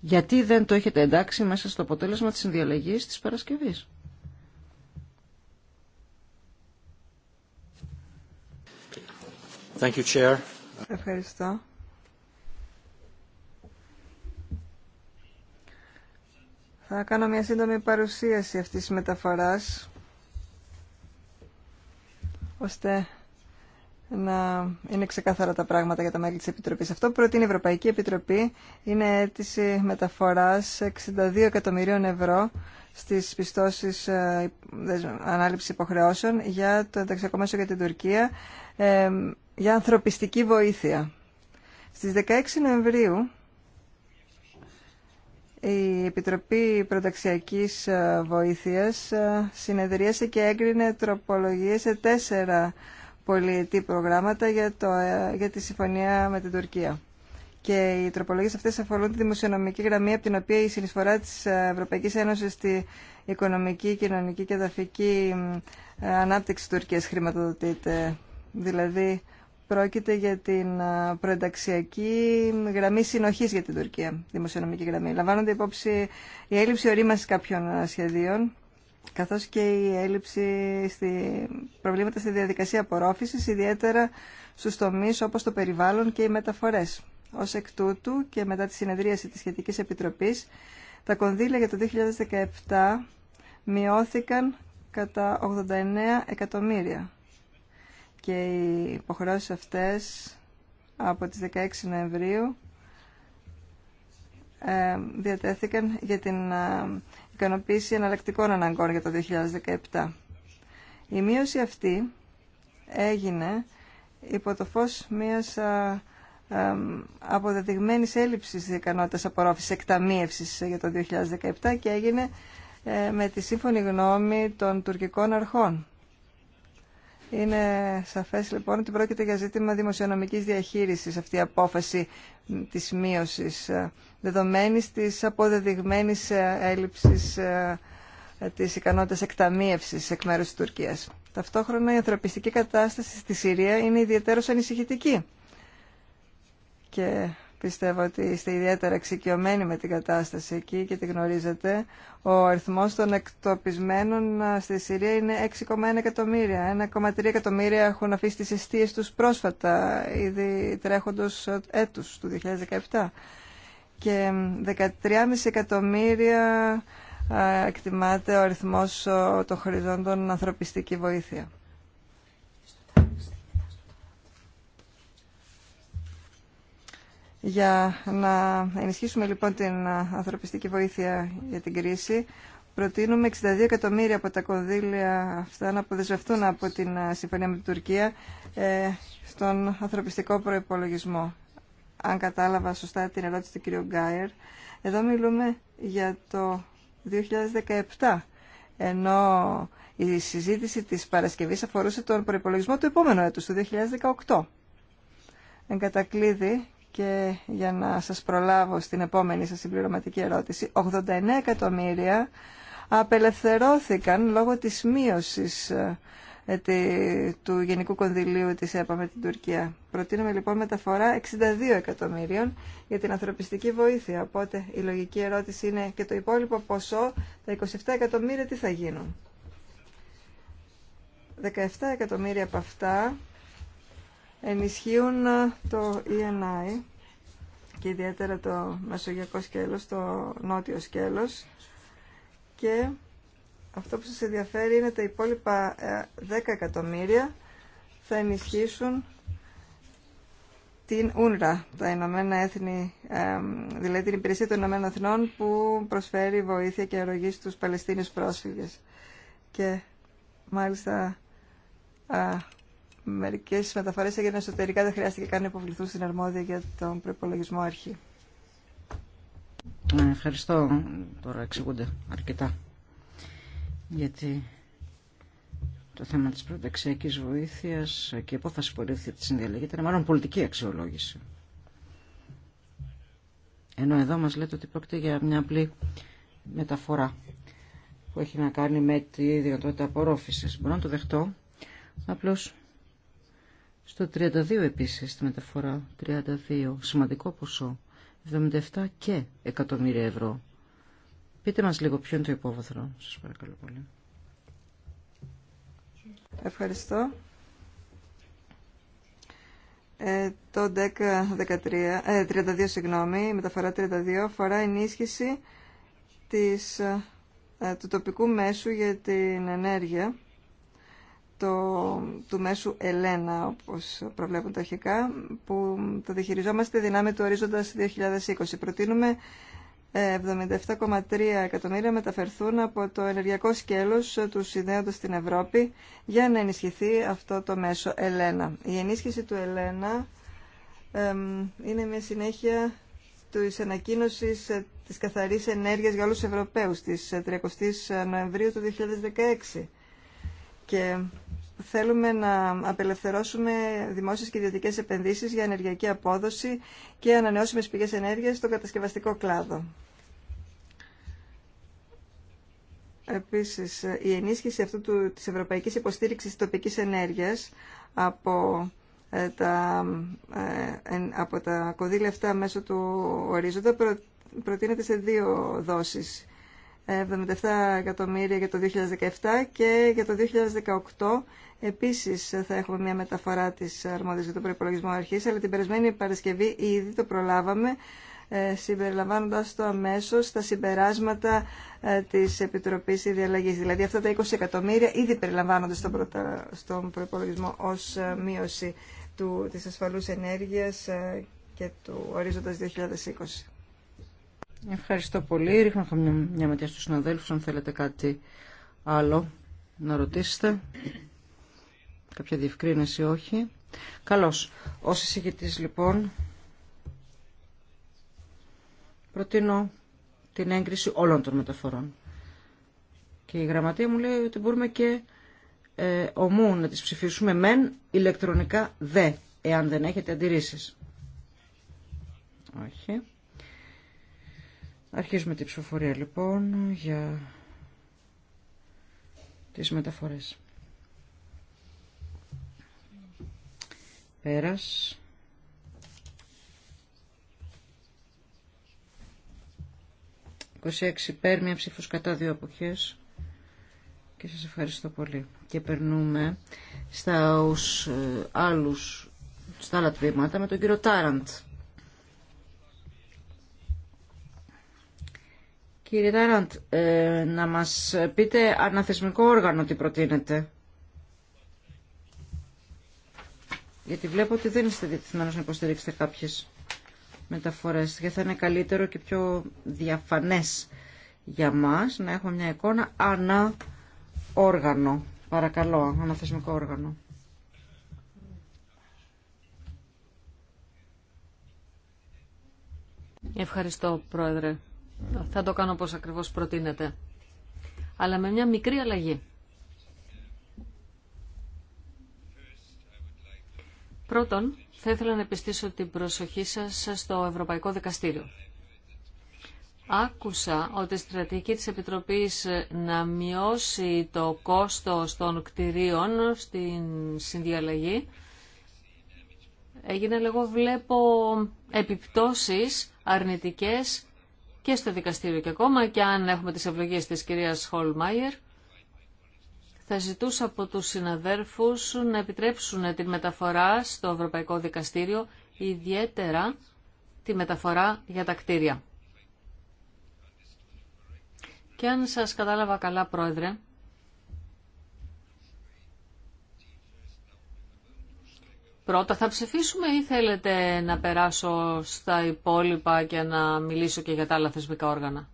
Γιατί δεν το έχετε εντάξει μέσα στο αποτέλεσμα της συνδιαλλαγής της Παρασκευής. Chair. Ευχαριστώ. Θα κάνω μια σύντομη παρουσίαση αυτής της μεταφοράς ώστε να είναι ξεκάθαρα τα πράγματα για τα μέλη της Επιτροπής. Αυτό που προτείνει η Ευρωπαϊκή Επιτροπή είναι αίτηση μεταφοράς 62 εκατομμυρίων ευρώ στις πιστώσεις ε, ανάληψη υποχρεώσεων για το ενταξιακό μέσο για την Τουρκία ε, για ανθρωπιστική βοήθεια. Στις 16 Νοεμβρίου η Επιτροπή Προταξιακής ε, Βοήθειας ε, συνεδρίασε και έγκρινε τροπολογίες σε τέσσερα πολυετή προγράμματα για, το, ε, για τη συμφωνία με την Τουρκία. Και οι τροπολογίες αυτές αφορούν τη δημοσιονομική γραμμή από την οποία η συνεισφορά της Ευρωπαϊκής Ένωσης στη οικονομική, κοινωνική και ταφική ανάπτυξη Τουρκίας χρηματοδοτείται. Δηλαδή Πρόκειται για την προενταξιακή γραμμή συνοχή για την Τουρκία, δημοσιονομική γραμμή. Λαμβάνονται υπόψη η έλλειψη ορίμαση κάποιων σχεδίων, καθώ και η έλλειψη στη... προβλήματα στη διαδικασία απορρόφηση, ιδιαίτερα στου τομεί όπω το περιβάλλον και οι μεταφορέ. Ω εκ τούτου και μετά τη συνεδρίαση τη σχετική επιτροπή, τα κονδύλια για το 2017 μειώθηκαν κατά 89 εκατομμύρια και οι υποχρεώσεις αυτές από τις 16 Νοεμβρίου ε, διατέθηκαν για την ε, ικανοποίηση εναλλακτικών αναγκών για το 2017. Η μείωση αυτή έγινε υπό το φως μιας ε, αποδεδειγμένης έλλειψης ικανότητας απορρόφησης εκταμίευσης για το 2017 και έγινε με τη σύμφωνη γνώμη των τουρκικών αρχών. Είναι σαφές λοιπόν ότι πρόκειται για ζήτημα δημοσιονομικής διαχείρισης αυτή η απόφαση της μείωσης ε, δεδομένης της αποδεδειγμένης ε, έλλειψης ε, της ικανότητας εκταμίευσης εκ μέρους της Τουρκίας. Ταυτόχρονα η ανθρωπιστική κατάσταση στη Συρία είναι ιδιαίτερως ανησυχητική και Πιστεύω ότι είστε ιδιαίτερα εξοικειωμένοι με την κατάσταση εκεί και τη γνωρίζετε. Ο αριθμό των εκτοπισμένων στη Συρία είναι 6,1 εκατομμύρια. 1,3 εκατομμύρια έχουν αφήσει τι αιστείε του πρόσφατα, ήδη τρέχοντο έτου του 2017. Και 13,5 εκατομμύρια εκτιμάται ο αριθμό των χρηζών των ανθρωπιστική βοήθεια. Για να ενισχύσουμε λοιπόν την ανθρωπιστική βοήθεια για την κρίση, προτείνουμε 62 εκατομμύρια από τα κονδύλια αυτά να αποδεσμευτούν από την ε, συμφωνία με την Τουρκία ε, στον ανθρωπιστικό προϋπολογισμό. Αν κατάλαβα σωστά την ερώτηση του κ. Γκάιερ, εδώ μιλούμε για το 2017, ενώ η συζήτηση της Παρασκευής αφορούσε τον προϋπολογισμό του επόμενου έτους, του 2018. Εν κατακλείδη, και για να σας προλάβω στην επόμενη σας συμπληρωματική ερώτηση, 89 εκατομμύρια απελευθερώθηκαν λόγω της μείωσης ε, του Γενικού Κονδυλίου της ΕΠΑ με την Τουρκία. Προτείνουμε λοιπόν μεταφορά 62 εκατομμύριων για την ανθρωπιστική βοήθεια. Οπότε η λογική ερώτηση είναι και το υπόλοιπο ποσό, τα 27 εκατομμύρια τι θα γίνουν. 17 εκατομμύρια από αυτά ενισχύουν ε, το ENI και ιδιαίτερα το μεσογειακό σκέλος, το νότιο σκέλος και αυτό που σας ενδιαφέρει είναι τα υπόλοιπα 10 ε, εκατομμύρια θα ενισχύσουν την UNRWA, τα Ηνωμένα Έθνη, ε, δηλαδή την υπηρεσία των Ηνωμένων Εθνών που προσφέρει βοήθεια και αρρωγή στους Παλαιστίνιους πρόσφυγες. Και μάλιστα Μερικέ μεταφορέ έγιναν εσωτερικά, δεν χρειάστηκε καν να υποβληθούν στην αρμόδια για τον προπολογισμό αρχή. Ε, ευχαριστώ. Τώρα εξηγούνται αρκετά. Γιατί το θέμα τη πρωταξιακής βοήθεια και η απόφαση που από τη συνδιαλλαγή ήταν μάλλον πολιτική αξιολόγηση. Ενώ εδώ μα λέτε ότι πρόκειται για μια απλή μεταφορά που έχει να κάνει με τη δυνατότητα απορρόφηση. Μπορώ να το δεχτώ, Απλώ. Στο 32 επίσης τη μεταφορά 32, σημαντικό ποσό, 77 και εκατομμύρια ευρώ. Πείτε μας λίγο ποιο είναι το υπόβαθρο, σας παρακαλώ πολύ. Ευχαριστώ. Ε, το 10, 13, ε, 32, συγγνώμη, μεταφορά 32 αφορά ενίσχυση της, ε, του τοπικού μέσου για την ενέργεια το, του μέσου Ελένα, όπως προβλέπουν τα αρχικά, που το διχειριζόμαστε δυνάμει του ορίζοντας 2020. Προτείνουμε 77,3 ε, εκατομμύρια μεταφερθούν από το ενεργειακό σκέλος του συνδέοντος στην Ευρώπη για να ενισχυθεί αυτό το μέσο Ελένα. Η ενίσχυση του Ελένα είναι μια συνέχεια της ανακοίνωσης ε, της καθαρής ενέργειας για όλους τους Ευρωπαίους της 30 ε, Νοεμβρίου του 2016. Και θέλουμε να απελευθερώσουμε δημόσιες και ιδιωτικές επενδύσεις για ενεργειακή απόδοση και ανανεώσιμες πηγές ενέργειας στον κατασκευαστικό κλάδο. Επίσης, η ενίσχυση αυτού του, της ευρωπαϊκής υποστήριξης τοπικής ενέργειας από ε, τα, ε, από τα κονδύλια αυτά μέσω του ορίζοντα προ, προτείνεται σε δύο δόσεις. 77 εκατομμύρια για το 2017 και για το 2018 επίσης θα έχουμε μια μεταφορά της αρμόδιας για το προπολογισμό αρχής, αλλά την περασμένη Παρασκευή ήδη το προλάβαμε ε, συμπεριλαμβάνοντας το αμέσως στα συμπεράσματα ε, της Επιτροπής Ιδιαλλαγής. Δηλαδή αυτά τα 20 εκατομμύρια ήδη περιλαμβάνονται στον, προτα... προπολογισμό ως ε, μείωση του... της ασφαλούς ενέργειας και του ορίζοντας 2020. Ευχαριστώ πολύ. Ρίχνω μια, μια ματιά στους συναδέλφους αν θέλετε κάτι άλλο να ρωτήσετε. Κάποια διευκρίνηση όχι. Καλώς. Ως εισηγητής λοιπόν προτείνω την έγκριση όλων των μεταφορών. Και η γραμματεία μου λέει ότι μπορούμε και ε, ομού να τις ψηφίσουμε μεν ηλεκτρονικά δε, εάν δεν έχετε αντιρρήσεις. Όχι. Αρχίζουμε την ψηφοφορία λοιπόν για τις μεταφορές. Πέρας. 26. μία ψήφο κατά δύο αποχές και σας ευχαριστώ πολύ. Και περνούμε στα ε, άλλους, στα άλλα τμήματα με τον κύριο Τάραντ. Κύριε Τάραντ, ε, να μας πείτε αναθεσμικό όργανο τι προτείνετε. Γιατί βλέπω ότι δεν είστε διατεθειμένος να υποστηρίξετε κάποιες μεταφορές και θα είναι καλύτερο και πιο διαφανές για μας να έχουμε μια εικόνα ανά όργανο. Παρακαλώ, αναθεσμικό όργανο. Ευχαριστώ, Πρόεδρε. Θα το κάνω όπως ακριβώς προτείνεται. Αλλά με μια μικρή αλλαγή. Πρώτον, θα ήθελα να επιστήσω την προσοχή σας στο Ευρωπαϊκό Δικαστήριο. Άκουσα ότι η στρατηγική της Επιτροπής να μειώσει το κόστος των κτηρίων στην συνδιαλλαγή έγινε, λέγω, βλέπω επιπτώσεις αρνητικές και στο δικαστήριο και ακόμα και αν έχουμε τις ευλογίες της κυρίας Χολμάιερ θα ζητούσα από τους συναδέρφους να επιτρέψουν τη μεταφορά στο Ευρωπαϊκό Δικαστήριο ιδιαίτερα τη μεταφορά για τα κτίρια. Και αν σας κατάλαβα καλά, Πρόεδρε, πρώτα θα ψηφίσουμε ή θέλετε να περάσω στα υπόλοιπα και να μιλήσω και για τα άλλα θεσμικά όργανα.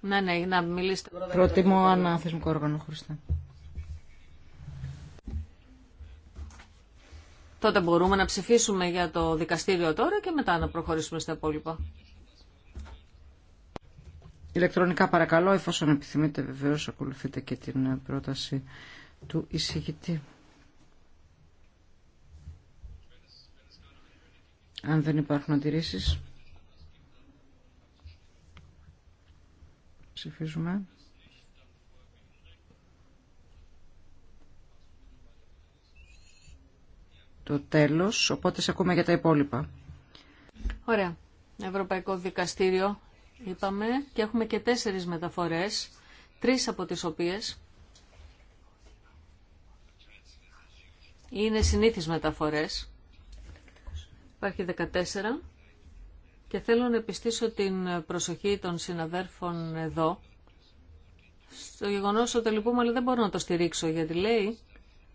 Ναι, ναι, να μιλήσετε Προτιμώ ένα θεσμικό όργανο, Τότε μπορούμε να ψηφίσουμε για το δικαστήριο τώρα και μετά να προχωρήσουμε στα υπόλοιπα. Ηλεκτρονικά παρακαλώ, εφόσον επιθυμείτε βεβαίως ακολουθείτε και την πρόταση του εισηγητή. Αν δεν υπάρχουν αντιρρήσεις, ψηφίζουμε. Το τέλος, οπότε σε ακούμε για τα υπόλοιπα. Ωραία. Ευρωπαϊκό Δικαστήριο, είπαμε, και έχουμε και τέσσερις μεταφορές, τρεις από τις οποίες είναι συνήθεις μεταφορές. Υπάρχει 14 και θέλω να επιστήσω την προσοχή των συναδέρφων εδώ στο γεγονό ότι λυπούμε αλλά δεν μπορώ να το στηρίξω γιατί λέει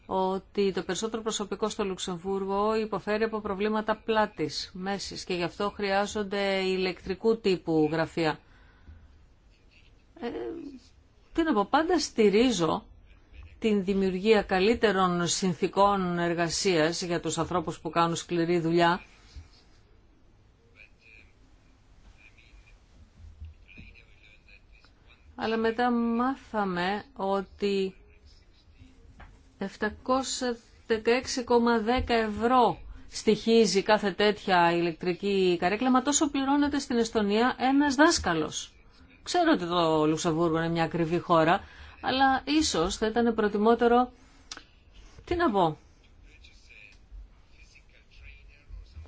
ότι το περισσότερο προσωπικό στο Λουξεμβούργο υποφέρει από προβλήματα πλάτης, μέσης και γι' αυτό χρειάζονται ηλεκτρικού τύπου γραφεία. Ε, τι να πω, πάντα στηρίζω την δημιουργία καλύτερων συνθήκων εργασίας για τους ανθρώπους που κάνουν σκληρή δουλειά αλλά μετά μάθαμε ότι 716,10 ευρώ στοιχίζει κάθε τέτοια ηλεκτρική καρέκλα, μα τόσο πληρώνεται στην Εστονία ένας δάσκαλος. Ξέρω ότι το Λουξεμβούργο είναι μια ακριβή χώρα, αλλά ίσως θα ήταν προτιμότερο, τι να πω,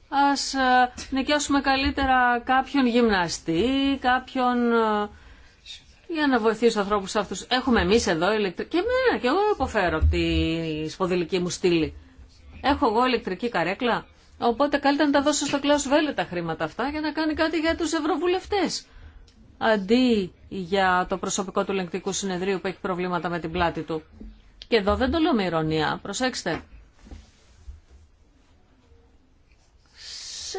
ας ε, νοικιάσουμε καλύτερα κάποιον γυμναστή, κάποιον ε, για να βοηθήσω του ανθρώπου αυτού. Έχουμε εμεί εδώ ηλεκτρική. Και εμένα, εγώ υποφέρω από τη σποδηλική μου στήλη. Έχω εγώ ηλεκτρική καρέκλα. Οπότε καλύτερα να τα δώσω στο Κλάου Βέλε τα χρήματα αυτά για να κάνει κάτι για του ευρωβουλευτέ. Αντί για το προσωπικό του ελεγκτικού συνεδρίου που έχει προβλήματα με την πλάτη του. Και εδώ δεν το λέω με ηρωνία. Προσέξτε. Σε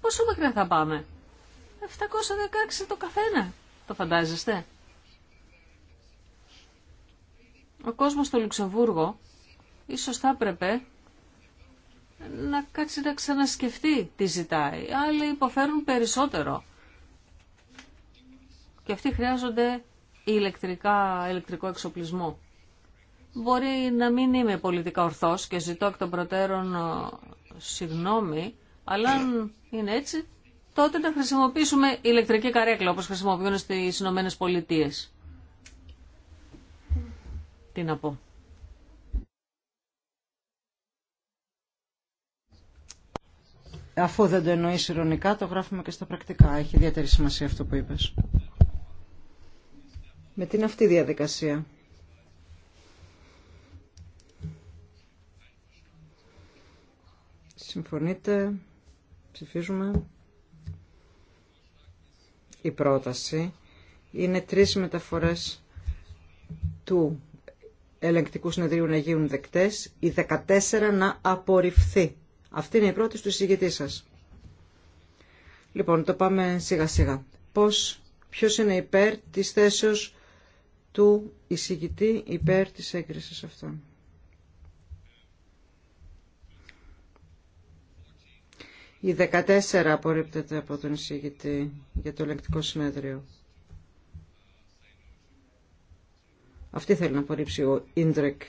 πόσο μακριά θα πάμε. 716 το καθένα. Το φαντάζεστε ο κόσμος στο Λουξεμβούργο ίσως θα έπρεπε να κάτσει να ξανασκεφτεί τι ζητάει. Άλλοι υποφέρουν περισσότερο. Και αυτοί χρειάζονται ηλεκτρικά, ηλεκτρικό εξοπλισμό. Μπορεί να μην είμαι πολιτικά ορθός και ζητώ εκ των προτέρων ε, συγγνώμη, αλλά αν είναι έτσι, τότε να χρησιμοποιήσουμε ηλεκτρική καρέκλα όπως χρησιμοποιούν στις Ηνωμένε Πολιτείες. Τι να πω. Αφού δεν το εννοείς ηρωνικά, το γράφουμε και στα πρακτικά. Έχει ιδιαίτερη σημασία αυτό που είπες. Με την αυτή διαδικασία. Συμφωνείτε. Ψηφίζουμε. Η πρόταση είναι τρεις μεταφορές του ελεγκτικού συνεδρίου να γίνουν δεκτές, η 14 να απορριφθεί. Αυτή είναι η πρώτη του εισηγητή σα. Λοιπόν, το πάμε σιγά σιγά. Πώς, ποιος είναι υπέρ της θέσεως του εισηγητή υπέρ της έγκρισης αυτών. Η 14 απορρίπτεται από τον εισηγητή για το ελεγκτικό συνέδριο. Αυτή θέλει να απορρίψει ο Ίντρεκ.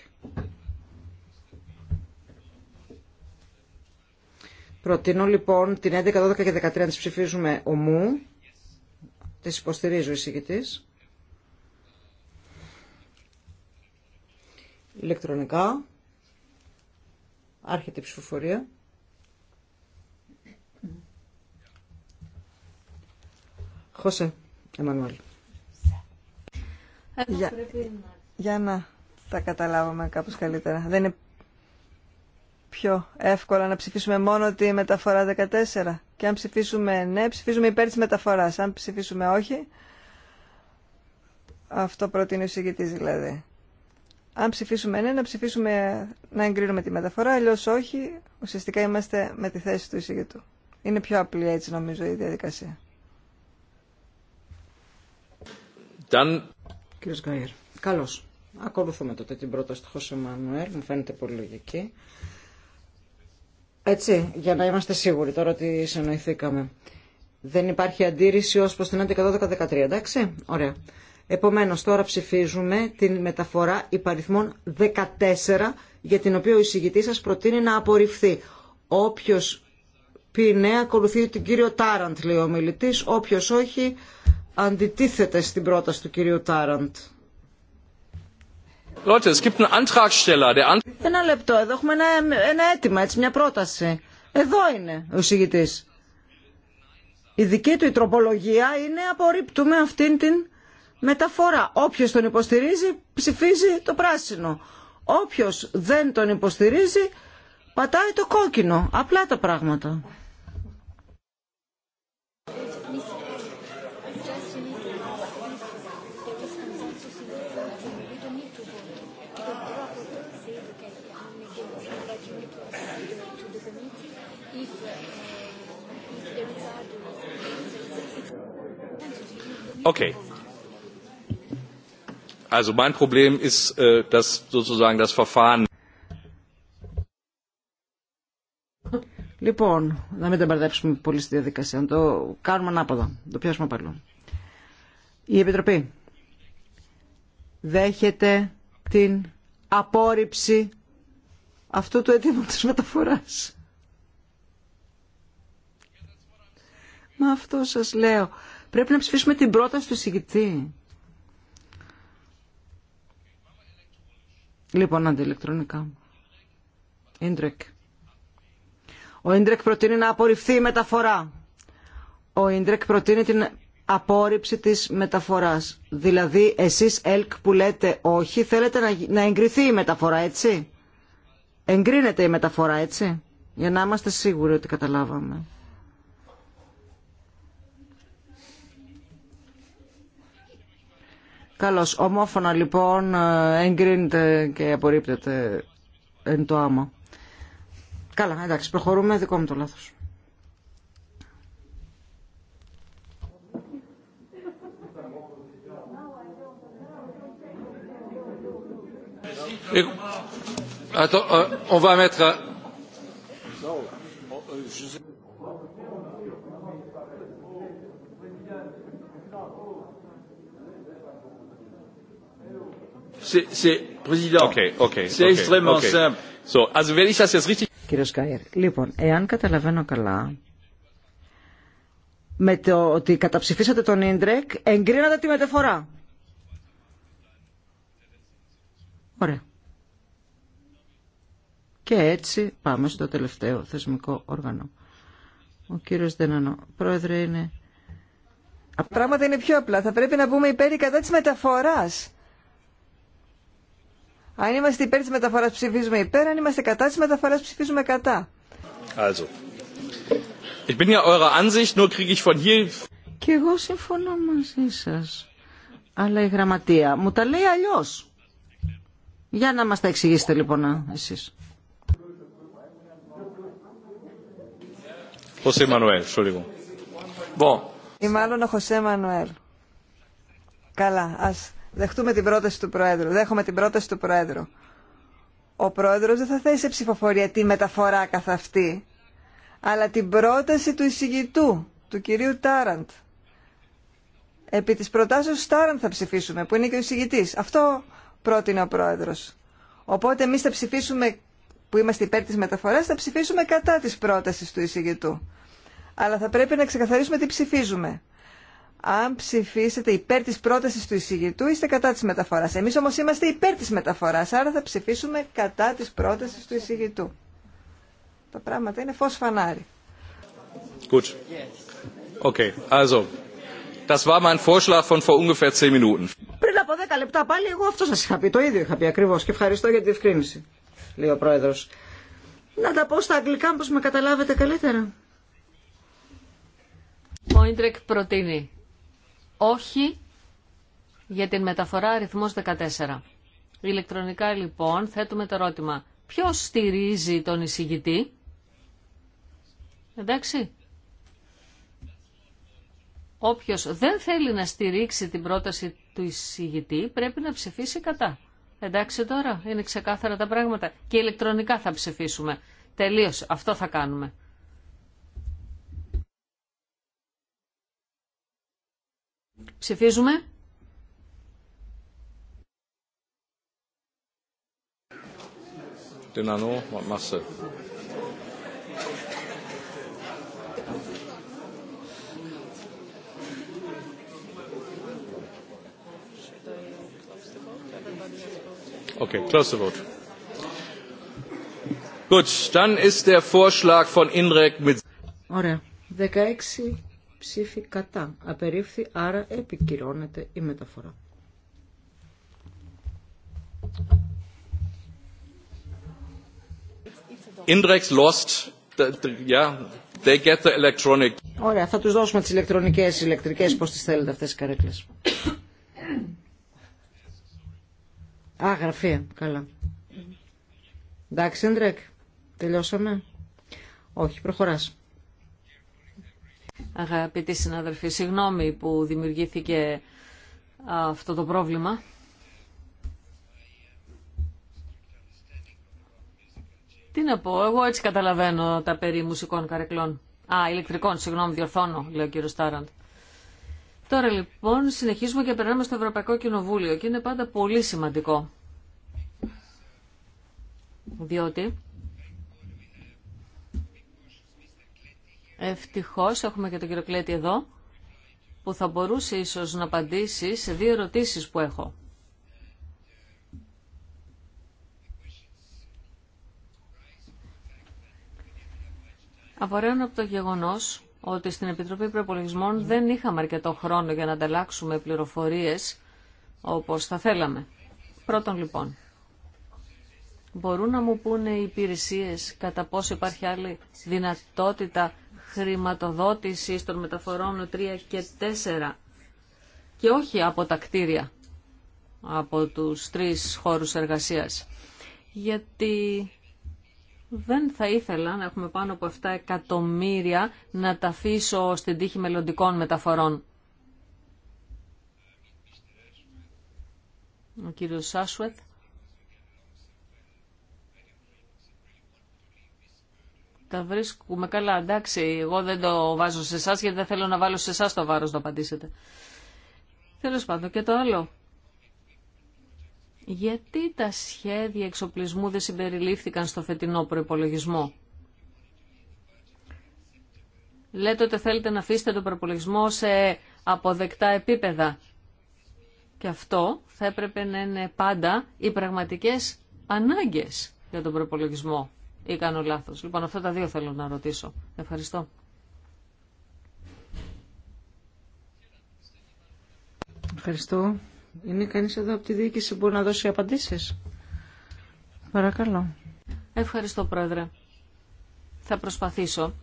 Προτείνω λοιπόν την 11, 12 και 13 να τις ψηφίζουμε ομού. Τις υποστηρίζω εισηγητής. Ηλεκτρονικά. Άρχεται η ψηφοφορία. Χωσέ Εμμανουέλ. Για, να τα καταλάβουμε κάπως καλύτερα. Δεν είναι πιο εύκολο να ψηφίσουμε μόνο τη μεταφορά 14. Και αν ψηφίσουμε ναι, ψηφίζουμε υπέρ της μεταφοράς. Αν ψηφίσουμε όχι, αυτό προτείνει ο συγκητής δηλαδή. Αν ψηφίσουμε ναι, να ψηφίσουμε να εγκρίνουμε τη μεταφορά, αλλιώ όχι, ουσιαστικά είμαστε με τη θέση του εισηγητού. Είναι πιο απλή έτσι νομίζω η διαδικασία. Dann κύριο Γκάιερ. Καλώ. Ακολουθούμε τότε την πρόταση του Χωσέ Μανουέλ. Μου φαίνεται πολύ λογική. Έτσι, για να είμαστε σίγουροι τώρα ότι συνοηθήκαμε. Δεν υπάρχει αντίρρηση ω προς την 11-12-13, εντάξει. Ωραία. ωραια Επομένω, τώρα ψηφίζουμε την μεταφορά υπαριθμών 14, για την οποία ο εισηγητή σα προτείνει να απορριφθεί. όποιο πει ναι, ακολουθεί την κύριο Τάραντ, λέει ο μιλητή. Όποιο όχι, αντιτίθεται στην πρόταση του κυρίου Τάραντ. Ένα λεπτό, εδώ έχουμε ένα, ένα αίτημα, έτσι, μια πρόταση. Εδώ είναι ο συγητής. Η δική του η τροπολογία είναι απορρίπτουμε αυτήν την μεταφορά. Όποιο τον υποστηρίζει ψηφίζει το πράσινο. Όποιο δεν τον υποστηρίζει πατάει το κόκκινο. Απλά τα πράγματα. Λοιπόν, να μην τα μπερδέψουμε πολύ στη διαδικασία, το κάνουμε ανάποδα, το πιάσουμε παλιό. Η Επιτροπή δέχεται την απόρριψη αυτού του αιτήματος μεταφοράς. Μα αυτό σας λέω. Πρέπει να ψηφίσουμε την πρόταση του εισηγητή. Λοιπόν, αντιελεκτρονικά. Ίντρεκ. Ο Ίντρεκ προτείνει να απορριφθεί η μεταφορά. Ο Ίντρεκ προτείνει την απόρριψη της μεταφοράς. Δηλαδή, εσείς ΕΛΚ που λέτε όχι, θέλετε να, να εγκριθεί η μεταφορά, έτσι. Εγκρίνεται η μεταφορά, έτσι. Για να είμαστε σίγουροι ότι καταλάβαμε. Καλώς, ομόφωνα λοιπόν ε, εγκρίνεται και απορρίπτεται εν το άμα. Καλά, εντάξει, προχωρούμε, δικό μου το λάθος. Attends, euh, on va mettre... C'est Κύριο Σκάιερ, λοιπόν, εάν καταλαβαίνω καλά, με το ότι καταψηφίσατε τον Ίντρεκ, εγκρίνατε τη μεταφορά. Ωραία. Και έτσι πάμε στο τελευταίο θεσμικό όργανο. Ο κύριος Δενανό, πρόεδρε, είναι... Πράγματα είναι πιο απλά. Θα πρέπει να πούμε υπέρ ή κατά της μεταφοράς. Αν είμαστε υπέρ της μεταφοράς ψηφίζουμε υπέρ, αν είμαστε κατά της μεταφοράς ψηφίζουμε κατά. Also. Ich bin ja eurer Ansicht, nur kriege ich von hier... Και εγώ συμφωνώ μαζί σας. Αλλά η γραμματεία μου τα λέει αλλιώς. Για να μας τα εξηγήσετε λοιπόν εσείς. José Manuel, Bon. Ή μάλλον ο Χωσέ Μανουέλ. Καλά, ας Δεχτούμε την πρόταση του Πρόεδρου. Δέχομαι την πρόταση του Πρόεδρου. Ο Πρόεδρος δεν θα θέσει σε ψηφοφορία τη μεταφορά καθ' αυτή, αλλά την πρόταση του εισηγητού, του κυρίου Τάραντ. Επί της προτάσεως Τάραντ θα ψηφίσουμε, που είναι και ο εισηγητής. Αυτό πρότεινε ο Πρόεδρος. Οπότε εμείς θα ψηφίσουμε, που είμαστε υπέρ της μεταφοράς, θα ψηφίσουμε κατά της πρότασης του εισηγητού. Αλλά θα πρέπει να ξεκαθαρίσουμε τι ψηφίζουμε αν ψηφίσετε υπέρ της πρότασης του εισηγητού, είστε κατά της μεταφοράς. Εμείς όμως είμαστε υπέρ της μεταφοράς, άρα θα ψηφίσουμε κατά της πρότασης του εισηγητού. Τα πράγματα είναι φως φανάρι. Okay, also, das war mein Vorschlag von vor ungefähr 10 Minuten. Πριν από 10 λεπτά πάλι εγώ αυτό σας είχα πει, το ίδιο είχα πει ακριβώς και ευχαριστώ για τη διευκρίνηση, λέει ο Πρόεδρος. Να τα πω στα αγγλικά, πως με καταλάβετε καλύτερα. Μόιντρεκ προτείνει όχι για την μεταφορά αριθμός 14. Ηλεκτρονικά λοιπόν θέτουμε το ερώτημα ποιος στηρίζει τον εισηγητή. Εντάξει. Όποιος δεν θέλει να στηρίξει την πρόταση του εισηγητή πρέπει να ψηφίσει κατά. Εντάξει τώρα, είναι ξεκάθαρα τα πράγματα. Και ηλεκτρονικά θα ψηφίσουμε. Τελείως, αυτό θα κάνουμε. Ψηφίζουμε. Den Anno, was Okay, close the vote. Gut, dann ist der Vorschlag von INREC mit... Ωραία. 16 ψήφι κατά. Απερίφθη, άρα επικυρώνεται η μεταφορά. Indrex lost. Yeah, they get the electronic. Ωραία, θα τους δώσουμε τις ηλεκτρονικές, ηλεκτρικές, πώς τις θέλετε αυτές οι καρέκλες. Α, γραφεία, καλά. Εντάξει, Indrek, τελειώσαμε. Όχι, προχωράς. Αγαπητοί συναδελφοί, συγγνώμη που δημιουργήθηκε αυτό το πρόβλημα. Τι να πω, εγώ έτσι καταλαβαίνω τα περί μουσικών καρεκλών. Α, ηλεκτρικών, συγγνώμη, διορθώνω, λέει ο κύριο Τάραντ. Τώρα λοιπόν συνεχίζουμε και περνάμε στο Ευρωπαϊκό Κοινοβούλιο και είναι πάντα πολύ σημαντικό. Διότι Ευτυχώς έχουμε και τον κύριο Κλέτη εδώ, που θα μπορούσε ίσως να απαντήσει σε δύο ερωτήσεις που έχω. Απορρέουν από το γεγονός ότι στην Επιτροπή Προπολογισμών δεν είχαμε αρκετό χρόνο για να ανταλλάξουμε πληροφορίες όπως θα θέλαμε. Πρώτον λοιπόν, μπορούν να μου πούνε οι υπηρεσίες κατά πόσο υπάρχει άλλη δυνατότητα χρηματοδότηση των μεταφορών 3 και 4 και όχι από τα κτίρια, από τους τρεις χώρους εργασίας. Γιατί δεν θα ήθελα να έχουμε πάνω από 7 εκατομμύρια να τα αφήσω στην τύχη μελλοντικών μεταφορών. Ο κύριος Σάσουετ. τα βρίσκουμε καλά. Εντάξει, εγώ δεν το βάζω σε εσά γιατί δεν θέλω να βάλω σε εσά το βάρος να απαντήσετε. Τέλο πάντων και το άλλο. Γιατί τα σχέδια εξοπλισμού δεν συμπεριλήφθηκαν στο φετινό προπολογισμό. Λέτε ότι θέλετε να αφήσετε το προπολογισμό σε αποδεκτά επίπεδα. Και αυτό θα έπρεπε να είναι πάντα οι πραγματικές ανάγκες για τον προπολογισμό ή κάνω λάθος. Λοιπόν, αυτά τα δύο θέλω να ρωτήσω. Ευχαριστώ. Ευχαριστώ. Είναι κανείς εδώ από τη διοίκηση που μπορεί να δώσει απαντήσεις. Παρακαλώ. Ευχαριστώ, Πρόεδρε. Θα προσπαθήσω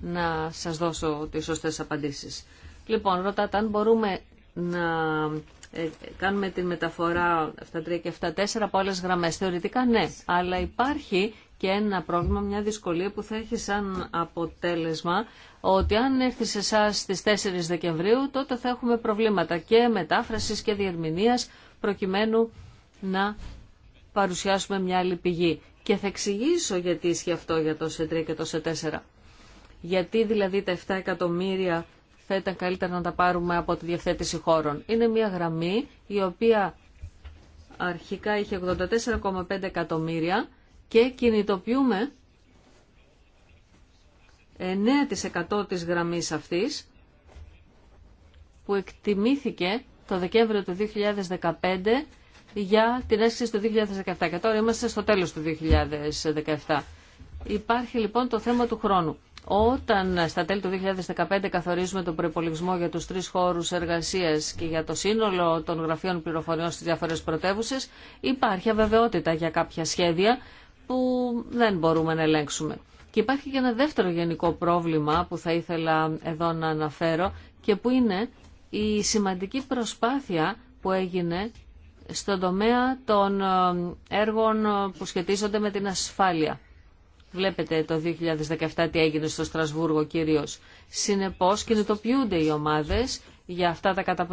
να σας δώσω τις σωστές απαντήσεις. Λοιπόν, ρωτάτε αν μπορούμε να ε, κάνουμε τη μεταφορά τρία και τέσσερα από άλλες γραμμές. Θεωρητικά ναι, αλλά υπάρχει και ένα πρόβλημα, μια δυσκολία που θα έχει σαν αποτέλεσμα ότι αν έρθει σε εσά στις 4 Δεκεμβρίου τότε θα έχουμε προβλήματα και μετάφρασης και διερμηνίας προκειμένου να παρουσιάσουμε μια άλλη πηγή. Και θα εξηγήσω γιατί ισχύει αυτό για το σε 3 και το σε 4. Γιατί δηλαδή τα 7 εκατομμύρια θα ήταν καλύτερα να τα πάρουμε από τη διευθέτηση χώρων. Είναι μια γραμμή η οποία αρχικά είχε 84,5 εκατομμύρια και κινητοποιούμε 9% της γραμμής αυτής που εκτιμήθηκε το Δεκέμβριο του 2015 για την αίσθηση του 2017 και τώρα είμαστε στο τέλος του 2017. Υπάρχει λοιπόν το θέμα του χρόνου. Όταν στα τέλη του 2015 καθορίζουμε τον προπολογισμό για τους τρεις χώρους εργασίας και για το σύνολο των γραφείων πληροφοριών στις διάφορες πρωτεύουσες, υπάρχει αβεβαιότητα για κάποια σχέδια που δεν μπορούμε να ελέγξουμε. Και υπάρχει και ένα δεύτερο γενικό πρόβλημα που θα ήθελα εδώ να αναφέρω και που είναι η σημαντική προσπάθεια που έγινε στον τομέα των ε, έργων που σχετίζονται με την ασφάλεια. Βλέπετε το 2017 τι έγινε στο Στρασβούργο κυρίως. Συνεπώς κινητοποιούνται οι ομάδες για αυτά τα κατά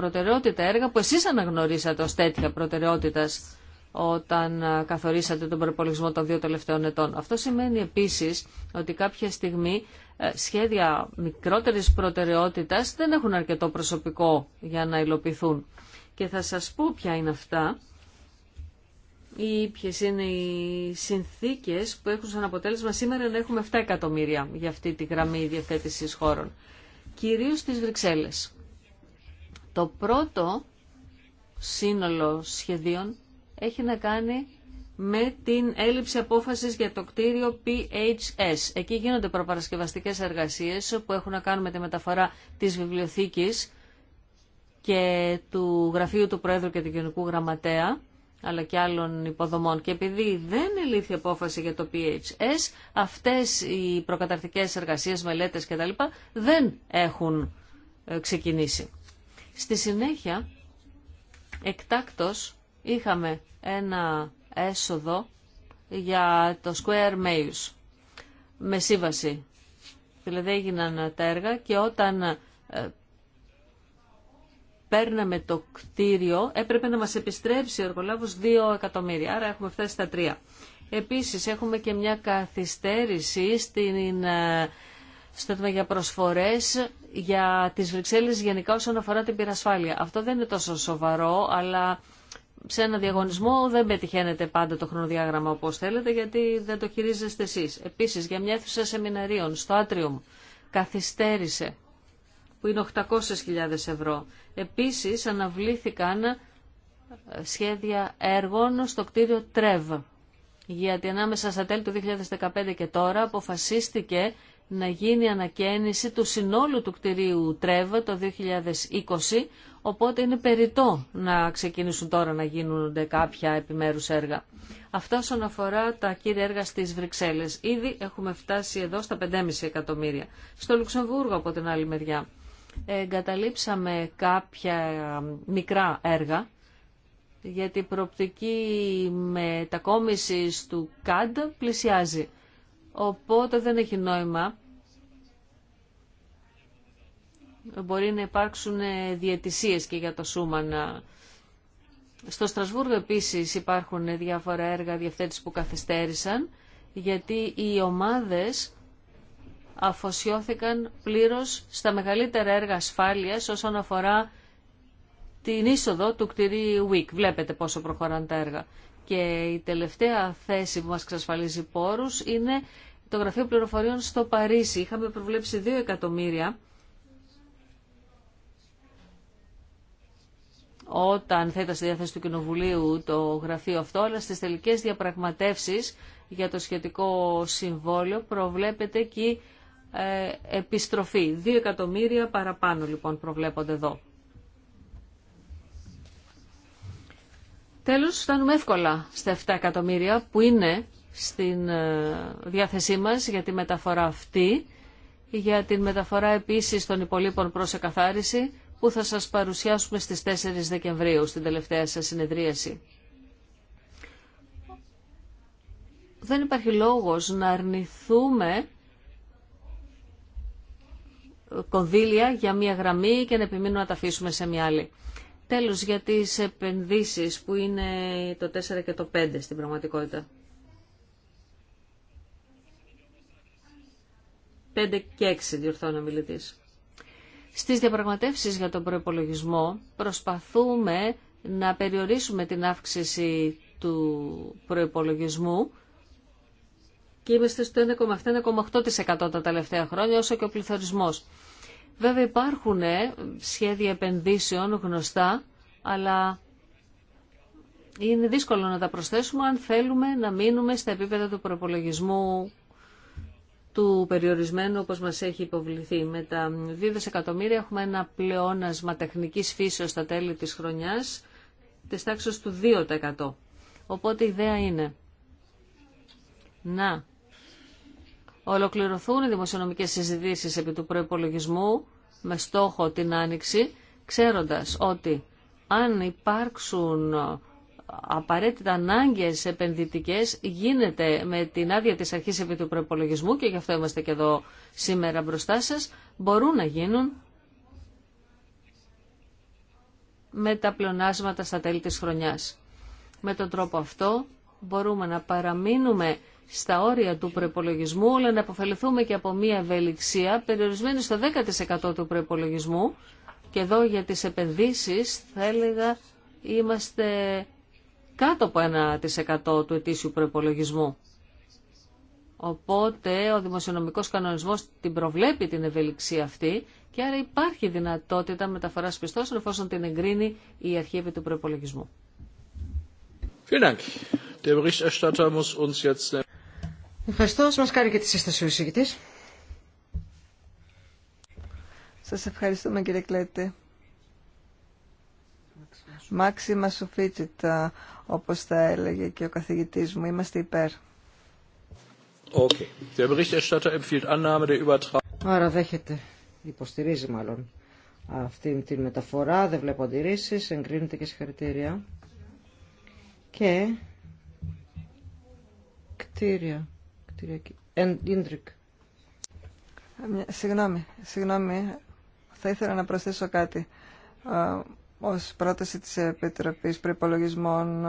έργα που εσείς αναγνωρίσατε ως τέτοια προτεραιότητας όταν ε, καθορίσατε τον προπολογισμό των δύο τελευταίων ετών. Αυτό σημαίνει επίσης ότι κάποια στιγμή ε, σχέδια μικρότερης προτεραιότητας δεν έχουν αρκετό προσωπικό για να υλοποιηθούν. Και θα σας πω ποια είναι αυτά ή ποιε είναι οι συνθήκες που έχουν σαν αποτέλεσμα σήμερα να έχουμε 7 εκατομμύρια για αυτή τη γραμμή διαθέτησης χώρων. Κυρίως στις Βρυξέλλες. Το πρώτο σύνολο σχεδίων έχει να κάνει με την έλλειψη απόφασης για το κτίριο PHS. Εκεί γίνονται προπαρασκευαστικές εργασίες που έχουν να κάνουν με τη μεταφορά της βιβλιοθήκης και του γραφείου του Πρόεδρου και του Γενικού Γραμματέα αλλά και άλλων υποδομών. Και επειδή δεν ελήφθη απόφαση για το PHS, αυτές οι προκαταρτικές εργασίες, μελέτες κτλ. δεν έχουν ε, ξεκινήσει. Στη συνέχεια, εκτάκτος, είχαμε ένα έσοδο για το Square Mails με σύμβαση. Δηλαδή έγιναν τα έργα και όταν ε, παίρναμε το κτίριο έπρεπε να μας επιστρέψει ο εργολάβος 2 εκατομμύρια, άρα έχουμε φτάσει στα 3. Επίσης έχουμε και μια καθυστέρηση στην, ε, στο για προσφορές για τις Βρυξέλλες γενικά όσον αφορά την πυρασφάλεια. Αυτό δεν είναι τόσο σοβαρό, αλλά σε ένα διαγωνισμό δεν πετυχαίνετε πάντα το χρονοδιάγραμμα όπως θέλετε γιατί δεν το χειρίζεστε εσεί. Επίσης για μια αίθουσα σεμιναρίων στο Άτριουμ καθυστέρησε που είναι 800.000 ευρώ. Επίσης αναβλήθηκαν ε, σχέδια έργων στο κτίριο Τρεβ γιατί ανάμεσα στα τέλη του 2015 και τώρα αποφασίστηκε να γίνει ανακαίνιση του συνόλου του κτηρίου Τρέβα το 2020, οπότε είναι περιττό να ξεκινήσουν τώρα να γίνονται κάποια επιμέρους έργα. Αυτά όσον αφορά τα κύρια έργα στις Βρυξέλλες. Ήδη έχουμε φτάσει εδώ στα 5,5 εκατομμύρια. Στο Λουξεμβούργο από την άλλη μεριά. Εγκαταλείψαμε κάποια μικρά έργα γιατί η προοπτική μετακόμισή του ΚΑΝΤ πλησιάζει. Οπότε δεν έχει νόημα. Μπορεί να υπάρξουν ε, διαιτησίες και για το Σούμαν. Στο Στρασβούργο επίσης υπάρχουν ε, διάφορα έργα διευθέτηση που καθυστέρησαν, γιατί οι ομάδες αφοσιώθηκαν πλήρως στα μεγαλύτερα έργα ασφάλειας όσον αφορά την είσοδο του κτηρίου WIC. Βλέπετε πόσο προχωράνε τα έργα. Και η τελευταία θέση που μας εξασφαλίζει πόρους είναι το Γραφείο Πληροφοριών στο Παρίσι. Είχαμε προβλέψει 2 εκατομμύρια όταν θέτασε στη διάθεση του Κοινοβουλίου το γραφείο αυτό, αλλά στις τελικές διαπραγματεύσεις για το σχετικό συμβόλαιο προβλέπεται και ε, επιστροφή. 2 εκατομμύρια παραπάνω λοιπόν προβλέπονται εδώ. Τέλος, φτάνουμε εύκολα στα 7 εκατομμύρια που είναι στην ε, διάθεσή μας για τη μεταφορά αυτή, για την μεταφορά επίσης των υπολείπων προς εκαθάριση που θα σας παρουσιάσουμε στις 4 Δεκεμβρίου στην τελευταία σας συνεδρίαση. Δεν υπάρχει λόγος να αρνηθούμε κονδύλια για μία γραμμή και να επιμείνουμε να τα αφήσουμε σε μία άλλη. Τέλος για τις επενδύσεις που είναι το 4 και το 5 στην πραγματικότητα. 5 και 6 Στις διαπραγματεύσεις για τον προϋπολογισμό προσπαθούμε να περιορίσουμε την αύξηση του προϋπολογισμού και είμαστε στο 1,7-1,8% τα τελευταία χρόνια όσο και ο πληθωρισμός. Βέβαια υπάρχουν ε, σχέδια επενδύσεων γνωστά, αλλά είναι δύσκολο να τα προσθέσουμε αν θέλουμε να μείνουμε στα επίπεδα του προπολογισμού του περιορισμένου όπως μας έχει υποβληθεί. Με τα 2 δισεκατομμύρια έχουμε ένα πλεόνασμα τεχνικής φύσεως στα τέλη της χρονιάς της τάξης του 2%. Οπότε η ιδέα είναι να ολοκληρωθούν οι δημοσιονομικές συζητήσεις επί του προϋπολογισμού με στόχο την άνοιξη, ξέροντας ότι αν υπάρξουν απαραίτητα ανάγκε επενδυτικές γίνεται με την άδεια της αρχής επί του προπολογισμού και γι' αυτό είμαστε και εδώ σήμερα μπροστά σας, μπορούν να γίνουν με τα πλονάσματα στα τέλη της χρονιάς. Με τον τρόπο αυτό μπορούμε να παραμείνουμε στα όρια του προπολογισμού, αλλά να αποφεληθούμε και από μια ευελιξία περιορισμένη στο 10% του προπολογισμού. Και εδώ για τις επενδύσεις θα έλεγα είμαστε κάτω από 1% του ετήσιου προπολογισμού. Οπότε ο δημοσιονομικός κανονισμός την προβλέπει την ευελιξία αυτή και άρα υπάρχει δυνατότητα μεταφοράς πιστώσεων εφόσον την εγκρίνει η αρχή επί του προπολογισμού. Ευχαριστώ. Μας κάνει και τη σύσταση ο εισηγητής. Σας ευχαριστούμε κύριε Κλέτη. Μάξιμα σουφίτσιτα, όπως θα έλεγε και ο καθηγητής μου. Είμαστε υπέρ. Okay. Άρα δέχεται, υποστηρίζει μάλλον αυτή την μεταφορά, δεν βλέπω αντιρρήσει, εγκρίνεται και συγχαρητήρια. Και κτίρια, κτίρια Συγγνώμη, συγγνώμη, θα ήθελα να προσθέσω κάτι ως πρόταση της Επιτροπής Προϋπολογισμών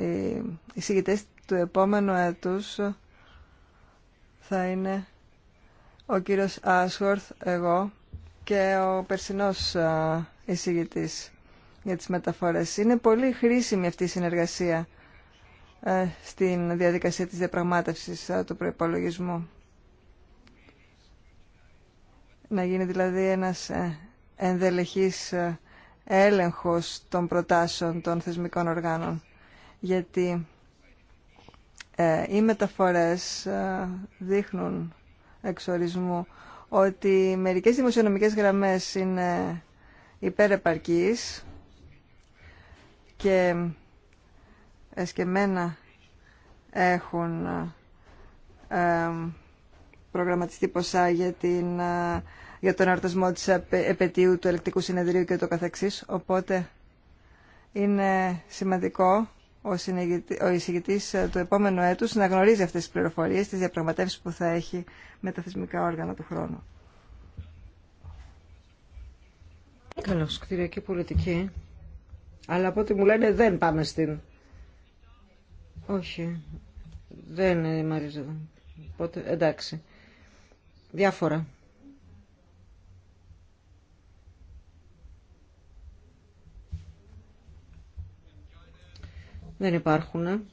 ε, οι εισηγητές του επόμενου έτους θα είναι ο κύριος Άσχορθ, εγώ και ο περσινός ε, εισηγητής για τις μεταφορές. Είναι πολύ χρήσιμη αυτή η συνεργασία ε, στην διαδικασία της διαπραγμάτευσης του προϋπολογισμού. Να γίνει δηλαδή ένας ενδελεχής έλεγχος των προτάσεων των θεσμικών οργάνων. Γιατί ε, οι μεταφορές ε, δείχνουν εξορισμού ότι μερικές δημοσιονομικές γραμμές είναι υπερεπαρκής και εσκεμένα έχουν ε, προγραμματιστεί ποσά για την για τον αρτασμό της επαιτίου του ελεκτικού συνεδρίου και το καθεξής. Οπότε είναι σημαντικό ο εισηγητής ε, του επόμενου έτους να γνωρίζει αυτές τις πληροφορίες, τις διαπραγματεύσεις που θα έχει με τα θεσμικά όργανα του χρόνου. Καλώς, κτηριακή πολιτική. Αλλά από ό,τι μου λένε δεν πάμε στην... Όχι, δεν είναι η Μαρίζα. Οπότε, εντάξει. Διάφορα. δεν υπάρχουν.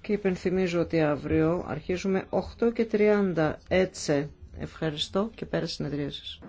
Και υπενθυμίζω ότι αύριο αρχίζουμε 8 και 30. Έτσι, ευχαριστώ και πέρα συνεδρίασης.